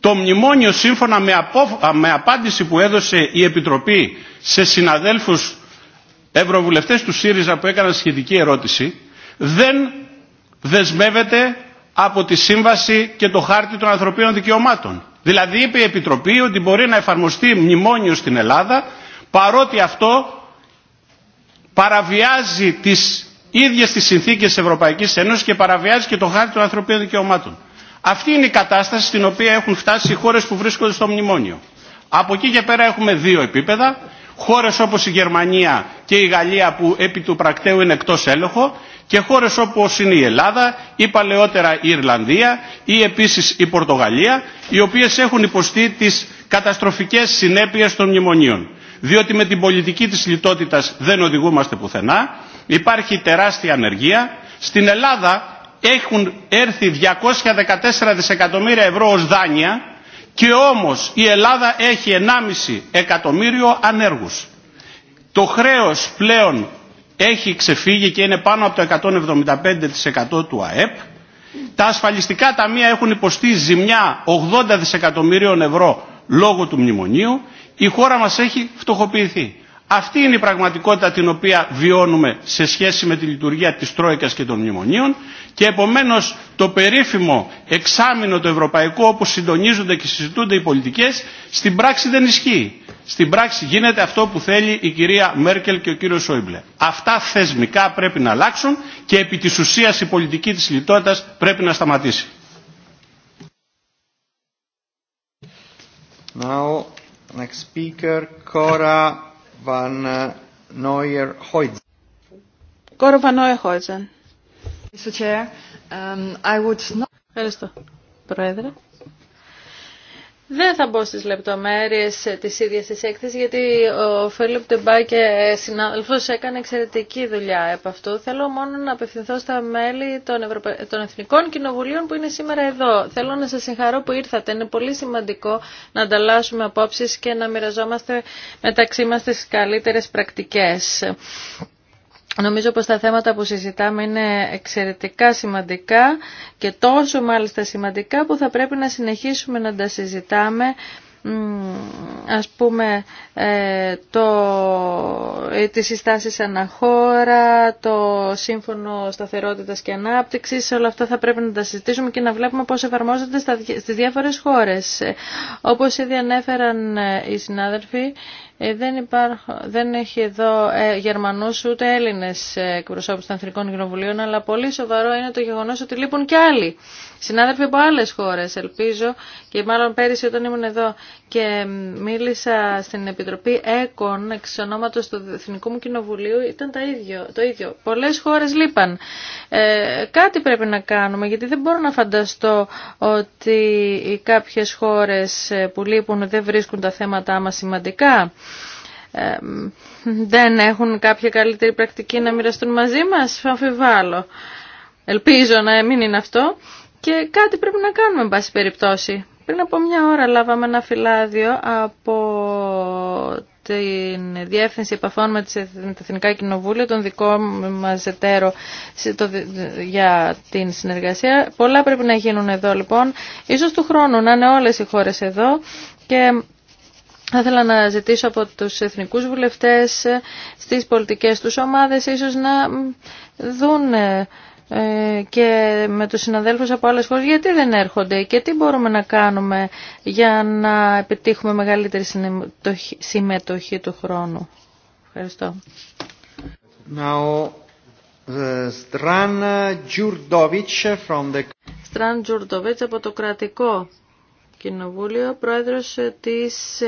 το μνημόνιο σύμφωνα με, με απάντηση που έδωσε η Επιτροπή σε συναδέλφους ευρωβουλευτές του ΣΥΡΙΖΑ που έκαναν σχετική ερώτηση δεν δεσμεύεται από τη Σύμβαση και το Χάρτη των Ανθρωπίνων Δικαιωμάτων. Δηλαδή είπε η Επιτροπή ότι μπορεί να εφαρμοστεί μνημόνιο στην Ελλάδα παρότι αυτό παραβιάζει τις ίδιες τις συνθήκες της Ευρωπαϊκής Ένωσης και παραβιάζει και το Χάρτη των Ανθρωπίνων Δικαιωμάτων. Αυτή είναι η κατάσταση στην οποία έχουν φτάσει οι χώρες που βρίσκονται στο μνημόνιο. Από εκεί και πέρα έχουμε δύο επίπεδα. Χώρες όπως η Γερμανία και η Γαλλία που επί του πρακτέου είναι εκτός έλεγχο και χώρες όπως είναι η Ελλάδα ή παλαιότερα η Ιρλανδία ή επίσης η Πορτογαλία οι οποίες έχουν υποστεί τις καταστροφικές συνέπειες των μνημονίων. Διότι με την πολιτική της λιτότητας δεν οδηγούμαστε πουθενά. Υπάρχει τεράστια ανεργία. Στην Ελλάδα έχουν έρθει 214 δισεκατομμύρια ευρώ ως δάνεια και όμως η Ελλάδα έχει 1,5 εκατομμύριο ανέργους. Το χρέος πλέον έχει ξεφύγει και είναι πάνω από το 175% του ΑΕΠ. Τα ασφαλιστικά ταμεία έχουν υποστεί ζημιά 80 δισεκατομμυρίων ευρώ λόγω του μνημονίου. Η χώρα μας έχει φτωχοποιηθεί. Αυτή είναι η πραγματικότητα την οποία βιώνουμε σε σχέση με τη λειτουργία της Τρόικας και των μνημονίων και επομένως το περίφημο εξάμεινο το ευρωπαϊκό όπου συντονίζονται και συζητούνται οι πολιτικές στην πράξη δεν ισχύει. Στην πράξη γίνεται αυτό που θέλει η κυρία Μέρκελ και ο κύριος Σόιμπλε. Αυτά θεσμικά πρέπει να αλλάξουν και επί της ουσίας η πολιτική της λιτότητας πρέπει να σταματήσει. Now, next speaker, Cora ε, Van Neuer um, Ευχαριστώ, Πρόεδρε. Δεν θα μπω στις λεπτομέρειες της ίδιας της έκθεσης γιατί ο Φίλιπ Τεμπάκε συνάδελφος έκανε εξαιρετική δουλειά από αυτού. Θέλω μόνο να απευθυνθώ στα μέλη των, των Εθνικών Κοινοβουλίων που είναι σήμερα εδώ. Θέλω να σας συγχαρώ που ήρθατε. Είναι πολύ σημαντικό να ανταλλάσσουμε απόψεις και να μοιραζόμαστε μεταξύ μας τις καλύτερες πρακτικές. Νομίζω πως τα θέματα που συζητάμε είναι εξαιρετικά σημαντικά και τόσο μάλιστα σημαντικά που θα πρέπει να συνεχίσουμε να τα συζητάμε ας πούμε ε, το, ε, τις συστάσεις αναχώρα, το σύμφωνο σταθερότητας και ανάπτυξης, όλα αυτά θα πρέπει να τα συζητήσουμε και να βλέπουμε πώς εφαρμόζονται στα, στις διάφορες χώρες. Ε, όπως ήδη ανέφεραν οι συνάδελφοι, ε, δεν, δεν έχει εδώ ε, Γερμανούς ούτε Έλληνες εκπροσώπους των Εθνικών Κοινοβουλίων, αλλά πολύ σοβαρό είναι το γεγονός ότι λείπουν και άλλοι συνάδελφοι από άλλε χώρε. ελπίζω, και μάλλον πέρυσι όταν ήμουν εδώ και μίλησα στην Επιτροπή ΕΚΟΝ εξ ονόματο του Εθνικού μου Κοινοβουλίου, ήταν τα ίδιο, το ίδιο. Πολλές χώρε λείπαν. Ε, κάτι πρέπει να κάνουμε, γιατί δεν μπορώ να φανταστώ ότι οι κάποιες χώρες που λείπουν δεν βρίσκουν τα θέματα μα σημαντικά. Ε, δεν έχουν κάποια καλύτερη πρακτική να μοιραστούν μαζί μας, αμφιβάλλω. Ελπίζω να μην είναι αυτό. Και κάτι πρέπει να κάνουμε, εν πάση περιπτώσει. Πριν από μια ώρα λάβαμε ένα φυλάδιο από την Διεύθυνση Επαφών με την Εθνικά Κοινοβούλια, τον δικό μας εταίρο για την συνεργασία. Πολλά πρέπει να γίνουν εδώ λοιπόν, ίσως του χρόνου να είναι όλες οι χώρες εδώ και θα ήθελα να ζητήσω από τους εθνικούς βουλευτές ε, στις πολιτικές τους ομάδες ίσως να δουν ε, και με τους συναδέλφους από άλλες χώρες γιατί δεν έρχονται και τι μπορούμε να κάνουμε για να επιτύχουμε μεγαλύτερη συμμετοχή του χρόνου. Ευχαριστώ. Now, ε, the Στραν Τζουρτοβίτς από το κρατικό κοινοβούλιο, πρόεδρος της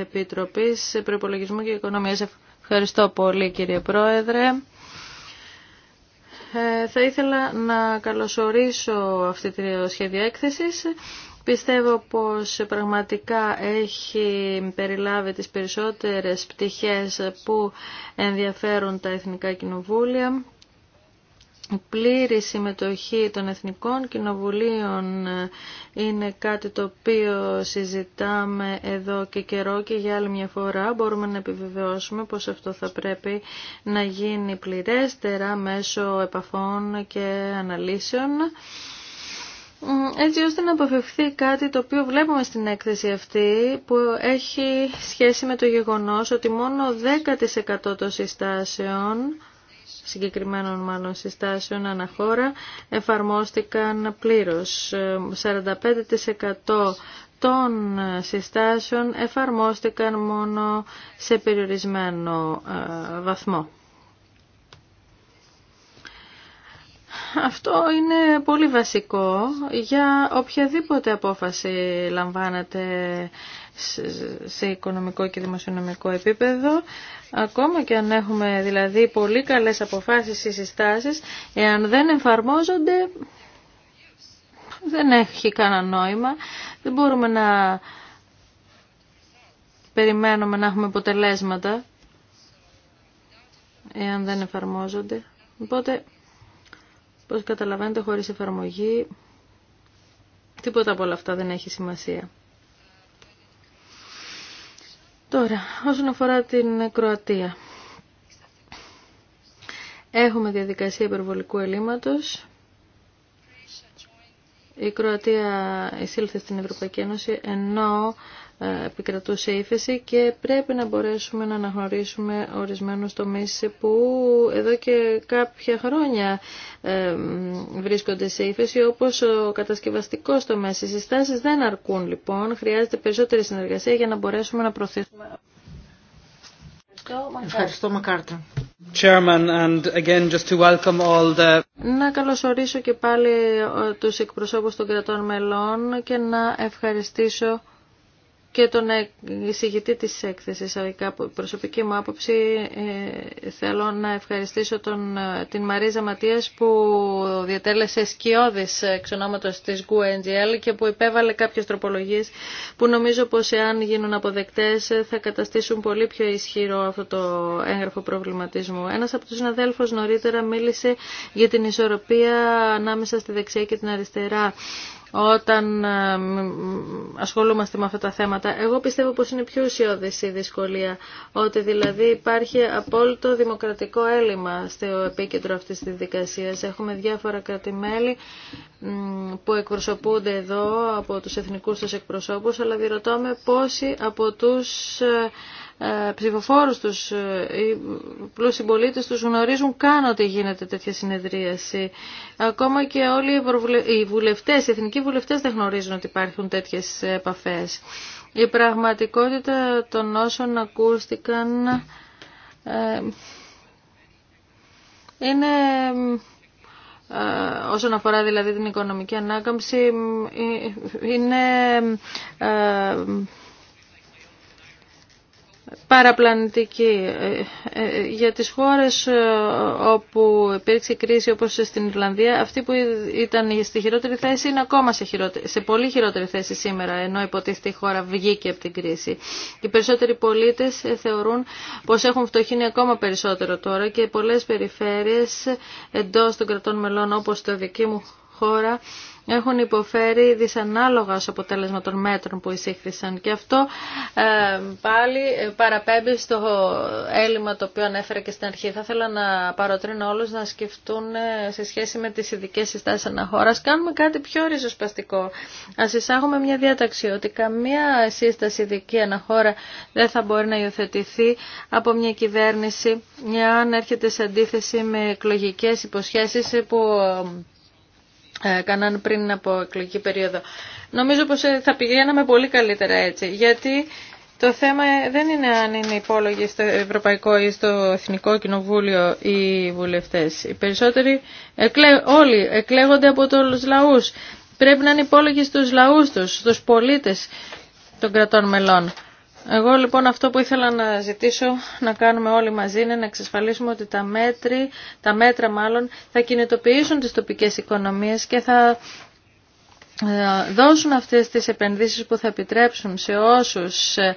Επιτροπής Προπολογισμού και Οικονομίας. Ευχαριστώ πολύ κύριε Πρόεδρε. Ε, θα ήθελα να καλωσορίσω αυτή τη σχέδια έκθεση, Πιστεύω πως πραγματικά έχει περιλάβει τις περισσότερες πτυχές που ενδιαφέρουν τα Εθνικά Κοινοβούλια η πλήρη συμμετοχή των Εθνικών Κοινοβουλίων ε, είναι κάτι το οποίο συζητάμε εδώ και καιρό και για άλλη μια φορά μπορούμε να επιβεβαιώσουμε πως αυτό θα πρέπει να γίνει πληρέστερα μέσω επαφών και αναλύσεων ε, έτσι ώστε να αποφευχθεί κάτι το οποίο βλέπουμε στην έκθεση αυτή που έχει σχέση με το γεγονός ότι μόνο 10% των συστάσεων συγκεκριμένων μάλλον συστάσεων αναχώρα εφαρμόστηκαν πλήρως. 45% των συστάσεων εφαρμόστηκαν μόνο σε περιορισμένο ε, βαθμό. Αυτό είναι πολύ βασικό για οποιαδήποτε απόφαση λαμβάνεται σε οικονομικό και δημοσιονομικό επίπεδο. Ακόμα και αν έχουμε δηλαδή πολύ καλές αποφάσεις ή συστάσεις, εάν δεν εφαρμόζονται δεν έχει κανένα νόημα. Δεν μπορούμε να περιμένουμε να έχουμε αποτελέσματα εάν δεν εφαρμόζονται. Οπότε, πώς καταλαβαίνετε, χωρίς εφαρμογή τίποτα από όλα αυτά δεν έχει σημασία. Τώρα, όσον αφορά την Κροατία. Έχουμε διαδικασία υπερβολικού ελλείμματος. Η Κροατία εισήλθε στην Ευρωπαϊκή Ένωση ενώ ε, επικρατούσε ύφεση και πρέπει να μπορέσουμε να αναγνωρίσουμε ορισμένους τομείς που εδώ και κάποια χρόνια ε, βρίσκονται σε ύφεση όπως ο κατασκευαστικός τομέας. Οι συστάσεις δεν αρκούν λοιπόν, χρειάζεται περισσότερη συνεργασία για να μπορέσουμε να προωθήσουμε. Ευχαριστώ Μακάρτα. Να καλωσορίσω και πάλι ε, τους εκπροσώπους των κρατών μελών και να ευχαριστήσω και τον εισηγητή της έκθεσης. Από προσωπική μου άποψη ε, θέλω να ευχαριστήσω τον, ε, την Μαρίζα Ματίας που διατέλεσε σκιώδης εξ ονόματος της GUNGL και που επέβαλε κάποιες τροπολογίες που νομίζω πως εάν γίνουν αποδεκτές θα καταστήσουν πολύ πιο ισχυρό αυτό το έγγραφο προβληματισμού. Ένας από τους συναδέλφους νωρίτερα μίλησε για την ισορροπία ανάμεσα στη δεξιά και την αριστερά όταν ε, ασχολούμαστε με αυτά τα θέματα. Εγώ πιστεύω πως είναι πιο ουσιώδης η δυσκολία, ότι δηλαδή υπάρχει απόλυτο δημοκρατικό έλλειμμα στο επίκεντρο αυτής της δικασίας. Έχουμε διάφορα κρατημέλη που εκπροσωπούνται εδώ από τους εθνικούς τους εκπροσώπους, αλλά διερωτώ με πόσοι από τους ε, ε, ψηφοφόρους τους, ε, οι πλούσιοι τους γνωρίζουν καν ότι γίνεται τέτοια συνεδρίαση. Ακόμα και όλοι οι βουλευτές, οι εθνικοί βουλευτές δεν γνωρίζουν ότι υπάρχουν τέτοιες επαφές. Η πραγματικότητα των όσων ακούστηκαν ε, είναι όσον αφορά δηλαδή την οικονομική ανάκαμψη είναι παραπλανητική ε, ε, για τις χώρες ε, όπου υπήρξε κρίση όπως στην Ιρλανδία αυτοί που ήταν στη χειρότερη θέση είναι ακόμα σε, σε πολύ χειρότερη θέση σήμερα ενώ υποτίθεται η χώρα βγήκε από την κρίση οι περισσότεροι πολίτες θεωρούν πως έχουν φτωχύνει ακόμα περισσότερο τώρα και πολλές περιφέρειες εντός των κρατών μελών όπως το δική μου χώρα έχουν υποφέρει δυσανάλογα ως αποτέλεσμα των μέτρων που εισήχθησαν. Και αυτό ε, πάλι ε, παραπέμπει στο έλλειμμα το οποίο ανέφερα και στην αρχή. Θα ήθελα να παροτρύνω όλους να σκεφτούν ε, σε σχέση με τις ειδικές συστάσεις αναχώρας. Κάνουμε κάτι πιο ριζοσπαστικό. Ας εισάγουμε μια διάταξη ότι καμία σύσταση ειδική αναχώρα δεν θα μπορεί να υιοθετηθεί από μια κυβέρνηση αν έρχεται σε αντίθεση με εκλογικές υποσχέσεις που ε, κανέναν πριν από εκλογική περίοδο. Νομίζω πως ε, θα πηγαίναμε πολύ καλύτερα έτσι, γιατί το θέμα ε, δεν είναι αν είναι υπόλογοι στο Ευρωπαϊκό ή στο Εθνικό Κοινοβούλιο οι βουλευτές. Οι περισσότεροι, όλοι εκλέγονται από τους λαούς. Πρέπει να είναι υπόλογοι στους λαούς τους, στους πολίτες των κρατών μελών. Εγώ λοιπόν αυτό που ήθελα να ζητήσω να κάνουμε όλοι μαζί είναι να εξασφαλίσουμε ότι τα, μέτρη, τα μέτρα μάλλον θα κινητοποιήσουν τις τοπικές οικονομίες και θα ε, δώσουν αυτές τις επενδύσεις που θα επιτρέψουν σε όσους ε,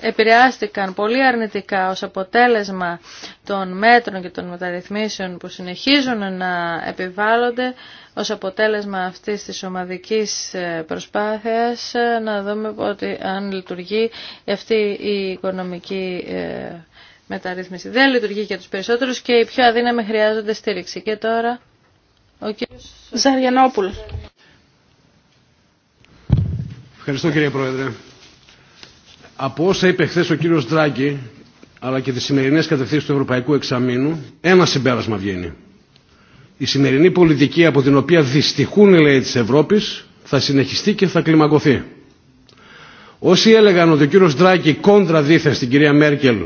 επηρεάστηκαν πολύ αρνητικά ως αποτέλεσμα των μέτρων και των μεταρρυθμίσεων που συνεχίζουν να επιβάλλονται ως αποτέλεσμα αυτής της ομαδικής ε, προσπάθειας ε, να δούμε ότι αν λειτουργεί αυτή η οικονομική ε, μεταρρύθμιση. Δεν λειτουργεί για τους περισσότερους και οι πιο αδύναμοι χρειάζονται στήριξη. Και τώρα ο κύριος Ζαριανόπουλος. Ευχαριστώ κύριε Πρόεδρε. Από όσα είπε χθε ο κύριος Δράγκη, αλλά και τις σημερινές κατευθύνσεις του Ευρωπαϊκού Εξαμήνου, ένα συμπέρασμα βγαίνει η σημερινή πολιτική από την οποία δυστυχούν οι λαοί της Ευρώπης θα συνεχιστεί και θα κλιμακωθεί. Όσοι έλεγαν ότι ο κύριος Ντράκη κόντρα δίθεν στην κυρία Μέρκελ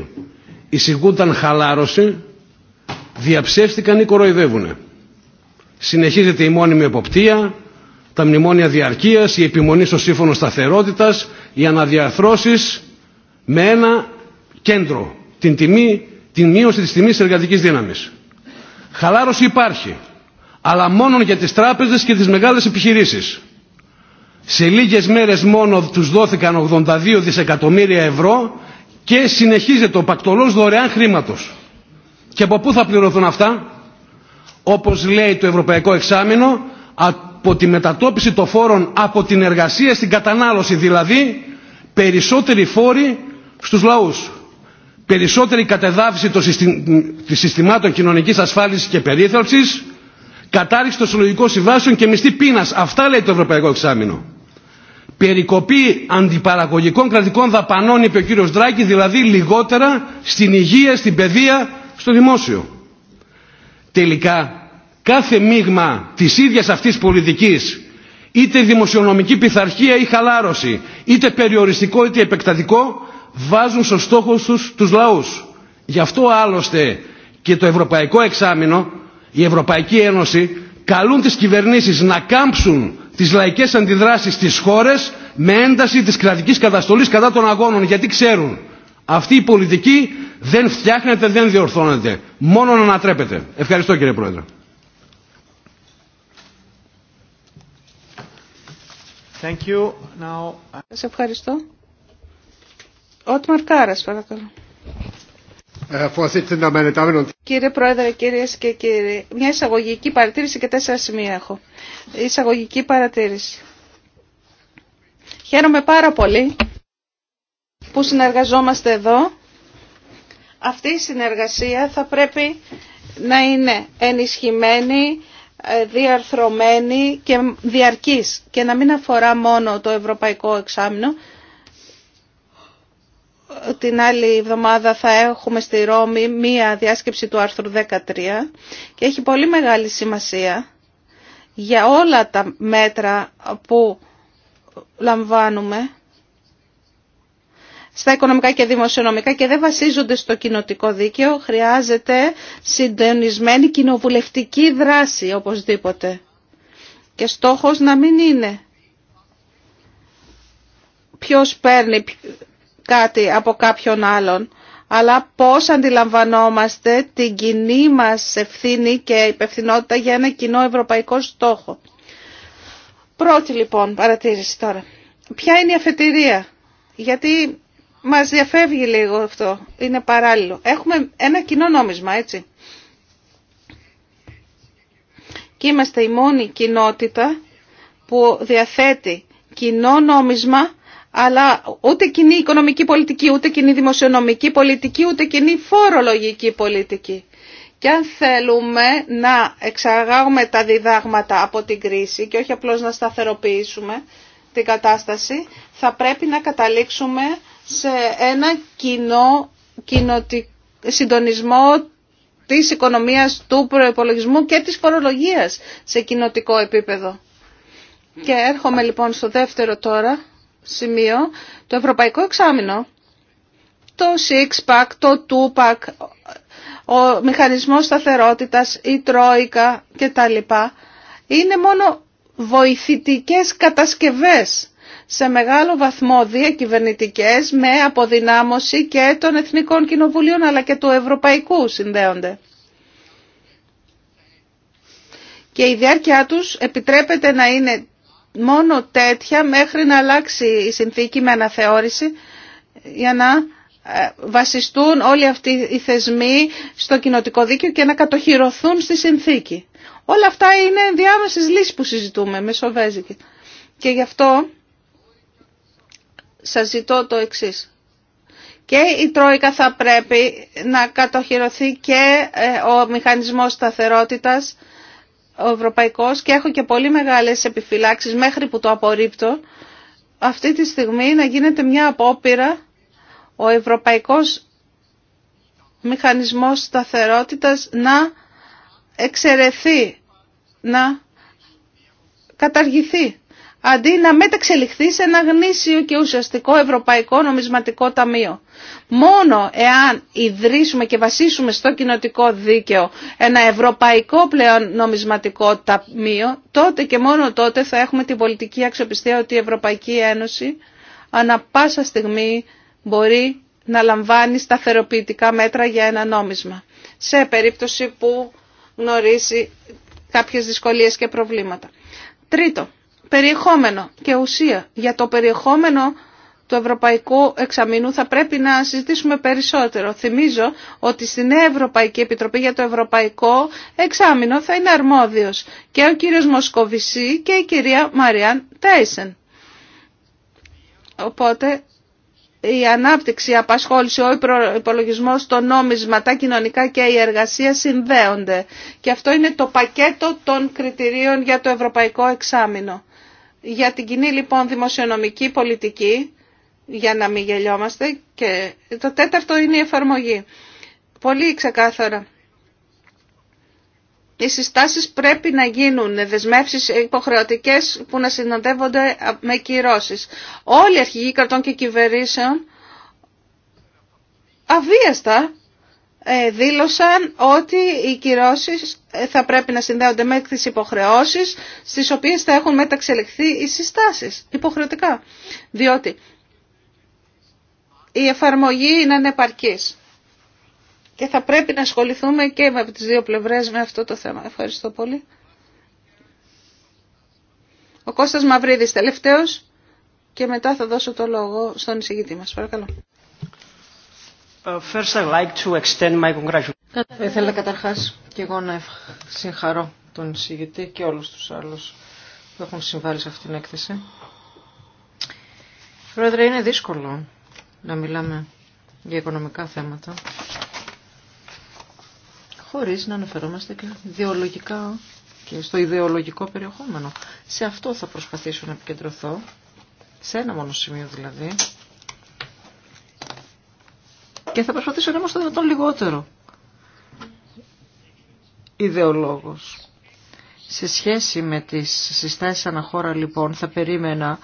εισηγούνταν χαλάρωση, διαψεύστηκαν ή κοροϊδεύουν. Συνεχίζεται η μόνιμη εποπτεία, τα μνημόνια διαρκείας, η επιμονή στο σύμφωνο σταθερότητας, οι αναδιαρθρώσεις με ένα κέντρο, την τιμή, την μείωση της τιμής εργατικής δύναμης. Χαλάρωση υπάρχει, αλλά μόνο για τις τράπεζες και τις μεγάλες επιχειρήσεις. Σε λίγες μέρες μόνο τους δόθηκαν 82 δισεκατομμύρια ευρώ και συνεχίζεται ο πακτολός δωρεάν χρήματος. Και από πού θα πληρωθούν αυτά? Όπως λέει το Ευρωπαϊκό Εξάμεινο, από τη μετατόπιση των φόρων από την εργασία στην κατανάλωση, δηλαδή περισσότεροι φόροι στους λαούς περισσότερη κατεδάφιση των συστημάτων κοινωνικής ασφάλισης και περίθαλψης, κατάρριξη των συλλογικών συμβάσεων και μισθή πείνας. Αυτά λέει το Ευρωπαϊκό Εξάμεινο. Περικοπή αντιπαραγωγικών κρατικών δαπανών, είπε ο κύριος Δράκη, δηλαδή λιγότερα στην υγεία, στην παιδεία, στο δημόσιο. Τελικά, κάθε μείγμα της ίδιας αυτής πολιτικής, είτε δημοσιονομική πειθαρχία ή χαλάρωση, είτε περιοριστικό είτε επεκτατικό, βάζουν στο στόχο τους τους λαούς. Γι' αυτό άλλωστε και το Ευρωπαϊκό Εξάμεινο, η Ευρωπαϊκή Ένωση καλούν τις κυβερνήσεις να κάμψουν τις λαϊκές αντιδράσεις στις χώρες με ένταση της κρατικής καταστολής κατά των αγώνων γιατί ξέρουν αυτή η πολιτική δεν φτιάχνεται, δεν διορθώνεται. Μόνο να ανατρέπεται. Ευχαριστώ κύριε Πρόεδρε. ευχαριστώ παρακαλώ. Ε, Κύριε Πρόεδρε, κυρίε και κύριοι, μια εισαγωγική παρατήρηση και τέσσερα σημεία έχω. Εισαγωγική παρατήρηση. Χαίρομαι πάρα πολύ που συνεργαζόμαστε εδώ. Αυτή η συνεργασία θα πρέπει να είναι ενισχυμένη, ε, διαρθρωμένη και διαρκής και να μην αφορά μόνο το ευρωπαϊκό εξάμεινο, την άλλη εβδομάδα θα έχουμε στη Ρώμη μία διάσκεψη του άρθρου 13 και έχει πολύ μεγάλη σημασία για όλα τα μέτρα που λαμβάνουμε στα οικονομικά και δημοσιονομικά και δεν βασίζονται στο κοινοτικό δίκαιο, χρειάζεται συντονισμένη κοινοβουλευτική δράση οπωσδήποτε. Και στόχος να μην είναι ποιος παίρνει κάτι από κάποιον άλλον, αλλά πώς αντιλαμβανόμαστε την κοινή μας ευθύνη και υπευθυνότητα για ένα κοινό ευρωπαϊκό στόχο. Πρώτη λοιπόν παρατήρηση τώρα. Ποια είναι η αφετηρία, γιατί μας διαφεύγει λίγο αυτό, είναι παράλληλο. Έχουμε ένα κοινό νόμισμα, έτσι. Και είμαστε η μόνη κοινότητα που διαθέτει κοινό νόμισμα αλλά ούτε κοινή οικονομική πολιτική, ούτε κοινή δημοσιονομική πολιτική, ούτε κοινή φορολογική πολιτική. Και αν θέλουμε να εξαγάγουμε τα διδάγματα από την κρίση και όχι απλώς να σταθεροποιήσουμε την κατάσταση, θα πρέπει να καταλήξουμε σε ένα κοινό συντονισμό της οικονομίας του προϋπολογισμού και της φορολογίας σε κοινοτικό επίπεδο. Και έρχομαι λοιπόν στο δεύτερο τώρα σημείο το ευρωπαϊκό εξάμεινο. Το six-pack, το two-pack, ο μηχανισμός σταθερότητας, η τρόικα κτλ. Είναι μόνο βοηθητικές κατασκευές σε μεγάλο βαθμό διακυβερνητικές με αποδυνάμωση και των εθνικών κοινοβουλίων αλλά και του ευρωπαϊκού συνδέονται. Και η διάρκεια τους επιτρέπεται να είναι μόνο τέτοια μέχρι να αλλάξει η συνθήκη με αναθεώρηση για να ε, βασιστούν όλοι αυτοί οι θεσμοί στο κοινοτικό δίκαιο και να κατοχυρωθούν στη συνθήκη. Όλα αυτά είναι διάμεσες λύσεις που συζητούμε, με Σοβέζικη. Και γι' αυτό σας ζητώ το εξής. Και η Τρόικα θα πρέπει να κατοχυρωθεί και ε, ο μηχανισμός σταθερότητας ο ευρωπαϊκός και έχω και πολύ μεγάλες επιφυλάξεις μέχρι που το απορρίπτω αυτή τη στιγμή να γίνεται μια απόπειρα ο ευρωπαϊκός μηχανισμός σταθερότητας να εξαιρεθεί, να καταργηθεί αντί να μεταξελιχθεί σε ένα γνήσιο και ουσιαστικό ευρωπαϊκό νομισματικό ταμείο. Μόνο εάν ιδρύσουμε και βασίσουμε στο κοινοτικό δίκαιο ένα ευρωπαϊκό πλέον νομισματικό ταμείο, τότε και μόνο τότε θα έχουμε την πολιτική αξιοπιστία ότι η Ευρωπαϊκή Ένωση ανα πάσα στιγμή μπορεί να λαμβάνει σταθεροποιητικά μέτρα για ένα νόμισμα, σε περίπτωση που γνωρίζει κάποιες δυσκολίες και προβλήματα. Τρίτο, περιεχόμενο και ουσία. Για το περιεχόμενο του Ευρωπαϊκού Εξαμήνου θα πρέπει να συζητήσουμε περισσότερο. Θυμίζω ότι στην Ευρωπαϊκή Επιτροπή για το Ευρωπαϊκό Εξάμεινο θα είναι αρμόδιος και ο κύριος Μοσκοβισή και η κυρία Μαριάν Τέισεν. Οπότε η ανάπτυξη, η απασχόληση, ο υπολογισμό, το νόμισμα, τα κοινωνικά και η εργασία συνδέονται. Και αυτό είναι το πακέτο των κριτηρίων για το Ευρωπαϊκό Εξάμεινο. Για την κοινή λοιπόν δημοσιονομική πολιτική, για να μην γελιόμαστε, και το τέταρτο είναι η εφαρμογή. Πολύ ξεκάθαρα. Οι συστάσεις πρέπει να γίνουν δεσμεύσεις υποχρεωτικές που να συναντεύονται με κυρώσεις. Όλοι οι αρχηγοί κρατών και κυβερνήσεων αβίαστα ε, δήλωσαν ότι οι κυρώσεις ε, θα πρέπει να συνδέονται με τις υποχρεώσεις στις οποίες θα έχουν μεταξελιχθεί οι συστάσεις υποχρεωτικά. Διότι η εφαρμογή είναι ανεπαρκής και θα πρέπει να ασχοληθούμε και με τις δύο πλευρές με αυτό το θέμα. Ευχαριστώ πολύ. Ο Κώστας Μαυρίδης τελευταίος και μετά θα δώσω το λόγο στον εισηγητή μας. Παρακαλώ. Uh, θα ήθελα καταρχάς και εγώ να συγχαρώ τον εισηγητή και όλους τους άλλους που έχουν συμβάλει σε αυτήν την έκθεση. Πρόεδρε, είναι δύσκολο να μιλάμε για οικονομικά θέματα χωρίς να αναφερόμαστε και ιδεολογικά και στο ιδεολογικό περιεχόμενο. Σε αυτό θα προσπαθήσω να επικεντρωθώ, σε ένα μόνο σημείο δηλαδή, και θα προσπαθήσω να είμαι στο δυνατόν λιγότερο ιδεολόγος. Σε σχέση με τις συστάσεις αναχώρα λοιπόν θα περίμενα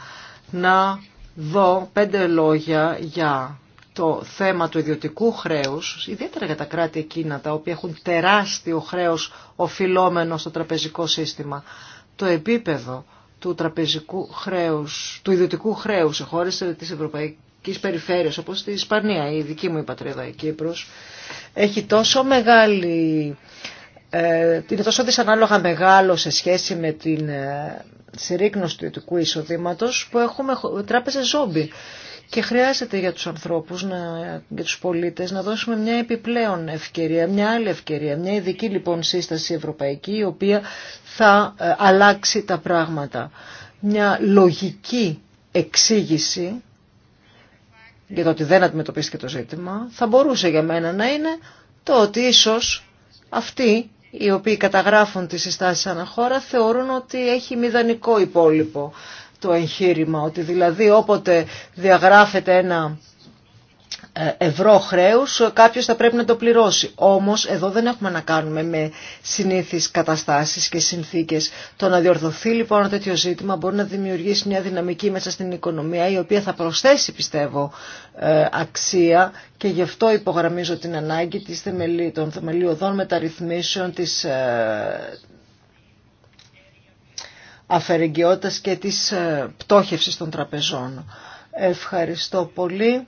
να δω πέντε λόγια για το θέμα του ιδιωτικού χρέους, ιδιαίτερα για τα κράτη εκείνα τα οποία έχουν τεράστιο χρέος οφειλόμενο στο τραπεζικό σύστημα. Το επίπεδο του τραπεζικού χρέους, του ιδιωτικού χρέους σε χώρες της Ευρωπαϊκής και περιφέρειες όπως στη Ισπανία, η δική μου η πατρίδα η Κύπρος, έχει τόσο μεγάλη, ε, είναι τόσο δυσανάλογα μεγάλο σε σχέση με την ε, συρρήκνωση του ειδικού εισοδήματο που έχουμε τράπεζες ζόμπι. Και χρειάζεται για τους ανθρώπους, να, για τους πολίτες, να δώσουμε μια επιπλέον ευκαιρία, μια άλλη ευκαιρία, μια ειδική λοιπόν σύσταση ευρωπαϊκή, η οποία θα ε, αλλάξει τα πράγματα. Μια λογική εξήγηση για το ότι δεν αντιμετωπίστηκε το ζήτημα, θα μπορούσε για μένα να είναι το ότι ίσως αυτοί οι οποίοι καταγράφουν τις συστάσεις αναχώρα θεωρούν ότι έχει μηδανικό υπόλοιπο το εγχείρημα, ότι δηλαδή όποτε διαγράφεται ένα ευρώ χρέους κάποιος θα πρέπει να το πληρώσει. Όμως εδώ δεν έχουμε να κάνουμε με συνήθεις καταστάσεις και συνθήκες. Το να διορθωθεί λοιπόν ένα τέτοιο ζήτημα μπορεί να δημιουργήσει μια δυναμική μέσα στην οικονομία η οποία θα προσθέσει πιστεύω ε, αξία και γι' αυτό υπογραμμίζω την ανάγκη της θεμελί, των θεμελιωδών μεταρρυθμίσεων της ε, αφαιρεγγιότητας και της ε, πτώχευσης των τραπεζών. Ευχαριστώ πολύ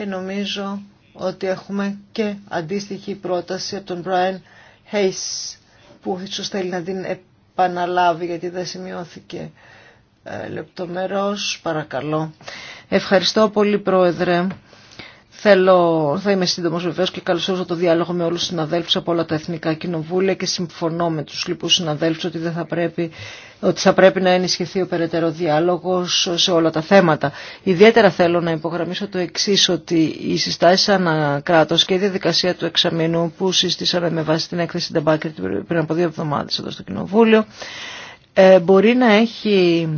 και νομίζω ότι έχουμε και αντίστοιχη πρόταση από τον Brian Hayes που ίσως θέλει να την επαναλάβει γιατί δεν σημειώθηκε ε, λεπτομερώς. Παρακαλώ. Ευχαριστώ πολύ Πρόεδρε. Θέλω, θα είμαι σύντομο βεβαίω και καλωσορίζω το διάλογο με όλου του συναδέλφου από όλα τα εθνικά κοινοβούλια και συμφωνώ με του λοιπού συναδέλφου ότι δεν θα πρέπει ότι θα πρέπει να ενισχυθεί ο περαιτέρω διάλογος σε όλα τα θέματα. Ιδιαίτερα θέλω να υπογραμμίσω το εξή ότι οι συστάσεις κράτος και η διαδικασία του εξαμήνου που συστήσαμε με βάση την έκθεση Ντεμπάκρη πριν από δύο εβδομάδες εδώ στο Κοινοβούλιο ε, μπορεί να έχει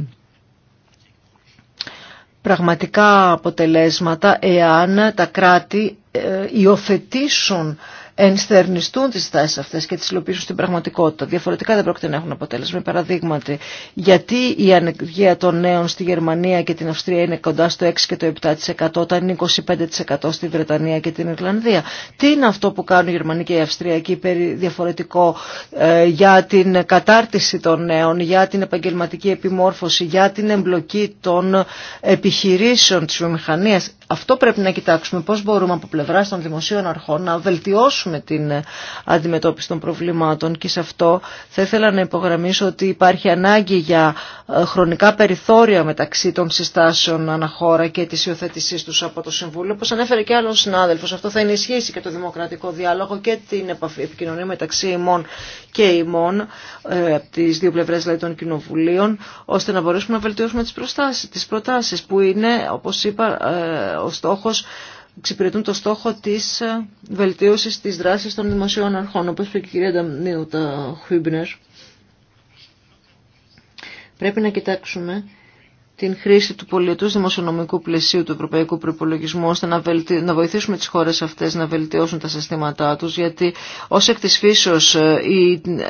πραγματικά αποτελέσματα εάν τα κράτη ε, υιοθετήσουν ενστερνιστούν τις τάσει αυτές και τις υλοποιήσουν στην πραγματικότητα. Διαφορετικά δεν πρόκειται να έχουν αποτέλεσμα. Παραδείγματι, γιατί η ανεργία των νέων στη Γερμανία και την Αυστρία είναι κοντά στο 6 και το 7%, όταν είναι 25% στη Βρετανία και την Ιρλανδία. Τι είναι αυτό που κάνουν οι Γερμανία και η Αυστρία περί διαφορετικό ε, για την κατάρτιση των νέων, για την επαγγελματική επιμόρφωση, για την εμπλοκή των επιχειρήσεων της βιομηχανίας αυτό πρέπει να κοιτάξουμε πώς μπορούμε από πλευρά των δημοσίων αρχών να βελτιώσουμε την ε, αντιμετώπιση των προβλημάτων και σε αυτό θα ήθελα να υπογραμμίσω ότι υπάρχει ανάγκη για ε, χρονικά περιθώρια μεταξύ των συστάσεων αναχώρα και της υιοθέτησή τους από το Συμβούλιο, όπως ανέφερε και άλλος συνάδελφος. Αυτό θα ενισχύσει και το δημοκρατικό διάλογο και την επικοινωνία μεταξύ ημών και ημών ε, από τις δύο πλευρές δηλαδή, των κοινοβουλίων, ώστε να μπορέσουμε να βελτιώσουμε τις, τις που είναι, όπως είπα, ο στόχος το στόχο της ε, βελτίωσης της δράσης των δημοσίων αρχών, όπως είπε και η κυρία Νταμνίου, τα Πρέπει να κοιτάξουμε την χρήση του πολιετού δημοσιονομικού πλαισίου του ευρωπαϊκού προπολογισμού, ώστε να, βελτι... να βοηθήσουμε τι χώρε αυτέ να βελτιώσουν τα συστήματά του, γιατί ω εκ τη φύσεω ε, η ε,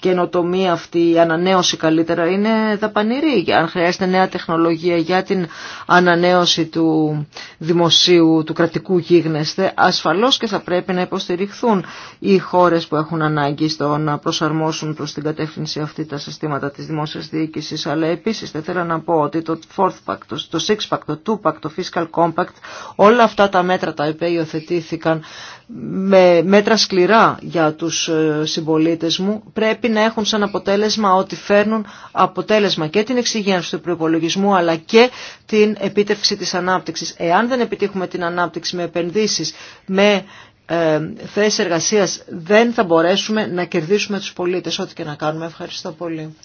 καινοτομία αυτή, η ανανέωση καλύτερα, είναι δαπανηρή. Αν χρειάζεται νέα τεχνολογία για την ανανέωση του δημοσίου, του κρατικού γίγνεσθε, ασφαλώ και θα πρέπει να υποστηριχθούν οι χώρε που έχουν ανάγκη στο να προσαρμόσουν προ την κατεύθυνση αυτή τα συστήματα τη δημόσια διοίκηση. Αλλά επίση θα ήθελα να πω ότι το Fourth Pact, το Six Pact, το Two Pact, το Fiscal Compact, όλα αυτά τα μέτρα τα οποία υιοθετήθηκαν με μέτρα σκληρά για τους ε, συμπολίτε μου πρέπει να έχουν σαν αποτέλεσμα ότι φέρνουν αποτέλεσμα και την εξυγένωση του προπολογισμού αλλά και την επίτευξη της ανάπτυξης. Εάν δεν επιτύχουμε την ανάπτυξη με επενδύσεις, με ε, θέσεις εργασίας δεν θα μπορέσουμε να κερδίσουμε τους πολίτες ό,τι και να κάνουμε. Ευχαριστώ πολύ.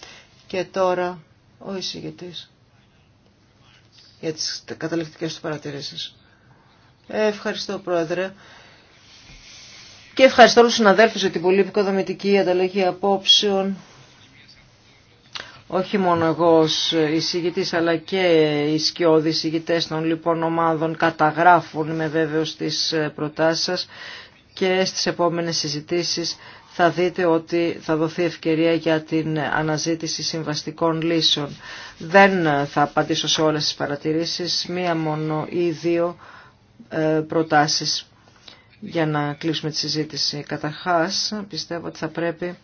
Και τώρα ο εισηγητής για τις καταληκτικές του παρατηρήσεις. Ευχαριστώ Πρόεδρε. Και ευχαριστώ όλους τους συναδέλφους για την πολύ επικοδομητική ανταλλαγή απόψεων. Όχι μόνο εγώ ως εισηγητής αλλά και οι σκιώδη εισηγητές των λοιπόν ομάδων καταγράφουν με βέβαιο στις προτάσεις σας και στις επόμενες συζητήσεις θα δείτε ότι θα δοθεί ευκαιρία για την αναζήτηση συμβαστικών λύσεων. Δεν θα απαντήσω σε όλες τις παρατηρήσεις, μία μόνο ή δύο ε, προτάσεις για να κλείσουμε τη συζήτηση. Καταρχάς, πιστεύω ότι θα πρέπει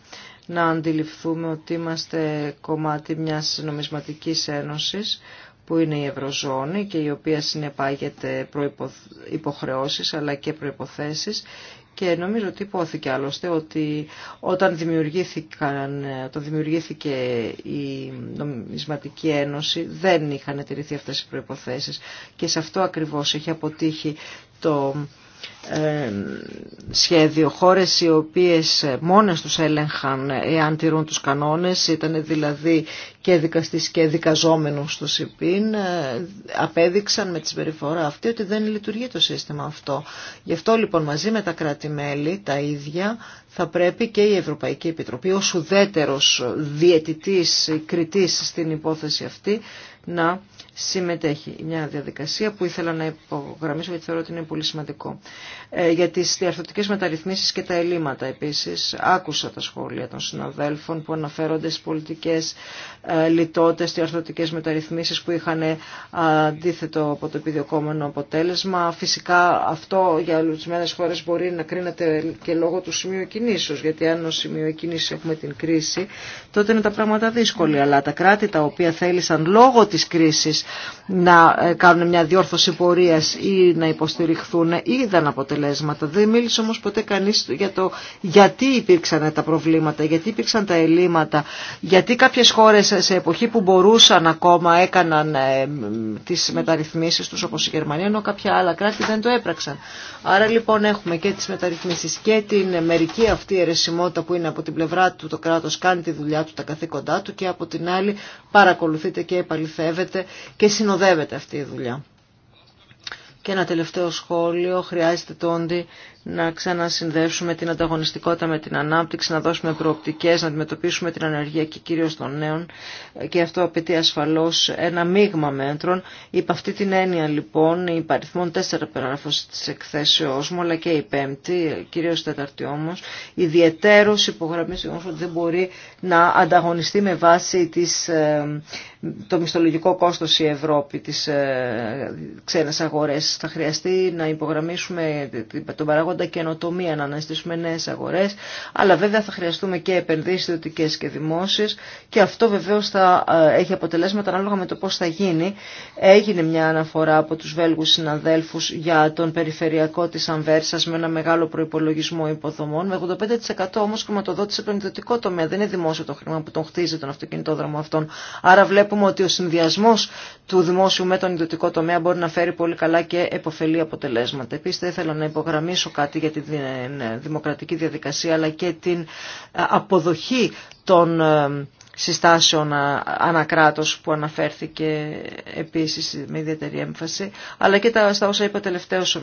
να αντιληφθούμε ότι είμαστε κομμάτι μιας νομισματικής ένωσης που είναι η Ευρωζώνη και η οποία συνεπάγεται υποχρεώσεις αλλά και προϋποθέσεις και νομίζω ότι υπόθηκε άλλωστε ότι όταν, δημιουργήθηκαν, όταν δημιουργήθηκε η Νομισματική Ένωση δεν είχαν τηρηθεί αυτές οι προϋποθέσεις και σε αυτό ακριβώς έχει αποτύχει το ε, σχέδιο. Χώρες οι οποίες μόνες τους έλεγχαν εάν τηρούν τους κανόνες, ήταν δηλαδή και δικαστής και δικαζόμενος στο ΣΥΠΗΝ, ε, απέδειξαν με τη συμπεριφορά αυτή ότι δεν λειτουργεί το σύστημα αυτό. Γι' αυτό λοιπόν μαζί με τα κράτη-μέλη τα ίδια θα πρέπει και η Ευρωπαϊκή Επιτροπή ως ουδέτερος διαιτητής, κριτής στην υπόθεση αυτή να συμμετέχει. Μια διαδικασία που ήθελα να υπογραμμίσω γιατί θεωρώ ότι είναι πολύ σημαντικό. Ε, για τις διαρθρωτικές μεταρρυθμίσεις και τα ελλείμματα επίσης. Άκουσα τα σχόλια των συναδέλφων που αναφέρονται στις πολιτικές ε, λιτότητες, διαρθρωτικές μεταρρυθμίσεις που είχαν ε, αντίθετο από το επιδιωκόμενο αποτέλεσμα. Φυσικά αυτό για ορισμένε χώρε μπορεί να κρίνεται και λόγω του σημείου κινήσεως, γιατί αν ως σημείο κινήσεως έχουμε την κρίση, τότε είναι τα πράγματα δύσκολα. Αλλά τα κράτη τα οποία θέλησαν λόγω της κρίσης να ε, κάνουν μια διόρθωση πορείας ή να υποστηριχθούν. Είδαν αποτελέσματα. Δεν μίλησε όμως ποτέ κανείς για το γιατί υπήρξαν τα προβλήματα, γιατί υπήρξαν τα ελλείμματα, γιατί κάποιες χώρες σε εποχή που μπορούσαν ακόμα έκαναν ε, τις μεταρρυθμίσεις τους όπως η Γερμανία, ενώ κάποια άλλα κράτη δεν το έπραξαν. Άρα λοιπόν έχουμε και τις μεταρρυθμίσεις και την μερική αυτή αιρεσιμότητα που είναι από την πλευρά του το κράτος κάνει τη δουλειά του, τα καθήκοντά του και από την άλλη παρακολουθείται και επαληθεύεται και συνοδεύεται αυτή η δουλειά. Και ένα τελευταίο σχόλιο, χρειάζεται τόντι να ξανασυνδέσουμε την ανταγωνιστικότητα με την ανάπτυξη, να δώσουμε προοπτικές, να αντιμετωπίσουμε την ανεργία και κυρίως των νέων και αυτό απαιτεί ασφαλώς ένα μείγμα μέτρων. Υπ' αυτή την έννοια λοιπόν οι παριθμόν τέσσερα περάγραφος της εκθέσεώς μου αλλά και η πέμπτη, κυρίως τέταρτη όμως, ιδιαιτέρως υπογραμμίζει όμως ότι δεν μπορεί να ανταγωνιστεί με βάση ε, το μισθολογικό κόστος η Ευρώπη, τις ε, ξένες αγορές. Θα χρειαστεί να υπογραμμίσουμε τον παράγοντα προϊόντα, καινοτομία, να αναστήσουμε νέε αγορέ. Αλλά βέβαια θα χρειαστούμε και επενδύσει ιδιωτικέ και δημόσιε και αυτό βεβαίω θα ε, έχει αποτελέσματα ανάλογα με το πώ θα γίνει. Έγινε μια αναφορά από του Βέλγου συναδέλφου για τον περιφερειακό τη Αμβέρσα με ένα μεγάλο προπολογισμό υποδομών. Με 85% όμω χρηματοδότησε τον ιδιωτικό τομέα. Δεν είναι δημόσιο το χρήμα που τον χτίζει τον αυτοκινητόδρομο αυτόν. Άρα βλέπουμε ότι ο συνδυασμό του δημόσιου με τον ιδιωτικό τομέα μπορεί να φέρει πολύ καλά και επωφελή αποτελέσματα. Επίση, θα ήθελα να υπογραμμίσω κάτι κομμάτι για τη ε, δημοκρατική διαδικασία αλλά και την ε, αποδοχή των ε, συστάσεων ανακράτος που αναφέρθηκε επίσης με ιδιαίτερη έμφαση, αλλά και τα, στα όσα είπε ο τελευταίος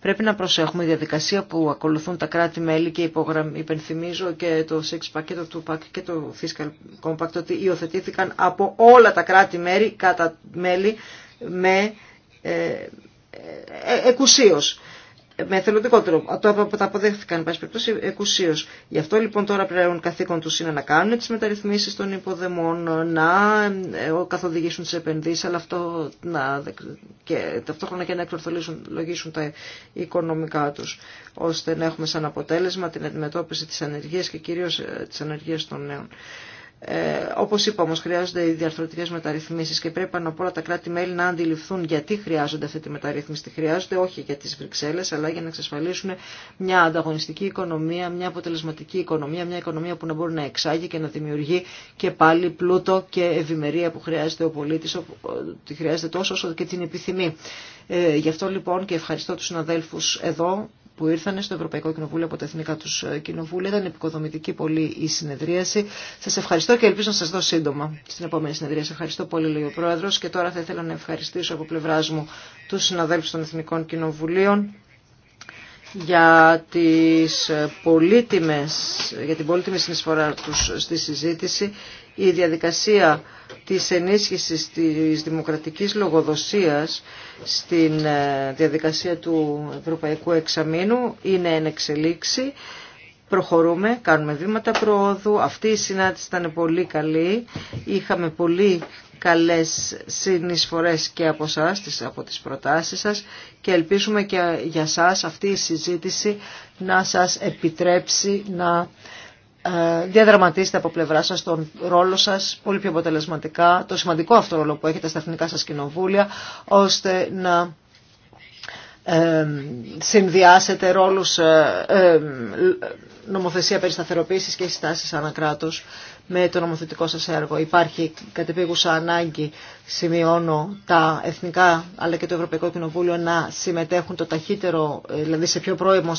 Πρέπει να προσέχουμε η διαδικασία που ακολουθούν τα κράτη-μέλη και υπενθυμίζω και το Six πακέτο και το και το Fiscal Compact ότι υιοθετήθηκαν από όλα τα κράτη-μέλη κατά μέλη με ε, ε, με εθελοντικό τρόπο. Το αποδέχθηκαν, πάση περιπτώσει, εκουσίω. Γι' αυτό λοιπόν τώρα πλέον καθήκον του είναι να κάνουν τι μεταρρυθμίσει των υποδεμών, να ε, καθοδηγήσουν τι επενδύσει, αλλά αυτό να, και, ταυτόχρονα και να λογίσουν τα οικονομικά του, ώστε να έχουμε σαν αποτέλεσμα την αντιμετώπιση τη ανεργία και κυρίω ε, τη ανεργία των νέων. Ε, όπως είπα όμω, χρειάζονται οι διαρθρωτικές μεταρρυθμίσει, και πρέπει πάνω απ' όλα τα κράτη-μέλη να αντιληφθούν γιατί χρειάζονται αυτή τη μεταρρύθμιση. Τη χρειάζονται όχι για τι Βρυξέλλε, αλλά για να εξασφαλίσουν μια ανταγωνιστική οικονομία, μια αποτελεσματική οικονομία, μια οικονομία που να μπορεί να εξάγει και να δημιουργεί και πάλι πλούτο και ευημερία που χρειάζεται ο πολίτη, τη χρειάζεται τόσο όσο και την επιθυμεί. Ε, γι' αυτό λοιπόν και ευχαριστώ του συναδέλφου εδώ που ήρθαν στο Ευρωπαϊκό Κοινοβούλιο από τα Εθνικά του ε, Κοινοβούλια. Ήταν επικοδομητική πολύ η συνεδρίαση. Σας ευχαριστώ και ελπίζω να σας δω σύντομα στην επόμενη συνεδρίαση. Ευχαριστώ πολύ, λέει ο Πρόεδρο Και τώρα θα ήθελα να ευχαριστήσω από πλευρά μου του συναδέλφου των Εθνικών Κοινοβουλίων για, τις πολύτιμες, για την πολύτιμη συνεισφορά τους στη συζήτηση. Η διαδικασία της ενίσχυσης της δημοκρατικής λογοδοσίας στην ε, διαδικασία του Ευρωπαϊκού Εξαμήνου είναι εν εξελίξη. Προχωρούμε, κάνουμε βήματα προόδου. Αυτή η συνάντηση ήταν πολύ καλή. Είχαμε πολύ καλές συνεισφορές και από σας, από τις προτάσεις σας και ελπίζουμε και για σας αυτή η συζήτηση να σας επιτρέψει να ε, διαδραματίσετε από πλευρά σας τον ρόλο σας πολύ πιο αποτελεσματικά, το σημαντικό αυτό ρόλο που έχετε στα εθνικά σας κοινοβούλια, ώστε να ε, συνδυάσετε ρόλους ε, νομοθεσία περί σταθεροποίησης και συστάσεις ανακράτους με το νομοθετικό σας έργο. Υπάρχει κατεπίγουσα ανάγκη, σημειώνω, τα εθνικά αλλά και το Ευρωπαϊκό Κοινοβούλιο να συμμετέχουν το ταχύτερο, ε, δηλαδή σε πιο πρώιμο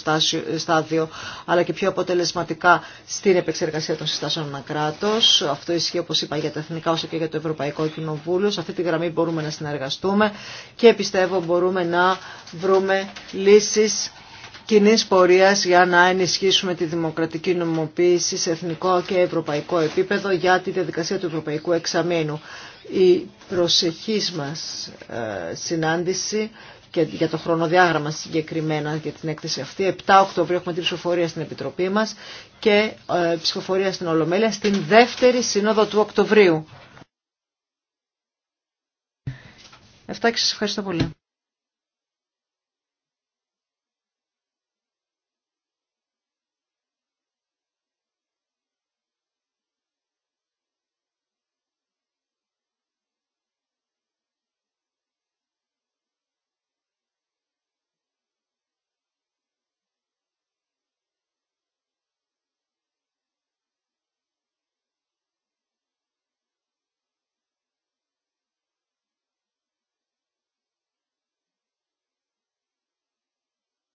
ε, στάδιο, αλλά και πιο αποτελεσματικά στην επεξεργασία των συστάσεων ανακράτος. Αυτό ισχύει, όπως είπα, για τα εθνικά όσο και για το Ευρωπαϊκό Κοινοβούλιο. Σε αυτή τη γραμμή μπορούμε να συνεργαστούμε και πιστεύω μπορούμε να βρούμε λύσεις κοινή πορεία για να ενισχύσουμε τη δημοκρατική νομοποίηση σε εθνικό και ευρωπαϊκό επίπεδο για τη διαδικασία του Ευρωπαϊκού Εξαμήνου. Η προσεχής μας ε, συνάντηση και για το χρονοδιάγραμμα συγκεκριμένα για την έκθεση αυτή. 7 Οκτωβρίου έχουμε την ψηφοφορία στην Επιτροπή μας και ε, ψηφοφορία στην Ολομέλεια στην δεύτερη σύνοδο του Οκτωβρίου. Αυτά και ευχαριστώ πολύ.